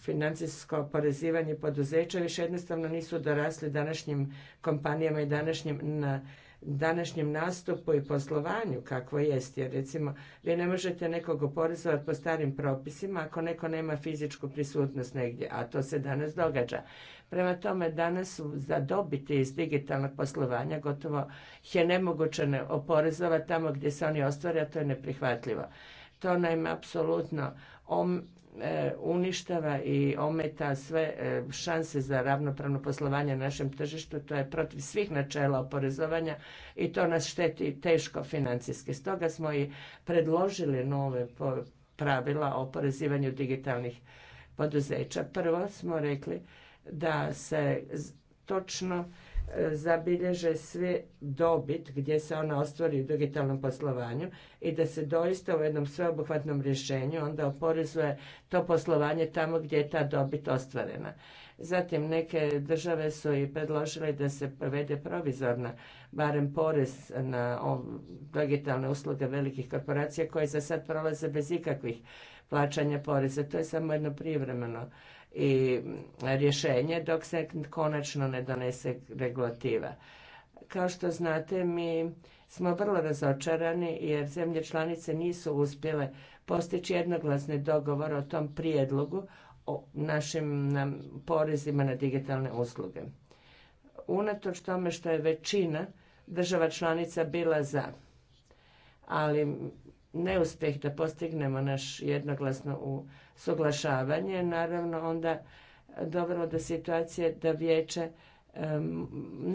financijsko oporezivanje poduzeća više jednostavno nisu dorasli današnjim kompanijama i današnjim na današnjem nastupu i poslovanju kakvo jest, jer recimo vi ne možete nekog oporezovati po starim propisima ako neko nema fizičku prisutnost negdje, a to se danas događa. Prema tome, danas za dobiti iz digitalnog poslovanja gotovo je nemoguće ne tamo gdje se oni ostvare, a to je neprihvatljivo. To nam apsolutno E, uništava i ometa sve e, šanse za ravnopravno poslovanje na našem tržištu. To je protiv svih načela oporezovanja i to nas šteti teško financijski. Stoga smo i predložili nove pravila o oporezivanju digitalnih poduzeća. Prvo smo rekli da se točno zabilježe sve dobit gdje se ona ostvari u digitalnom poslovanju i da se doista u jednom sveobuhvatnom rješenju onda oporezuje to poslovanje tamo gdje je ta dobit ostvarena. Zatim neke države su i predložile da se provede provizorna barem porez na digitalne usluge velikih korporacija koje za sad prolaze bez ikakvih plaćanja poreza. To je samo jedno privremeno i rješenje dok se konačno ne donese regulativa. Kao što znate, mi smo vrlo razočarani jer zemlje članice nisu uspjele postići jednoglasni dogovor o tom prijedlogu o našim porezima na digitalne usluge. Unatoč tome što je većina država članica bila za, ali neuspjeh da postignemo naš jednoglasno u suglašavanje, naravno onda dovelo do situacije da vijeće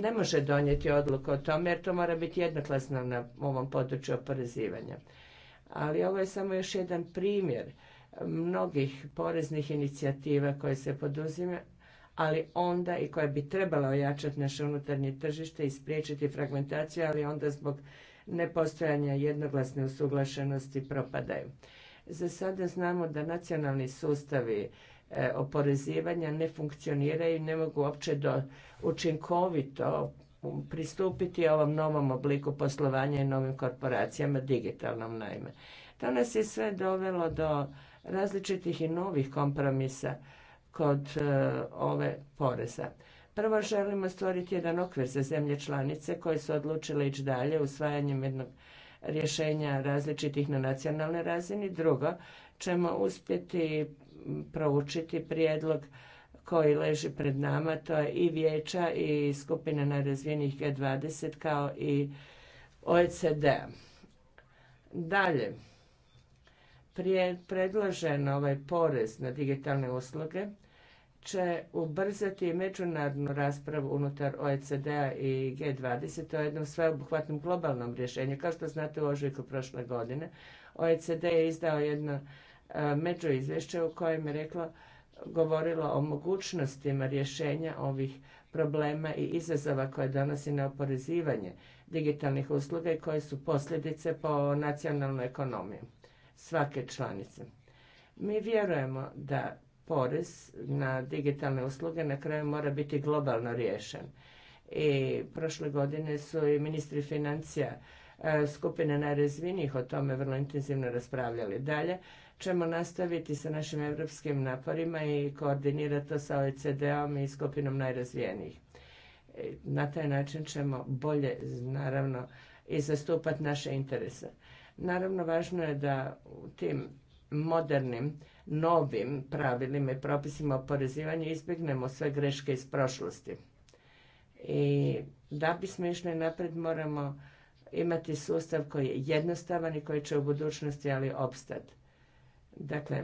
ne može donijeti odluku o tome jer to mora biti jednoklasno na ovom području oporezivanja. Ali ovo je samo još jedan primjer mnogih poreznih inicijativa koje se poduzime, ali onda i koje bi trebala ojačati naše unutarnje tržište i spriječiti fragmentaciju, ali onda zbog nepostojanja jednoglasne usuglašenosti propadaju. Za sada znamo da nacionalni sustavi e, oporezivanja ne funkcioniraju i ne mogu uopće do, učinkovito pristupiti ovom novom obliku poslovanja i novim korporacijama, digitalnom naime. Danas je sve dovelo do različitih i novih kompromisa kod e, ove poreza. Prvo želimo stvoriti jedan okvir za zemlje članice koje su odlučile ići dalje usvajanjem jednog rješenja različitih na nacionalnoj razini. Drugo, ćemo uspjeti proučiti prijedlog koji leži pred nama, to je i vijeća i skupina najrazvijenijih G20 kao i OECD. Dalje, prije predložen ovaj porez na digitalne usluge će ubrzati međunarodnu raspravu unutar OECD-a i G20 o jednom sveobuhvatnom globalnom rješenju. Kao što znate u ožujku prošle godine OECD je izdao jedno e, međuizvješće u kojem je rekla govorilo o mogućnostima rješenja ovih problema i izazova koje donosi na oporezivanje digitalnih usluga i koje su posljedice po nacionalnu ekonomiju svake članice. Mi vjerujemo da porez na digitalne usluge na kraju mora biti globalno riješen. I prošle godine su i ministri financija e, skupine najrazvinijih o tome vrlo intenzivno raspravljali. Dalje ćemo nastaviti sa našim europskim naporima i koordinirati to sa OECD-om i skupinom najrazvijenijih. E, na taj način ćemo bolje, naravno, i zastupati naše interese. Naravno, važno je da u tim modernim novim pravilima i propisima oporezivanja izbjegnemo sve greške iz prošlosti. I da bismo išli napred moramo imati sustav koji je jednostavan i koji će u budućnosti ali opstat. Dakle,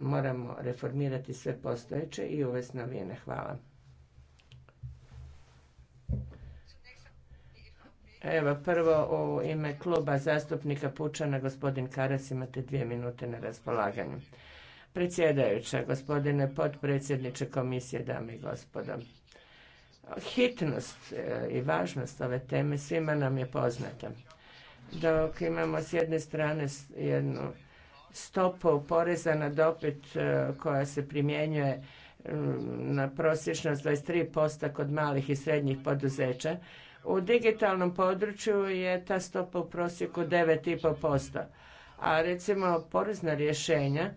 moramo reformirati sve postojeće i uvesti novine. Hvala. Evo, prvo u ime kluba zastupnika Pučana, gospodin Karas, imate dvije minute na raspolaganju. Predsjedajuća, gospodine potpredsjedniče komisije, dame i gospodo. Hitnost e, i važnost ove teme svima nam je poznata. Dok imamo s jedne strane jednu stopu poreza na dobit e, koja se primjenjuje mm, na prosječno 23% kod malih i srednjih poduzeća, u digitalnom području je ta stopa u prosjeku 9,5%. A recimo porezna rješenja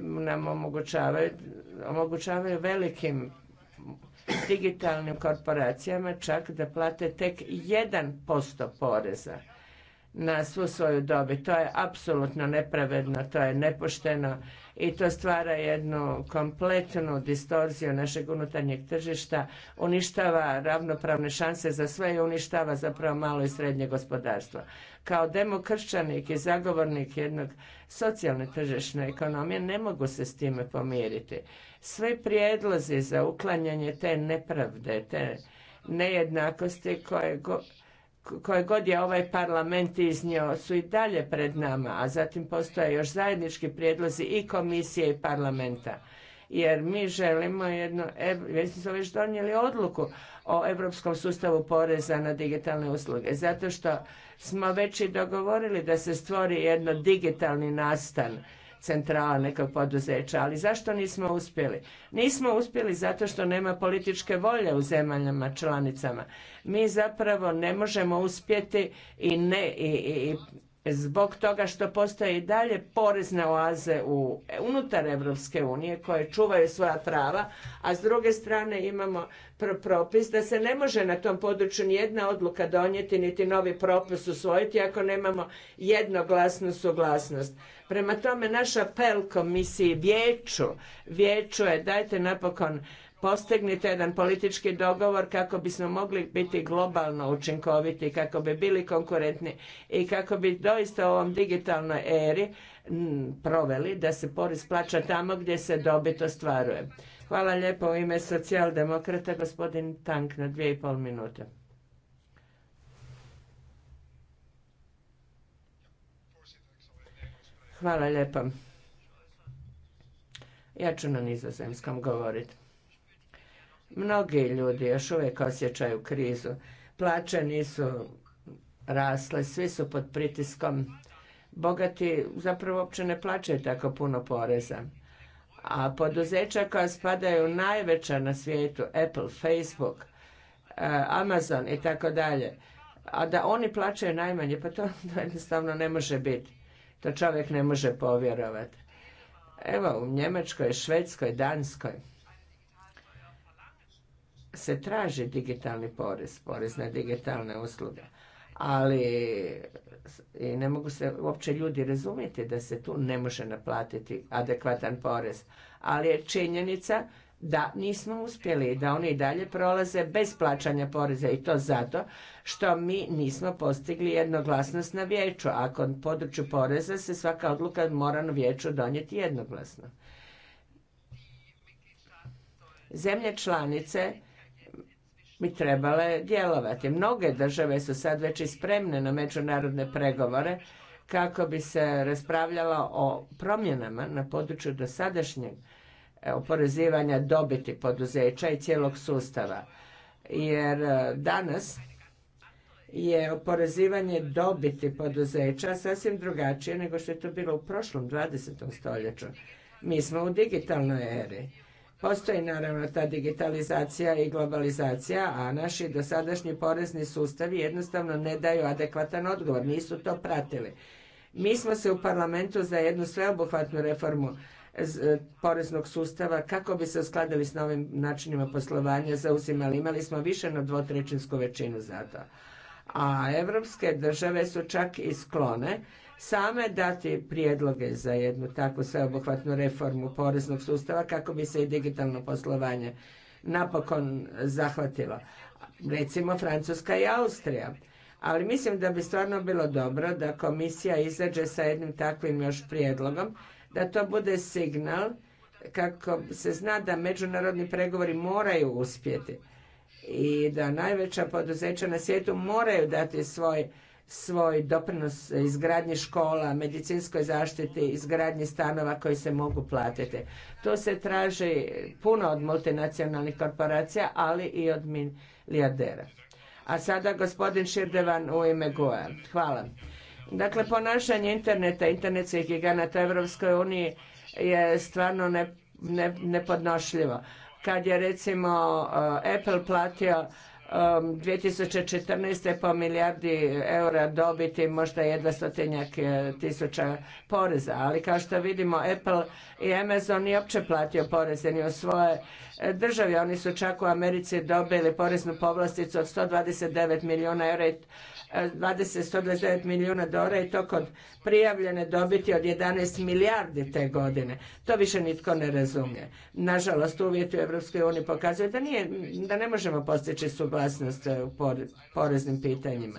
nam omogućavaju, omogućavaju velikim digitalnim korporacijama čak da plate tek 1% poreza na svu svoju dobit. To je apsolutno nepravedno, to je nepošteno i to stvara jednu kompletnu distorziju našeg unutarnjeg tržišta, uništava ravnopravne šanse za sve i uništava zapravo malo i srednje gospodarstvo. Kao demokršćanik i zagovornik jednog socijalne tržišne ekonomije ne mogu se s time pomiriti. Sve prijedlozi za uklanjanje te nepravde, te nejednakosti koje koje god je ovaj parlament iznio su i dalje pred nama, a zatim postoje još zajednički prijedlozi i komisije i parlamenta. Jer mi želimo jedno, već smo već donijeli odluku o europskom sustavu poreza na digitalne usluge. Zato što smo već i dogovorili da se stvori jedno digitalni nastan centrala nekog poduzeća. Ali zašto nismo uspjeli? Nismo uspjeli zato što nema političke volje u zemaljama, članicama. Mi zapravo ne možemo uspjeti i ne i, zbog toga što postoje i dalje porezne oaze u, unutar Evropske unije koje čuvaju svoja prava, a s druge strane imamo propis da se ne može na tom području jedna odluka donijeti niti novi propis usvojiti ako nemamo jednoglasnu suglasnost. Prema tome naš apel komisiji vijeću, vijeću je dajte napokon postignite jedan politički dogovor kako bismo mogli biti globalno učinkoviti, kako bi bili konkurentni i kako bi doista u ovom digitalnoj eri proveli da se porez plaća tamo gdje se dobit ostvaruje. Hvala lijepo u ime socijaldemokrata gospodin Tank na dvije i pol minute. Hvala lijepo. Ja ću na nizozemskom govoriti. Mnogi ljudi još uvijek osjećaju krizu. Plaće nisu rasle, svi su pod pritiskom. Bogati zapravo uopće ne plaćaju tako puno poreza. A poduzeća koja spadaju najveća na svijetu, Apple, Facebook, eh, Amazon i tako dalje, a da oni plaćaju najmanje, pa to [laughs] jednostavno ne može biti. To čovjek ne može povjerovati. Evo, u Njemačkoj, Švedskoj, Danskoj, se traži digitalni porez, porez na digitalne usluge, ali i ne mogu se uopće ljudi razumjeti da se tu ne može naplatiti adekvatan porez, ali je činjenica da nismo uspjeli da oni i dalje prolaze bez plaćanja poreza i to zato što mi nismo postigli jednoglasnost na vijeću. a kod području poreza se svaka odluka mora na vijeću donijeti jednoglasno. Zemlje članice bi trebale djelovati. Mnoge države su sad već i spremne na međunarodne pregovore kako bi se raspravljalo o promjenama na području dosadašnjeg e, oporezivanja dobiti poduzeća i cijelog sustava. Jer e, danas je oporezivanje dobiti poduzeća sasvim drugačije nego što je to bilo u prošlom 20. stoljeću. Mi smo u digitalnoj eri Postoji naravno ta digitalizacija i globalizacija, a naši dosadašnji porezni sustavi jednostavno ne daju adekvatan odgovor, nisu to pratili. Mi smo se u parlamentu za jednu sveobuhvatnu reformu e, poreznog sustava kako bi se uskladili s novim načinima poslovanja zauzimali. Imali smo više na dvotrećinsku većinu za to. A evropske države su čak i sklone same dati prijedloge za jednu takvu sveobuhvatnu reformu poreznog sustava kako bi se i digitalno poslovanje napokon zahvatilo. Recimo Francuska i Austrija. Ali mislim da bi stvarno bilo dobro da komisija izađe sa jednim takvim još prijedlogom, da to bude signal kako se zna da međunarodni pregovori moraju uspjeti i da najveća poduzeća na svijetu moraju dati svoj svoj doprinos izgradnje škola, medicinskoj zaštiti, izgradnje stanova koji se mogu platiti. To se traži puno od multinacionalnih korporacija, ali i od milijardera. A sada gospodin Širdevan u ime Goja. E. Hvala. Dakle, ponašanje interneta, internetskih giganata Evropskoj uniji je stvarno ne, nepodnošljivo. Kad je recimo uh, Apple platio 2014. Um, po milijardi eura dobiti možda jedna stotinjak e, tisuća poreza, ali kao što vidimo Apple i Amazon nije opće platio poreze ni u svoje e, države. Oni su čak u Americi dobili poreznu povlasticu od 129 milijuna eura i 20, 129 milijuna dolara i to kod prijavljene dobiti od 11 milijardi te godine. To više nitko ne razumije. Nažalost, uvjeti u Europskoj uniji pokazuju da, nije, da ne možemo postići suglasnost e, u poreznim pitanjima.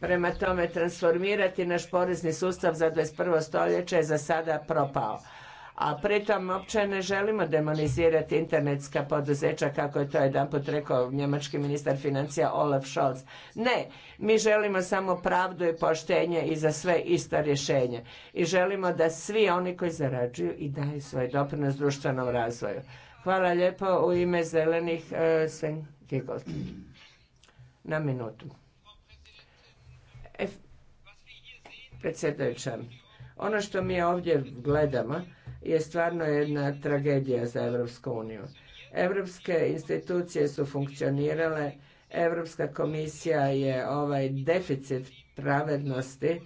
Prema tome, transformirati naš porezni sustav za 21. stoljeće je za sada propao a pritom uopće ne želimo demonizirati internetska poduzeća kako je to jedanput rekao njemački ministar financija Olaf Scholz. Ne, mi želimo samo pravdu i poštenje i za sve isto rješenje. I želimo da svi oni koji zarađuju i daju svoj doprinos društvenom razvoju. Hvala lijepo u ime zelenih e, Sven Na minutu. E, predsjedajuća, ono što mi ovdje gledamo je stvarno jedna tragedija za Europsku uniju. Europske institucije su funkcionirale, Europska komisija je ovaj deficit pravednosti e,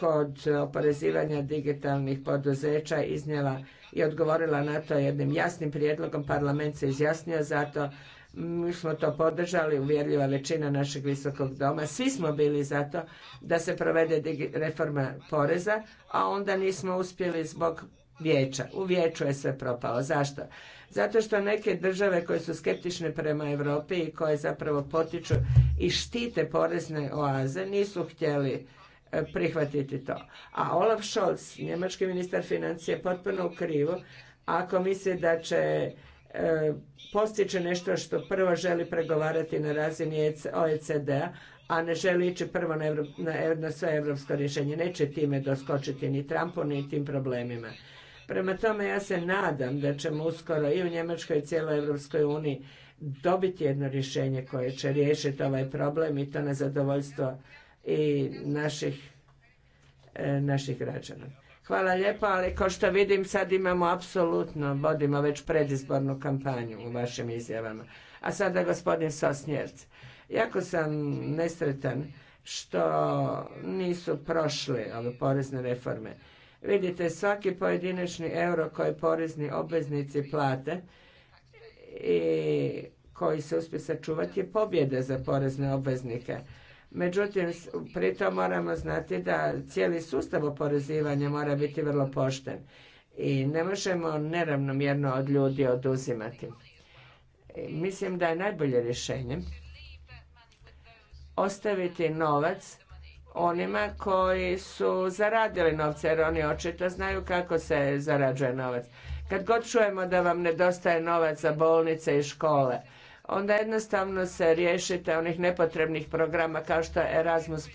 kod oporezivanja digitalnih poduzeća iznijela i odgovorila na to jednim jasnim prijedlogom. Parlament se izjasnio zato. Mi smo to podržali, uvjerljiva većina našeg visokog doma. Svi smo bili za to da se provede reforma poreza, a onda nismo uspjeli zbog vijeća. U vijeću je sve propalo. Zašto? Zato što neke države koje su skeptične prema Europi i koje zapravo potiču i štite porezne oaze nisu htjeli e, prihvatiti to. A Olaf Scholz, njemački ministar financije, potpuno u krivu ako misli da će e, postići nešto što prvo želi pregovarati na razini OECD-a, a ne želi ići prvo na, sve evropsko rješenje. Neće time doskočiti ni Trumpu, ni tim problemima. Prema tome ja se nadam da ćemo uskoro i u Njemačkoj i cijeloj Europskoj uniji dobiti jedno rješenje koje će riješiti ovaj problem i to na zadovoljstvo i naših, e, naših građana. Hvala lijepo, ali kao što vidim sad imamo apsolutno, vodimo već predizbornu kampanju u vašim izjavama. A sada gospodin Sosnjerc. Jako sam nesretan što nisu prošle ove porezne reforme Vidite, svaki pojedinačni euro koji porezni obveznici plate i koji se uspije sačuvati je pobjeda za porezne obveznike. Međutim, pritom moramo znati da cijeli sustav oporezivanja mora biti vrlo pošten i ne možemo neravnomjerno od ljudi oduzimati. E, mislim da je najbolje rješenje ostaviti novac onima koji su zaradili novce, jer oni očito znaju kako se zarađuje novac. Kad god čujemo da vam nedostaje novac za bolnice i škole, onda jednostavno se riješite onih nepotrebnih programa kao što je Erasmus+,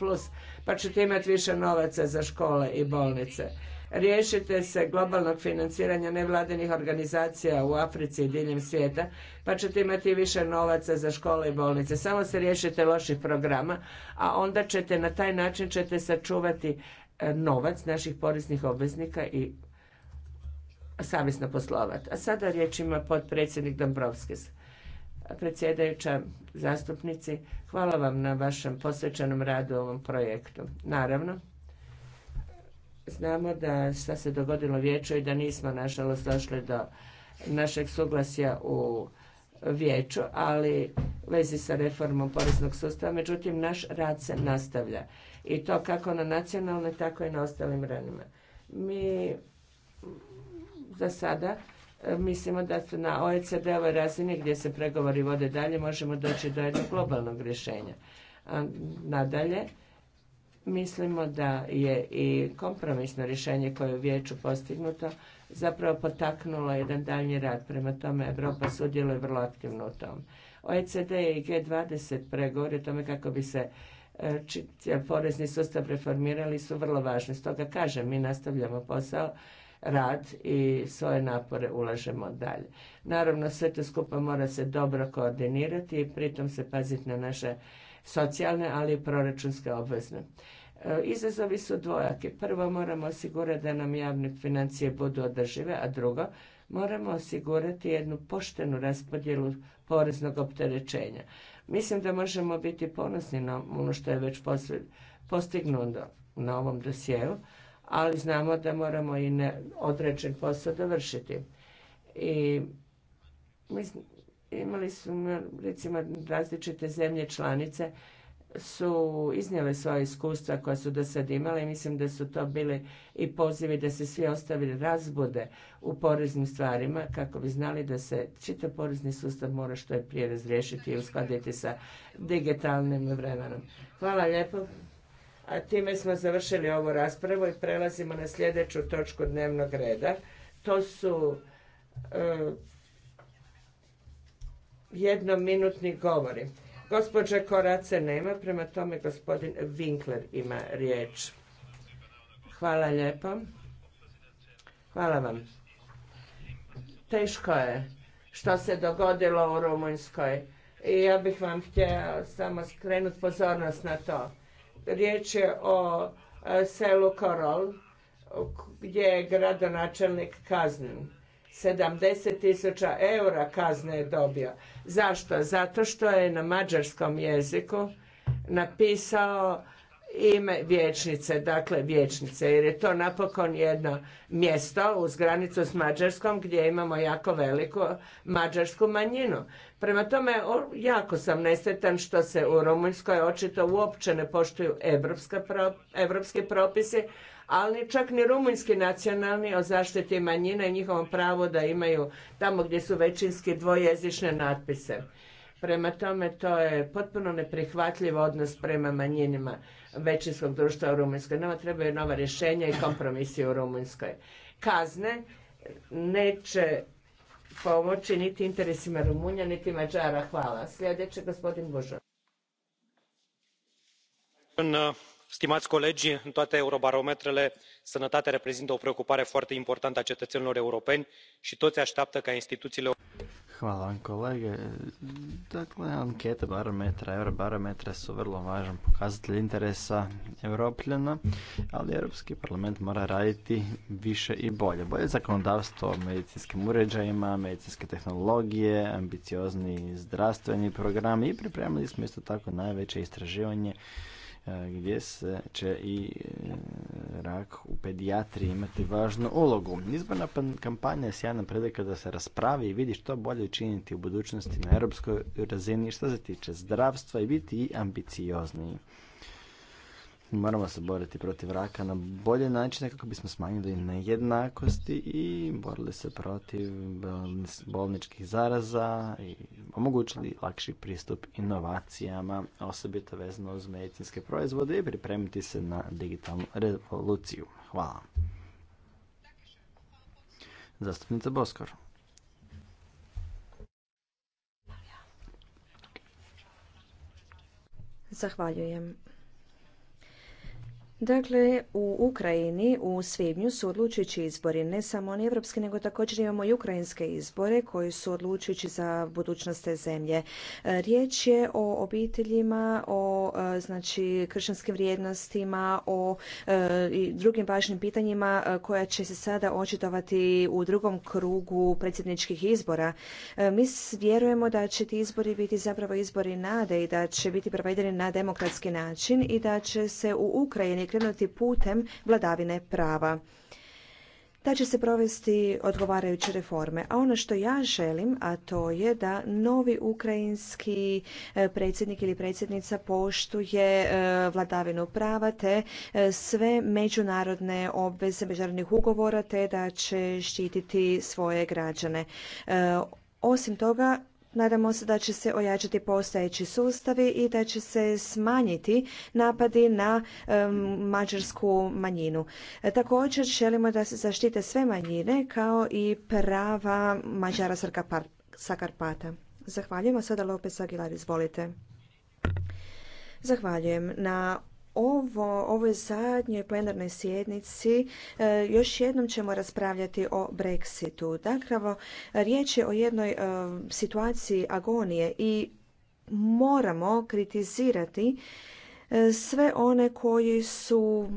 pa ćete imati više novaca za škole i bolnice riješite se globalnog financiranja nevladinih organizacija u Africi i diljem svijeta, pa ćete imati više novaca za škole i bolnice. Samo se riješite loših programa, a onda ćete na taj način ćete sačuvati e, novac naših poreznih obveznika i savjesno poslovati. A sada riječ ima potpredsjednik Dombrovskis. Predsjedajuća zastupnici, hvala vam na vašem posvećenom radu ovom projektu. Naravno, Znamo da šta se dogodilo vijeću i da nismo nažalost došli do našeg suglasja u vijeću, ali vezi sa reformom poreznog sustava, međutim naš rad se nastavlja. I to kako na nacionalnoj, tako i na ostalim ranima. Mi za sada mislimo da na OECD-ovoj razini gdje se pregovori vode dalje možemo doći do jednog globalnog rješenja. nadalje, Mislimo da je i kompromisno rješenje koje je u vijeću postignuto zapravo potaknulo jedan daljnji rad. Prema tome, Europa sudjeluje vrlo aktivno u tom. OECD i G20 pregovori o tome kako bi se e, porezni sustav reformirali su vrlo važni. Stoga kažem, mi nastavljamo posao, rad i svoje napore ulažemo dalje. Naravno, sve to skupa mora se dobro koordinirati i pritom se paziti na naše socijalne, ali i proračunske obvezne. E, izazovi su dvojaki. Prvo, moramo osigurati da nam javne financije budu održive, a drugo, moramo osigurati jednu poštenu raspodjelu poreznog opterećenja. Mislim da možemo biti ponosni na ono što je već postignuto na ovom dosjeu, ali znamo da moramo i određen posao dovršiti. I mislim, imali su, recimo, različite zemlje članice su iznijele svoje iskustva koja su do sad imale i mislim da su to bili i pozivi da se svi ostavili razbude u poreznim stvarima kako bi znali da se čitav porezni sustav mora što je prije razriješiti i uskladiti sa digitalnim vremenom. Hvala lijepo. A time smo završili ovu raspravu i prelazimo na sljedeću točku dnevnog reda. To su e, jednominutni govori. Gospođe Korace nema, prema tome gospodin Winkler ima riječ. Hvala lijepo. Hvala vam. Teško je što se dogodilo u Rumunjskoj i ja bih vam htjela samo skrenuti pozornost na to. Riječ je o e, selu Korol gdje je gradonačelnik kaznen 70 tisuća eura kazne je dobio. Zašto? Zato što je na mađarskom jeziku napisao ime vječnice, dakle vječnice, jer je to napokon jedno mjesto uz granicu s Mađarskom gdje imamo jako veliku mađarsku manjinu. Prema tome, jako sam nesretan što se u Rumunjskoj očito uopće ne poštuju evropski propisi, ali čak ni rumunjski nacionalni o zaštiti manjina i njihovom pravu da imaju tamo gdje su većinski dvojezične natpise. Prema tome, to je potpuno neprihvatljiv odnos prema manjinima većinskog društva u Rumunjskoj. Nama trebaju nova rješenja i kompromisi u Rumunjskoj. Kazne neće pomoći niti interesima Rumunja, niti Mađara. Hvala. Sljedeće, gospodin Bužo stimați colegi în toate eurobarometrele sănătatea reprezintă o preocupare foarte importantă a cetățenilor europeni și toți așteaptă ca instituțiile. Hvala vam kolege. Dakle, ankete barometra, eurobarometra su vrlo važan pokazatelj interesa europljana, ali Europski parlament mora raditi više i bolje. Bolje zakonodavstvo o medicinskim uređajima, medicinske tehnologije, ambiciozni zdravstveni programi i pripremili smo isto tako najveće istraživanje E, gdje se će i e, rak u pedijatriji imati važnu ulogu. Izborna kampanja je sjajna prilika da se raspravi i vidi što bolje učiniti u budućnosti na europskoj razini što se tiče zdravstva i biti i ambiciozniji. Moramo se boriti protiv raka na bolje načine kako bismo smanjili nejednakosti i borili se protiv um, bolničkih zaraza i omogućili lakši pristup inovacijama, osobito vezano uz medicinske proizvode i pripremiti se na digitalnu revoluciju. Hvala. Zastupnica Boskor. Zahvaljujem. Dakle, u Ukrajini u svibnju su odlučujući izbori, ne samo oni evropski, nego također imamo i ukrajinske izbore koji su odlučujući za budućnost te zemlje. E, riječ je o obiteljima, o e, znači kršćanskim vrijednostima, o e, i drugim važnim pitanjima koja će se sada očitovati u drugom krugu predsjedničkih izbora. Mi vjerujemo da će ti izbori biti zapravo izbori nade i da će biti provedeni na demokratski način i da će se u Ukrajini krenuti putem vladavine prava da će se provesti odgovarajuće reforme. A ono što ja želim, a to je da novi ukrajinski e, predsjednik ili predsjednica poštuje e, vladavinu prava te e, sve međunarodne obveze međunarodnih ugovora te da će štititi svoje građane. Osim toga, Nadamo se da će se ojačati postojeći sustavi i da će se smanjiti napadi na mađarsku manjinu. E, također želimo da se zaštite sve manjine kao i prava Mađara sakarpata Zahvaljujemo sada Aguilar, izvolite. Zahvaljujem na ovo, ovoj zadnjoj plenarnoj sjednici e, još jednom ćemo raspravljati o Brexitu. Dakle, riječ je o jednoj e, situaciji agonije i moramo kritizirati e, sve one koji su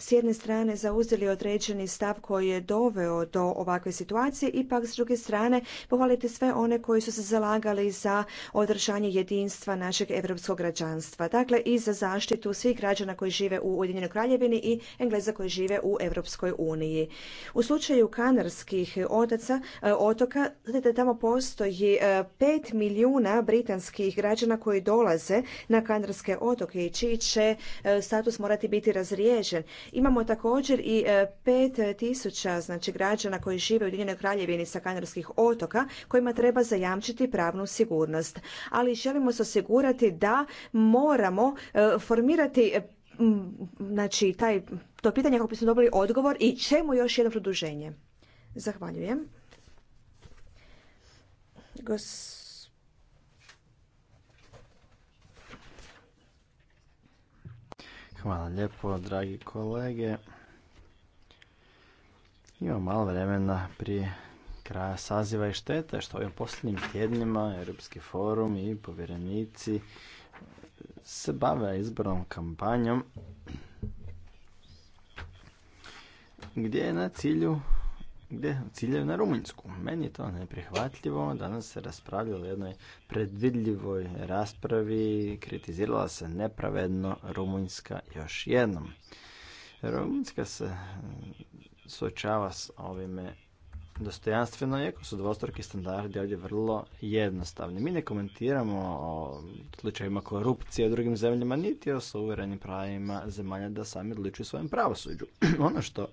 s jedne strane zauzeli određeni stav koji je doveo do ovakve situacije, ipak s druge strane pohvaliti sve one koji su se zalagali za održanje jedinstva našeg europskog građanstva. Dakle, i za zaštitu svih građana koji žive u Ujedinjenoj Kraljevini i Engleza koji žive u Europskoj uniji. U slučaju kanarskih otaca, eh, otoka, znate tamo postoji eh, pet milijuna britanskih građana koji dolaze na kanarske otoke i čiji će eh, status morati biti razriješen Imamo također i 5000 e, znači, građana koji žive u Ujedinjenoj kraljevini sa kanarskih otoka kojima treba zajamčiti pravnu sigurnost. Ali želimo se osigurati da moramo e, formirati e, znači, taj, to pitanje kako bismo dobili odgovor i čemu još jedno produženje. Zahvaljujem. Gos Hvala lijepo, dragi kolege. Imamo malo vremena prije kraja saziva i štete što u posljednjim tjednima Europski forum i povjerenici se bave izbornom kampanjom gdje je na cilju gdje ciljaju na Rumunjsku. Meni je to neprihvatljivo. Danas se raspravljalo o jednoj predvidljivoj raspravi. Kritizirala se nepravedno Rumunjska još jednom. Rumunjska se mm, suočava s ovime dostojanstveno, iako su dvostruki standardi ovdje vrlo jednostavni. Mi ne komentiramo o slučajevima korupcije u drugim zemljama, niti o suverenim pravima zemalja da sami odličuju svojem pravosuđu. [clears throat] ono što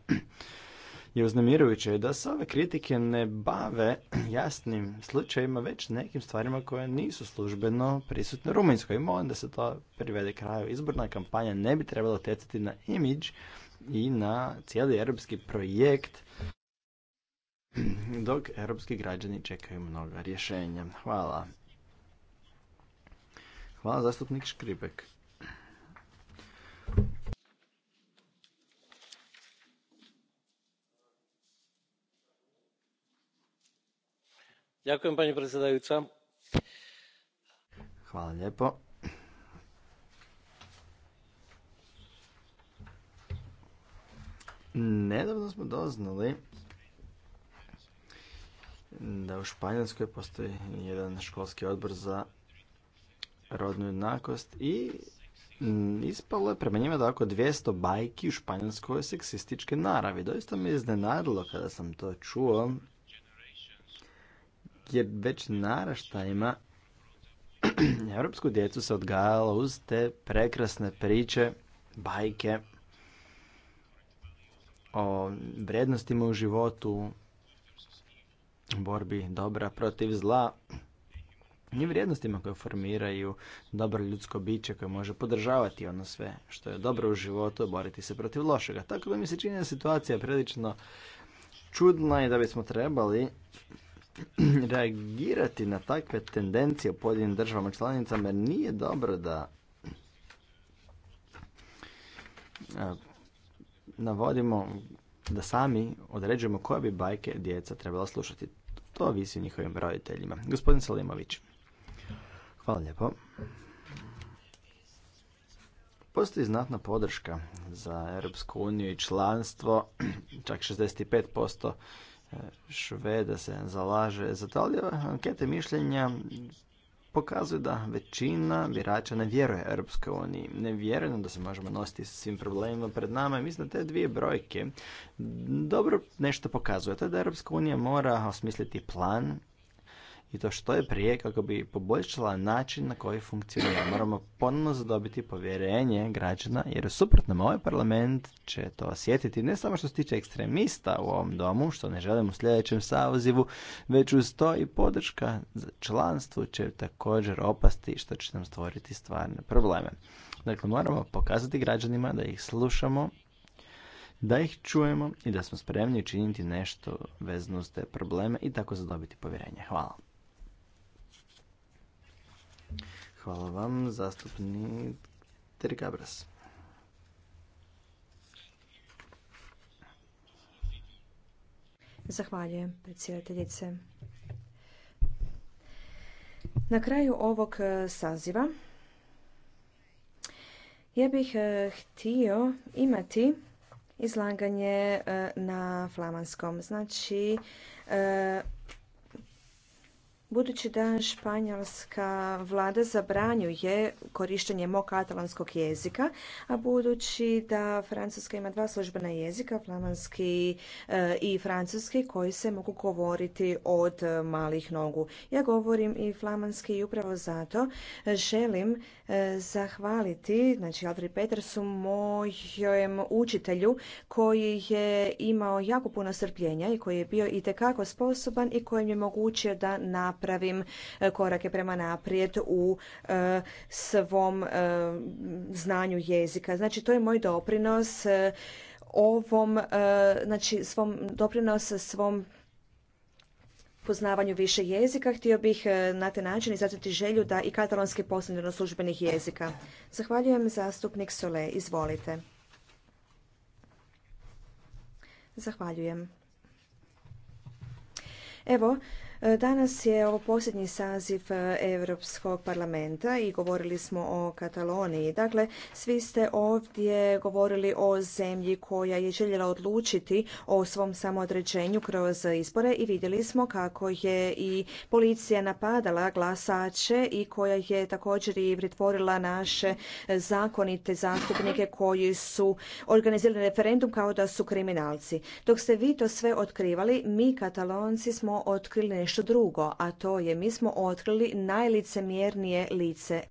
je uznemirujuće da se ove kritike ne bave [clears throat] jasnim slučajevima, već nekim stvarima koje nisu službeno prisutne u Rumunjskoj. I da se to privede kraju. Izborna kampanja ne bi trebala tecati na imidž i na cijeli europski projekt [clears throat] dok europski građani čekaju mnoga rješenja. Hvala. Hvala zastupnik Škribek. hvala lijepo nedavno smo doznali da u španjolskoj postoji jedan školski odbor za rodnu jednakost i ispalo je prema njima da oko 200 bajki u španjolskoj seksističke naravi. Doista me iznenadilo kada sam to čuo jer već naraštajima europsku [clears throat] djecu se odgajalo uz te prekrasne priče, bajke o vrijednostima u životu, borbi dobra protiv zla i vrijednostima koje formiraju dobro ljudsko biće koje može podržavati ono sve što je dobro u životu, boriti se protiv lošega. Tako da mi se čini situacija prilično čudna i da bismo trebali [clears throat] reagirati na takve tendencije u pojedinim državama članicama jer nije dobro da navodimo da sami određujemo koje bi bajke djeca trebala slušati. To visi u njihovim roditeljima. Gospodin Salimović. Hvala lijepo. Postoji znatna podrška za Europsku uniju i članstvo, čak 65% Šveda se zalaže za to, ali ankete mišljenja pokazuju da većina birača ne vjeruje Europskoj uniji. Ne vjeruje da se možemo nositi s svim problemima pred nama. Mislim da te dvije brojke dobro nešto pokazuje. To je da Europska unija mora osmisliti plan i to što je prije kako bi poboljšala način na koji funkcionira. Moramo ponovno zadobiti povjerenje građana jer u suprotnom ovaj parlament će to osjetiti ne samo što se tiče ekstremista u ovom domu, što ne želim u sljedećem sazivu, već uz to i podrška za članstvu će također opasti što će nam stvoriti stvarne probleme. Dakle, moramo pokazati građanima da ih slušamo, da ih čujemo i da smo spremni učiniti nešto vezno uz te probleme i tako zadobiti povjerenje. Hvala. Hvala vam, zastupni Terikabras. Zahvaljujem, predsjedateljice. Na kraju ovog e, saziva ja bih e, htio imati izlaganje e, na flamanskom. Znači, Budući da španjolska vlada zabranjuje korištenje mog katalanskog jezika, a budući da Francuska ima dva službena jezika, flamanski eh, i francuski, koji se mogu govoriti od malih nogu. Ja govorim i flamanski i upravo zato želim eh, zahvaliti, znači Alfred Petersu, mojem učitelju koji je imao jako puno strpljenja i koji je bio i sposoban i koji je mogućio da napravim napravim e, korake prema naprijed u e, svom e, znanju jezika. Znači, to je moj doprinos ovom, znači svom doprinos svom poznavanju više jezika. Htio bih na taj način izraziti želju da i katalonski postane službenih jezika. Zahvaljujem zastupnik Sole. Izvolite. Zahvaljujem. Evo, E, danas je ovo posljednji saziv e, Europskog parlamenta i govorili smo o Kataloniji. Dakle, svi ste ovdje govorili o zemlji koja je željela odlučiti o svom samoodređenju kroz izbore i vidjeli smo kako je i policija napadala glasače i koja je također i pritvorila naše zakonite zastupnike koji su organizirali referendum kao da su kriminalci. Dok ste vi to sve otkrivali, mi katalonci smo otkrili nešto drugo, a to je mi smo otkrili najlicemjernije lice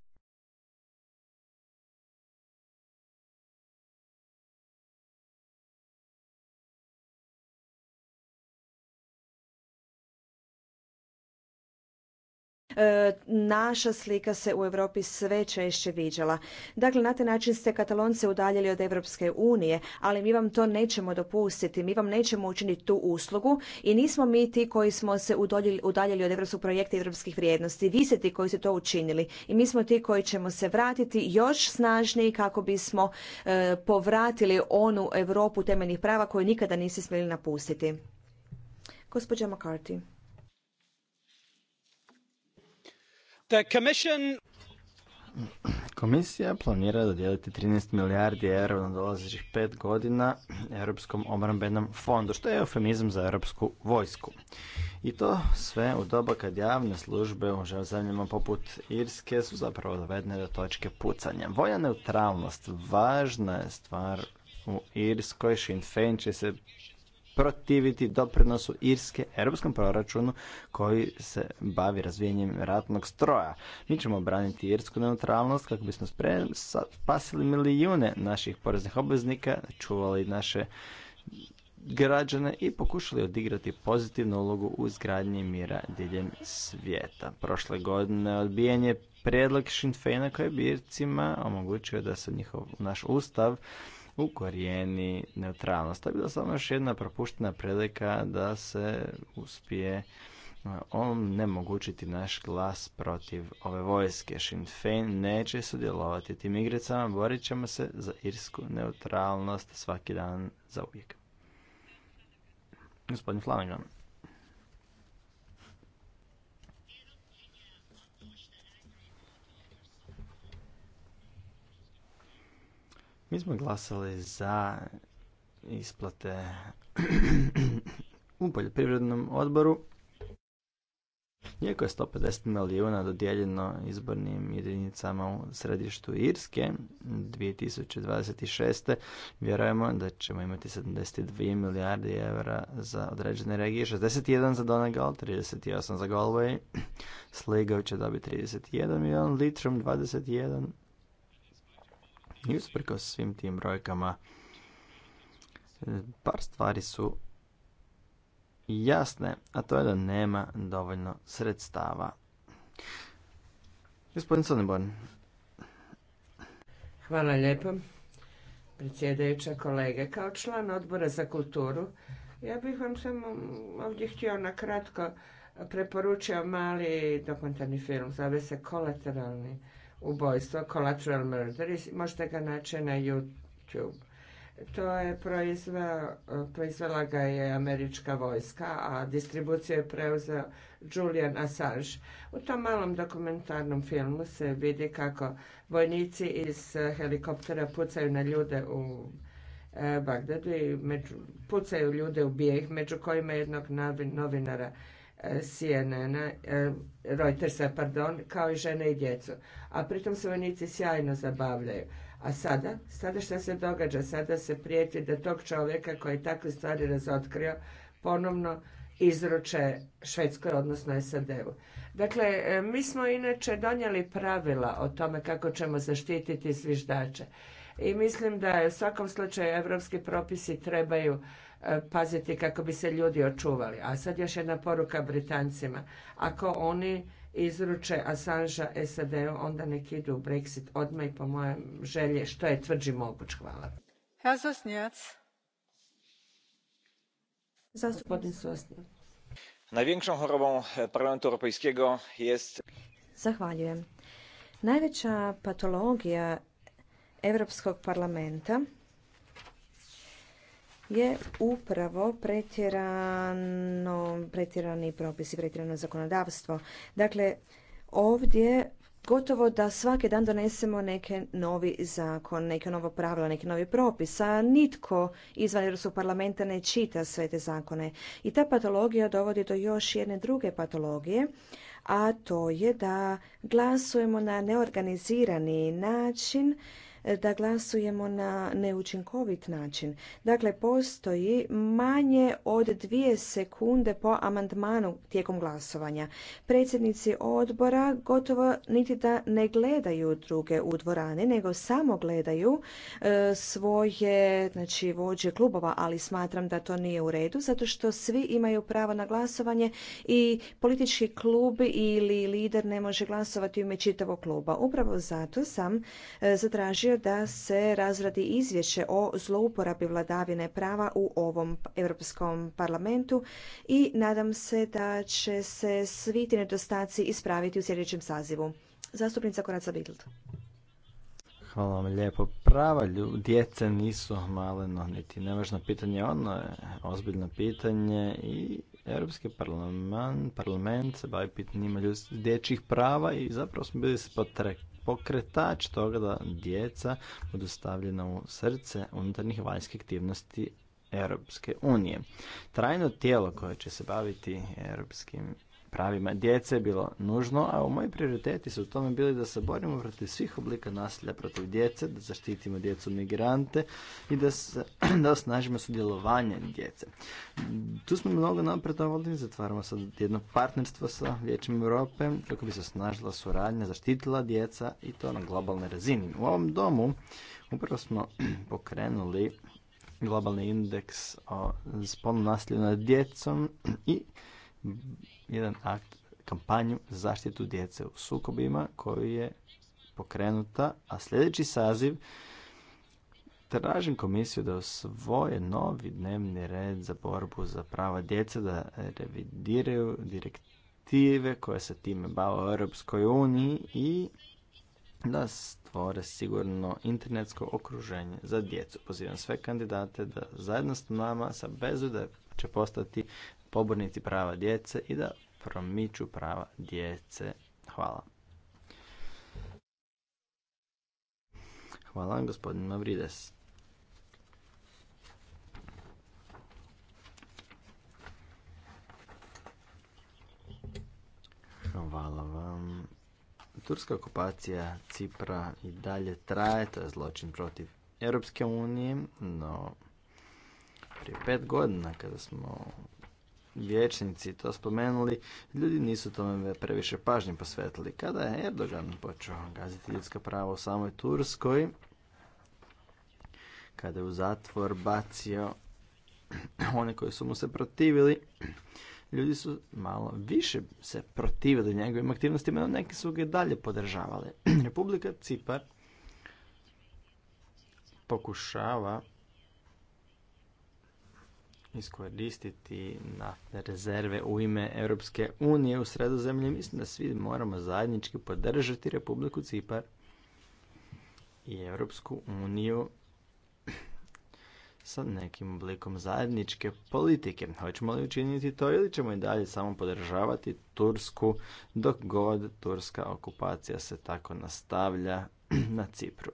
E, naša slika se u Europi sve češće viđala. Dakle, na taj način ste Katalonce udaljili od Europske unije, ali mi vam to nećemo dopustiti, mi vam nećemo učiniti tu uslugu i nismo mi ti koji smo se udaljili od europskog projekta i europskih vrijednosti. Vi ste ti koji ste to učinili i mi smo ti koji ćemo se vratiti još snažniji kako bismo e, povratili onu Europu temeljnih prava koju nikada nisi smjeli napustiti. Gospođa McCarthy. The Komisija planira dodijeliti 13 milijardi eura na dolazećih pet godina Europskom obrambenom fondu, što je eufemizam za europsku vojsku. I to sve u doba kad javne službe u zemljama poput Irske su zapravo dovedene do točke pucanja. Vojna neutralnost važna je stvar u Irskoj. Sinn se protiviti doprinosu Irske europskom proračunu koji se bavi razvijenjem ratnog stroja. Mi ćemo braniti irsku neutralnost kako bismo spasili milijune naših poreznih obveznika, čuvali naše građane i pokušali odigrati pozitivnu ulogu u zgradnji mira diljem svijeta. Prošle godine odbijen je prijedlog Sinn Féina koji bi Ircima omogućio da se njihov naš ustav korijeni neutralnost. To je bila samo još jedna propuštena prilika da se uspije e, onemogućiti naš glas protiv ove vojske. Sinn Féin neće sudjelovati tim igricama, borit ćemo se za irsku neutralnost svaki dan za uvijek. Gospodin Flanagan. Mi smo glasali za isplate u poljoprivrednom odboru. Iako je 150 milijuna dodijeljeno izbornim jedinicama u središtu Irske 2026. vjerujemo da ćemo imati 72 milijarde eura za određene regije, 61 za Donegal, 38 za Galway, Sligov će dobiti 31 milijuna, Litrum 21 i usprko svim tim brojkama, par stvari su jasne, a to je da nema dovoljno sredstava. Gospodin Sonneborn. Hvala lijepo, predsjedajuća kolege. Kao član odbora za kulturu, ja bih vam samo ovdje htio na kratko preporučio mali dokumentarni film, zove se Kolateralni ubojstvo, Collateral Murder, možete ga naći na YouTube. To je proizvela, proizvela ga je američka vojska, a distribuciju je preuzeo Julian Assange. U tom malom dokumentarnom filmu se vidi kako vojnici iz helikoptera pucaju na ljude u e, Bagdadu i pucaju ljude u bijeh, među kojima jednog novinara CNN-a, eh, Reutersa, pardon, kao i žene i djecu. A pritom se vojnici sjajno zabavljaju. A sada? Sada što se događa? Sada se prijeti da tog čovjeka koji je takve stvari razotkrio ponovno izruče Švedskoj, odnosno SAD-u. Dakle, eh, mi smo inače donijeli pravila o tome kako ćemo zaštititi zviždače. I mislim da u svakom slučaju evropski propisi trebaju paziti kako bi se ljudi očuvali. A sad još jedna poruka Britancima. Ako oni izruče Assangea SAD-u, onda nek idu u Brexit odmah i po mojem želje što je tvrđi moguć. Hvala. Herr Sosnjac. Gospodin e, Parlamentu Europejskiego jest... Zahvaljujem. Najveća patologija Europskog parlamenta je upravo pretjerano, pretjerani propisi, pretjerano zakonodavstvo. Dakle, ovdje gotovo da svaki dan donesemo neke novi zakon, neke novo pravila, neki novi propis, a nitko izvan Europskog parlamenta ne čita sve te zakone. I ta patologija dovodi do još jedne druge patologije, a to je da glasujemo na neorganizirani način da glasujemo na neučinkovit način. Dakle, postoji manje od dvije sekunde po amandmanu tijekom glasovanja. Predsjednici odbora gotovo niti da ne gledaju druge u dvorani, nego samo gledaju e, svoje znači, vođe klubova, ali smatram da to nije u redu, zato što svi imaju pravo na glasovanje i politički klub ili lider ne može glasovati u ime čitavog kluba. Upravo zato sam e, zatražio da se razradi izvješće o zlouporabi vladavine prava u ovom Europskom parlamentu i nadam se da će se svi ti nedostaci ispraviti u sljedećem sazivu. Zastupnica Koraca Bild. Hvala vam lijepo. Prava djece nisu maleno niti nevažno pitanje, ono je ozbiljno pitanje i Europski parlament, parlament se bavi pitanjima dječjih prava i zapravo smo bili potrekli pokretač toga da djeca budu stavljena u srce unutarnjih vanjskih aktivnosti Europske unije. Trajno tijelo koje će se baviti europskim pravima djece bilo nužno, a u moji prioriteti su u tome bili da se borimo protiv svih oblika nasilja protiv djece, da zaštitimo djecu migrante i da, se, [clears throat] da osnažimo sudjelovanje djece. Tu smo mnogo napredovali, zatvaramo sad jedno partnerstvo sa Vijećem Europe kako bi se osnažila suradnja, zaštitila djeca i to na globalnoj razini. U ovom domu upravo smo [clears throat] pokrenuli globalni indeks o spolnom nasilju nad djecom i jedan akt, kampanju za zaštitu djece u sukobima koju je pokrenuta, a sljedeći saziv tražim komisiju da osvoje novi dnevni red za borbu za prava djece, da revidiraju direktive koje se time bave u Europskoj uniji i da stvore sigurno internetsko okruženje za djecu. Pozivam sve kandidate da zajedno s nama sa Bezu da će postati pobornici prava djece i da promiču prava djece. Hvala. Hvala, gospodin Mavrides. Hvala vam. Turska okupacija Cipra i dalje traje, to je zločin protiv Europske unije, no prije pet godina kada smo vječnici to spomenuli, ljudi nisu tome previše pažnje posvetili. Kada je Erdogan počeo gaziti ljudska prava u samoj Turskoj, kada je u zatvor bacio [clears throat] one koji su mu se protivili, ljudi su malo više se protivili njegovim aktivnostima, no neki su ga i dalje podržavali. [clears throat] Republika Cipar pokušava iskoristiti na rezerve u ime Europske unije u sredozemlji. Mislim da svi moramo zajednički podržati Republiku Cipar i Europsku uniju sa nekim oblikom zajedničke politike. Hoćemo li učiniti to ili ćemo i dalje samo podržavati Tursku dok god turska okupacija se tako nastavlja na Cipru?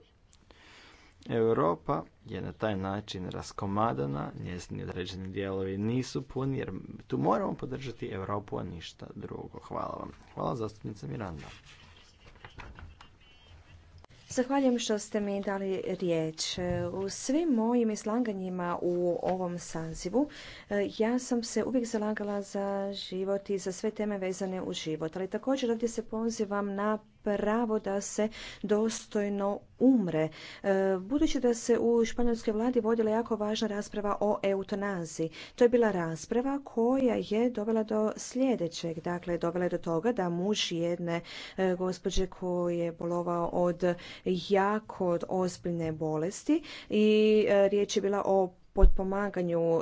Europa je na taj način raskomadana, njezini određeni dijelovi nisu puni, jer tu moramo podržati Europu, a ništa drugo. Hvala vam. Hvala zastupnica Miranda. Zahvaljujem što ste mi dali riječ. U svim mojim izlaganjima u ovom sazivu e, ja sam se uvijek zalagala za život i za sve teme vezane u život, ali također ovdje se pozivam na pravo da se dostojno umre. E, budući da se u španjolskoj vladi vodila jako važna rasprava o eutanaziji. To je bila rasprava koja je dovela do sljedećeg. Dakle, dovela je do toga da muž jedne e, gospođe koji je bolovao od jako ozbiljne bolesti i e, riječ je bila o potpomaganju e,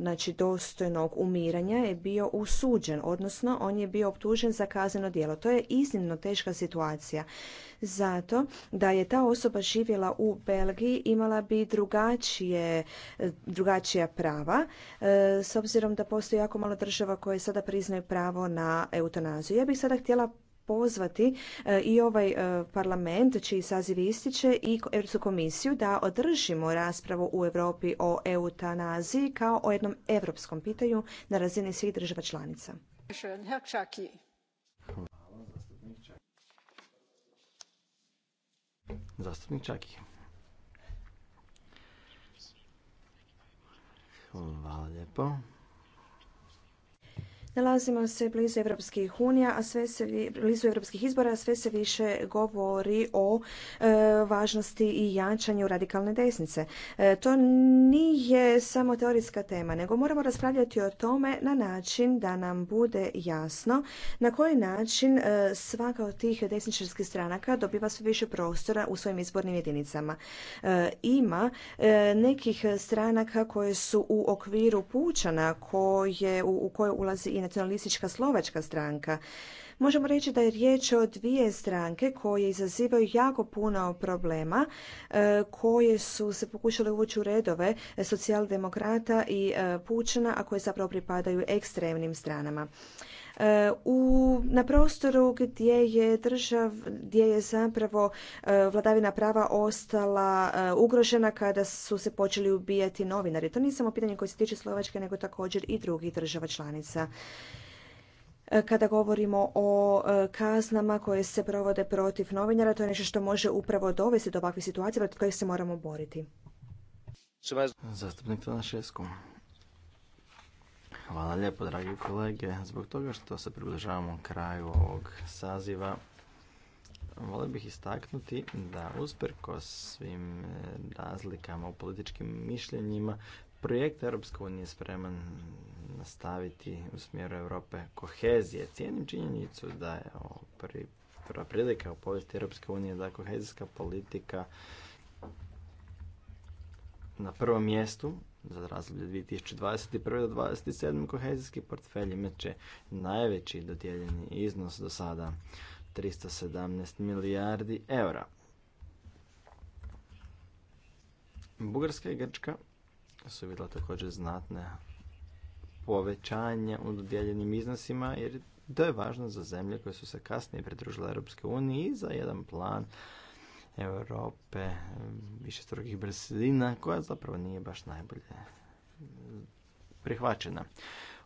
znači dostojnog umiranja je bio usuđen, odnosno on je bio optužen za kazneno djelo. To je iznimno teška situacija. Zato da je ta osoba živjela u Belgiji imala bi drugačije, e, drugačija prava e, s obzirom da postoji jako malo država koje sada priznaju pravo na eutanaziju. Ja bih sada htjela pozvati e, i ovaj e, parlament čiji saziv ističe i Europsku komisiju da održimo raspravu u Europi o eutanaziji kao o jednom europskom pitanju na razini svih država članica. Zastupnik Čaki. Nalazimo se blizu Europskih unija, a sve se blizu europskih izbora, sve se više govori o e, važnosti i jačanju radikalne desnice. E, to nije samo teorijska tema, nego moramo raspravljati o tome na način da nam bude jasno na koji način e, svaka od tih desničarskih stranaka dobiva sve više prostora u svojim izbornim jedinicama. Ima nekih stranaka koje su u okviru pučana koje, u, u koje ulazi i nacionalistička slovačka stranka. Možemo reći da je riječ o dvije stranke koje izazivaju jako puno problema, e, koje su se pokušale uvući u redove socijaldemokrata i e, pučana, a koje zapravo pripadaju ekstremnim stranama u, na prostoru gdje je držav, gdje je zapravo e, vladavina prava ostala e, ugrožena kada su se počeli ubijati novinari. To nije samo pitanje koje se tiče Slovačke, nego također i drugih država članica e, kada govorimo o kaznama koje se provode protiv novinara, to je nešto što može upravo dovesti do ovakvih situacija protiv kojih se moramo boriti. Zastupnik Hvala lijepo, dragi kolege. Zbog toga što se približavamo kraju ovog saziva, volio bih istaknuti da usprko svim eh, razlikama u političkim mišljenjima, projekt Europske unije spreman nastaviti u smjeru Europe kohezije. Cijenim činjenicu da je prva prilika u povijesti Europske unije da kohezijska politika na prvom mjestu za razdoblje 2021. do 2027. kohezijski portfelj imat će najveći dodijeljeni iznos do sada 317 milijardi eura. Bugarska i Grčka su vidjela također znatne povećanje u dodijeljenim iznosima jer to je važno za zemlje koje su se kasnije pridružile Europske unije i za jedan plan Europe više strogih brzina koja zapravo nije baš najbolje prihvaćena.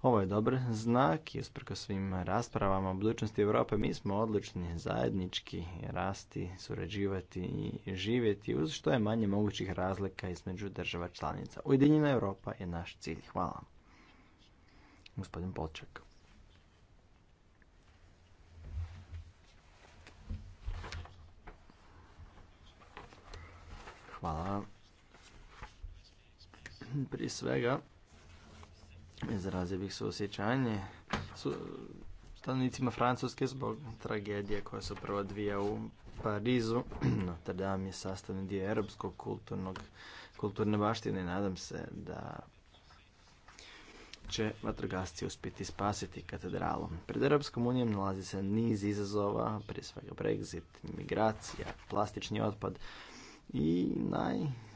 Ovo je dobar znak i usprko svim raspravama o budućnosti Europe mi smo odlični zajednički rasti, surađivati i živjeti uz što je manje mogućih razlika između država članica. Ujedinjena Europa je naš cilj. Hvala. Gospodin Polčak. Hvala. Prije svega, izrazio bih se osjećanje su stanovnicima Francuske zbog tragedije koja se upravo dvija u Parizu. [clears throat] Notre Dame je sastavni dio europskog kulturnog, kulturne baštine i nadam se da će vatrogasci uspjeti spasiti katedralu. Pred Europskom unijom nalazi se niz izazova, prije svega Brexit, migracija, plastični otpad, i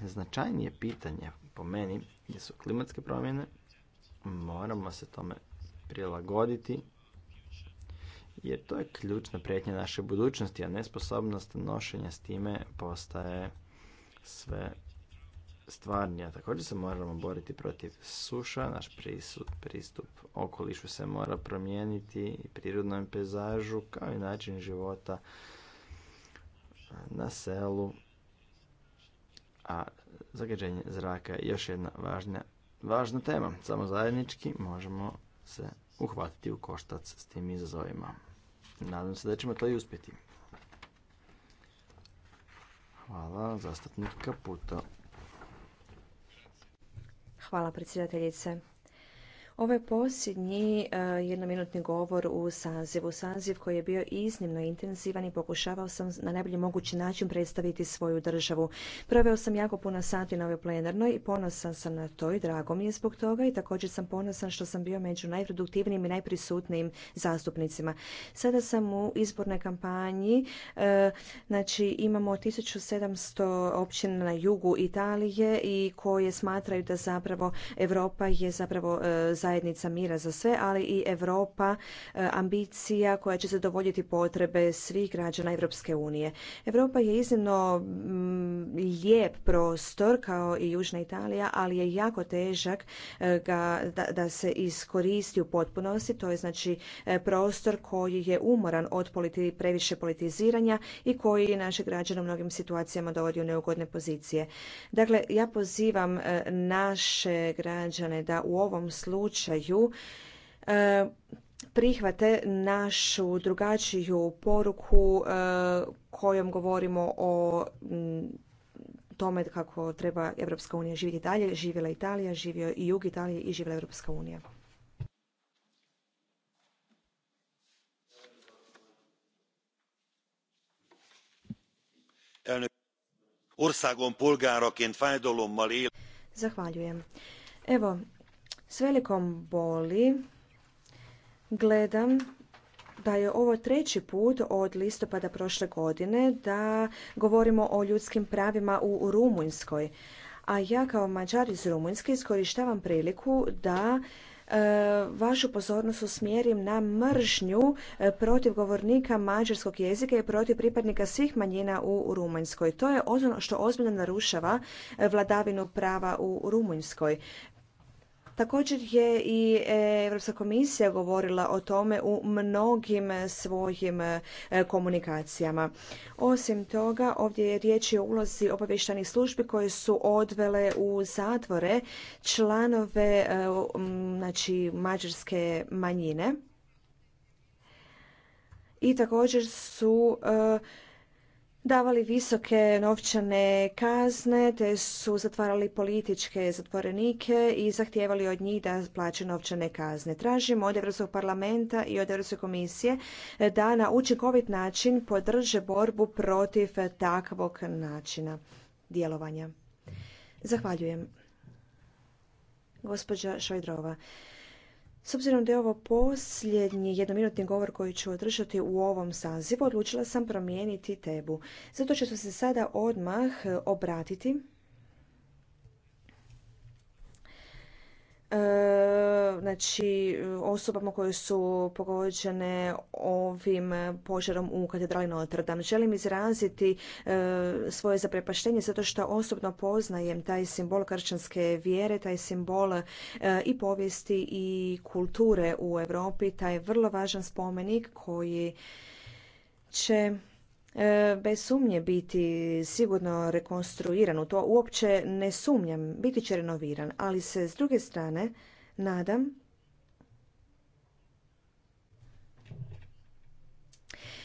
najznačajnije pitanje po meni su klimatske promjene. Moramo se tome prilagoditi jer to je ključna prijetnja naše budućnosti, a nesposobnost nošenja s time postaje sve stvarnija. Također se moramo boriti protiv suša, naš pristup, okolišu se mora promijeniti, i prirodnom pezažu kao i način života na selu a zagađenje zraka je još jedna važna, važna tema. Samo zajednički možemo se uhvatiti u koštac s tim izazovima. Nadam se da ćemo to i uspjeti. Hvala, zastupnik Kaputo. Hvala predsjedateljice. Ovo je posljednji e, jednominutni govor u sazivu. Saziv koji je bio iznimno intenzivan i pokušavao sam na najbolji mogući način predstaviti svoju državu. Proveo sam jako puno sati na ovoj plenarnoj i ponosan sam na to i drago mi je zbog toga i također sam ponosan što sam bio među najproduktivnijim i najprisutnijim zastupnicima. Sada sam u izbornoj kampanji, e, znači imamo 1700 općina na jugu Italije i koje smatraju da zapravo Europa je zapravo e, zajednica mira za sve, ali i Europa e, ambicija koja će zadovoljiti potrebe svih građana Europske unije. Europa je iznimno mm, lijep prostor kao i Južna Italija, ali je jako težak e, da, se iskoristi u potpunosti. To je znači e, prostor koji je umoran od previše politiziranja i koji naše građane u mnogim situacijama dovodi u neugodne pozicije. Dakle, ja pozivam naše građane da u ovom slučaju slučaju e, prihvate našu drugačiju poruku e, kojom govorimo o mm, tome kako treba Europska unija živjeti dalje. Živjela Italija, živio i jug Italije i živjela Europska unija. Zahvaljujem. Evo, s velikom boli gledam da je ovo treći put od listopada prošle godine da govorimo o ljudskim pravima u Rumunjskoj. A ja kao mađar iz Rumunjske iskorištavam priliku da e, vašu pozornost usmjerim na mržnju e, protiv govornika mađarskog jezika i protiv pripadnika svih manjina u Rumunjskoj. To je ono što ozbiljno narušava e, vladavinu prava u Rumunjskoj. Također je i Europska komisija govorila o tome u mnogim svojim e, komunikacijama. Osim toga, ovdje je riječ o ulozi obavještajnih službi koje su odvele u zatvore članove e, znači, mađarske manjine i također su e, davali visoke novčane kazne te su zatvarali političke zatvorenike i zahtijevali od njih da plaće novčane kazne. Tražimo od Europskog parlamenta i od Europske komisije eh, da na učinkovit način podrže borbu protiv takvog načina djelovanja. Zahvaljujem. Gospođa Šojdrova. S obzirom da je ovo posljednji jednominutni govor koji ću održati u ovom sazivu, odlučila sam promijeniti tebu. Zato ću se sada odmah obratiti E, znači osobama koje su pogođene ovim požarom u katedrali Notre Dame. Želim izraziti e, svoje zaprepaštenje zato što osobno poznajem taj simbol kršćanske vjere, taj simbol e, i povijesti i kulture u Europi, taj vrlo važan spomenik koji će E, bez sumnje biti sigurno rekonstruiran, u to uopće ne sumnjam, biti će renoviran, ali se s druge strane nadam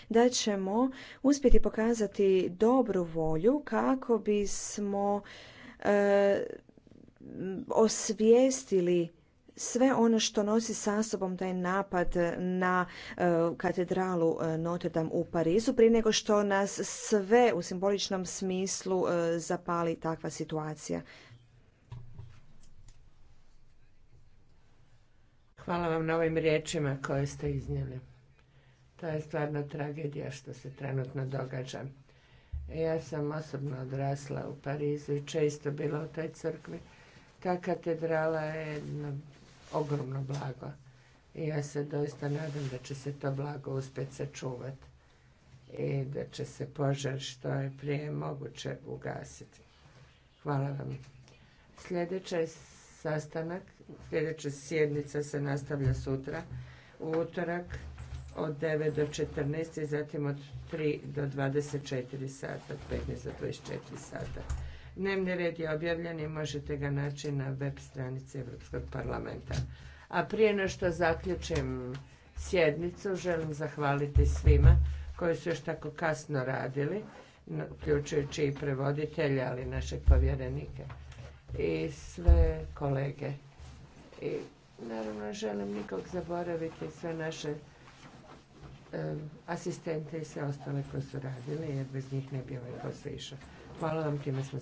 da ćemo uspjeti pokazati dobru volju kako bismo e, osvijestili sve ono što nosi sa sobom taj napad na e, katedralu e, Notre Dame u Parizu prije nego što nas sve u simboličnom smislu e, zapali takva situacija. Hvala vam na ovim riječima koje ste iznijeli. To je stvarno tragedija što se trenutno događa. Ja sam osobno odrasla u Parizu i često bila u toj crkvi. Ta katedrala je jedna ogromno blago. I ja se doista nadam da će se to blago uspjeti sačuvati i da će se požar što je prije moguće ugasiti. Hvala vam. Sljedeća je sastanak, sljedeća sjednica se nastavlja sutra u utorak od 9 do 14 i zatim od 3 do 24 sata, od 15 do 24 sata. Dnevni red je objavljen i možete ga naći na web stranici Europskog parlamenta. A prije na što zaključim sjednicu, želim zahvaliti svima koji su još tako kasno radili, uključujući i prevoditelja, ali našeg povjerenike i sve kolege. I naravno želim nikog zaboraviti, sve naše asistente i sve ostale koji su radili, jer bez njih ne bi ovaj posao Hvala vam, time smo